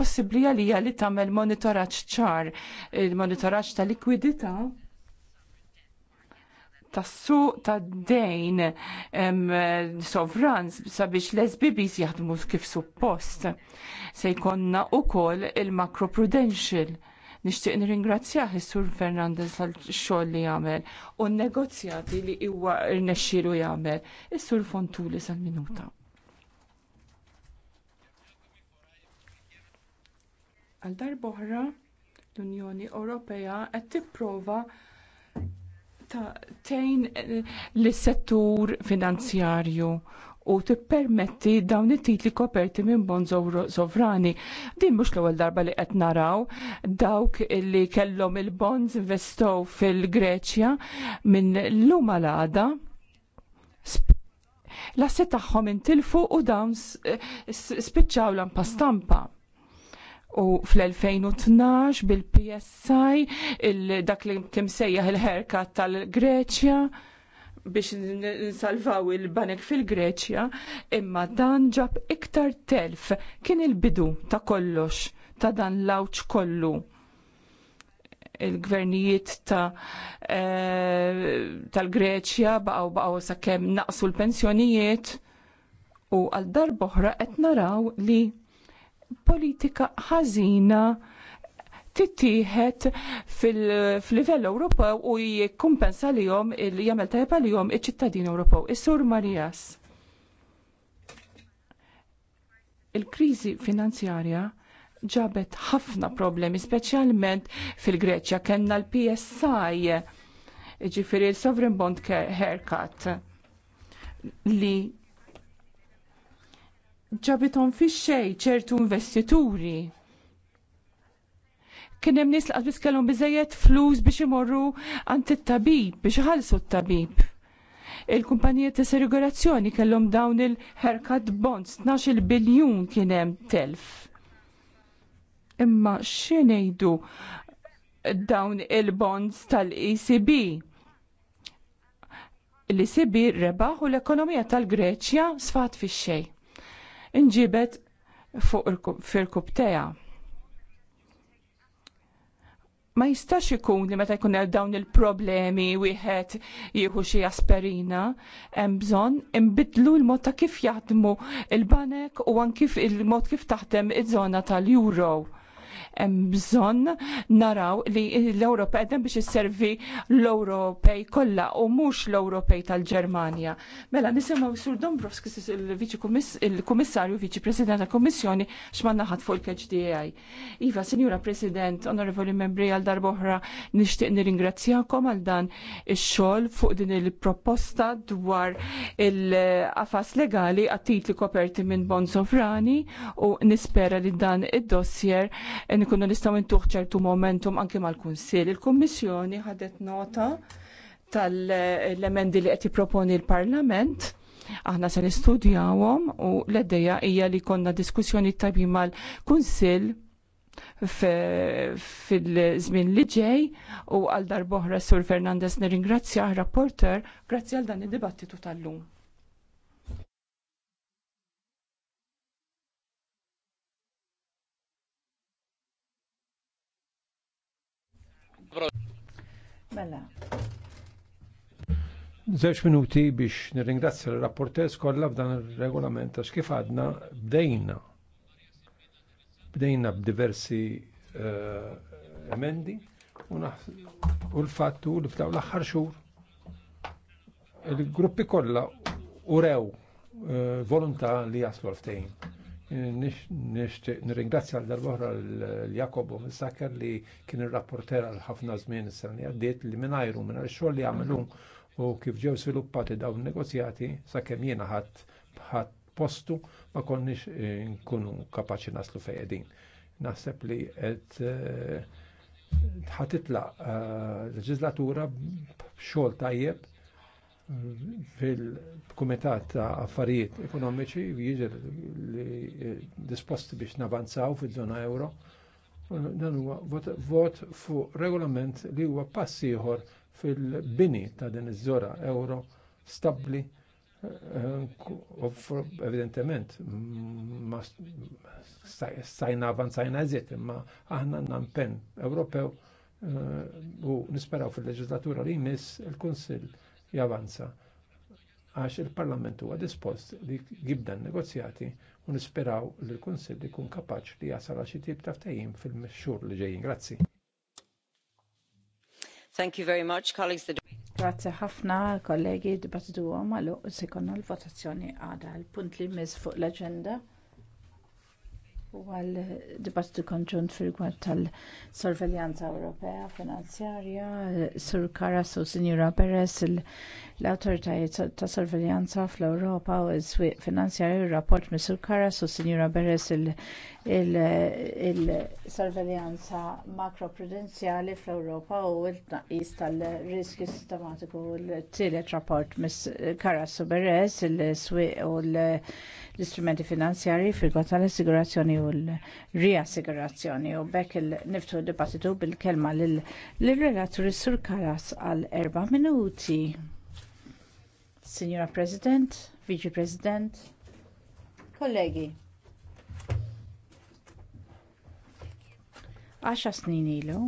Speaker 11: possibbli għalija li tagħmel monitoraġġ ċar, il-monitoraġġ ta' likwidità tas-suq tad-dejn sovran sabiex l-SBBs jaħdmu kif suppost. Se jkollna wkoll il-macro prudential nishtiq nirringrazzjah is-Sur Fernandez għal-xogħol li jagħmel u n-negozjati li huwa rnexxielu jagħmel. Is-Sur Fontuli sal-minuta. Għal darb'oħra l-Unjoni Ewropea qed tipprova ta' tejn l-settur finanzjarju u tippermetti dawn it-titli koperti minn bonds sovrani. Din mhux l-ewwel darba li qed naraw dawk li kellhom il-bonds investow fil-Greċja minn l-lum għada l-assi tagħhom intilfu u dawn spiċċaw l-ampa stampa u fl-2012 bil-PSI dak li timsejjaħ il herka tal-Greċja biex nsalvaw il-banek fil-Greċja, imma dan ġab iktar telf kien il-bidu ta' kollox ta' dan l kollu il-gvernijiet ta' eh, tal-Greċja baqgħu baqgħu sakemm naqsu l-pensjonijiet u għal darboħra qed naraw li politika ħażina tittieħed fil-livell Ewropew u jikkumpensa lihom jagħmel tajba lihom iċ-ċittadin Ewropew. Is-Sur Marias. Il-kriżi finanzjarja ġabet ħafna problemi, speċjalment fil-Greċja kellna l-PSI, ġifiri l-Sovereign Bond Haircut, li ġabitom fi xej ċertu investituri. Kien hemm nies laqas biss kellhom biżejjed flus biex imorru għand it-tabib biex iħallsu t-tabib. Il-kumpanija ta' sirigurazzjoni kellhom dawn il-haircut bonds 12 biljun kien hemm telf. Imma x'inejdu dawn il-bonds tal-ECB? L-ECB rebaħu l-ekonomija tal-Greċja sfat fix xejn inġibet fuq fil-kub teja. Ma jistax ikun li meta jkun dawn il-problemi wieħed jieħu xi asperina, hemm bżonn imbidlu l-mod ta' kif jaħdmu il-banek u anki il-mod kif taħdem iż-żona tal-Euro hemm bżonn naraw li l-Ewropa edem biex isservi l-Ewropej kollha u mhux l-Ewropej tal-Ġermanja. Mela nisimgħu Sur Dombrovskis il-Kummissarju Viċi President tal-Kummissjoni x'man fuq il-KHDI. Iva, Sinjura President, Onorevoli Membri għal darboħra nixtieq nirringrazzjakom għal dan il xogħol fuq din il-proposta dwar il afas legali għattit titli koperti minn Bon Sovrani u nispera li dan id-dossier nkunu nistgħu ntuħ ċertu momentum anke mal-Kunsill. Il-Kummissjoni ħadet nota tal-emendi li qed jipproponi l-Parlament aħna se nistudjawhom u l-idea hija li konna diskussjoni tajbi mal-Kunsill fil-żmien li ġej u għal darboħra Sur Fernandez nirringrazzjah rapporter grazzi għal dan id-dibattitu tal-lum.
Speaker 12: Mela.
Speaker 10: Zewġ minuti biex nirringrazzja l-rapportez kollha f'dan ir-regolament għax kif għadna bdejna. Bdejna b'diversi eh, emendi u l-fattu li f'daw l-aħħar xhur il-gruppi kollha urew eh, volontà li jaslu l-ftejn nirringrazzja għal darbohra l-Jakobu Missaker li kien ir-rapporter għal ħafna żmien s sani għaddiet li minna l xogħol li għamlu u kif ġew sviluppati dawn negozjati sakemm jiena ħadd ħadd postu ma konniex eh, nkunu kapaċi naslu fejedin. Naħseb li qed eh, l eh, leġislatura b'xogħol tajjeb fil-Kumitat ta' Affarijiet Ekonomiċi jiġer li disposti biex navanzaw fil zona euro. Dan huwa vot fuq regolament li huwa passiħor fil-bini ta' din iż-żora euro stabbli eh, eh, evidentement ma stajna avanzajna eżiet imma aħna għandna pen Ewropew eh, u nisperaw fil-leġislatura li jmiss il-Kunsill javanza għax il-Parlament huwa dispost li jibda negozjati u nisperaw li l-Kunsill jkun kapaċ li jasal għal xi tip ta' ftehim fil-xhur li ġejjin. Grazzi. Thank you very much,
Speaker 6: colleagues.
Speaker 9: Grazzi ħafna kollegi dibattitu għom għal sekonna l-votazzjoni għada l-punt li mis fuq l-agenda u għal dibattitu konġunt fil-gwad tal-sorveljanza Ewropea finanzjarja, Sur Karas u Sinjura Peres, l-autoritajiet ta' sorveljanza fl-Ewropa u s-swiq il rapport mis Sur Karas u Sinjura Peres, il-sorveljanza makroprudenzjali fl-Ewropa u l-tnaqqis tal-riskju sistematiku l-tielet rapport mis Kara Beres il-swieq u l-istrumenti finanzjari fil-kot tal-assigurazzjoni u l-riassigurazzjoni u bekk il-niftu dibattitu bil-kelma lill-relaturi Sur Karas għal erba' minuti. Signora President, Vice President, kollegi għaxa snin ilu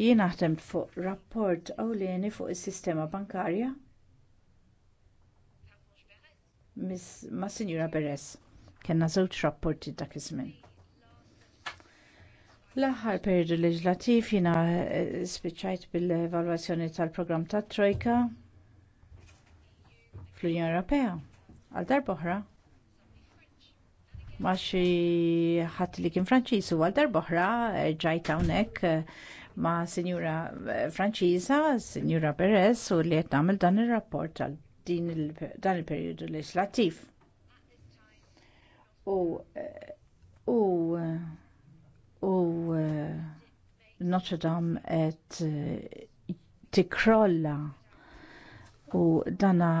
Speaker 9: Jiena ħtemt fuq rapport ewlieni fuq is-sistema bankarja ma sinjura Beres, kena żewġ rapporti dak iż-żmien. L-aħħar periodu leġislattiv jiena eh, spiċċajt bil-evalwazzjoni tal-programm ta' trojka fl-Unjoni Ewropea għal darba oħra ma' xi ħadd li kien Franċiż u għal darboħra eh, ġajt hawnhekk eh, ma' Sinjura eh, Franċiża, Sinjura Perez u li qed tagħmel dan ir-rapport għal din dan il-perjodu leġislattiv. U u u Notre Dame qed tikrolla u dana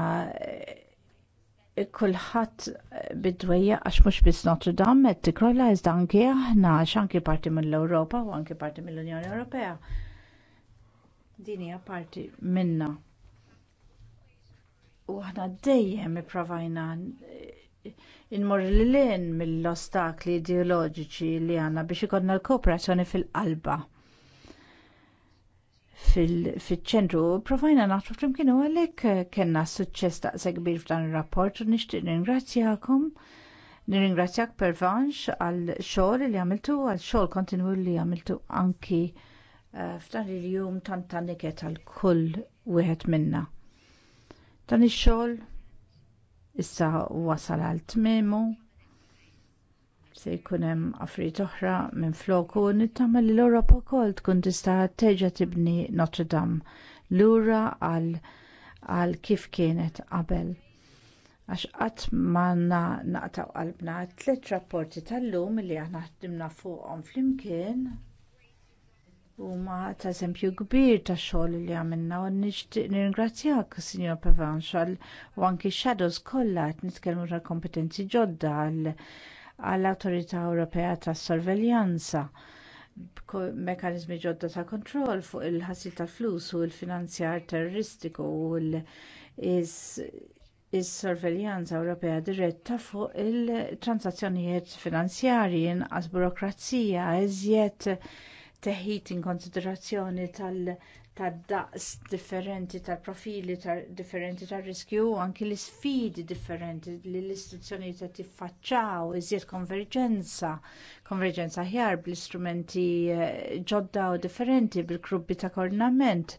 Speaker 9: kulħadd bidwejja għax mhux biss Notre Dame et tikrolla iżda anke aħna għax anke parti mill-Ewropa u anke parti mill-Unjoni Ewropea. Din hija parti minna. U aħna dejjem ipprovajna inmor lilin mill-ostakli ideoloġiċi li għandna biex ikollna l-kooperazzjoni fil-qalba fil-ċentru, provajna naħtu flimkien u għalek eh, kena suċċess daqsa kbir f'dan il-rapport u nishtiq nirringrazzjakom. Nirringrazzjak per vanx għal xogħol li għamiltu, għal xogħol kontinwu li għamiltu anki eh, f'dan il-jum tant tanniket għal kull wieħed minna. Dan ix-xogħol issa wasal għal tmiemu se jkun hemm affarijiet oħra minn floku nittama li l-Ewropa wkoll tkun tista' terġa' tibni Notre Dame lura għal għal kif kienet qabel. Għax qatt ma naqta' qalbna tliet rapporti tal-lum li aħna ħdimna fuqhom flimkien huma ta' eżempju kbir ta' xogħol li għamilna u nixtieq nirringrazzjak, Sinjor Pavanxal, u anki shadows kollha qed nitkellmu ta' kompetenzi ġodda għal għall-Awtorità Ewropea tas-Sorveljanza mekanizmi ġodda ta' kontroll fuq il-ħasil tal-flus u l-finanzjar terroristiku u is-sorveljanza Ewropea diretta fuq il-transazzjonijiet finanzjarji inqas burokrazija iżjed teħid in konsiderazzjoni tal- tad-daqs differenti tal-profili differenti tar-riskju u anki l-isfidi differenti li l-istituzzjonijiet qed jiffaċċjaw iżjed konverġenza, konverġenza aħjar bl-istrumenti eh, ġodda u differenti bil-gruppi ta' koordinament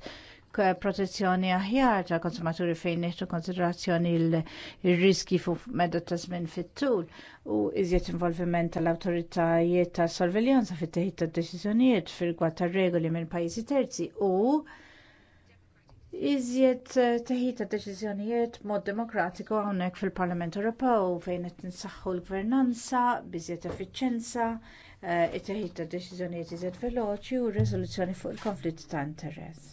Speaker 9: Eh, protezzjoni aħjar ta' konsumaturi fejn neħtu konsiderazzjoni il-riski fuq medda ta' żmien fit-tul u iżjed involviment tal-awtoritajiet ta' sorveljanza fit-teħid ta' deċiżjonijiet fil-gwad regoli minn pajjiżi terzi u iżjed eh, teħid ta' deċiżjonijiet mod demokratiku hawnhekk fil-Parlament Ewropew fejn qed insaħħu l-gvernanza biżjed effiċjenza eh, it-teħid ta' deċiżjonijiet iżjed veloċi u r riżoluzzjoni fuq il-konflitt ta' interess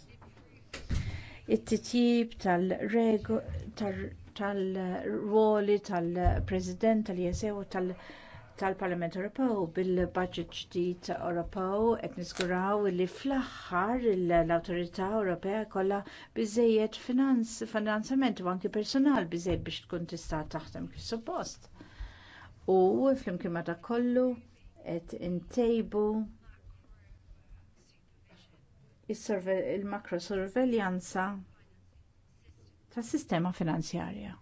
Speaker 9: it-titjib tal-ruoli tal-President tal-Jesew tal-Parlament Ewropew bil budget ġdid Ewropew qed niżguraw li fl-aħħar l-Awtorità Ewropea kollha biżżejjed finanzament u anki personal biżżejjed biex tkun tista' taħdem kif suppost. U flimkien ma' kollu qed intejbu il-makro tas sistema finanzjarja.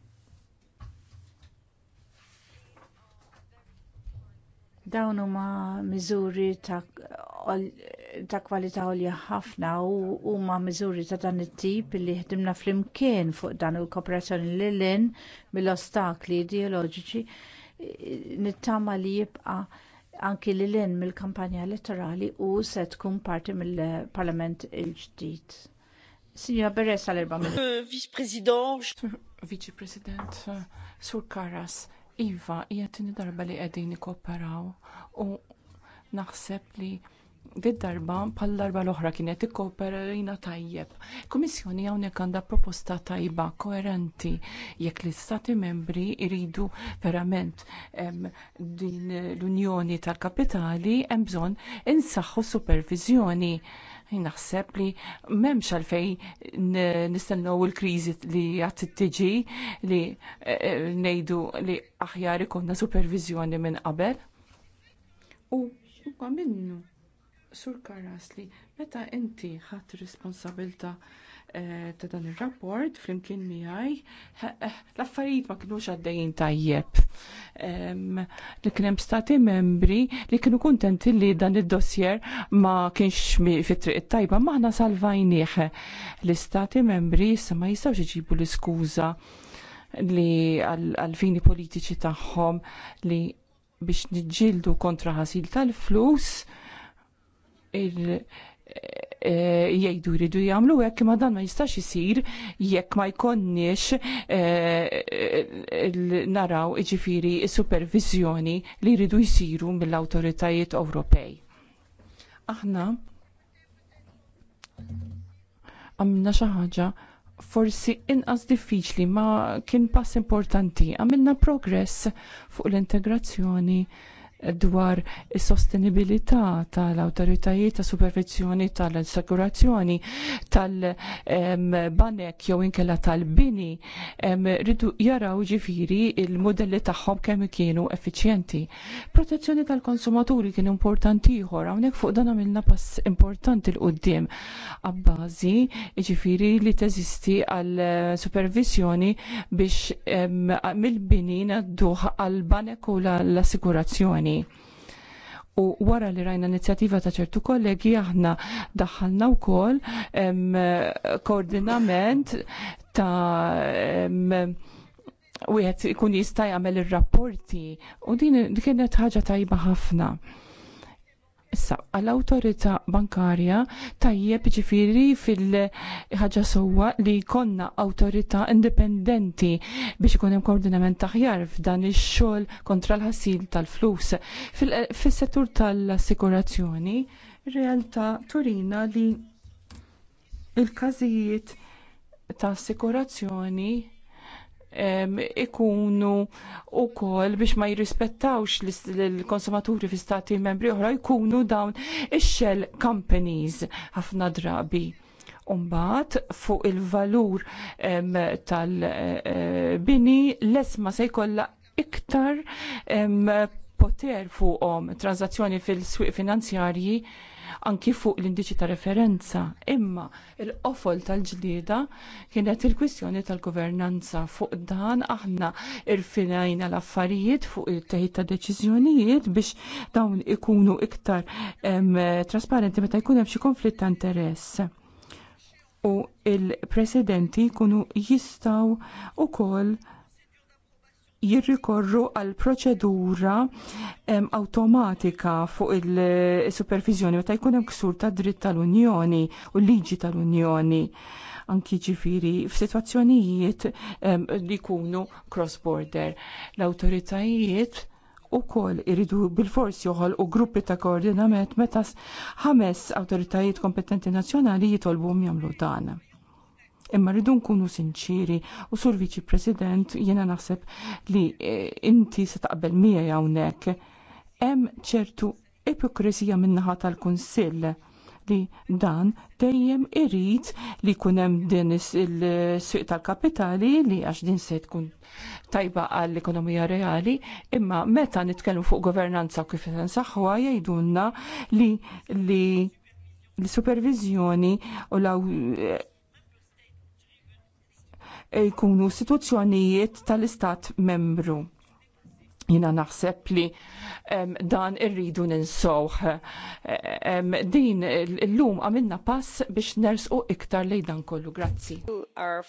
Speaker 9: Dawn huma miżuri ta' kwalità għolja ħafna u huma miżuri ta' dan it-tip li ħdimna flimkien fuq dan il-kooperazzjoni li lin mill-ostakli ideoloġiċi nittama li jibqa' anki li l mill-kampanja elettorali u se tkun parti mill-Parlament il-ġdid. Signora Beres għal erba' euh,
Speaker 11: Vice-President. Vice-President, Sur Karas, Iva, hija darba li qegħdin kooperaw u naħseb li Bid-darba, pal darba l-oħra kienet ikkooperina tajjeb. Kummissjoni hawnhekk għandha proposta tajba, koerenti, jekk l-istati membri jridu verament din l-Unjoni tal-Kapitali hemm bżonn insaħħu supervizjoni. Naħseb li memx għalfejn nistennew il-kriżi li għat tiġi li e, e, ngħidu li aħjar ikonna supervizjoni minn qabel. U minnu Sur Karasli, meta inti ħadd responsabilta eh, ta' dan ir-rapport flimkien miegħi, eh, eh, l-affarijiet ma kinux għaddejjin tajjeb. Li kien hemm stati membri li kienu kuntenti li dan id-dossier ma kienx fit-triq it-tajba maħna salvajnieh. L-istati membri issa ma jistgħux iġibu l-iskuża li għal-fini politiċi tagħhom li biex niġġieldu kontra ħasil tal-flus E, jgħidu jridu jagħmlu hekk imma dan ma jistax isir jekk ma jkonniex e, naraw iġifieri supervizjoni li jridu jsiru mill-awtoritajiet Ewropej. Aħna għamilna xi ħaġa forsi inqas diffiċli ma kien pass importanti. Għamilna progress fuq l-integrazzjoni dwar is-sostenibilità tal-awtoritajiet ta' supervizjoni tal-assigurazzjoni tal-banek jew inkella tal-bini ridu jaraw ġifiri il-modelli tagħhom kemm kienu effiċjenti. Protezzjoni tal-konsumaturi kien importanti ieħor hawnhekk fuq dan għamilna pass importanti l qudiem abbażi ġifiri li teżisti għal supervizjoni biex mill-bini nadduħ għal banek u l-assigurazzjoni komuni. U wara li rajna inizjattiva ta' ċertu kollegi aħna daħħalna wkoll koordinament ta' em, u ikun jista' jagħmel ir-rapporti u din kienet ħaġa tajba ħafna. Issa, għall awtorità bankarja tajjeb ġifiri fil-ħagġa sowa li konna awtorità indipendenti biex ikun hemm koordinament taħjar f'dan ix-xogħol kontra l-ħasil tal-flus. Fis-settur tal-assikurazzjoni, realtà turina li il-każijiet ta' assikurazzjoni ikunu u kol biex ma jirrispettawx l-konsumaturi fi stati membri oħra jkunu dawn ix-shell companies ħafna drabi. Umbat fuq il-valur tal-bini eh, l-esma se jkollha iktar poter fuqhom transazzjoni fil-swieq finanzjarji anki fuq l-indiċi ta' referenza. Imma il-qofol tal-ġlieda kienet il-kwistjoni tal-governanza fuq dan aħna irfinajna l-affarijiet fuq il-teħid ta' deċiżjonijiet biex dawn ikunu iktar trasparenti meta jkun hemm xi konflitt ta' interess u il-presidenti jkunu jistgħu wkoll jirrikorru għal proċedura awtomatika fuq il-supervizjoni meta jkun hemm ksur ta' dritt tal-Unjoni u liġi tal-Unjoni anki ġifiri f'sitwazzjonijiet li jkunu cross-border. L-autoritajiet u kol iridu bil-fors joħol u gruppi ta' koordinament meta ħames autoritajiet kompetenti nazzjonali jitolbu jagħmlu dan imma rridu nkunu sinċiri u sur viċi president jiena naħseb li e, inti se taqbel mija hawnhekk hemm ċertu ipokrizija min-naħa tal-Kunsill li dan dejjem irrid li jkun hemm din il-suq tal-kapitali li għax din se tkun tajba għall-ekonomija reali, imma meta nitkellmu fuq governanza u kif nsaħħuha jgħidulna li li l-supervizjoni u jkunu istituzzjonijiet tal-istat membru jina naħseb li um, dan irridu ninsowħ. Um, din l-lum għamilna pass biex nersqu iktar li dan kollu. Grazzi.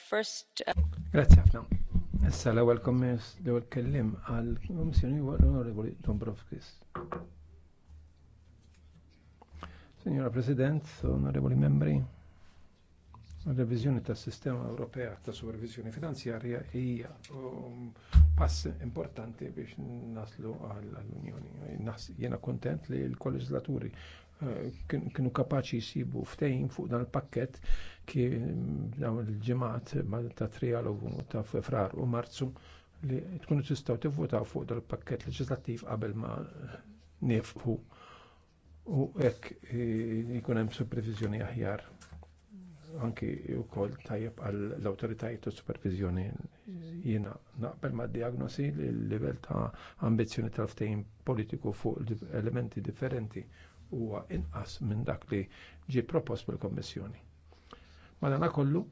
Speaker 11: First... Uh,
Speaker 10: Grazzi għafna. Issa l-ewwel kommers l kellim għal komissjoni huwa l-Onorevoli Dombrovskis. Signora President, onorevoli membri, Revizjoni tas sistema Ewropea ta' supervizjoni finanzjarja hija um, pass importanti biex naslu għall-Unjoni. Jena kontent li l-kolleġislaturi eh, kienu kapaċi jisibu ftejn fuq dan il-pakket ki dawn il-ġemat ta' trialogu ta' frar u marzu li tkunu tistaw tivvotaw fuq dan il-pakket leġislattiv qabel ma nefqu u hekk jkun eh, hemm supervizjoni aħjar anki u kol tajjeb għal l-autoritajiet u supervizjoni jina naqbel ma' diagnosi l-level ta' ambizjoni tal-ftejn politiku fuq elementi differenti huwa inqas minn dak li ġie propost mill-Kommissjoni. Ma mela dan kollu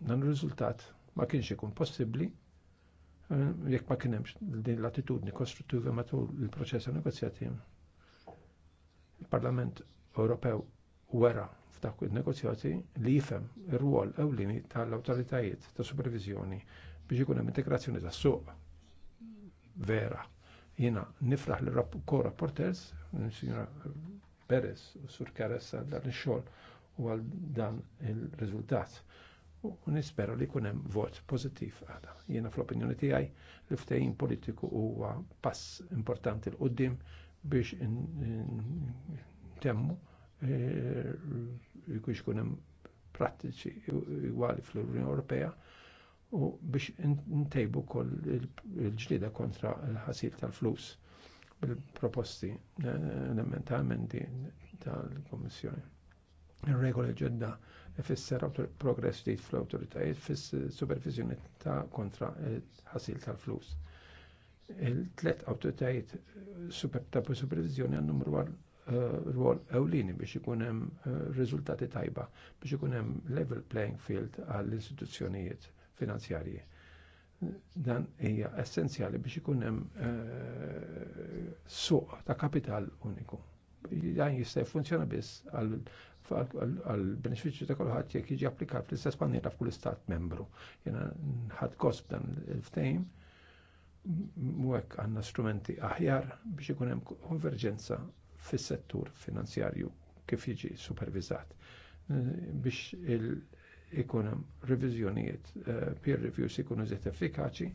Speaker 10: dan ir-riżultat ma kienx ikun possibbli eh, jekk ma kien hemmx din l-attitudni kostruttiva matul il-proċess ta' negozjati. Il-Parlament Ewropew wera f'dak il-negozjati li jifhem ir-rwol ewlieni tal-awtoritajiet ta' supervizjoni biex ikun hemm integrazzjoni tas-suq vera. Jiena nifraħ li co-rapporters, signora Perez u Sur Karessa dan ix-xogħol u għal dan il-riżultat. U nispera li jkun hemm vot pożittiv għada. Jiena fl-opinjoni tiegħi li ftehim politiku huwa pass importanti l qudiem biex temmu Eh, jkun ikun hemm prattiċi igwali fl-Unjoni Ewropea u biex ntejbu kol il-ġlida kontra l-ħasil tal-flus bil-proposti elementarmenti eh, tal-Komissjoni. Il-regola ġedda fisser progress dit fl-autoritajiet fis-supervizjoni ta' kontra l-ħasil tal-flus. Il-tlet autoritajiet ta' supervizjoni għal numru Eh, rwol ewlini biex ikun hemm eh, riżultati tajba, biex ikun hemm level playing field għall-istituzzjonijiet finanzjarji. Dan hija essenzjali biex ikun hemm eh, suq ta' kapital uniku. Dan jista' jfunzjona biss għal beneficju ta' kulħadd jekk jiġi applikat fl-istess maniera f'kull stat membru. Jena nħad kosb dan il-ftejm mwek għanna strumenti aħjar biex ikun hemm konverġenza fis-settur finanzjarju kif jiġi supervizzat eh, biex ikun hemm reviżjonijiet eh, peer reviews ikunu żiet effikaċi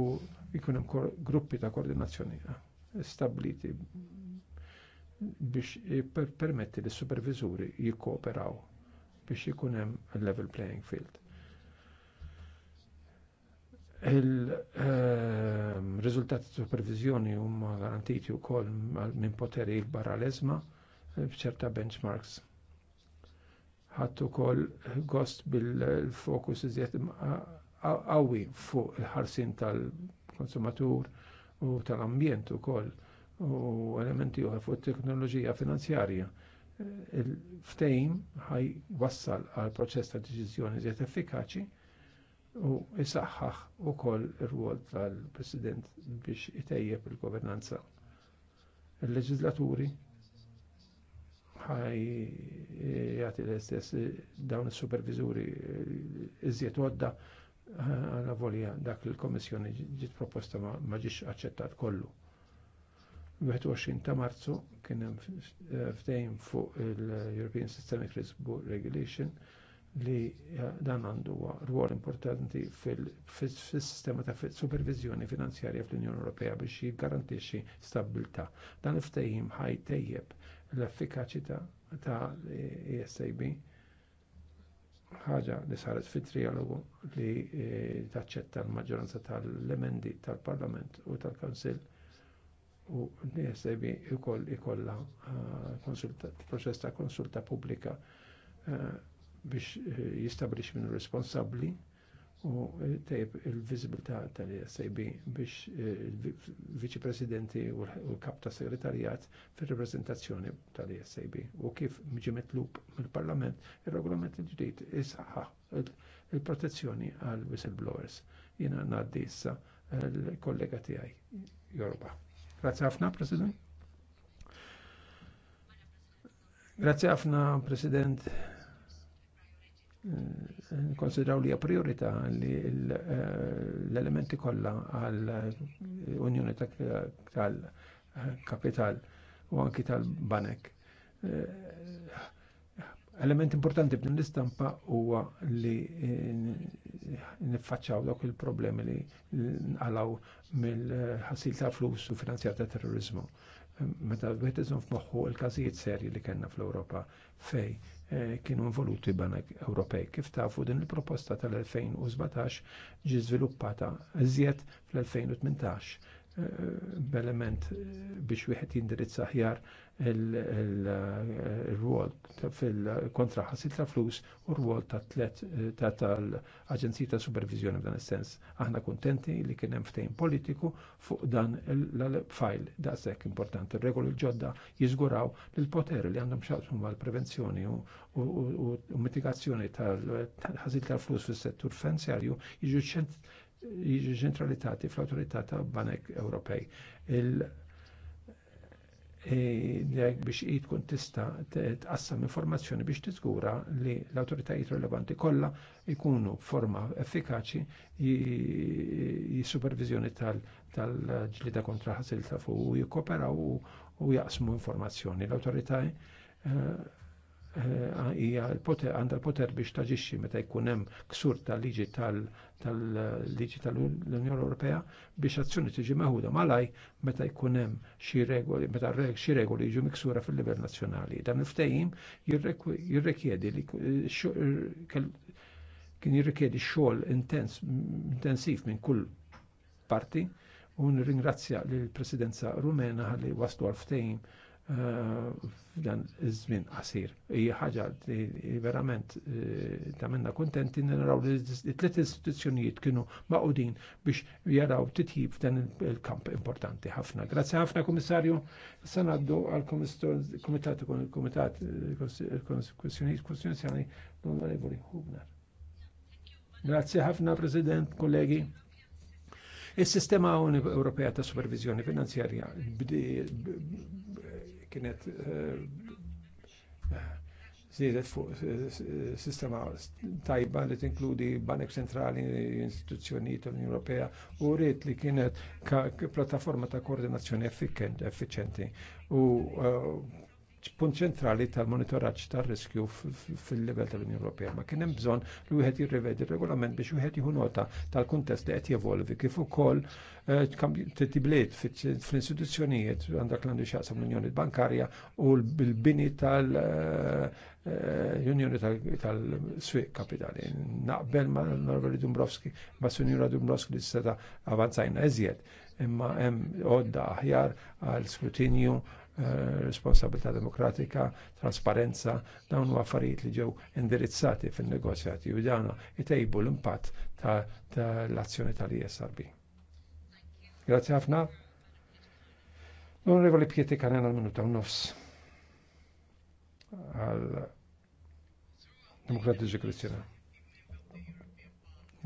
Speaker 10: u ikun hemm gruppi ta' koordinazzjoni eh, stabliti biex permetti li supervizuri jikkooperaw biex ikun hemm level playing field. Il-riżultati ta' supervizjoni huma garantiti wkoll minn poteri kbar għal eżma b'ċerta eh, benchmarks. Ħadd ukoll eh, gost bil-fokus iżjed qawwi fuq il-ħarsin tal-konsumatur u tal-ambjent ukoll u elementi oħra fuq teknoloġija finanzjarja. Eh, Il-ftejm ħaj wassal għal proċess ta' deċiżjoni iżjed effikaċi u jisaxħax ukoll ir-rwol tal-President biex itejjeb il-governanza. Il-leġislaturi ħaj jagħti l-istess dawn is-supervizuri iżjed għodda eh, għana volja dak il-Komissjoni ġiet proposta ma ġiex aċċettat kollu. 21 ta' Marzu kien hemm eh, fuq il-European Systemic Risk Board Regulation li eh, dan għandu ruol importanti fil-sistema ta' supervizjoni finanzjarja fl-Unjoni Ewropea biex jiggarantixxi stabilità. Dan iftehim ħajtejjeb l-effikaċità ta' ESAB ħaġa li saret fit trialogu li eh, taċċetta l-maġġoranza tal-emendi tal-Parlament u tal kansil u l-ESAB ikollha eh, proċess ta' konsulta pubblika biex eh, jistabrix minn responsabli u eh, tajb il-vizibilità tal-SAB biex eh, il-Viċi Presidenti u l-Kap ta' Segretarjat fir reprezentazzjoni tal-SAB u kif mġi metlub mill-Parlament il-regolament il ġdijt isaħħa il-protezzjoni għal whistleblowers. Jina naddi issa l-kollega tiegħi Jorba. Grazie ħafna, President. Grazie ħafna, President. Konsidraw li priorità li l-elementi kollha għal unjoni tal-kapital u anki tal-banek. Element importanti b'din l-istampa huwa li niffaċċaw dawk il-problemi li nqalaw mill-ħasil ta' flus u finanzjar ta' terrorizmu meta wieħed iżomm f'moħħu l-każijiet serji li kellna fl-Ewropa fej Eh, kienu involuti banek Ewropej. Kif tafu din il-proposta tal-2017 ġi żviluppata iżjed fl-2018 eh, b'element eh, biex wieħed jindirizza ħjar il ruol fil-kontra ħasit ta' flus u rwol ta' tlet ta' tal-Aġenzija ta' Supervizjoni f'dan is-sens. Aħna kuntenti li kien hemm ftehim politiku fuq dan il da' daqshekk importanti. Regoli regoli ġodda jiżguraw li l-poteri li għandhom xaqsmu l prevenzjoni u mitigazzjoni tal-ħasil tal-flus fis-settur finanzjarju jiġu jiġu ċentralizzati fl-autorità ta' Banek Ewropej. E, biex id tkun tista tqassam informazzjoni biex tiżgura li l-awtoritajiet rilevanti kollha jkunu forma effikaċi jissupervizjoni tal-ġlida kontra ħasil ta' fuq u jikkoperaw u jaqsmu informazzjoni. L-awtoritajiet eh, Eh, l-poter għandha l-poter biex taġixxi meta jkun hemm ksur tal-liġi tal-liġi tal-Unjoni Ewropea biex azzjoni tiġi meħuda malaj meta jkun hemm xi regoli meta xi regoli jiġu miksura fil-livell nazzjonali. Dan il-ftehim jirrikjedi li kien jirrikjedi xogħol intens intensiv minn kull parti u nirringrazzja lill presidenza rumena ħalli waslu għal ftehim dan iż-żmien qasir. Hija ħaġa li verament eh, tagħmilna kuntenti naraw li t-tliet istituzzjonijiet kienu maqudin biex jaraw titjib f'dan il-kamp importanti ħafna. Grazzi ħafna Kummissarju. Issa ngħaddu għal kumitat il-Kumitat Kostituzzjonali l-Onorevoli Hubner. Grazzi ħafna President, kollegi. il sistema Ewropea ta' Supervizjoni Finanzjarja kienet eh, zidet fuq eh, sistema tajba li tinkludi Banek Ċentrali, Istituzzjonijiet tal unjoni Ewropea u rrit li kienet ka, plataforma ta' koordinazzjoni effiċenti u eh, punt ċentrali tal-monitoraġġ tar-riskju fil-livell tal-Unjoni Ewropea. Ma kien hemm bżonn li wieħed jirrivedi r-regolament biex wieħed jieħu nota tal-kuntest li qed jevolvi kif ukoll eh, tibbliet fl-istituzzjonijiet għandak l-għandu xaqsam l-Unjoni Bankarja u l-bini tal- eh, eh, unjoni tal-Swiq Kapitali. Naqbel ma' Norveli Dumbrovski, ma' Sunjura Dumbrovski li s-seta avanzajna eżjed imma hemm għodda aħjar għal skrutinju Eh, responsabilità demokratika, trasparenza, dawn u affarijiet li ġew indirizzati fin-negozjati u dana jtejbu l-impatt l azzjoni tal-ISRB. Grazie ħafna. L-Onorevoli Pieti Kanena l-minuta u nofs għal Demokratiġi Kristjana.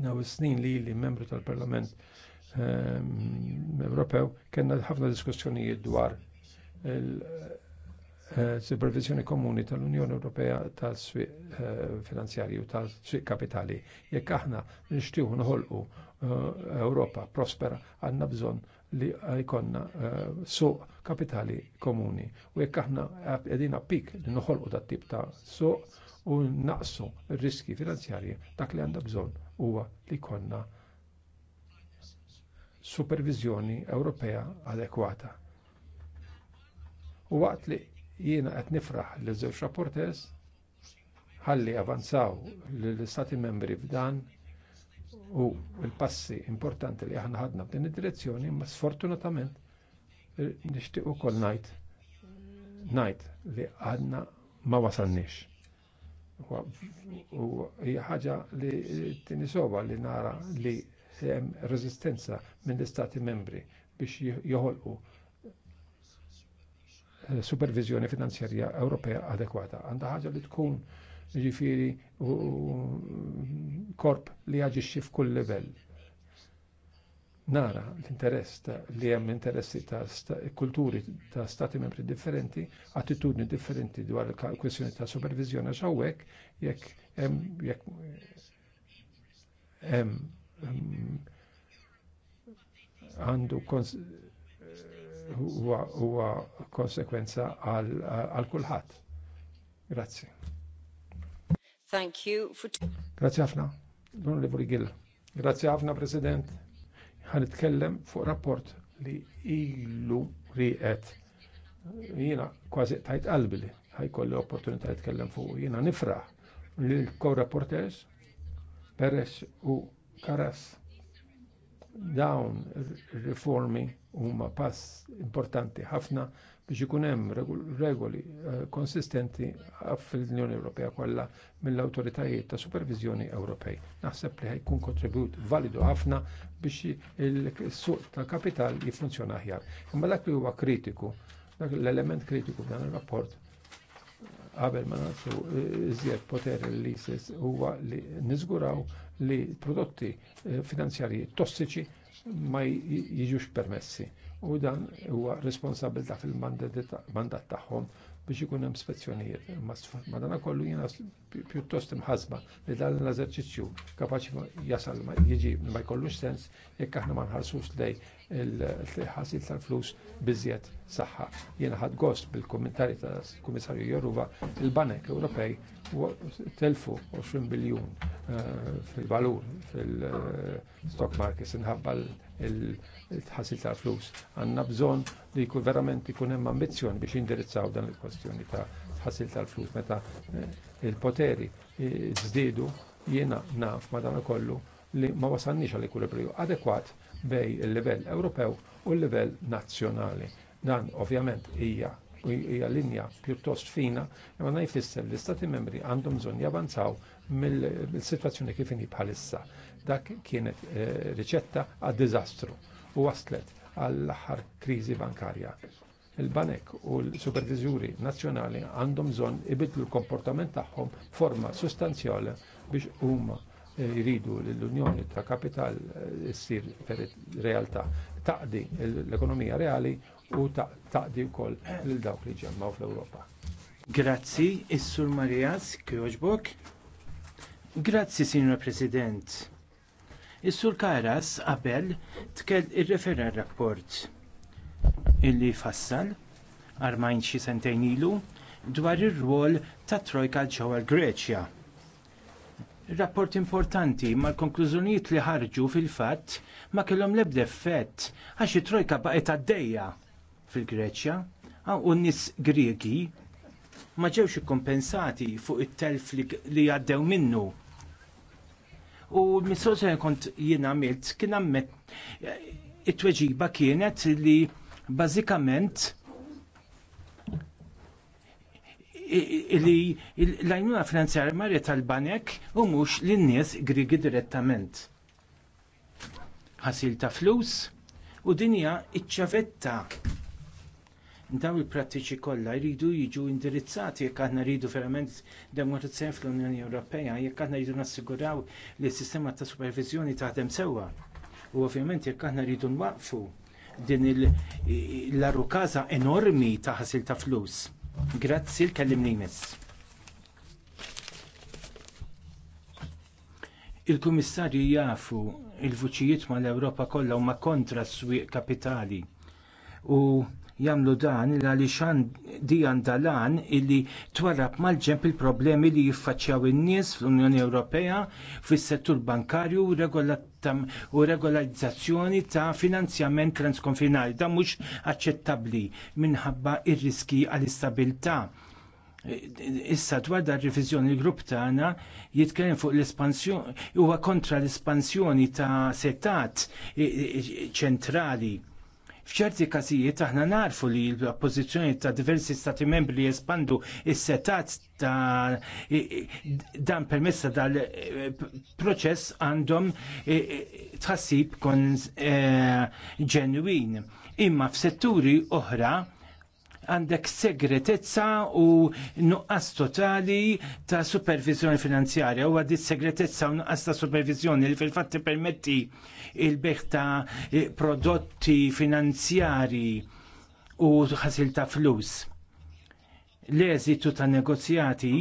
Speaker 10: Naw snin li li membru tal-Parlament ehm, Ewropew kena ħafna diskussjonijiet dwar supervizjoni komuni tal-Unjoni Ewropea tal-swieq eh, finanzjarju tal-swieq kapitali. Jekk aħna nixtiju nħolqu eh, Ewropa prospera għandna bżonn li jkollna eh, suq kapitali komuni. U jekk aħna qegħdin pik li nħolqu dat-tip ta' suq u naqsu r-riski finanzjarji dak li għandha bżonn huwa li jkollna supervizjoni Ewropea adekwata. U waqt li jiena qed nifraħ li żewġ rapporters ħalli avanzaw l-istati membri f'dan u l-passi importanti li aħna ħadna f'din id-direzzjoni, ma sfortunatament nixtieq ukoll ngħid ngħid li għadna ma wasalniex. U hija ħaġa li tinisoba li nara li hemm reżistenza l istati membri biex joħolqu supervizjoni finanzjarja Ewropea adekwata. Għandha ħaġa li tkun ġifiri u korp li jaġixxi f'kull livell. Nara l-interess li hemm interessi ta' kulturi ta' stati membri differenti, attitudni differenti dwar il-kwestjoni ta' supervizjoni għax hawnhekk jekk hemm jekk hemm għandu huwa konsekwenza għal kulħadd. Grazzi. Thank you. Grazzi ħafna, l-Onorevoli Gill. Grazzi ħafna, President. Ħanitkellem fuq rapport li ilu riqet. Jiena kważi tajt qalbi li ħajkolli opportunità jitkellem fuq. Jiena nifraħ li l-co-rapporters Peres u Karas Dawn riformi huma pass importanti ħafna biex ikun hemm regoli eh, konsistenti fil-Unjoni Ewropea kollha mill-awtoritajiet ta' supervizjoni Ewropej. Naħseb li ħajkun kontribut validu ħafna biex il-suq tal-kapital jiffunzjona aħjar. Imma dak li huwa kritiku, dak l-element kritiku f'dan ir-rapport qabel ma nagħtu eh, iżjed poter l-ISIS huwa li niżguraw li prodotti eh, finanzjarji tossiċi ma jiġux permessi. U dan huwa responsabilità fil-mandat tagħhom biex ikun hemm spezzjonijiet. Ma dan kollu jiena pjuttost imħasba li dan l-eżerċizzju kapaċi jasal ma jiġi ma jkollux sens jekk aħna ma nħarsux lej il-ħasil tal-flus biżjed saħħa. Jiena ħad gost bil-kommentari ta' kummissarju Joruva il-Banek Ewropej telfu 20 biljun eh, fil-valur fil-stock eh, markets inħabba il-ħasil ta' flus. Għanna bżon li jkun verament jkun hemm ambizzjoni biex indirizzaw dan il-kwestjoni ta' ħasil tal-flus meta eh, il-poteri eh, żdiedu jiena naf madankollu li ma wasalniex għal ekwilibrju adekwat bej il-livell Ewropew u l-livell nazzjonali. Dan ovvjament hija hija linja pjuttost fina, imma ngħid jfisser li l-Istati membri għandhom bżonn javanzaw mill-sitwazzjoni kif inhi bħalissa. Dak kienet eh, riċetta għad diżastru u waslet għall-aħħar kriżi bankarja. Il-banek u l-supervizuri nazzjonali għandhom bżonn ibidlu l-komportament tagħhom forma sustanzjali biex huma eh, jridu l-Unjoni ta' Kapital eh, issir realtà taqdi l-ekonomija reali u taqdi wkoll lil dawk li ġemmaw fl-Ewropa. Grazzi, Is-Sur
Speaker 12: Marijas Kjoġbok. Grazzi, Signor President. Is-Sur Karas qabel tkell ir-refera rapport illi fassal armajn xi sentejn ilu dwar ir-rwol ta' Trojka ġewwa l-Greċja. Rapport importanti mal konklużjonijiet li ħarġu fil-fatt ma kellhom l-ebda effett għax it-Trojka baqgħet għaddejja fil-Greċja u n-nies Griegi ma ġewx ikkompensati fuq it-telf li għaddew minnu U l-mistoqsija kont jien għamilt kien għammet it-tweġiba kienet li bażikament li l-għajnuna finanzjarja marja tal-banek u mux n nies grigi direttament. Ħasil ta' flus u dinja iċċavetta dan il-prattiċi kollha jridu jiġu indirizzati jekk aħna rridu verament demokrazija fl-Unjoni Ewropea, jekk aħna rridu nassiguraw li s-sistema ta' supervizjoni taħdem sewwa. U ovvjament jekk aħna rridu nwaqfu din l-arrukaza enormi ta' ħasil ta' flus. Grazzi l kellim nimes. Il-Kummissarju jafu il-vuċijiet mal ewropa kollha huma kontra s-swieq kapitali u Jamlu dan il għaliex di għandalan illi twarrab mal-ġemp il-problemi li jiffaċċjaw in-nies fl-Unjoni Ewropea fis-settur bankarju u regolarizzazzjoni ta' finanzjament transkonfinali. Dan mhux aċċettabbli minħabba r riski għall-istabilità. Issa dwar dar riviżjoni l-grupp tagħna jitkellem fuq l-espansjoni huwa kontra l-espansjoni ta' setat ċentrali F'ċerti każijiet aħna narfu li l-oppożizzjoni ta' diversi stati membri li jespandu is-setat ta' dan permessa dal-proċess eh, għandhom eh, eh, tħassib kon ġenwin. Imma f'setturi oħra għandek segretezza u nuqqas totali ta' supervizjoni finanzjarja u għaddi segretezza u nuqqas ta' supervizjoni li fil fatti permetti il-beħ ta' prodotti finanzjari u ħasil ta' flus. L-eżitu ta' negozjati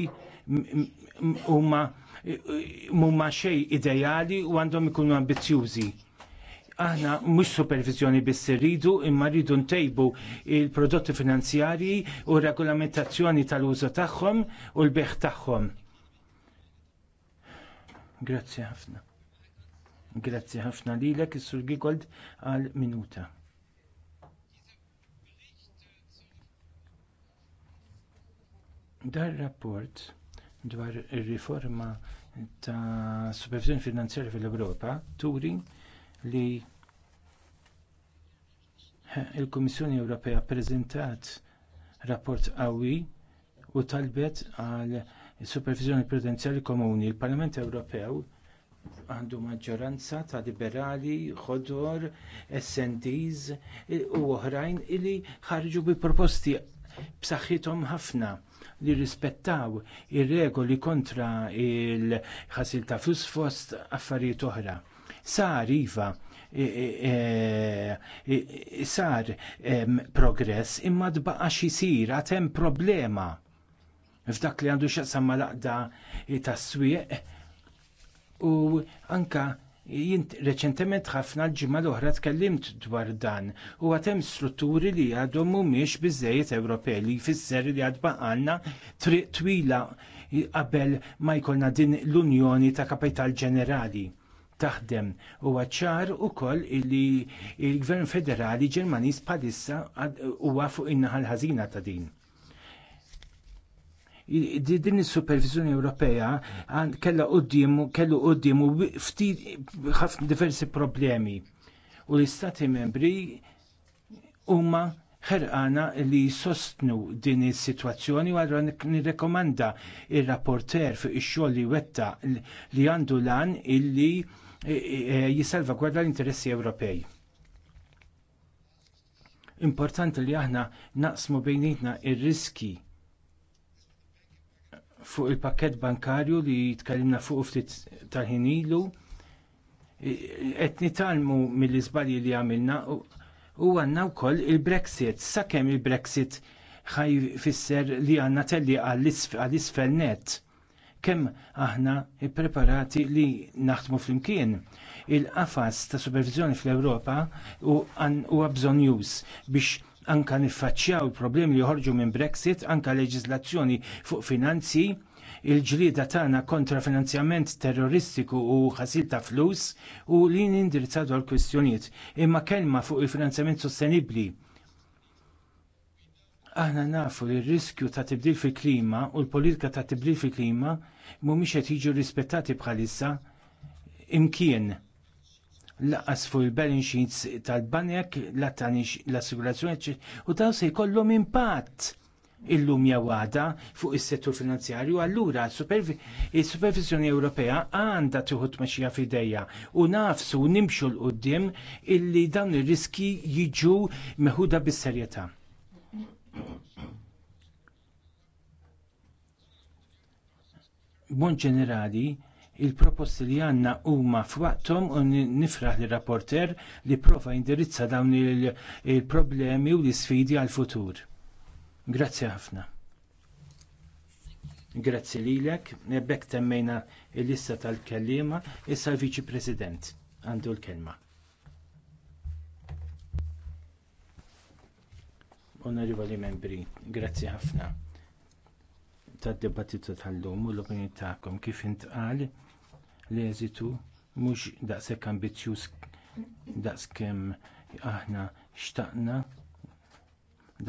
Speaker 12: huma mumma xej ideali u għandhom ikunu ambizjużi aħna mhux supervizjoni biss irridu imma rridu ntejbu il-prodotti finanzjarji u r regolamentazzjoni tal-użu tagħhom u l-beħ tagħhom. Grazzi ħafna. Grazzi ħafna lilek, is-Sur Gigold għal minuta. Dar rapport dwar ir-riforma ta' supervizjoni finanzjarja fil-Ewropa turi li il-Kummissjoni Ewropea ppreżentat rapport qawwi u talbet għal supervizjoni prudenzjali komuni. Il-Parlament Ewropew għandu maġġoranza ta' liberali, ħodor, SNDs eh, u oħrajn li ħarġu bi proposti b'saħħithom ħafna li rispettaw ir-regoli kontra l ħasil ta' flus fost affarijiet oħra. Sar iva, eh, eh, sar progress imma dbaqax isir għad hemm problema f'dak li għandu x'aqsam mal-aqda tas-swieq U anka jint reċentement ħafna l-ġimgħa l-oħra tkellimt dwar dan u għatem strutturi li għadhom mhumiex biżżejjed Ewropej li jfisser li għad għandna triq twila qabel ma jkollna din l-Unjoni ta' Kapital Ġenerali taħdem u għacċar u koll li il-Gvern Federali Ġermaniż palissa huwa fuq in-naħa l-ħażina ta' din din is-supervizjoni Ewropea kellha qudiemu kellu qudiemu ftit ħafna diversi problemi. U l-Istati membri huma ħerqana li jsostnu din is-sitwazzjoni u għadra nirrekomanda ir-rapporter fuq ix-xogħol li wetta li għandu lan illi e, e, e, gwarda l-interessi Ewropej. Importanti li aħna naqsmu bejnietna ir-riski fuq il-pakket bankarju li tkellimna fuq ftit tal-ħin ilu. Qed mill-iżbalji li għamilna u għandna wkoll il-Brexit. Sakemm il-Brexit ħaj fisser li għandna telli għall-isfel net. Kemm aħna preparati li naħdmu flimkien. Il-qafas ta' supervizjoni fl-Ewropa u għabżon jus biex anka niffaċċjaw il-problemi li joħorġu minn Brexit, anka leġiżlazzjoni fuq finanzi, il-ġlieda tagħna kontra finanzjament terroristiku u ħasil ta' flus u li nindirizzadu għal kwistjonijiet. Imma kelma fuq il-finanzjament sostenibbli. Aħna nafu li r-riskju ta' tibdil fil-klima u l-politika ta' tibdil fil-klima mhumiex qed jiġu rispettati bħalissa imkien laqas fuq il-balance sheets tal-banjak, l-assigurazzjoni, u daw se jkollhom impatt illum jawada fuq is-settur finanzjarju, allura il-Supervizjoni Ewropea għandha tieħu tmexxija f'idejja u nafsu nimxu l-qudiem illi dawn ir-riski jiġu meħuda bis-serjetà. Bon ġenerali, il-proposti li għandna huma f'waqthom u nifraħ li rapporter li prova jindirizza dawn il-problemi u l isfidi għall futur Grazzi ħafna. Grazzi lilek, nebbek temmejna l-lista tal kelliema issa l-Viċi President għandu l-kelma. Onorevoli membri, grazzi ħafna tad debattitu tal-lum u l-opinjoni tagħkom kif intqal l-eżitu mhux daqshekk ambizzjuż daqskemm aħna xtaqna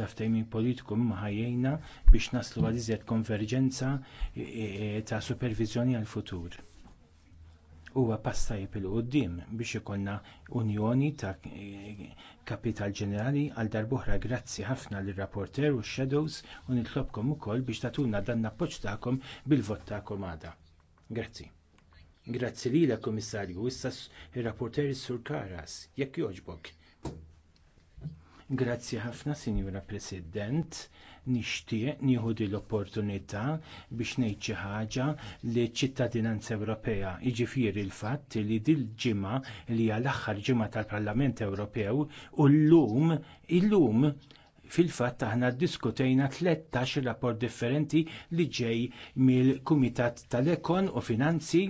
Speaker 12: daftajmin politiku imma ħajjejna biex naslu għal iżjed konverġenza e, e, e, ta' superviżjoni għall futur Huwa pass tajjeb il quddiem biex ikollna unjoni ta' kapital ġenerali għal darb'oħra grazzi ħafna lir rapporter u shadows u nitlobkom ukoll biex tagħtuna dan l-appoġġ tagħkom bil-vot tagħkom għada. Grazzi. Grazzi li la komissarju, issa il-rapporteri sur Karas, jekk joġbok. Grazzi ħafna, Sinjura President, nixtieq nieħu l-opportunità biex ngħid xi ħaġa li ċittadinanza Ewropea, jiġifieri l-fatt li dil ġimgħa li hija l-aħħar ġimgħa tal-Parlament Ewropew u llum illum fil-fatt aħna ddiskutejna 13 rapport differenti li ġej mill-Kumitat tal-Ekon u Finanzi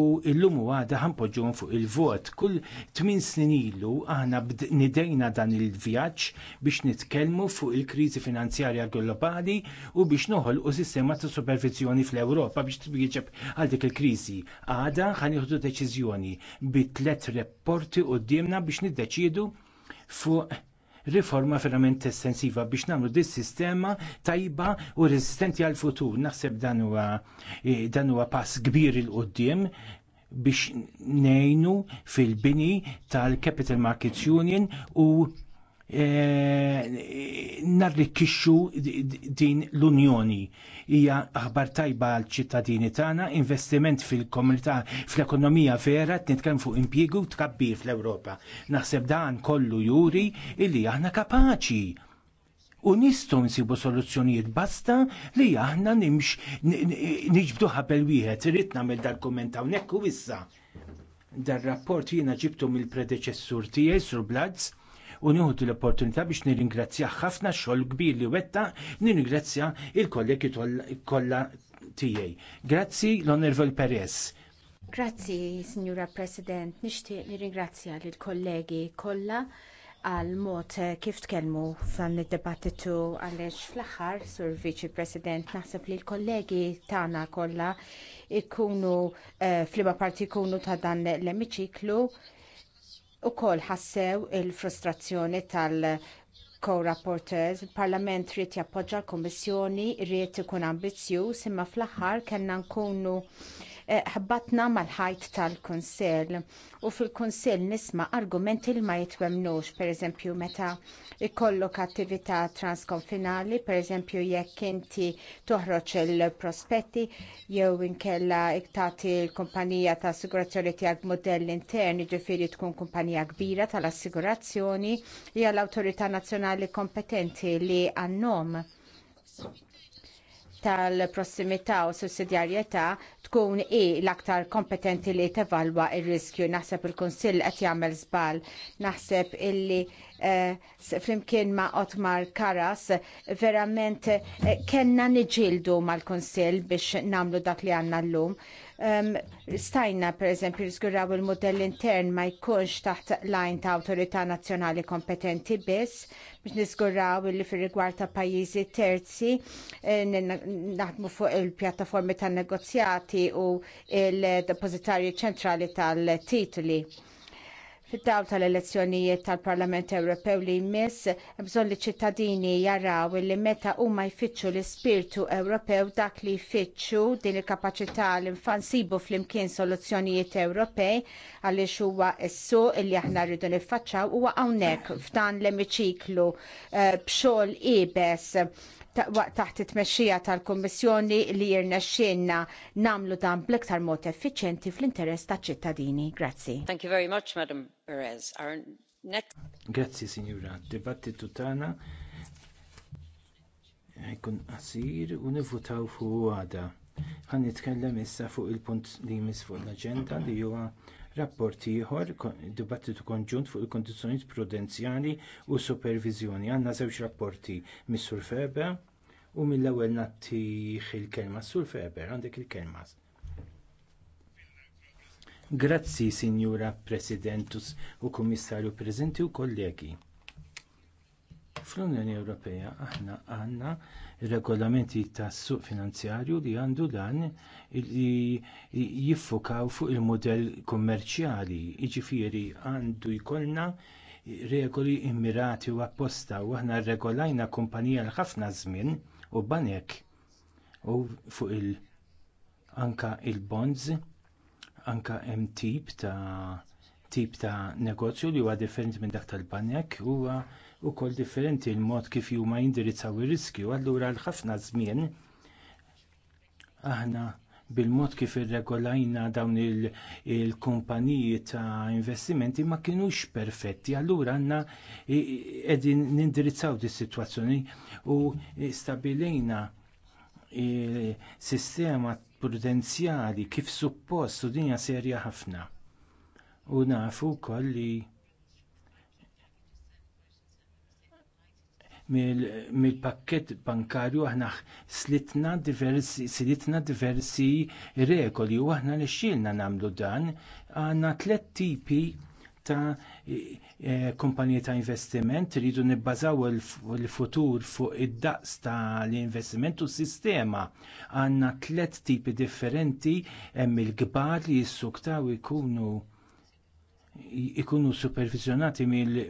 Speaker 12: u llum u għada ħanpoġġuhom fuq il-vot. Kull 8 snin ilu aħna nidejna dan il-vjaġġ biex nitkellmu fuq il-kriżi finanzjarja globali u biex noħolqu sistema ta' supervizjoni fl-Ewropa biex tbieġeb għal dik il-kriżi. Għada ħanieħdu deċiżjoni bi tliet rapporti quddiemna biex niddeċiedu fuq riforma verament estensiva biex nagħmlu dis sistema tajba u resistenti għal futur. Naħseb dan huwa eh, dan huwa pass kbir il qudiem biex nejnu fil-bini tal-Capital Markets Union u Eh, narrikkixxu din l-Unjoni. Hija aħbar tajba għal ċittadini tagħna, investiment fil-komunità fl-ekonomija vera qed fuq impjiegu tkabbir fl-Ewropa. Naħseb dan kollu juri illi aħna kapaċi u nistgħu nsibu soluzzjonijiet basta li aħna nimx niġbdu ħabel wieħed irid nagħmel dal hawnhekk u issa. Dar rapport jiena ġibtu mill-predeċessur tiegħi Sur Bladz, u nieħu l-opportunità biex nir-ingrazzja ħafna xogħol kbir li wetta nirringrazzja il-kollegi kollha tiegħi. Grazzi l onervol Perez.
Speaker 5: Grazzi, Signora President, nixtieq nirringrazzja lill-kollegi kollha għal mod eh, kif tkellmu f'dan id debattitu għaliex fl-aħħar sur Viċi President naħseb li l-kollegi tagħna kollha ikunu uh, eh, fl-iba parti jkunu ta' dan l-emiċiklu ukoll ħassew il-frustrazzjoni tal- co-rapporteurs, il-Parlament rrit jappoġġa l kummissjoni rrit ikun ambizzjuż, imma fl-aħħar kellna nkunu Eh, ħabbatna mal-ħajt tal-Kunsell u fil-Kunsell nisma' argumenti li ma jitwemnux, pereżempju meta jkollok attività transkonfinali, pereżempju jekk inti toħroġ il-prospetti jew inkella iktati l-kumpanija ta' assigurazzjoni tiegħek modell intern, jiġifieri tkun kumpanija kbira tal-assigurazzjoni jgħal l-Awtorità Nazzjonali kompetenti li għannom tal-prossimità u sussidjarjetà tkun i l-aktar kompetenti li tevalwa r riskju Naħseb il-Kunsill qed jagħmel żball. Naħseb illi eh, flimkien ma' Otmar Karas verament eh, kellna niġildu mal-Kunsill biex nagħmlu dak li għandna llum um, stajna per eżempju riżguraw il-modell intern ma jkunx taħt lajn ta' awtorità nazzjonali kompetenti biss biex il li fir rigward ta' pajjiżi terzi eh, naħdmu fuq il-pjattaformi tan negozjati u il-depozitarju ċentrali tal titli Fid-daw tal-elezzjonijiet tal-Parlament Ewropew li jmiss, bżonn li ċittadini jaraw li meta huma jfittxu l-ispirtu Ewropew dak li jfittxu din il-kapaċità l infansibu flimkien soluzzjonijiet Ewropej għaliex huwa s-suq li aħna rridu niffaċċaw huwa hawnhekk f'dan l-emiċiklu eh, b'xogħol ibes taħt it-tmexxija tal-Kummissjoni li jirnexxielna namlu dan bl-iktar mod effiċjenti fl-interess taċ-ċittadini. Grazzi.
Speaker 12: Thank you very much, Madam Perez. Our next... Grazzi, Signora. Dibattitu tagħna jkun qasir u nivutaw fuq għada. Ħan nitkellem issa fuq il-punt li jmiss fuq l-aġenda li huwa Rapport ieħor dibattitu konġunt fuq il-kondizzjonijiet prudenzjali u superviżjoni. Għandna żewġ rapporti mis-Sur Feber u mill-ewwel nattih il-kelma Sur Feber għandek il-kelma. Grazzi, Sinjura Presidentus u Kommissarju Preżenti u kollegi. Fl-Unjoni Ewropea aħna għandna regolamenti tas-suq finanzjarju li għandu dan li jiffokaw fuq il mudell kummerċjali, jiġifieri għandu jkollna regoli immirati u apposta u aħna regolajna kumpanija l-ħafna żmien u banek u fuq il anka il-bonds anka hemm tip ta' tip ta' negozju li huwa differenti minn dak tal-banek huwa ukoll differenti l-mod kif huma jindirizzaw ir-riskju, allura għal ħafna żmien aħna bil-mod kif irregolajna dawn il-kumpaniji ta' investimenti ma kinux perfetti. Allura għanna edin nindirizzaw di situazzjoni u stabilejna sistema prudenzjali kif suppost u dinja serja ħafna. U nafu wkoll li mill-pakket mil bankarju aħna slitna diversi, slitna diversi regoli u aħna li xilna namlu dan għanna tlet tipi ta' e, kumpaniji ta' investiment rridu nibbażaw il-futur fuq id-daqs ta' l-investiment u sistema għanna tlet tipi differenti hemm il-kbar li jissuktaw ikunu ikunu supervizjonati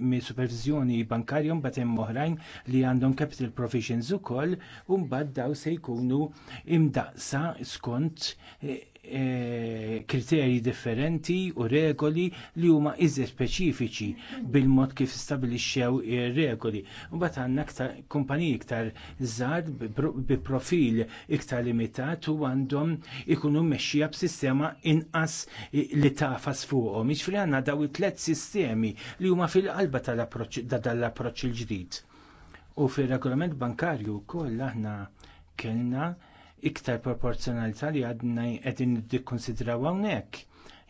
Speaker 12: mill supervizjoni bankarju mbagħad hemm oħrajn li għandhom capital provisions ukoll u mbagħad daw se jkunu imdaqsa skont eh, E, kriterji differenti u regoli li huma iżda speċifiċi bil-mod kif stabilixxew ir-regoli. Mbagħad għandna aktar kumpaniji iktar żgħar bi profil iktar limitat u għandhom ikunu mmexxija b'sistema inqas li tafas fuqhom. Jiġifieri għandna daw it-tliet sistemi li huma fil-qalba tal-approċċ il-ġdid. U fir-regolament bankarju wkoll aħna kellna iktar proporzjonalità li għadna qegħdin nikkonsidraw hawnhekk.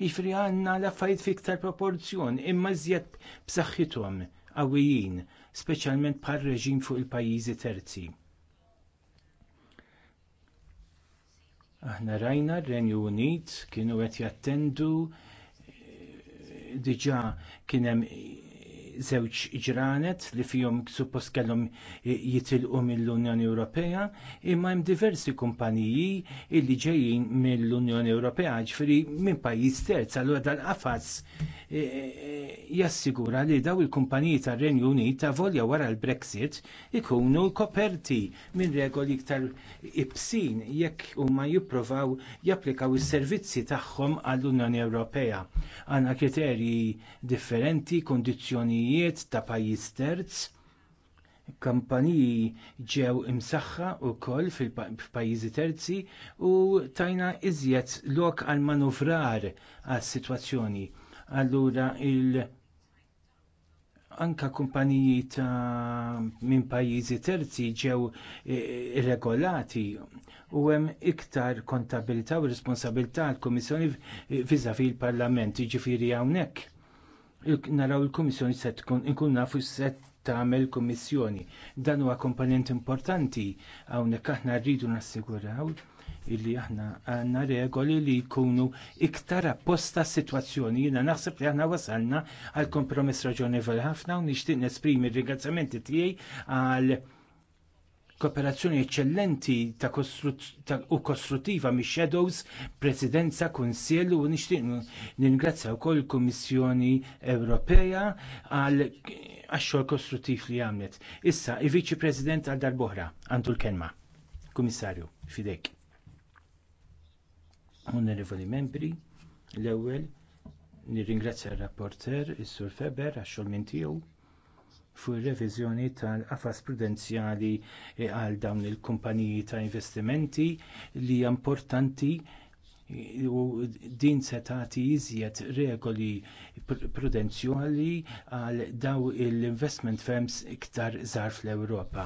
Speaker 12: Jifri għandna l-affarijiet fiktar proporzjon, imma żjed b'saħħithom qawwijin, speċjalment par reġim fuq il-pajjiżi terzi. Aħna rajna r-Renju Unit kienu qed jattendu diġà kien hemm żewġ ġranet li fihom suppost kellhom jitilqu mill-Unjoni Ewropea, imma hemm diversi kumpaniji li ġejjin mill-Unjoni Ewropea ġifieri minn pajjiż terz, allura dal-qafas e, e, e, jassigura li daw il-kumpaniji tar-Renju Unit ta' volja wara l-Brexit ikunu koperti minn regoli iktar ibsin jekk huma jippruvaw japplikaw is-servizzi tagħhom għall-Unjoni Ewropea. Għandna kriterji differenti, kondizzjoni kumpanijiet ta' pajjiż terz kampaniji ġew imsaħħa wkoll fil-pajjiżi terzi u tajna iżjed lok għal manuvrar għas sitwazzjoni. Allura il anka kumpaniji ta' minn pajjiżi terzi ġew e, irregolati u hemm iktar kontabilità u responsabilità għall kummissjoni viżavi l-Parlament, jiġifieri hawnhekk naraw il-Kummissjoni se tkun inkun nafu se tagħmel kummissjoni. Dan huwa komponent importanti hawnhekk aħna rridu nassiguraw illi aħna għandna regoli li jkunu iktar apposta situazzjoni sitwazzjoni Jiena naħseb li aħna wasalna għal kompromess raġonevoli ħafna u nixtieq nesprimi r-ringrazzjamenti tiegħi għal kooperazzjoni eccellenti ta', u kostruttiva mi Shadows, Presidenza, Kunsill u nixtieq ningrazzja wkoll il-Kummissjoni Ewropea għal għax-xogħol kostruttiv li għamlet. Issa, i viċi President għal darbohra għandu l-kelma. Kummissarju, fidek. Onorevoli membri, l-ewwel nirringrazzja il rapporter is-Sur Feber għax-xogħol minn tiegħu Fu ir-reviżjoni tal-qafas prudenzjali eh, għal dawn il-kumpaniji ta' investimenti li hija importanti eh, u din se tagħti iżjed regoli prudenzjali għal daw l-investment firms iktar żgħar fl-Ewropa.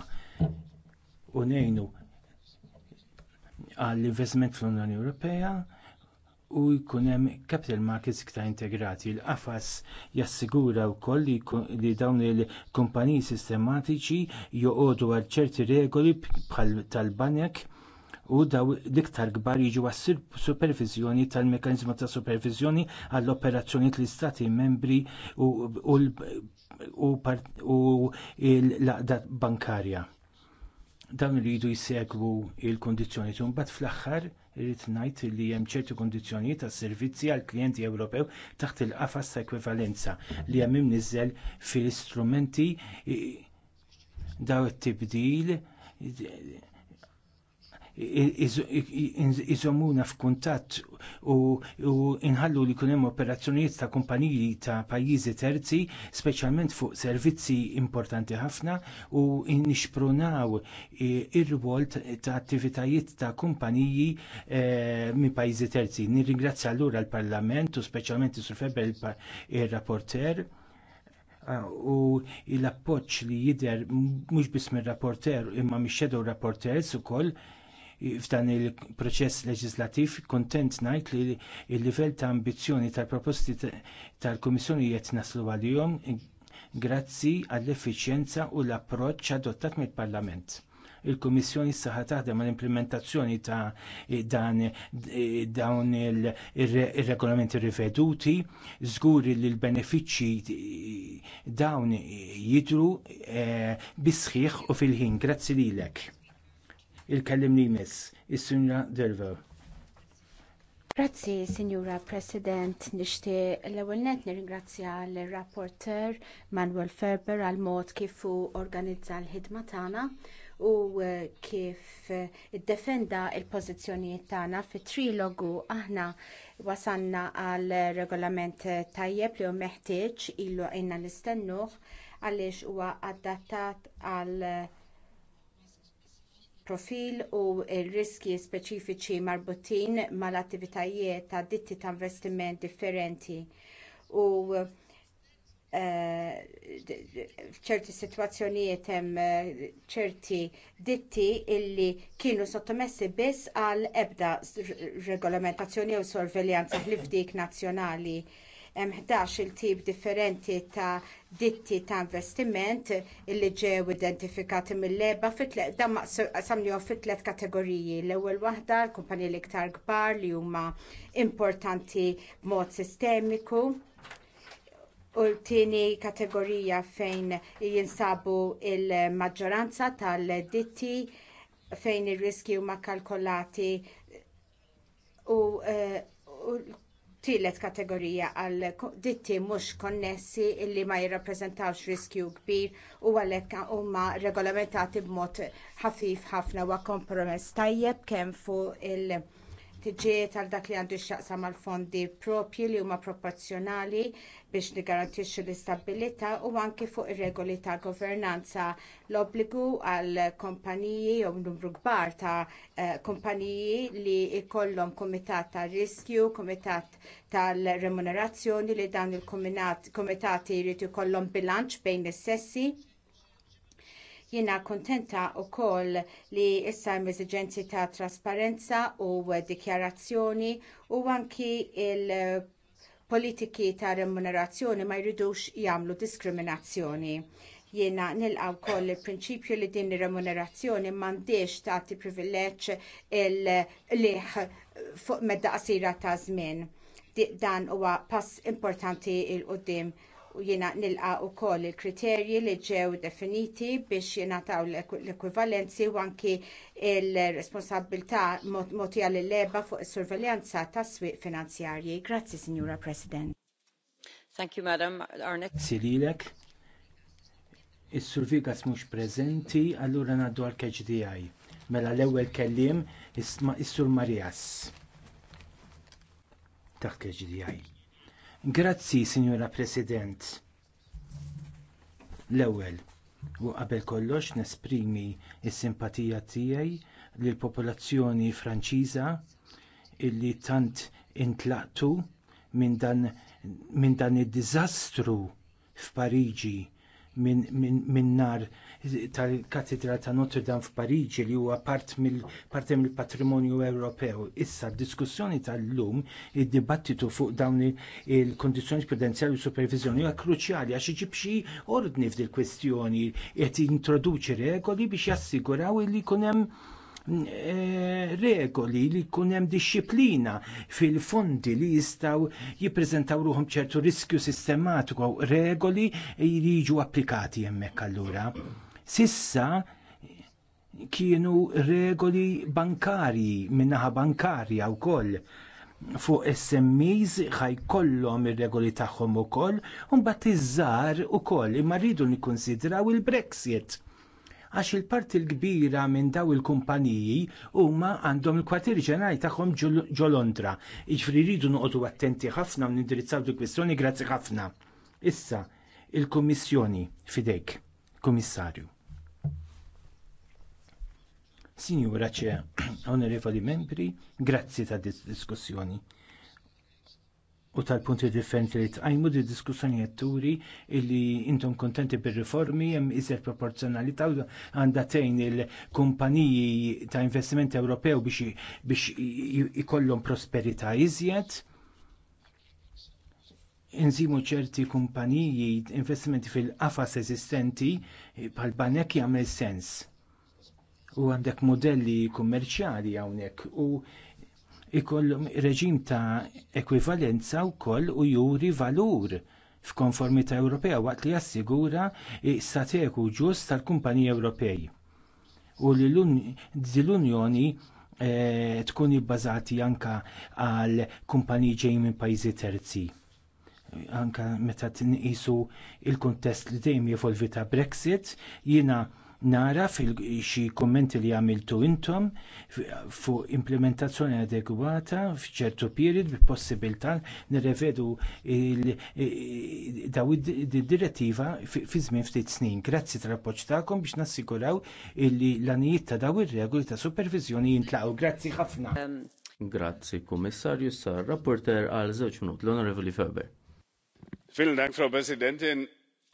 Speaker 12: U ngħinu għall investment fl-Unjoni Ewropea u jkun hemm capital markets iktar integrati. Il-qafas jassigura wkoll li dawn il-kumpaniji sistematiċi joqogħdu għal ċerti regoli bħal tal-banek u daw l-iktar kbar jiġu għas superviżjoni tal-mekanizmu ta' superviżjoni għall operazzjoni tal-istati membri u, u, u, u l-laqda bankarja. Dawn li jidu jissegwu l kundizzjoni mbagħad fl-aħħar irrid ngħid li hemm ċerti kundizzjonijiet tas servizzi għall klijenti Ewropew taħt il-qafas ta' ekwivalenza li hemm imniżżel fil-istrumenti daw it-tibdil iżomuna f'kuntatt u, u inħallu li kunem operazzjonijiet ta' kumpaniji ta' pajjiżi terzi, speċjalment fuq servizzi importanti ħafna u nixpronaw ir-rwol ta' attivitajiet ta' kumpaniji e, minn pajjiżi terzi. Nirringrazzja allura l-Parlament u speċjalment Sur Feber il-rapporter eh, u l-appoċ li jider mhux biss mir rapporter imma mix rapporter rapporters ukoll f'dan il-proċess leġislattiv, kuntent ngħid li il-livell ta' ambizzjoni tal-proposti tal-Kummissjoni qed naslu għalihom grazzi għall-effiċjenza u l-approċċ adottat mill-Parlament il-Kummissjoni saħa taħdem għall implementazzjoni ta' dan dawn ir-regolamenti riveduti, żguri li l-benefiċċji dawn jidru eh, bisħiħ u fil-ħin. Grazzi lilek il-kellimni miss, is-Sinja Derver.
Speaker 5: Grazzi, Signora President. Nixtieq l-ewwel nett nirringrazzja l-rapporter Manuel Ferber għal mod kif hu organizza l-ħidma tagħna u eh, kif eh, iddefenda l pożizzjonijiet tagħna fit-trilogu aħna wasanna għal regolament tajjeb li hu meħtieġ ilu għajna nistennuh għaliex huwa adattat għal, għal profil u r riski speċifiċi marbutin mal-attivitajiet ta' ditti ta' investiment differenti u f'ċerti eh, sitwazzjonijiet hemm eh, ċerti ditti illi kienu sottomessi biss għal ebda regolamentazzjoni u sorveljanza ħlif dik nazzjonali hemm 11 il-tip differenti ta' ditti ta' investiment illi ġew identifikati mill-leba samlihom fit tlet kategoriji. L-ewwel waħda l-kumpaniji l-iktar kbar li huma importanti b'mod sistemiku. U t-tieni kategorija fejn jinsabu il maġġoranza tal-ditti fejn ir-riski huma kalkolati. u, uh, u tielet kategorija għal ditti mhux konnessi illi ma jirrappreżentawx riskju kbir u għalhekk huma regolamentati b'mod ħafif ħafna wa kompromess tajjeb kemm fuq il- ħtiġiet għal dak li għandu x'jaqsam mal fondi propji li huma proporzjonali biex nigarantixxu l-istabilità u anke fuq ir-regoli ta' governanza l-obbligu għal kumpaniji jew numru kbar ta' eh, kumpaniji li jkollhom kumitat ta' riskju, kumitat tal-remunerazzjoni li dawn il-kumitati jrid ikollhom bilanċ bejn is-sessi Jiena kuntenta wkoll li issa hemm ta' trasparenza u dikjarazzjoni u anki l politiki ta' remunerazzjoni ma jridux jagħmlu diskriminazzjoni. Jiena nilqa wkoll il-prinċipju li din ir remunerazzjoni m'għandix ti privileċ il-liħ fuq medda qasira ta' żmien. Dan huwa pass importanti il qoddim u jiena nilqa wkoll il-kriterji li ġew definiti biex jingħataw l-ekwivalenzi u anki l responsabilità mogħtija l leba fuq is-surveljanza tas-swieq finanzjarji. Grazzi, Signora President.
Speaker 6: Thank you,
Speaker 12: Madam. Our next... Sililek, is-survigas mhux prezenti, allura ngħaddu għal KHDI. Mela l-ewwel kelliem is-Sur Marias. Taħt KHDI. Grazzi, Signora President. L-ewwel, u qabel kollox nesprimi s-simpatija tiegħi lill popolazzjoni Franċiża illi tant intlaqtu minn dan, min dan id-diżastru f'Pariġi minn min, min nar tal-Katedra ta' Notre Dame f'Pariġi li huwa part mill-patrimonju Ewropew. Issa d-diskussjoni tal-lum, id-dibattitu fuq dawn il kondizzjoni prudenzjali u supervizjoni huwa kruċjali għax iġib xi ordni f'dil kwestjoni qed introduċi regoli biex jassiguraw li jkun hemm eh, regoli li hemm disċiplina fil-fondi li jistaw jiprezentaw ruhom ċertu riskju sistematiku regoli li jiġu applikati hemmhekk allura. Sissa kienu regoli bankarji min-naħa bankarja wkoll fuq SMEs ħajkollhom ir-regoli tagħhom ukoll u mbagħad iż-żgħar ukoll imma rridu nikkunsidraw il-Brexit. Għax il-parti l-kbira minn daw il-kumpaniji huma għandhom il-kwatir ġenerali tagħhom ġo Londra. Jiġifieri rridu noqogħdu attenti ħafna u nindirizzaw dik kwistjoni grazzi ħafna. Issa, il-Kummissjoni fidejk, Kummissarju. Signora ċe, [clears throat] onorevoli membri, grazzi ta' diskussjoni. U tal-punti differenti li tqajmu di diskussjoni turi illi intom kontenti bir-riformi hemm iżel proporzjonalità u għandha il-kumpaniji ta' investiment Ewropew biex biex ikollhom prosperità iżjed inżimu ċerti kumpaniji investimenti fil-qafas eżistenti bħal banek jagħmel sens u għandek modelli kummerċjali hawnhekk u ikollum reġim ta' ekwivalenza wkoll u juri valur f'konformità Ewropea waqt li jassigura s-sateku ġust tal-kumpaniji Ewropej. U li l-Unjoni eh, tkun ibbażati anke għal kumpaniji ġej minn pajjiżi terzi. Anke meta tinqisu il-kuntest li dejjem jevolvi ta' Brexit, jiena nara fil-xi kummenti li għamiltu intom fuq implementazzjoni adegwata f'ċertu period bil-possibilità nirrevedu daw id-direttiva fi żmien ftit snin. Grazzi tal-appoġġ tagħkom biex nassiguraw li l-anijiet ta' daw ir-regoli ta' supervizjoni jintlaqgħu. Grazzi ħafna. Um,
Speaker 13: Grazzi, Kummissarju sar rapporter għal żewġ minut l-Onorevoli Feber.
Speaker 1: Vielen Dank, Frau Präsidentin.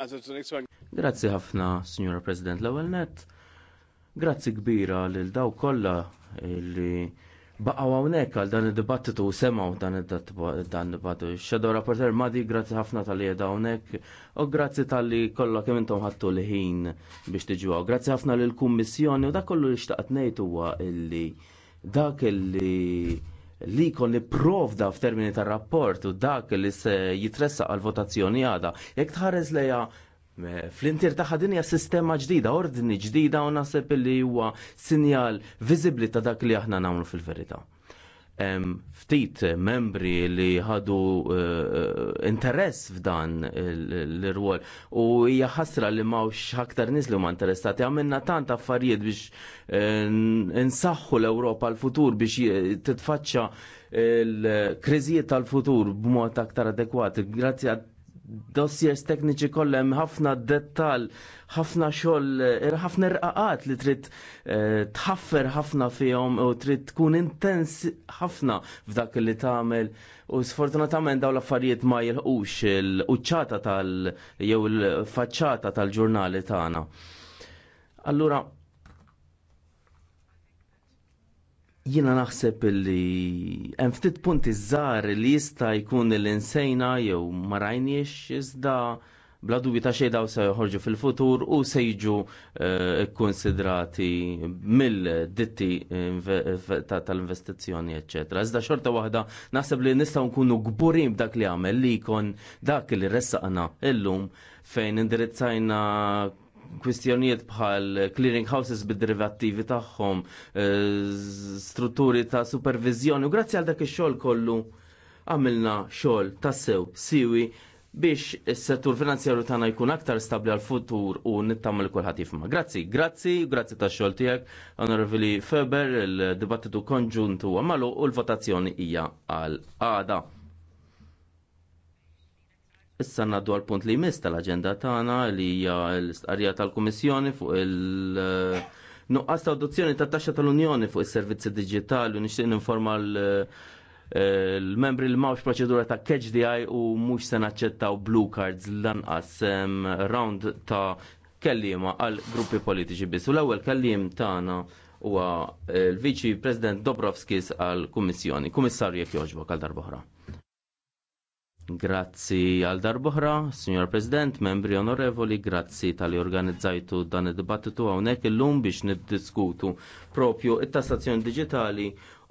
Speaker 1: Also zunächst mal
Speaker 13: Grazzi ħafna, Signora President l-ewwel nett. Grazzi kbira lil daw kollha li baqgħu hawnhekk għal dan id-dibattitu u semgħu dan id-dibattitu. Shadow Rapporter Madi, grazzi ħafna tal-li hawnhekk u grazzi tal-li kollha kemm intom ħadtu l-ħin biex tiġuha. Grazzi ħafna lill kummissjoni u dak kollu li xtaqt ngħid huwa illi dak illi li kon li provda f'termini tar rapport u dak li se jitressa għal votazzjoni għada, jekk tħares leja Fl-intir taħħa dinja sistema ġdida, ordni ġdida u nasib li huwa sinjal viżibli ta' dak li aħna nagħmlu fil-verità. Ftit membri li ħadu eh, eh, interess f'dan l-rwol u hija ħasra li mawx aktar nies li huma interessati għamilna tant affarijiet biex eh, insaħħu l-Ewropa l-futur biex titfaċċa l-kriżijiet tal-futur b'mod aktar adekwat. Grazzi dossiers tekniċi kollem ħafna dettal, ħafna xogħol, er, ħafna rqaqat li trid eh, tħaffer ħafna fihom u trid tkun intens ħafna f'dak li tagħmel. U sfortunatament dawn l-affarijiet ma jilħqux il-quċċata tal- jew il-faċċata tal-ġurnali tagħna. Allura, Jina naħseb li hemm ftit punti żgħar li jista' jkun l-insejna jew ma rajniex iżda bla dubju ta' xejn daw se joħorġu fil-futur u se jiġu eh, kkonsidrati mill-ditti tal-investizzjoni, eċetera. Iżda xorta waħda naħseb li nistgħu nkunu gburin b'dak li għamel li jkun dak li ressaqna illum fejn indirizzajna kwistjonijiet bħal clearing houses bid-derivattivi tagħhom, eh, strutturi ta' supervizjoni u grazzi għal dak ix-xogħol kollu għamilna xogħol tassew siwi biex is-settur finanzjarju tagħna jkun aktar stabbli għal futur u nittammel kulħadd jifhma. Grazzi, grazzi, grazzi tax xogħol tiegħek, Onorevoli Feber, il-dibattitu konġuntu għamalu u l-votazzjoni hija għal għada. Issa naddu għal punt li jmiss tal-agenda tagħna li hija l-istqarrija tal-Kummissjoni fuq il- Nuqqas ta' adozzjoni ta' taxxa tal-Unjoni fuq is-servizzi diġitali u nixtieq ninforma eh, l-membri li mawx proċedura ta' catch DI u mhux se naċċettaw blue cards lanqas round ta' kellima għal gruppi politiċi biss. U l-ewwel kellim tagħna huwa eh, l-Viċi President Dobrovskis għal Kummissjoni. Kummissarju jekk jogħġbok għal darba Grazzi għal darbohra, Signor President, membri onorevoli, grazzi tal-li organizzajtu dan id-dibattitu hawnhekk illum biex niddiskutu propju it-tassazzjoni digitali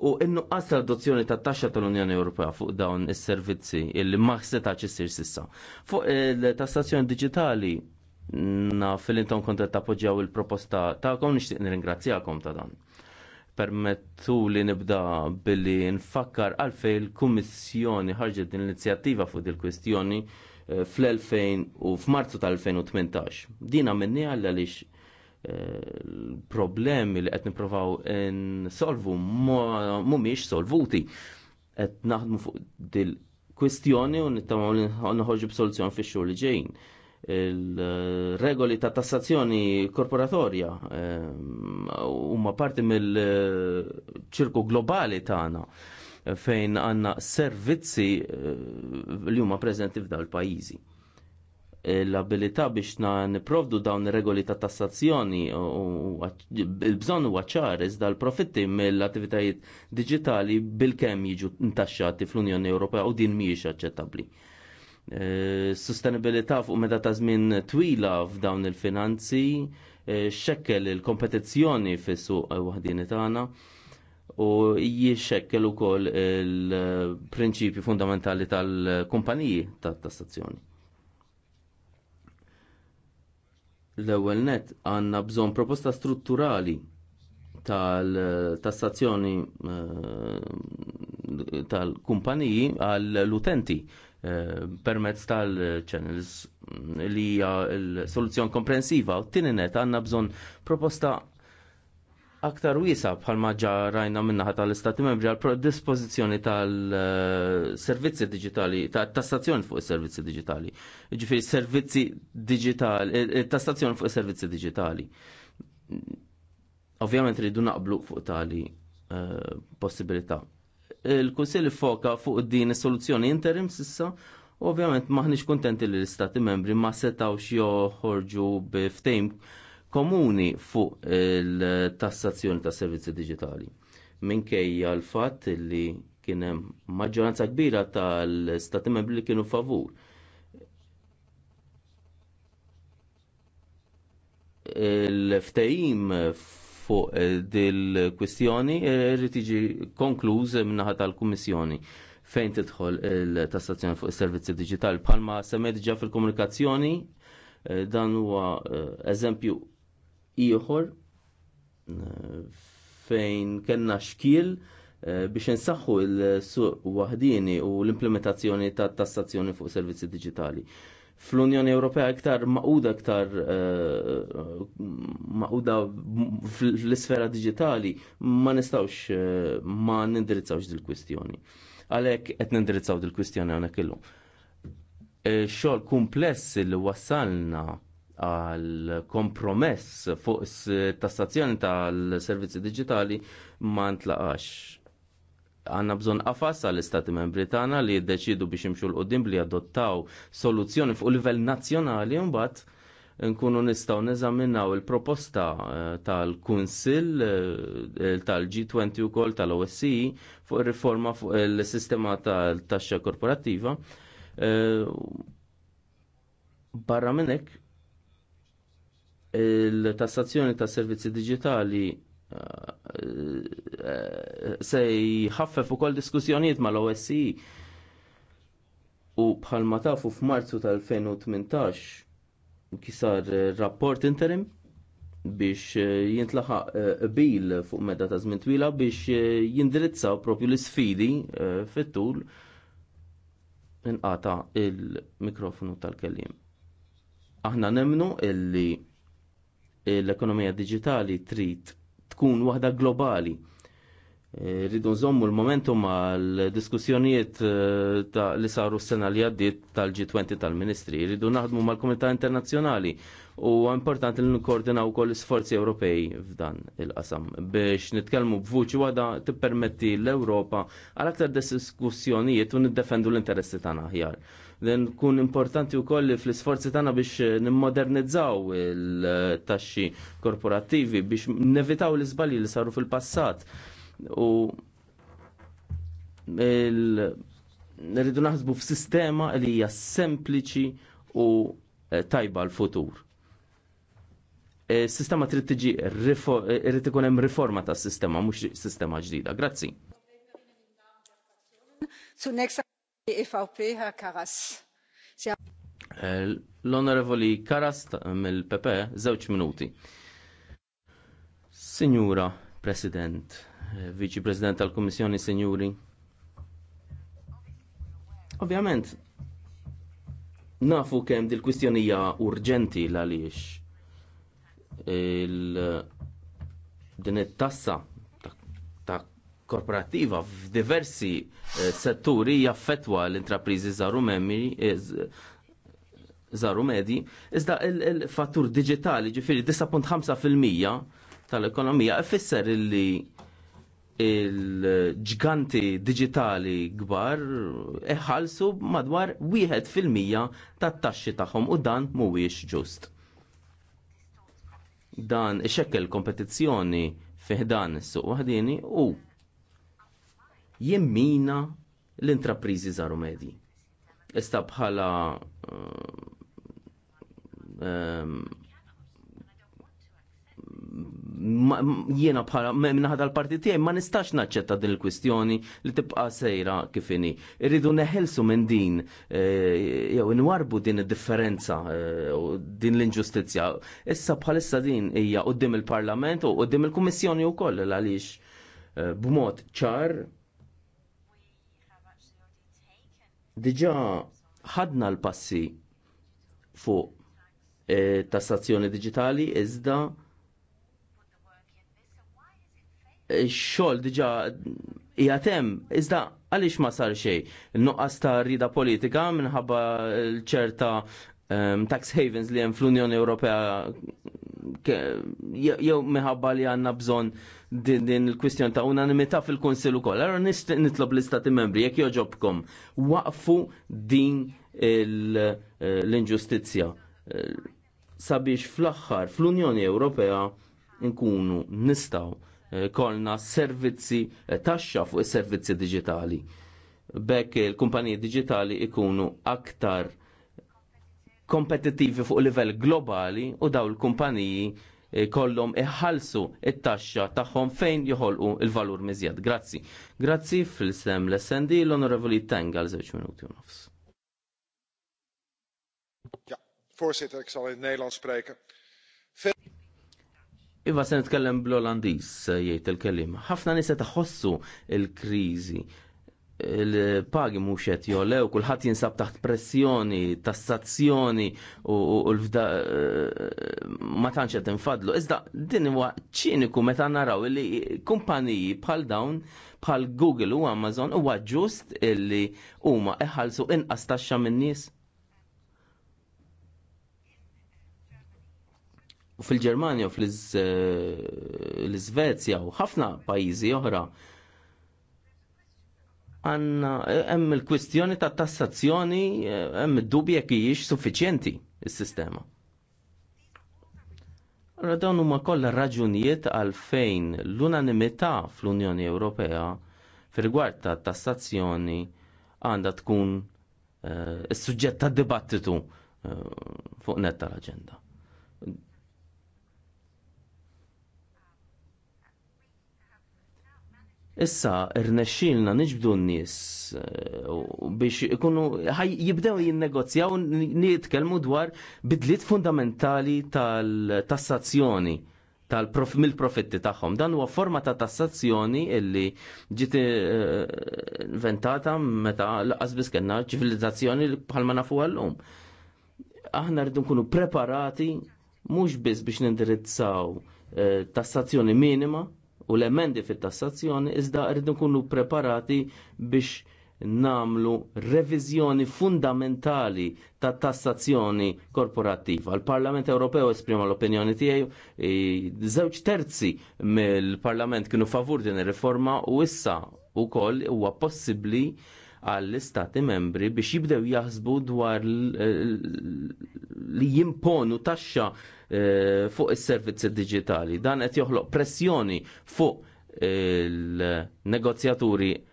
Speaker 13: u innuqqas tal-adozzjoni ta' taxxa tal-Unjoni Ewropea fuq dawn is-servizzi li ma setax issir sissa. Fuq il-tassazzjoni digitali na fil-intom kontet tappoġġjaw il-proposta ta'kom nixtieq nirringrazzjakom ta' dan permettu li nibda billi nfakkar għalfej il-Kummissjoni ħarġet din l-inizjattiva fuq il-kwistjoni eh, fl-2000 u f'Marzu tal-2018. Dina minni għalix eh, problemi li qed niprofaw solvu mumiex solvuti. Qed naħdmu fuq dil-kwistjoni u nittamaw li nħoġu b'soluzzjoni fix xur li ġejjin il-regoli ta' tassazzjoni korporatorja ehm, huma parti mill-ċirku globali tagħna fejn għanna servizzi eh, li huma preżenti f'dawn il-pajjiżi e l-abilità biex niprovdu dawn ir regoli ta' tassazzjoni u bżonn huwa ċar iżda l-profitti mill-attivitajiet diġitali bilkemm jiġu ntaxxati fl-Unjoni Ewropea u din mhijiex aċċettabbli. Eh, sustenibilità fuq meta ta' żmien twila f'dawn il-finanzi, eh, xekkel il-kompetizzjoni fis-suq waħdini tagħna u jixekkel ukoll il-prinċipji fundamentali tal-kumpaniji tat-tassazzjoni. L-ewwel net għandna bżonn proposta strutturali tal-tassazzjoni eh, tal-kumpaniji għall-utenti. tal tassazzjoni tal kumpaniji għall utenti Eh, permezz tal-channels li hija l-soluzzjon komprensiva. Tieni net għandna bżonn proposta aktar wiesa bħalma ġa rajna minnaħa tal-Istati Membri għal dispożizzjoni tal-servizzi digitali, tal tastazzjoni fuq is-servizzi digitali. Ġifieri servizzi digitali, eh, eh, tastazzjoni fuq is-servizzi digitali. Ovvjament rridu naqblu fuq tali possibilità il-Kunsill foka fuq din is-soluzzjoni interim sissa u ovvjament maħniex kuntenti li l-Istati membri ma setawx joħorġu b'ftejm komuni fuq il-tassazzjoni ta' servizzi diġitali. Minkejja l-fatt li kien hemm maġġoranza kbira tal-Stati membri li kienu favur. il-ftehim fuq eh, dil-kwistjoni eh, irrid jiġi konkluż minnaħa tal-Kummissjoni fejn tidħol il-tassazzjoni eh, fuq is-servizzi diġitali. bħalma semmejt diġà fil-komunikazzjoni dan huwa eżempju ieħor fejn kellna xkiel biex insaħħu l-suq waħdini u l-implementazzjoni ta' tassazzjoni fuq servizzi diġitali fl-Unjoni Ewropea iktar maquda iktar uh, maquda fl-isfera digitali ma nistawx eh, ma nindirizzawx dil-kwistjoni. Għalhekk qed nindirizzaw dil-kwistjoni hawnhekk kellu. Xol eh, Xogħol kumpless li wassalna għal kompromess fuq tassazzjoni tal-servizzi digitali ma ntlaqax għanna bżon għafas għal istati membri tagħna li jiddeċidu biex imxu l-qoddim li adottaw soluzzjoni fuq livell nazzjonali mbagħad nkunu nistgħu neżaminaw il-proposta eh, tal-Kunsill eh, tal-G20 ukoll tal-OSCE fuq ir-riforma fuq il-sistema tal-taxxa korporattiva. Eh, barra minn hekk il-tassazzjoni tas servizzi digitali se jħaffef ukoll diskussjonijiet mal-OSCE u bħalma tafu f'Marzu tal-2018 kisar rapport interim biex eh, jintlaħa eh, bil fuq medda ta' żmien twila biex eh, jindirizzaw propju l-isfidi fit-tul inqata il-mikrofonu tal-kellim. Aħna nemnu illi l-ekonomija digitali trid tkun waħda globali. E, rridu nżommu l-momentum għal diskussjonijiet e, li saru s-sena li għaddit tal-G20 tal-Ministri. Rridu naħdmu mal-Komunità Internazzjonali u importanti li n-koordinaw kol sforzi Ewropej f'dan il-qasam biex nitkellmu b'vuċi waħda tippermetti l-Ewropa għal aktar diskussjonijiet u niddefendu l-interessi tana aħjar. Dan kun importanti u koll fl-sforzi tagħna biex nimmodernizzaw il-taxxi korporattivi biex nevitaw l-iżbalji li saru fil-passat. U nirridu naħsbu f'sistema li hija sempliċi u eh, tajba l-futur. E, sistema trid tiġi irid e, ikun hemm riforma tas-sistema mhux sistema ġdida. Grazzi. E eh, L-Onorevoli Karas mill-PP, żewġ minuti. Signora President, eh, Vice President tal Kommissjoni, Signori. Ovvjament, nafu kemm dil kwistjonija urġenti l għaliex il dinet tassa korporattiva f'diversi eh, setturi jaffetwa l-intrapriżi żaru eh, zaru medji, iżda il-fattur digitali ġifiri 9.5% tal-ekonomija ifisser li il-ġganti digitali gbar eħalsu madwar 1% tat-taxxi tagħhom u dan mhuwiex ġust. Dan ixekkel kompetizzjoni fiħdan is-suq waħdini u jemmina l-intraprizi zaru medji. Ista bħala eh, jiena bħala minnaħat għal-parti tiegħi ma nistax naċċetta din il-kwistjoni li tibqa' sejra kifini. Irridu neħelsu minn din eh, jew inwarbu din id-differenza eh, u din l-inġustizzja. Issa bħalissa din hija qudiem il-Parlament u qudiem il-Kummissjoni wkoll għaliex b'mod ċar Diġà ħadna l-passi fuq e, tassazzjoni digitali iżda xogħol diġà jatem iżda għaliex ma sar xejn. Nuqqas ta' rida politika minħabba ċerta um, ehm, tax havens li hemm fl-Unjoni Ewropea jew minħabba li għandna bżonn din, din il-kwistjon ta' unanimità fil-Konsil ukoll. Allora nitlob l-Istati membri jekk joġobkom waqfu din eh, l-inġustizzja eh, sabiex fl-aħħar fl-Unjoni Ewropea nkunu nistgħu eh, kolna servizzi taxxa fuq is-servizzi diġitali. Bekk il-kumpaniji diġitali ikunu aktar kompetittivi fuq livell globali u daw il-kumpaniji Eh, kollom iħalsu it-taxxa tagħhom fejn joħolqu il-valur miżjed. Grazzi. Grazzi fil-sem l-SND l-Onorevoli Tenga l-żewġ minuti u nofs.
Speaker 1: Ja, voorzitter, ik zal in Nederlands spreken.
Speaker 13: Iva se nitkellem bl-Olandiż eh, jgħid il-kelim. Ħafna nisa taħossu il-kriżi il-pagi mhux qed jollew, kulħadd jinsab taħt pressjoni, tassazzjoni u l-fda eh, ma tantx qed infadlu. Iżda din huwa ċiniku meta naraw li kumpaniji bħal dawn bħal Google u Amazon huwa ġust illi huma iħallsu inqas taxxa min-nies. fil-Ġermanja u fl-Iżvezja eh, u ħafna pajjiżi oħra għanna hemm il-kwistjoni ta' tassazzjoni hemm id-dubi jekk jiex suffiċjenti s sistema Allora dawn huma kollha raġunijiet għal fejn l-unanimità fl-Unjoni Ewropea fir-rigward ta' tassazzjoni għandha tkun eh, is-suġġett tad dibattitu eh, fuq net tal-aġenda. Issa, irnexxilna niġbdu n-nies eh, biex ikunu jibdew jinnegozjaw nitkellmu dwar bidliet fundamentali tal-tassazzjoni tal-mill-profitti tagħhom. Dan huwa forma ta' tassazzjoni illi ġiet eh, inventata meta laqas biss kellna ċivilizzazzjoni bħal ma nafu għallum. Aħna rridu nkunu preparati mhux biss biex nindirizzaw eh, tassazzjoni minima, u l-emendi fit-tassazzjoni iżda rridu nkunu preparati biex nagħmlu reviżjoni fundamentali ta' tassazzjoni korporattiva. Il-Parlament Ewropew esprima l-opinjoni tiegħu, żewġ terzi mill-Parlament kienu favur din ir-riforma u issa wkoll huwa possibbli għall-istati membri biex jibdew jaħsbu dwar li jimponu taxxa eh, fuq is-servizzi digitali. Dan qed joħloq pressjoni fuq il-negozjaturi eh,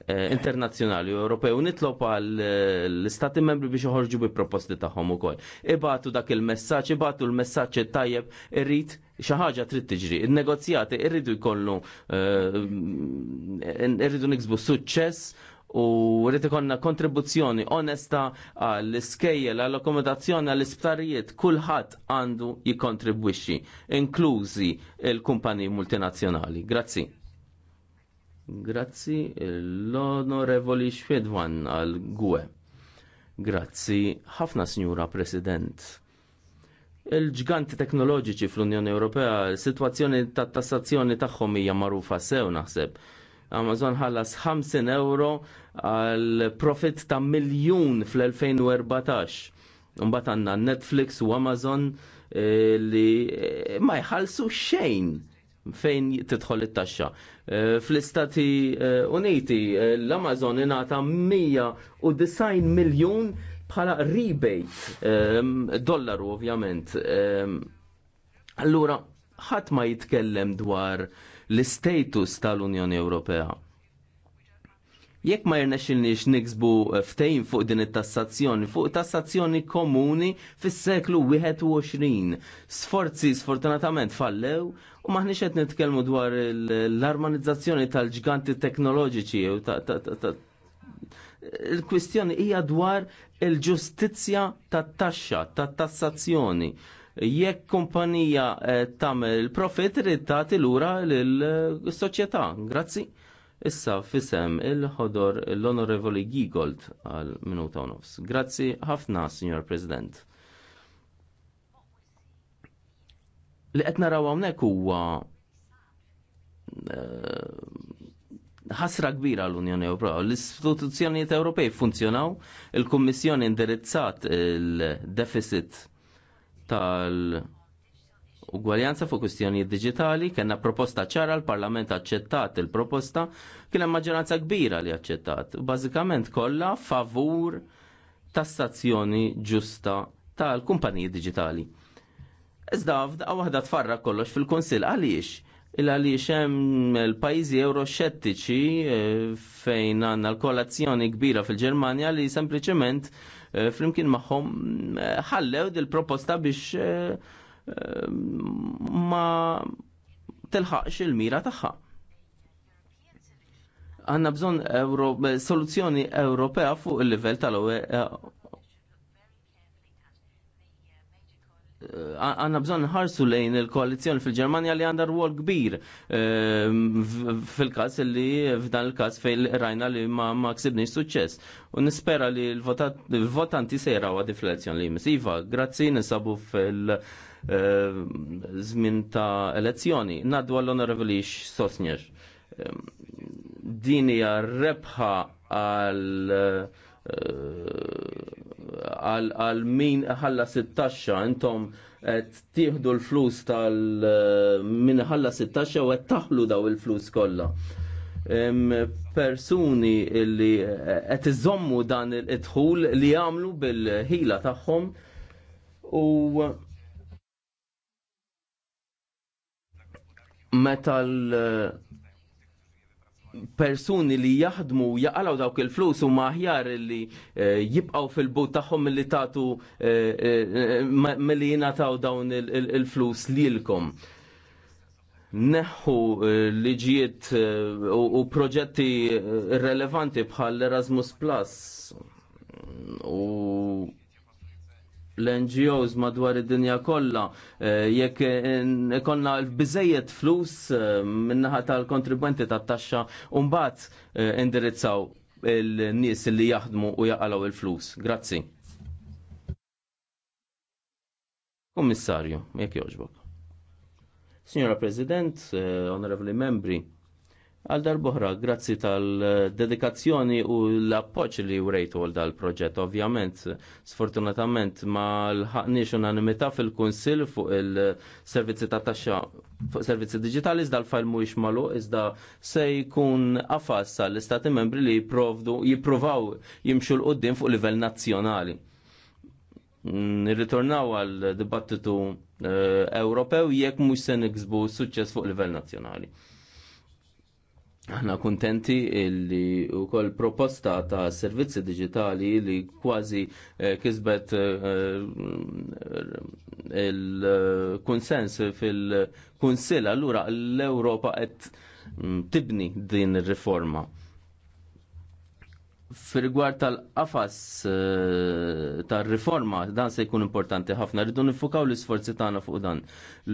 Speaker 13: eh, internazzjonali Ewropew nitlob għal l-istati membri biex joħorġu bi proposti tagħhom ukoll. Ibatu dak il-messaġġ, ibatu l-messaġġ tajjeb irrid xi ħaġa trid tiġri. In-negozjati rridu jkollu irridu niksbu suċċess u rrit ikonna kontribuzzjoni onesta għall-iskejjel, għall-akkomodazzjoni, għall-isptarijiet, kulħadd għandu jikontribwixi, inklużi l-kumpaniji multinazzjonali. Grazzi. Grazzi l-Onorevoli Xfedwan għal-Gwe. Grazzi ħafna Sinjura President. Il-ġganti teknoloġiċi fl-Unjoni Ewropea, situazzjoni ta' tassazzjoni tagħhom hija magħrufa sew naħseb Amazon ħallas 50 euro għal profit ta' miljun fl-2014. Mbagħad għandna Netflix u Amazon eh, li eh, ma jħallsu xejn fejn tidħol it-taxxa. Eh, Fl-Istati Uniti l-Amazon ingħata 190 miljun bħala rebate dollaru ovvjament. Allura ħadd ma jitkellem dwar l-istatus tal-Unjoni Ewropea. Jekk ma il-nix niksbu ftejn fuq din it-tassazzjoni, fuq tassazzjoni komuni fis-seklu 21. Sforzi sfortunatament fallew u maħniex qed nitkellmu dwar l-armonizzazzjoni tal-ġganti teknoloġiċi u il-kwistjoni hija dwar il-ġustizzja tat-taxxa, tat-tassazzjoni. Ta jekk kumpanija eh, tagħmel profit irid tagħti lura lill-soċjetà. Grazzi. Issa fisem il-ħodor l-Onorevoli Gigold għal minuta nofs. Grazzi ħafna, Signor President. Li qed naraw hawnhekk huwa eh, ħasra kbira l-Unjoni Ewropea. L-istituzzjonijiet Ewropej funzjonaw, il-Kummissjoni indirizzat il-deficit tal ugwaljanza fuq kwistjonijiet diġitali kellna proposta ċara l-Parlament aċċettat il-proposta kien hemm maġġoranza kbira li aċċettat. Bażikament kollha favur tassazzjoni ġusta tal-kumpaniji diġitali. Iżda f'daqqa waħda tfarra kollox fil-Kunsill għaliex il-għaliex hemm il pajjiżi euroxettiċi eh, fejn għandna l-kolazzjoni kbira fil-Ġermanja li sempliċement Eh, flimkien maħħom eh, ħallew dil-proposta biex eh, ma telħaqx il-mira tagħha. Għanna bżon soluzzjoni Ewropea fuq il level tal oe għanna bżon nħarsu lejn il-koalizjoni fil-Germania li għandar rwol kbir ehm, fil-kas li f'dan il-kas fejn rajna li ma, ma ksibniex suċċess. U nispera li l-votanti sejra għadi fil-elezzjoni li jmiss. Iva, grazzi nisabu fil- ehm, żmien ta' elezzjoni. Naddu għall-Onorevoli x Sosnjer. Ehm, Dini hija rebħa għal eh, għal min ħalla 16 intom qed tieħdu l-flus tal eh, min ħalla 16 u qed taħlu daw il-flus kollha. Persuni li eh, qed iżommu dan il-dħul li jagħmlu bil-ħila tagħhom u meta persuni li jaħdmu jaqalaw dawk il-flus u maħjar li eh, jibqaw fil-but tagħhom li tagħtu eh, eh, milli jingħataw dawn il-flus lilkom. Neħħu liġijiet u proġetti relevanti bħal Erasmus Plus u l-NGOs madwar id-dinja kollha eh, jekk ikonna eh, biżejjed flus eh, minnaħa tal-kontribwenti tat-taxxa u mbagħad indirizzaw il-nies li jaħdmu u jaqalaw il-flus. Grazzi. Kommissarju, jekk jogħġbok. Signora President, Honorable membri, Għal darbohra, grazzi tal-dedikazzjoni u l-appoċ li wrejtu għal dal-proġett. Ovvjament, sfortunatament, ma l ħaqnix unanimità fil-Kunsil fuq il-servizzi ta' taxxa fuq servizzi digitali iżda l-fajl mhuwiex malu iżda se jkun għafassa l-istati membri li jiprovdu jiprovaw jimxu l-qoddim fuq livell nazzjonali. Nirritornaw għal dibattitu eh, Ewropew jekk mhux se niksbu suċċess fuq livell nazzjonali. Aħna kontenti li u kol proposta ta' servizzi digitali li kważi eh, kisbet eh, eh, il-konsens fil konsil allura l-Europa qed mm, tibni din ir-riforma. Fir-rigward tal-qafas tar-riforma dan se jkun importanti ħafna rridu nifukaw l-isforzi tagħna fuq dan.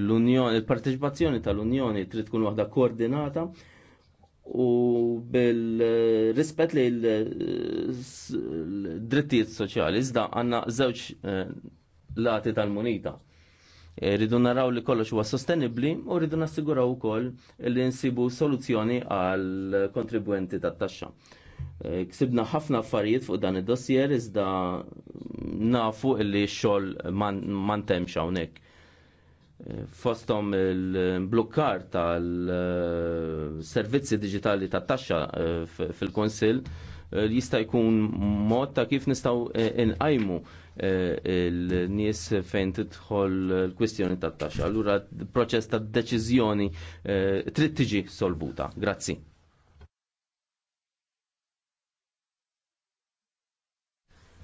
Speaker 13: L-Unjoni, il-parteċipazzjoni tal-Unjoni trid tkun waħda koordinata u bil-rispet li l-drittijiet soċjali. Iżda għanna żewġ eh, lati tal-munita. Eh, rridu naraw li kollox huwa sostenibli u rridu nassiguraw ukoll li nsibu soluzzjoni għal kontribwenti tat-taxxa. Eh, ksibna ħafna affarijiet fuq dan id-dossier iżda nafu li x-xogħol man temx hawnhekk fostom il-blokkar tal-servizzi digitali ta' taxxa eh, fil-Konsil eh, jista' jkun mod ta' kif nistgħu eh, inqajmu il-nies fejn tidħol l-kwistjoni tat taxxa. Allura proċess ta' deċiżjoni trid tiġi solbuta. Grazzi.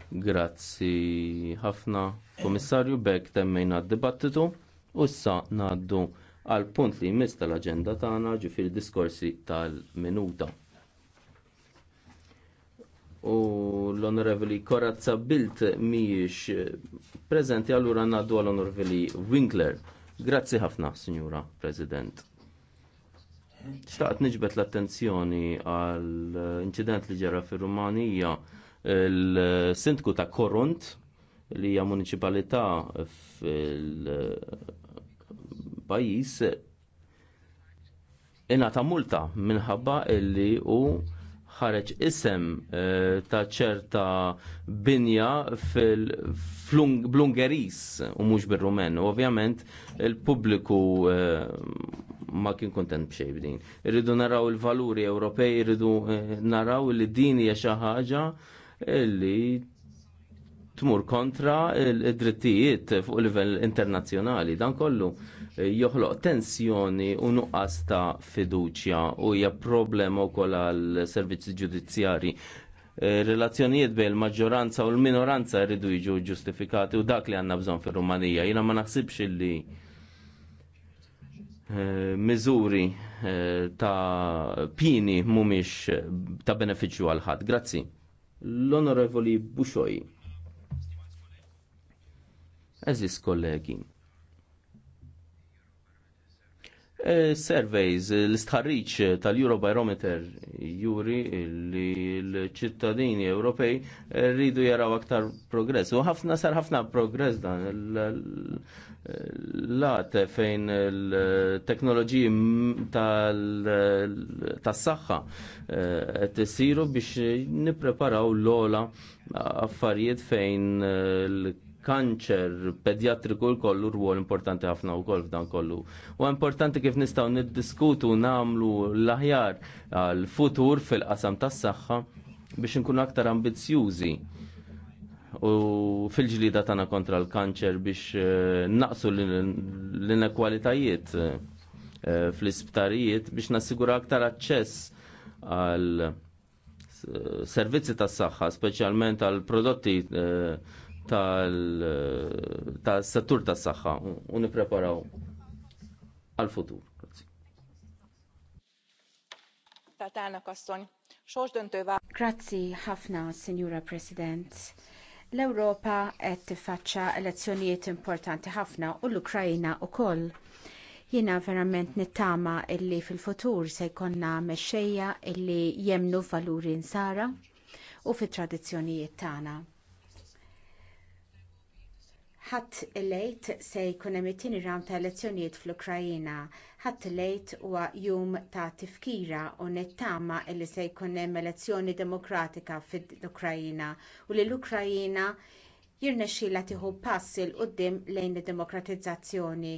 Speaker 13: Grazzi ħafna, Komissarju Beck temmejna d-dibattitu. U issa ngħaddu għal punt li jmiss tal-aġenda tagħna ġifieri diskorsi tal-minuta. U l-Onorevoli Korazza Bilt mhijiex preżenti allura ngħaddu għall onorevoli Winkler. Grazzi ħafna, Sinjura President. Xtaqt niġbet l-attenzjoni għall inċident li ġara fir-Rumanija l-sindku ta' Korunt li hija municipalità fil pajjiż ingħata multa minħabba li hu ħareġ isem eh, ta' ċerta binja fil-Blungeris u mhux bir-Rumen. Ovvjament il-pubbliku eh, ma kien kontent b'xej b'din. Irridu naraw il-valuri Ewropej, irridu eh, naraw li din hija xi ħaġa li tmur kontra id drittijiet fuq livell internazzjonali. Dan kollu joħloq tensjoni u nuqqas ta' fiduċja u hija problema wkoll għall servizzi ġudizzjarji. E, relazzjonijiet bejn il-maġġoranza u l-minoranza jridu jiġu ġustifikati u dak li għandna bżonn fir-Rumanija. Jiena ma naħsibx li e, miżuri e, ta' pini mhumiex ta' benefiċċju għal ħadd. Grazzi. L-Onorevoli Buxoj. Eżis kollegi Eh, surveys, eh, l-istħarriċ tal-Eurobarometer juri li l-ċittadini Ewropej eh, rridu jaraw aktar progress. U ħafna sar ħafna progress dan l-lat fejn l-teknoloġiji tal-saxħa qed isiru biex nipreparaw l-ola affarijiet fejn l kanċer pedjatriku l-kollu rwol importanti ħafna u kolf dan kollu. U importanti kif nistaw niddiskutu namlu l-aħjar l-futur fil-qasam tas saħħa biex nkun aktar ambizjużi u fil-ġlida tana kontra l-kanċer biex eh, naqsu l-inekwalitajiet eh, fl-isptarijiet biex nassigura aktar aċċess għal servizzi tas saħħa speċjalment għal prodotti uh, tal-settur tas saħħa u nippreparaw għal-futur.
Speaker 5: Grazzi ħafna, Signora President. L-Europa qed tiffaċċa elezzjonijiet importanti ħafna u l-Ukrajna wkoll. Jiena verament nittama illi fil-futur se jkollna mexxejja illi jemnu valuri nsara u fit-tradizzjonijiet tagħna ħadd elejt se jkun hemm it-tieni round ta' elezzjonijiet fl-Ukrajina. Ħadd elejt huwa jum ta' tifkira u nittama li se jkun hemm elezzjoni demokratika fl-Ukrajina u li l-Ukrajina jirnexxilha tieħu pass il quddiem lejn id-demokratizzazzjoni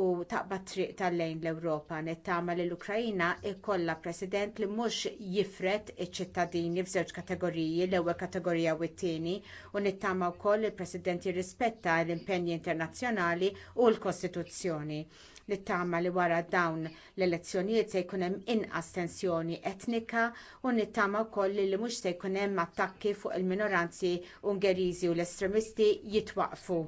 Speaker 5: u taqbad triq tal-lejn l-Ewropa nittama li l-Ukrajina ikollha president li mhux jifret iċ-ċittadini f'żewġ kategoriji l-ewwel kategorija u t-tieni u nittama wkoll il-President jirrispetta l impenni internazzjonali u l-Kostituzzjoni nittama li wara dawn l-elezzjonijiet se jkun hemm inqas tensjoni etnika u nittama wkoll li mhux se jkun hemm attakki fuq il-minoranzi Ungeriżi u l-estremisti jitwaqfu.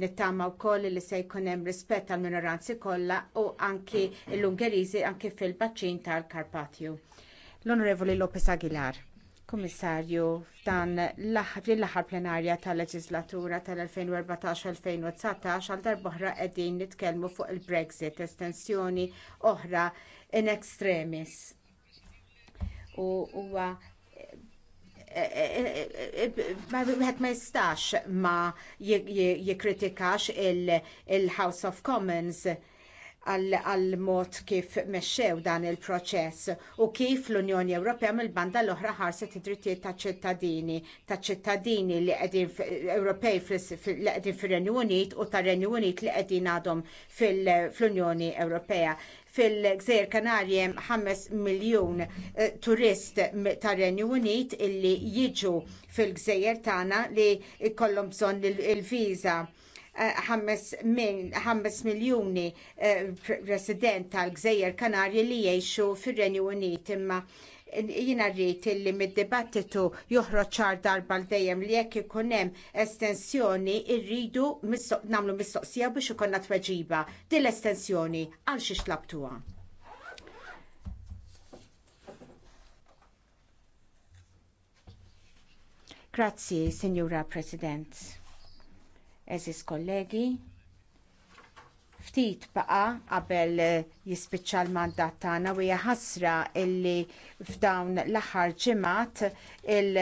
Speaker 5: Nittama wkoll li se jkun hemm rispett għall minoranzi kollha u anki l-Ungeriżi anki fil-baċċin tal-Karpatju. L-Onorevoli Lopez Aguilar, Kummissarju, f'dan l-aħħar plenarja tal-leġislatura tal-2014-2019 għal darbohra qegħdin nitkellmu fuq il-Brexit, estensjoni oħra in extremis. U huwa Wieħed ma jistax ma jikritikax il-House of Commons għal mod kif mexxew dan il-proċess u kif l-Unjoni Ewropea mill-banda l-oħra ħarset id-drittijiet taċ ċittadini taċ ċittadini li qegħdin Ewropej li qegħdin fir-Renju Unit u tar-Renju Unit li qegħdin għadhom fl-Unjoni Ewropea. Fil-Gżejjer Kanarji hemm 5 miljun eh, turist tar-Renju Unit illi jiġu fil-Gżejjer tagħna li jkollhom bżonn il-viża. il viża 5 miljuni resident tal-Gżejjer Kanarji li jgħixu fir-Renju Unit imma jina rrit li mid-dibattitu joħroġ ċar darba l dejjem li jekk ikun hemm estensjoni rridu nagħmlu mistoqsija biex ikonna tweġiba. Din l-estensjoni għal xi xlabtuha. Grazzi, Signora President eżis kollegi. Ftit baqa qabel jispiċċa l-mandat tagħna u hija ħasra illi f'dawn l-aħħar ġimgħat il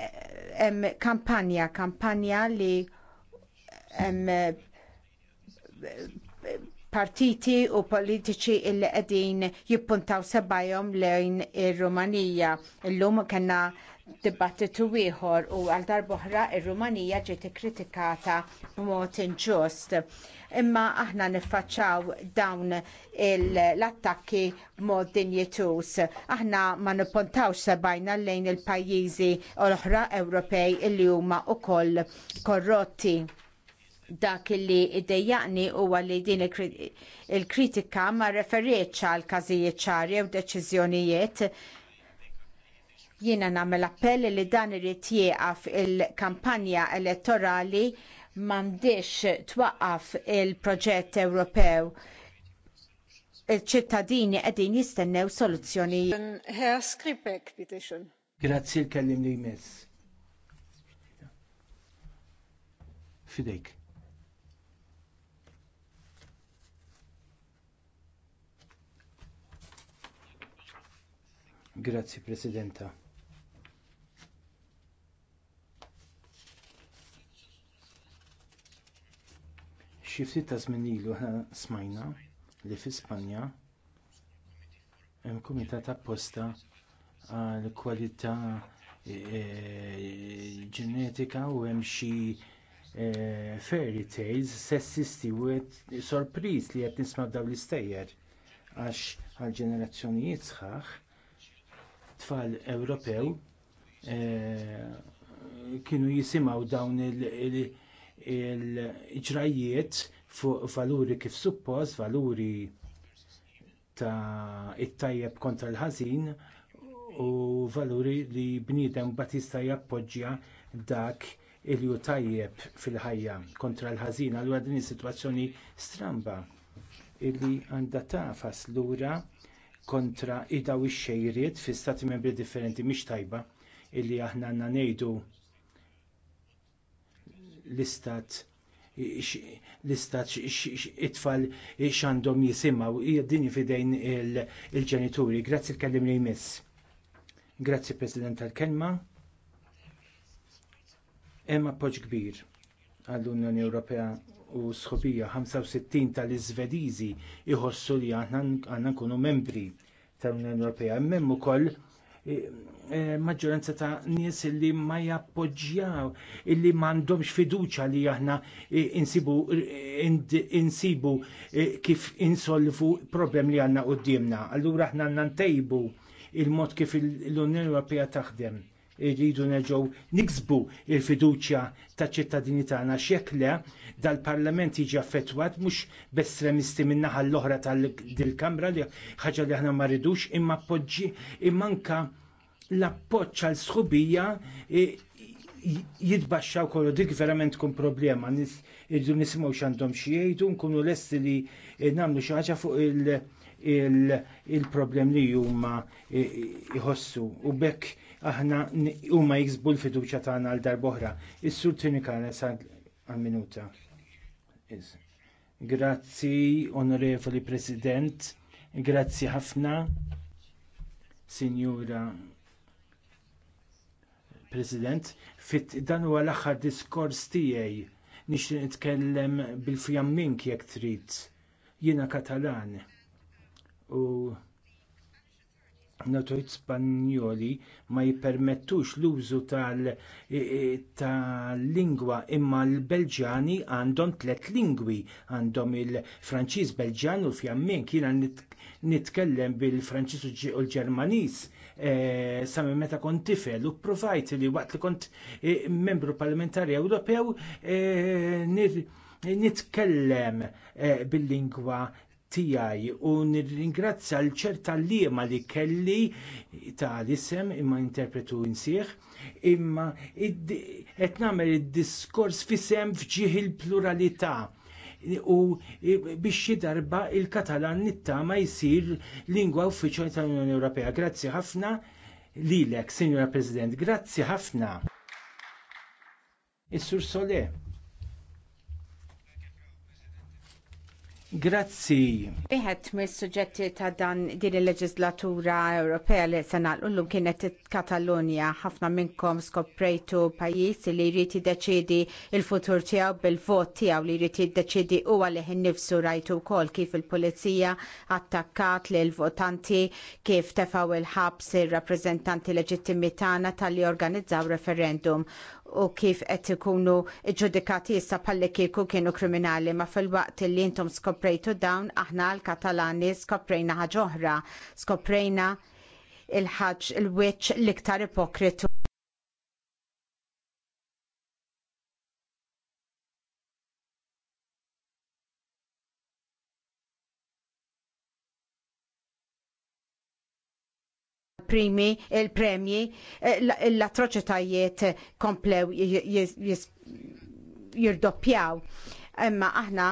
Speaker 5: hemm kampanja kampanja li hemm partiti u politiċi illi qegħdin jippuntaw sebajhom lejn ir-Rumanija. Illum kellna dibattitu ieħor u għal darboħra ir-Rumanija ġiet ikkritikata b'mod inġust. Imma aħna niffaċċaw dawn l-attakki b'mod dinjetus. Aħna ma nippontawx sebajna lejn il-pajjiżi l-oħra Ewropej li huma wkoll korrotti dak li iddejjaqni huwa li din il-kritika ma referieċ għal każijiet ċari u deċiżjonijiet Jiena nagħmel appell li dan irid jieqaf il-kampanja elettorali m'għandix twaqqaf il-proġett Ewropew. Il-ċittadini qegħdin jistennew soluzzjoni.
Speaker 12: Grazzi l-kellim li jmiss. Fidejk. Grazie Presidenta. Xi ftit ta' żmien ilu smajna li fi Spanja hemm kumitat apposta għall kwalità e, e, ġenetika u hemm xi e, fairy tales sessisti u sorpriz li qed nisma' dawn l-istejjer għax għal ġenerazzjonijiet sħaħ tfal Ewropew kienu jisimgħu dawn il- il-ġrajiet fuq valuri kif suppost, valuri ta' it-tajjeb kontra l-ħażin u valuri li bniedem bat jista' jappoġġja dak il ju tajjeb fil-ħajja kontra l-ħażin allura din is-sitwazzjoni stramba illi għandha tafas lura kontra ida ix xejriet fi stati membri differenti mhix tajba illi aħna għandna ngħidu l-istat l-istat it-tfal xandom jisimaw, din fidejn il-ġenituri. Grazzi l-kellim li jmiss. Grazzi President tal-kelma. Hemm appoġġ kbir għall-Unjoni Ewropea u sħobija 65 tal-Iżvediżi iħossu li aħna nkunu membri tal-Unjoni Ewropea. Hemm ukoll Eh, eh, maġġoranza ta' nies li ma jappoġġjaw, illi m'għandhomx fiduċja li aħna eh, insibu, insibu kif insolvu problem li għandna qudiemna. Allura aħna ntejbu il-mod kif l-Unjoni Ewropea taħdem irridu neġow niksbu l fiduċja taċ ċittadini tagħna x'jekk le dal-Parlament jiġi affettwat mhux b'estremisti min-naħa l-oħra tal-kamra li ħaġa li aħna ma rridux imma poġġi imma l-appoġġ għal sħubija jitbaxxaw kollu dik verament tkun problema. Irdu nisimgħu x'għandhom xi jgħidu, nkunu lesti li eh, nagħmlu xi ħaġa fuq il-problem li huma jħossu eh, u bekk aħna huma jiksbu l-fiduċja tagħna għal darb'oħra. Is-sur tinikana sa għal-minuta. Grazzi, Onorevoli President, grazzi ħafna, Signora President, fit dan huwa l-aħħar diskors tiegħi nixtieq nitkellem bil-fjamminki jekk trid. Jiena Katalan u notojt Spanjoli ma jippermettux l-użu e, e, tal-lingwa tal imma l-Belġani għandhom tliet lingwi għandhom il-Franċiż Belġan u l-Fjammin kiena nitkellem bil-Franċiż u l-Ġermaniż Eh, sa minn meta kont tifel u provajt li waqt li kont eh, membru parlamentari Ewropew eh, nitkellem bil-lingwa tiegħi u nirringrazzja l ċerta liema li kelli ta' l-isem imma interpretu insieħ imma qed nagħmel id-diskors fisem fġieħ il-pluralità u biex xi darba il-Katalan nittama jsir lingwa uffiċjali tal-Unjoni Ewropea. Grazzi ħafna lilek, Signora President, grazzi ħafna. Is-Sur Sole. Grazzi.
Speaker 5: Iħet mis suġġetti ta' dan din il-leġislatura Ewropea li se ullum kienet Katalunja ħafna minnkom skoprejtu pajjiż li jrid jiddeċiedi l futur tiegħu bil-vot tiegħu li jrid jiddeċiedi huwa li innifsu rajtu wkoll kif il-pulizija attakkat l votanti kif tefgħu il-ħabs ir-rappreżentanti leġittimi tagħna tal-li organizzaw referendum u kif qed ikunu ġudikati issa palli kieku kienu kriminali ma fil-waqt li intom skoprejtu dawn aħna l-Katalani skoprejna ħaġa oħra, skoprejna il-ħaġ il-wiċċ l-iktar ipokritu. il-primi, il-premji, eh, l-atroċitajiet komplew jirdoppjaw. Imma aħna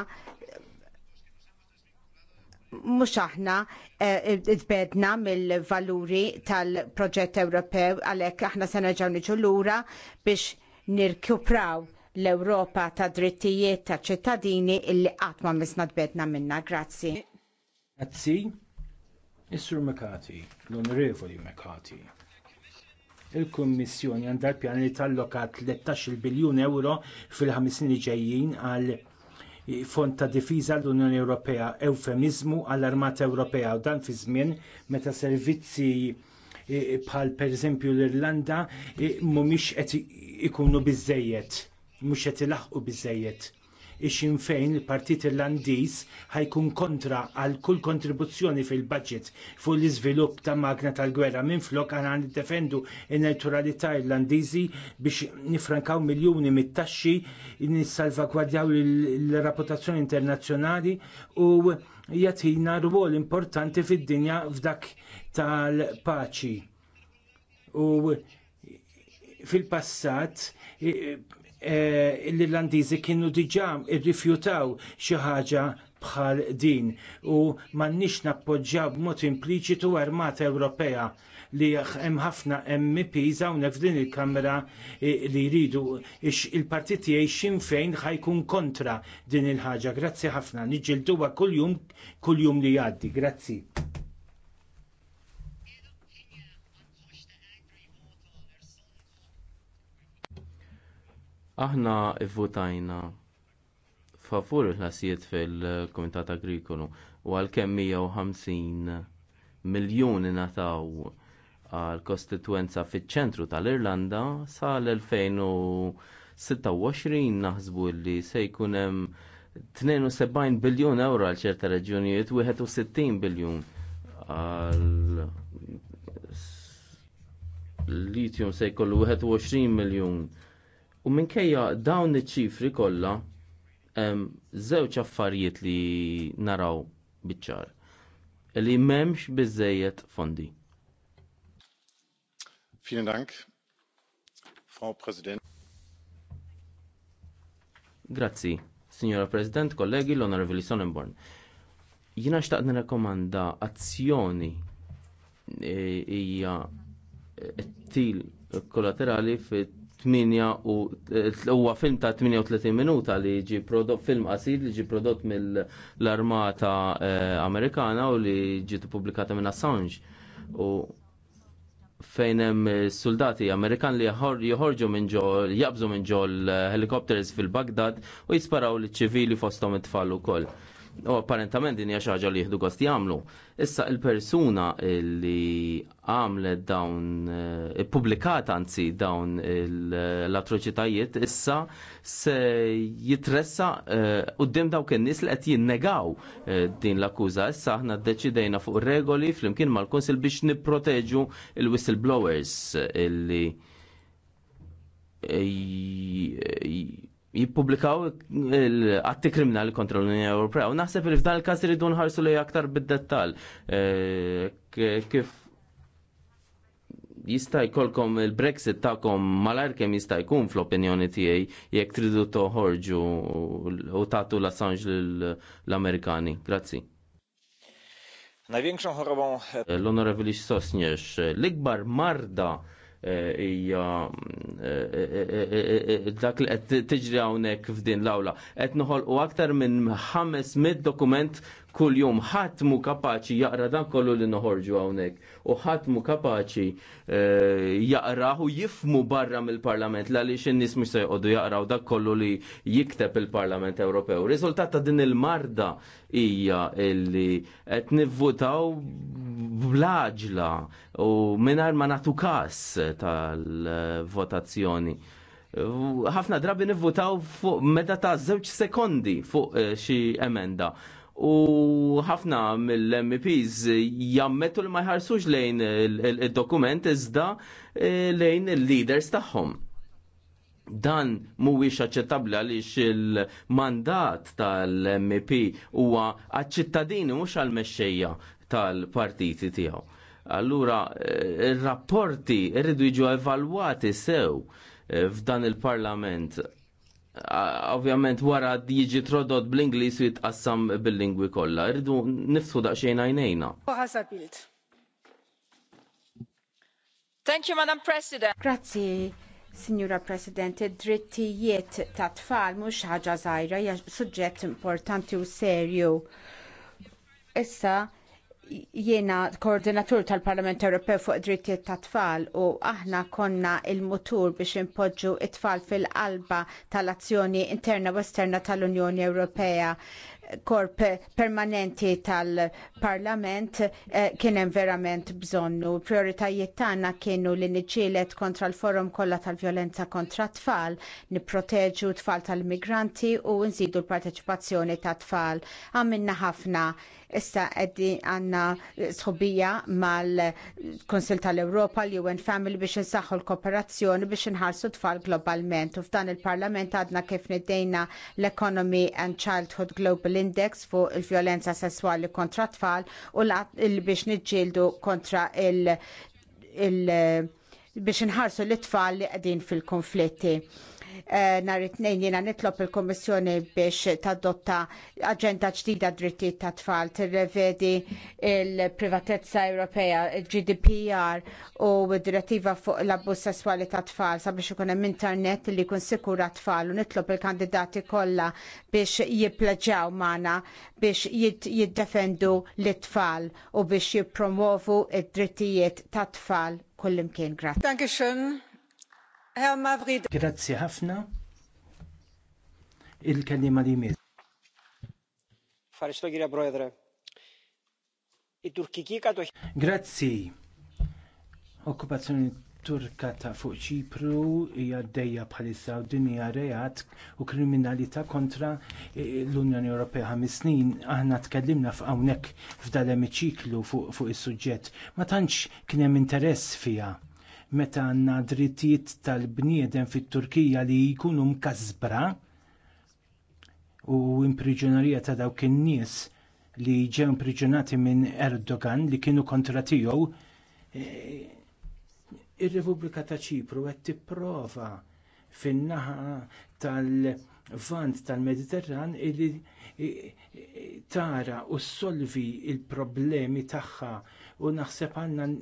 Speaker 5: mux aħna eh, id-bedna mill-valuri tal-proġett Ewropew għalek aħna se nerġgħu niġu lura biex nirkupraw l ewropa ta' drittijiet ta' ċittadini illi qatt ma misna tbedna minna. Grazzi.
Speaker 12: Grazzi. Is-Sur Mekati, l-Onorevoli Mekati. Il-Kummissjoni għandha l-pjan li talloka 13 biljun euro fil-ħamis snin ġejjin għal fond ta' difiża l-Unjoni Ewropea, eufemizmu għall-Armata Ewropea u dan fi żmien meta servizzi e, bħal pereżempju l-Irlanda e, mhumiex qed ikunu biżżejjed, mhux qed ilaħqu biżżejjed ix fejn il-Partit Irlandiż ħajkun kontra għal kull kontribuzzjoni fil-budget fuq l-iżvilupp ta' magna tal-gwerra minflok aħna niddefendu in-neutralità Irlandiżi biex nifrankaw miljuni mit-taxxi, nissalvagwardjaw l-reputazzjoni internazzjonali u jatina rwol importanti fid-dinja f'dak tal-paċi. U fil-passat Eh, l-Irlandiżi kienu diġà rrifjutaw xi ħaġa bħal din u m'għandniex nappoġġjaw b'mod impliċitu Armata Ewropea li hemm ħafna MPs hawnhekk f'din il-Kamra eh, li jridu il-partit tiegħi fejn ħajkun kontra din il-ħaġa. Grazzi ħafna, niġġilduha kuljum kuljum li jgħaddi. Grazzi.
Speaker 13: Aħna vvutajna favur il-ħasijiet fil-Komitat Agrikolu u għalkemm 150 miljun ingħataw għall kostituenza fiċ-ċentru tal-Irlanda sal-2026 naħsbu li se jkun hemm 72 biljun euro għal ċerta reġjunijiet, 61 biljun għal litium se jkollu 21 miljun U minkejja dawn iċ-ċifri kollha hemm żewġ affarijiet li naraw biċ-ċar li m'hemmx biżżejjed fondi.
Speaker 1: Vielen Dank, Frau
Speaker 13: Grazzi, Signora President, kollegi, l honorable Sonnenborn. Jina xtaqt nirekomanda azzjoni e, hija t-til e, kollaterali fit Eh, huwa film ta' 38 minuta li ġi prodott film qasir li ġi prodott mill-Armata eh, Amerikana u li ġi pubblikata minn Assange. U fejn hemm soldati Amerikan li joħorġu minn ġo jabżu minn ġol eh, helikopters fil-Bagdad u jisparaw liċ ċivili fosthom it-tfal ukoll U apparentament din hija xi ħaġa li jieħdu gost jagħmlu. Issa il-persuna li għamlet dawn eh, ippubblikat anzi dawn l-atroċitajiet issa se jitressa eh, quddiem dawk in-nies li qed jinnegaw eh, din l-akkuża. Issa aħna ddeċidejna fuq regoli flimkien mal-Kunsil biex nipproteġu il-whistleblowers illi jippublikaw l-atti kriminali kontra l-Unjoni Ewropea. U naħseb li f'dan il-każ iridu nħarsu li aktar bid-dettall. Eh, kif jista' jkollkom il-Brexit tagħkom malajr kemm jista' jkun fl-opinjoni tiegħi jekk tridu toħorġu u tagħtu l-Assange l-Amerikani. Grazzi. Największą chorobą... Eh, L-Onorevoli Sosnierz, l-ikbar marda hija eh, eh, eh, dak li qed tiġri hawnhekk f'din l-awla. Qed noħolqu aktar minn 500 dokument kuljum ħadd mu kapaċi jaqra dan kollu li noħorġu hawnhekk u ħadd mu kapaċi eh, jaqraħ u jifmu barra mill-Parlament għaliex in-nies mhux se joqogħdu jaqraw dak kollu li jikteb il-Parlament Ewropew. Riżultat ta' din il-marda hija illi qed nivvutaw blaġla u mingħajr ma nagħtu każ tal-votazzjoni ħafna drabi nivvutaw fuq meta ta' żewġ sekondi fuq eh, xi emenda u ħafna mill-MPs jammetu li ma jħarsux lejn il-dokument iżda eh, lejn il-leaders tagħhom. Dan mhuwiex aċċettabbli għaliex il-mandat tal-MP huwa għaċ-ċittadini mhux għall-mexxejja tal-partiti tiegħu. Allura eh, ir-rapporti rridu jiġu evalwati sew eh, f'dan il-parlament ovvjament wara jiġi trodot bl-Inglis u jitqassam bil-lingwi kollha. Irridu nifsu daqsxejn għajnejna.
Speaker 5: Thank you, Madam President. Grazzi, Signora President. Id-drittijiet ta' tfal mhux ħaġa żgħira suġġett importanti u serju. Issa jiena koordinatur tal-Parlament Ewropew fuq drittijiet ta' tfal u aħna konna il-mutur biex impoġġu it tfal fil-qalba tal-azzjoni interna u esterna tal-Unjoni Ewropea korp permanenti tal-Parlament kienem eh, kien hemm verament bżonnu. Prioritajiet tagħna kienu li niġġieled kontra l-forum kollha tal-vjolenza kontra t tfal, nipproteġu tfal tal-migranti u nżidu l-parteċipazzjoni tat tfal. Għamilna ħafna Issa għeddi għanna sħobija mal-Konsil tal-Europa, l-UN Family biex nsaħħu l-kooperazzjoni biex nħarsu tfal globalment. U f'dan il-Parlament għadna kif niddejna l-Economy and Childhood Global Index fuq il-violenza sessuali kontra tfal u biex nġildu kontra il- biex nħarsu l-tfal li għedin fil-konflitti Eh, nhar it-tnejn jiena nitlob il kommissjoni biex tadotta aġenda ġdida drittijiet ta' tfal tirrevedi l privatezza Ewropea, il-GDPR u direttiva fuq l-abbuż sesswali tat tfal sabiex ikun hemm internet li jkun sikur tfal u nitlob il-kandidati kollha biex jippleġaw mana biex jiddefendu l-tfal u biex jippromovu id drittijiet tat tfal kullimkien. Grazie.
Speaker 12: Grazzi ħafna. Il-kellima li jmiss. Farishto gira brojedre. It-Turkikika to. Grazzi. Okkupazzjoni Turka ta' fuq Ċipru hija dejja bħalissa u din hija reat u kriminalità kontra l-Unjoni Ewropea ħames snin aħna tkellimna f'hawnhekk f'dal emiċiklu fuq is-suġġett ma tantx kien hemm interess fiha meta għandna drittijiet tal-bniedem fit-Turkija li jkunu mkasbra u impriġunarija ta' dawk in-nies li ġew impriġunati minn Erdogan li kienu kontra tiegħu e, ir-Repubblika ta' Ċipru qed tipprova fin-naħa tal-vant tal-Mediterran illi e, e, tara u solvi l problemi tagħha u naħseb għandna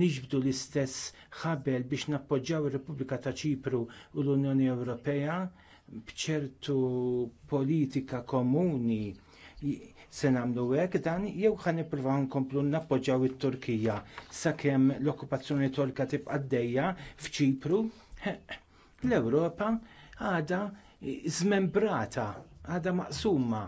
Speaker 12: niġbdu l-istess ħabel biex nappoġġjaw ir-Repubblika ta' Ċipru u l-Unjoni Ewropea bċertu politika komuni se nagħmlu hekk dan jew ħan nippruvaw nkomplu nappoġġjaw it-Turkija sakemm l-okkupazzjoni Torka tibqa' għaddejja f'Ċipru [laughs] l-Ewropa għadha żmembrata, għadha maqsuma.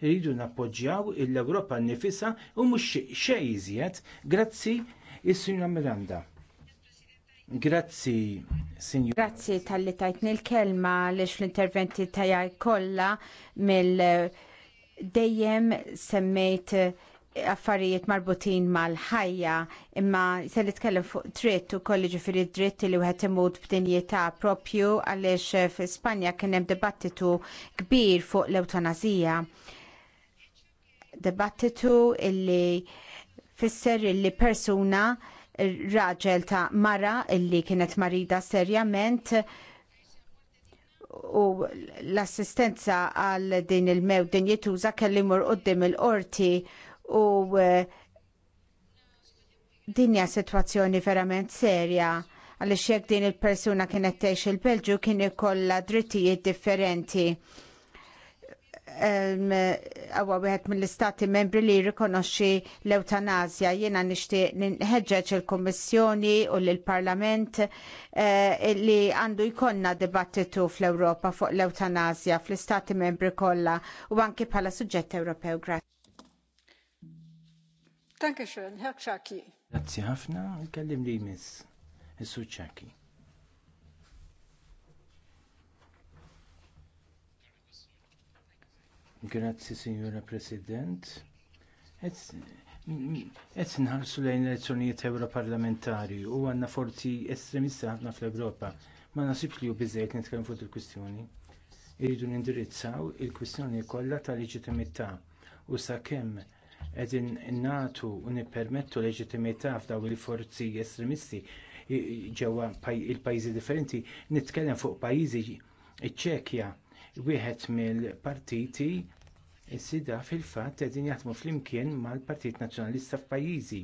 Speaker 12: Iridu nappoġġjaw l-Ewropa nfisha u mhux xejn iżjed grazzi Is-Sinjora Miranda. Grazzi, Sinjor.
Speaker 5: Grazzi tal-li tajtni l-kelma li tajtni l kelma li l interventi tajaj kolla mill dejjem semmejt eh, affarijiet marbutin mal-ħajja imma se nitkellem fuq dritt u kolli ġifiri dritt li wieħed imut b'dinjeta propju għaliex eh, f'Ispanja kien hemm dibattitu kbir fuq l-eutanazija. Dibattitu illi fisser illi persuna raġel ta' mara illi kienet marida serjament u l-assistenza għal din il-mew din jituża kelli mur qoddim il-qorti u e, din hija situazzjoni verament serja għaliex jekk din il-persuna kienet teħx il-Belġu kien ikollha drittijiet differenti għawa wieħed mill-istati membri li jirrikonoxxi l-eutanazja. Jiena nixtieq nħeġġeġ il-Kummissjoni u l-Parlament eh, li għandu jkollna dibattitu fl-Ewropa fuq l-eutanazja fl-istati membri kollha u anki bħala suġġett Ewropew. Grazie.
Speaker 9: Danke schön, Herr Czaki.
Speaker 12: Grazzi ħafna, kellim li jmiss, is-suċċaki. Grazzi, Signora President. Qed nħarsu lejn elezzjonijiet Ewroparlamentari u għandna forzi estremista ħafna fl-Ewropa. Ma nasib li u biżejjed nitkellem fuq il-kwistjoni. Iridu nindirizzaw il-kwistjoni kollha ta' leġitimità u sakemm edin nagħtu u nippermettu leġitimità f'daw il-forzi estremisti ġewwa il-pajjiżi differenti, nitkellem fuq pajjiżi iċ-Ċekja wieħed mill-partiti Is-sida fil-fatt qegħdin jaħdmu flimkien mal-Partit Nazzjonalista f'pajjiżi.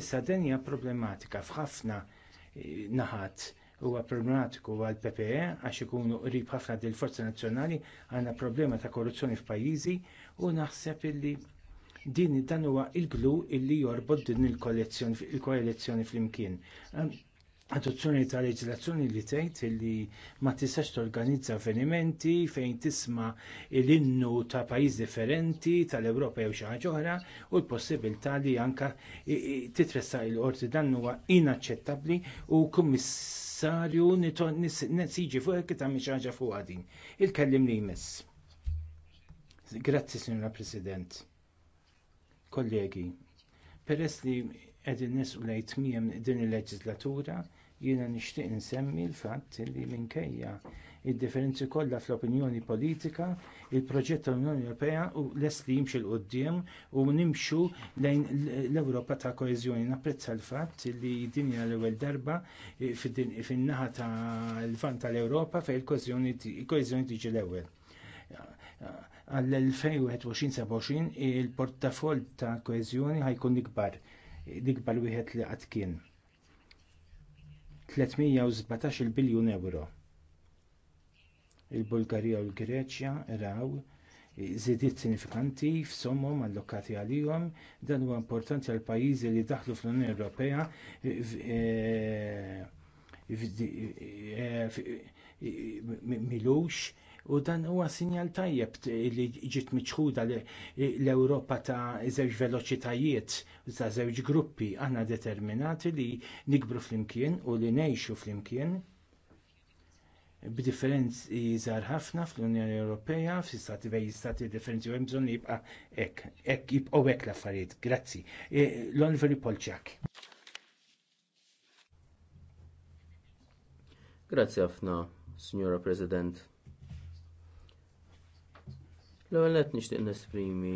Speaker 12: Issa din hija problematika f'ħafna eh, naħat huwa problematiku għall PPE għax ikunu qrib ħafna dil forza Nazzjonali għandna problema ta' korruzzjoni f'pajjiżi u naħseb illi din dan huwa il-glu illi jorbod din il-koalizzjoni flimkien. Ehm, adozzjoni ta' leġislazzjoni li tgħid li ma tistax torganizza avvenimenti fejn tisma' l-innu ta' pajjiż differenti tal-Ewropa jew xi ħaġa u l-possibilità li anke titressaq il-qorti dan huwa inaċċettabbli u kummissarju nisiġi fuq hekk ta' xi ħaġa fuq din. Il-kellim li jmiss. Grazzi, Signora President. Kollegi, peress li qegħdin nisqu lejn tmiem din il-leġislatura, Jiena nixtieq insemmi l-fatt li minkejja id-differenzi kollha fl-opinjoni politika, il-proġett tal-Unjoni Ewropea u lest li jimxi l qudiem u nimxu lejn l-Ewropa ta' koeżjoni. Napprezza l-fatt li din hija l-ewwel darba fin-naħa tal-vant tal-Ewropa fejn il-koeżjoni tiġi l-ewwel. Għall-2021-27 il portafoll ta' koeżjoni ħajkun ikbar, l-ikbar wieħed li qatt kien 317 biljun euro. Il-Bulgarija u l-Greċja raw żidiet sinifikanti f'sommhom allokati għalihom dan huwa importanti għal pajjiżi li daħlu fl-Unjoni Ewropea eh, eh, milux U dan huwa sinjal tajjeb li ġiet miċħuda l-Ewropa ta' żewġ veloċitajiet, ta' żewġ gruppi, aħna determinati li nikbru flimkien u li ngħixu flimkien b'differenzi żgħar ħafna fl-Unjoni Ewropea, fi stati bej stati differenzi u hemm bżonn jibqa' hekk, hekk jibqgħu hekk l-affarijiet. Grazzi. E, L-Onveri Polċak.
Speaker 13: Grazzi ħafna, Signora President. L-ewwel qed nixtieq nesprimi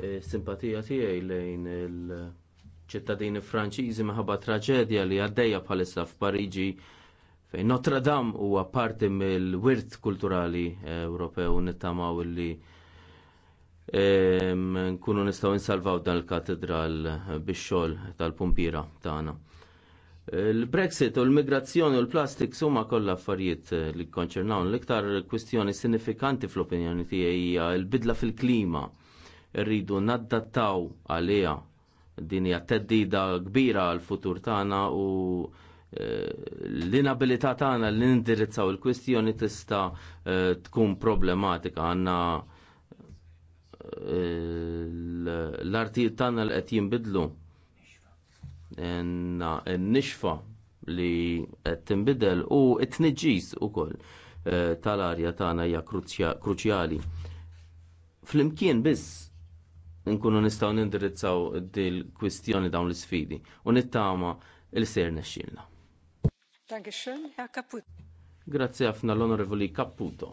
Speaker 13: eh, simpatija tiegħi lejn il-ċittadini Franċiżi minħabba traġedja li għaddejja bħalissa f'Pariġi fejn Notre Dame huwa parti mill-wirt kulturali eh, Ewropew nittamaw li eh, nkunu nistgħu nsalvaw dan il-katedral bix-xogħol tal-pumpira tagħna. Il-Brexit u l-migrazzjoni u l-plastik suma kollha affarijiet eh, li konċernaw l-iktar kwistjoni sinifikanti fl-opinjoni tiegħi hija l-bidla fil-klima. Rridu naddattaw għaliha din hija teddida kbira għal futur tagħna u eh, l-inabilità tagħna li nindirizzaw il-kwistjoni tista' eh, tkun problematika għandna l-artijiet tagħna li qed jinbidlu n-nixfa li qed tinbidel u t tniġġis ukoll eh, tal-arja tagħna hija kruċjali. Flimkien biss nkunu nistgħu nindirizzaw dil kwistjoni dawn l-isfidi u nittama il ser nexxielna. Grazzi ħafna l-Onorevoli Caputo.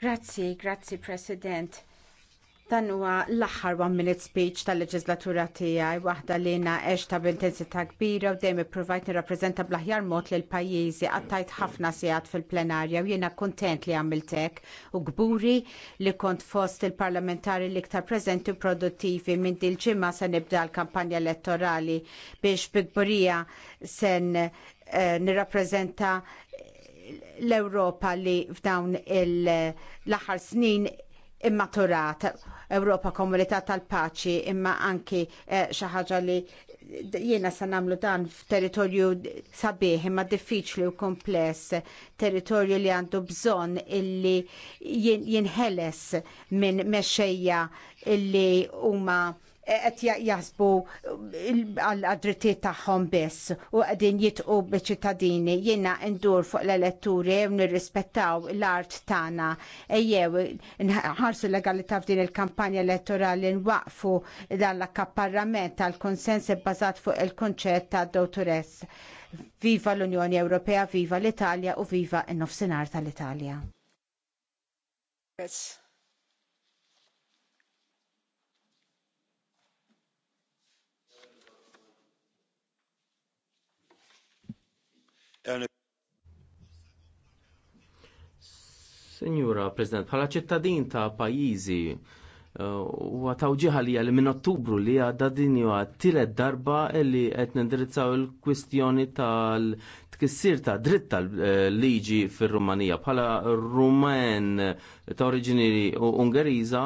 Speaker 5: Grazzi, grazie President Dan huwa l-aħħar one minute speech tal-leġislatura tiegħi waħda li na ta' b'intensità kbira u dejjem ippruvajt nirrappreżenta bl-aħjar mod lil pajjiżi għattajt ħafna sigħat fil-plenarja u jiena kuntent li għamilt hekk u gburi li kont fost il-parlamentari li iktar preżenti u produttivi minn din ġimgħa se nibda l-kampanja elettorali biex bigburija sen eh, nirrappreżenta l-Ewropa li f'dawn l-aħħar snin immaturat Ewropa Komunità tal-Paċi imma anki eh, xi ħaġa li jiena se nagħmlu dan f'territorju sabiħ imma diffiċli u kompless, territorju li għandu bżonn illi jinħeles minn mexxejja illi huma qed jasbu għal-drittijiet tagħhom biss u qegħdin jitqu bieċittadini ċittadini jiena ndur fuq l eletturi u nirrispettaw l-art tagħna ejjew nħarsu legalità f'din il-kampanja elettorali nwaqfu dal-akkapparrament tal-konsens bbażat fuq il-kunċett ta' dottoress. Viva l-Unjoni Ewropea, viva l-Italja u viva n-nofsinhar tal-Italja.
Speaker 4: Yes.
Speaker 13: Senjura President, bħala ċittadin ta' pajjiżi eh, u għatawġiħa li għalli minn ottubru li għadda dinju għattilet darba li għet nindirizzaw il-kwistjoni tal-tkissir ta' dritt tal-liġi fil-Rumanija. Bħala Rumen ta' oriġini Ungeriza,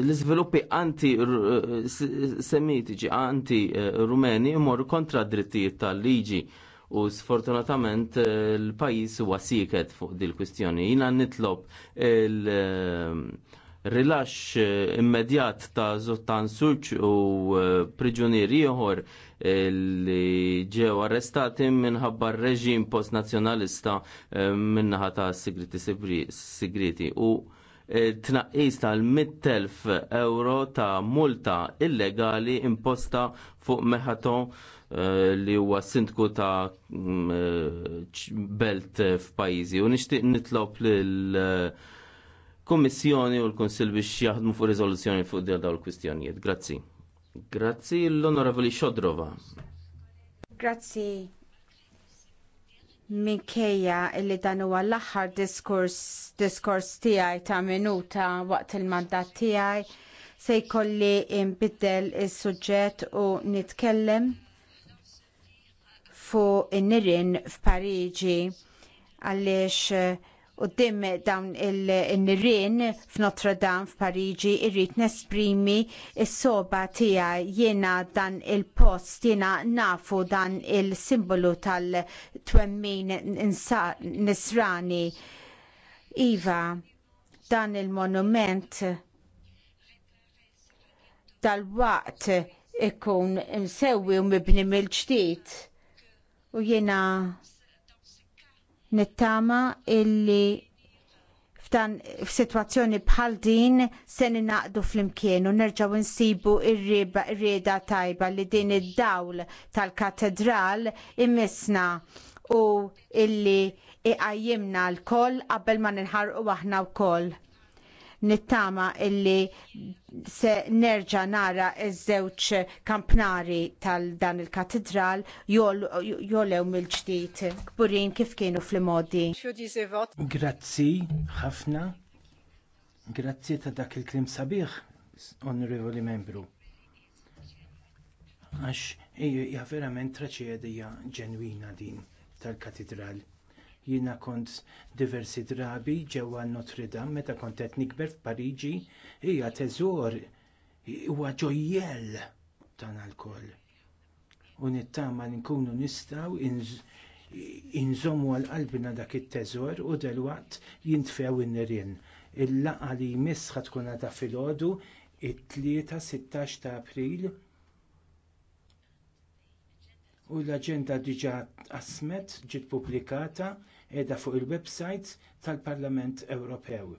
Speaker 13: l-izviluppi anti-semitiċi, anti-rumeni imorru kontra drittijiet tal-liġi u sfortunatament eh, l-pajis huwa siket fuq dil kwistjoni Jina nitlob il-rilax eh, immedjat ta' Zottan Suċ u eh, priġunieri ieħor li ġew arrestati minħabba r-reġim post-nazjonalista minnaħa ta' Sigriti Sigriti u Eh, tnaqqis tal-100.000 euro ta' multa illegali imposta fuq meħato eh, li huwa sindku ta' mm, eh, belt f'pajjiżi u nixtieq nitlob lil Kommissjoni u l-Konsil biex jaħdmu fuq riżoluzzjoni fuq dil dawn il-kwistjonijiet. Grazzi. Grazzi l-Onorevoli Xodrova.
Speaker 5: Grazzi minkejja li dan huwa l-aħħar diskors diskors tiegħi ta' minuta waqt il-mandat tiegħi se jkolli nbiddel is-suġġett u nitkellem fuq in-nirien f'Pariġi għaliex Uddim dawn il-nirien f'Notre Dame f'Pariġi irrid nesprimi s-soba tija jiena dan il-post jiena nafu dan il-simbolu tal-twemmin nisrani. Iva, dan il-monument tal-waqt ikun msewi u mibni mill-ġdid u jena Nittama illi f'dan f'sitwazzjoni bħal din se ninaqdu flimkien u nerġgħu nsibu r-rieda tajba li din id-dawl tal-katedral imissna u illi iqajjimna l-koll qabel ma ninħarqu aħna wkoll nittama illi se nerġa nara iż-żewġ kampnari tal-dan il-katedral jolew mill-ġdid kburin kif kienu fl-modi.
Speaker 12: Grazzi ħafna. Grazzi ta' dak il-klim sabiħ, onorevoli membru. Għax hija verament traċedija ġenwina din tal-katedral Jiena kont diversi drabi ġewwa Notre Dame meta kont qed nikber f'Pariġi hija teżor huwa ġojjel tan alkoll. U nittama li nkunu nistgħu inżommu għal qalbina dak it-teżor u delwaqt jintfew in-nirien. Il-laqa li jmiss tkun għadha filgħodu it-3 16 ta' April u l-aġenda diġà asmet ġiet pubblikata qiegħda fuq il-website tal-Parlament Ewropew.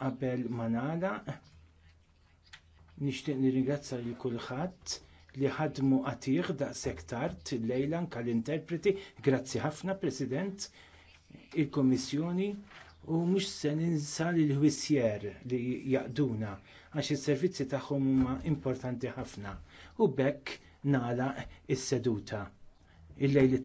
Speaker 12: Qabel ma nagħlaq nixtieq nirringrazzja lil kulħadd li ħadmu qatih daqshekk tard lejla anke l-interpreti, grazzi ħafna President, il-Kummissjoni u mhux se ninsa lil ħwissier li jaqduna għax is-servizzi tagħhom huma importanti ħafna. U b'hekk nagħlaq is-seduta. Il-lejl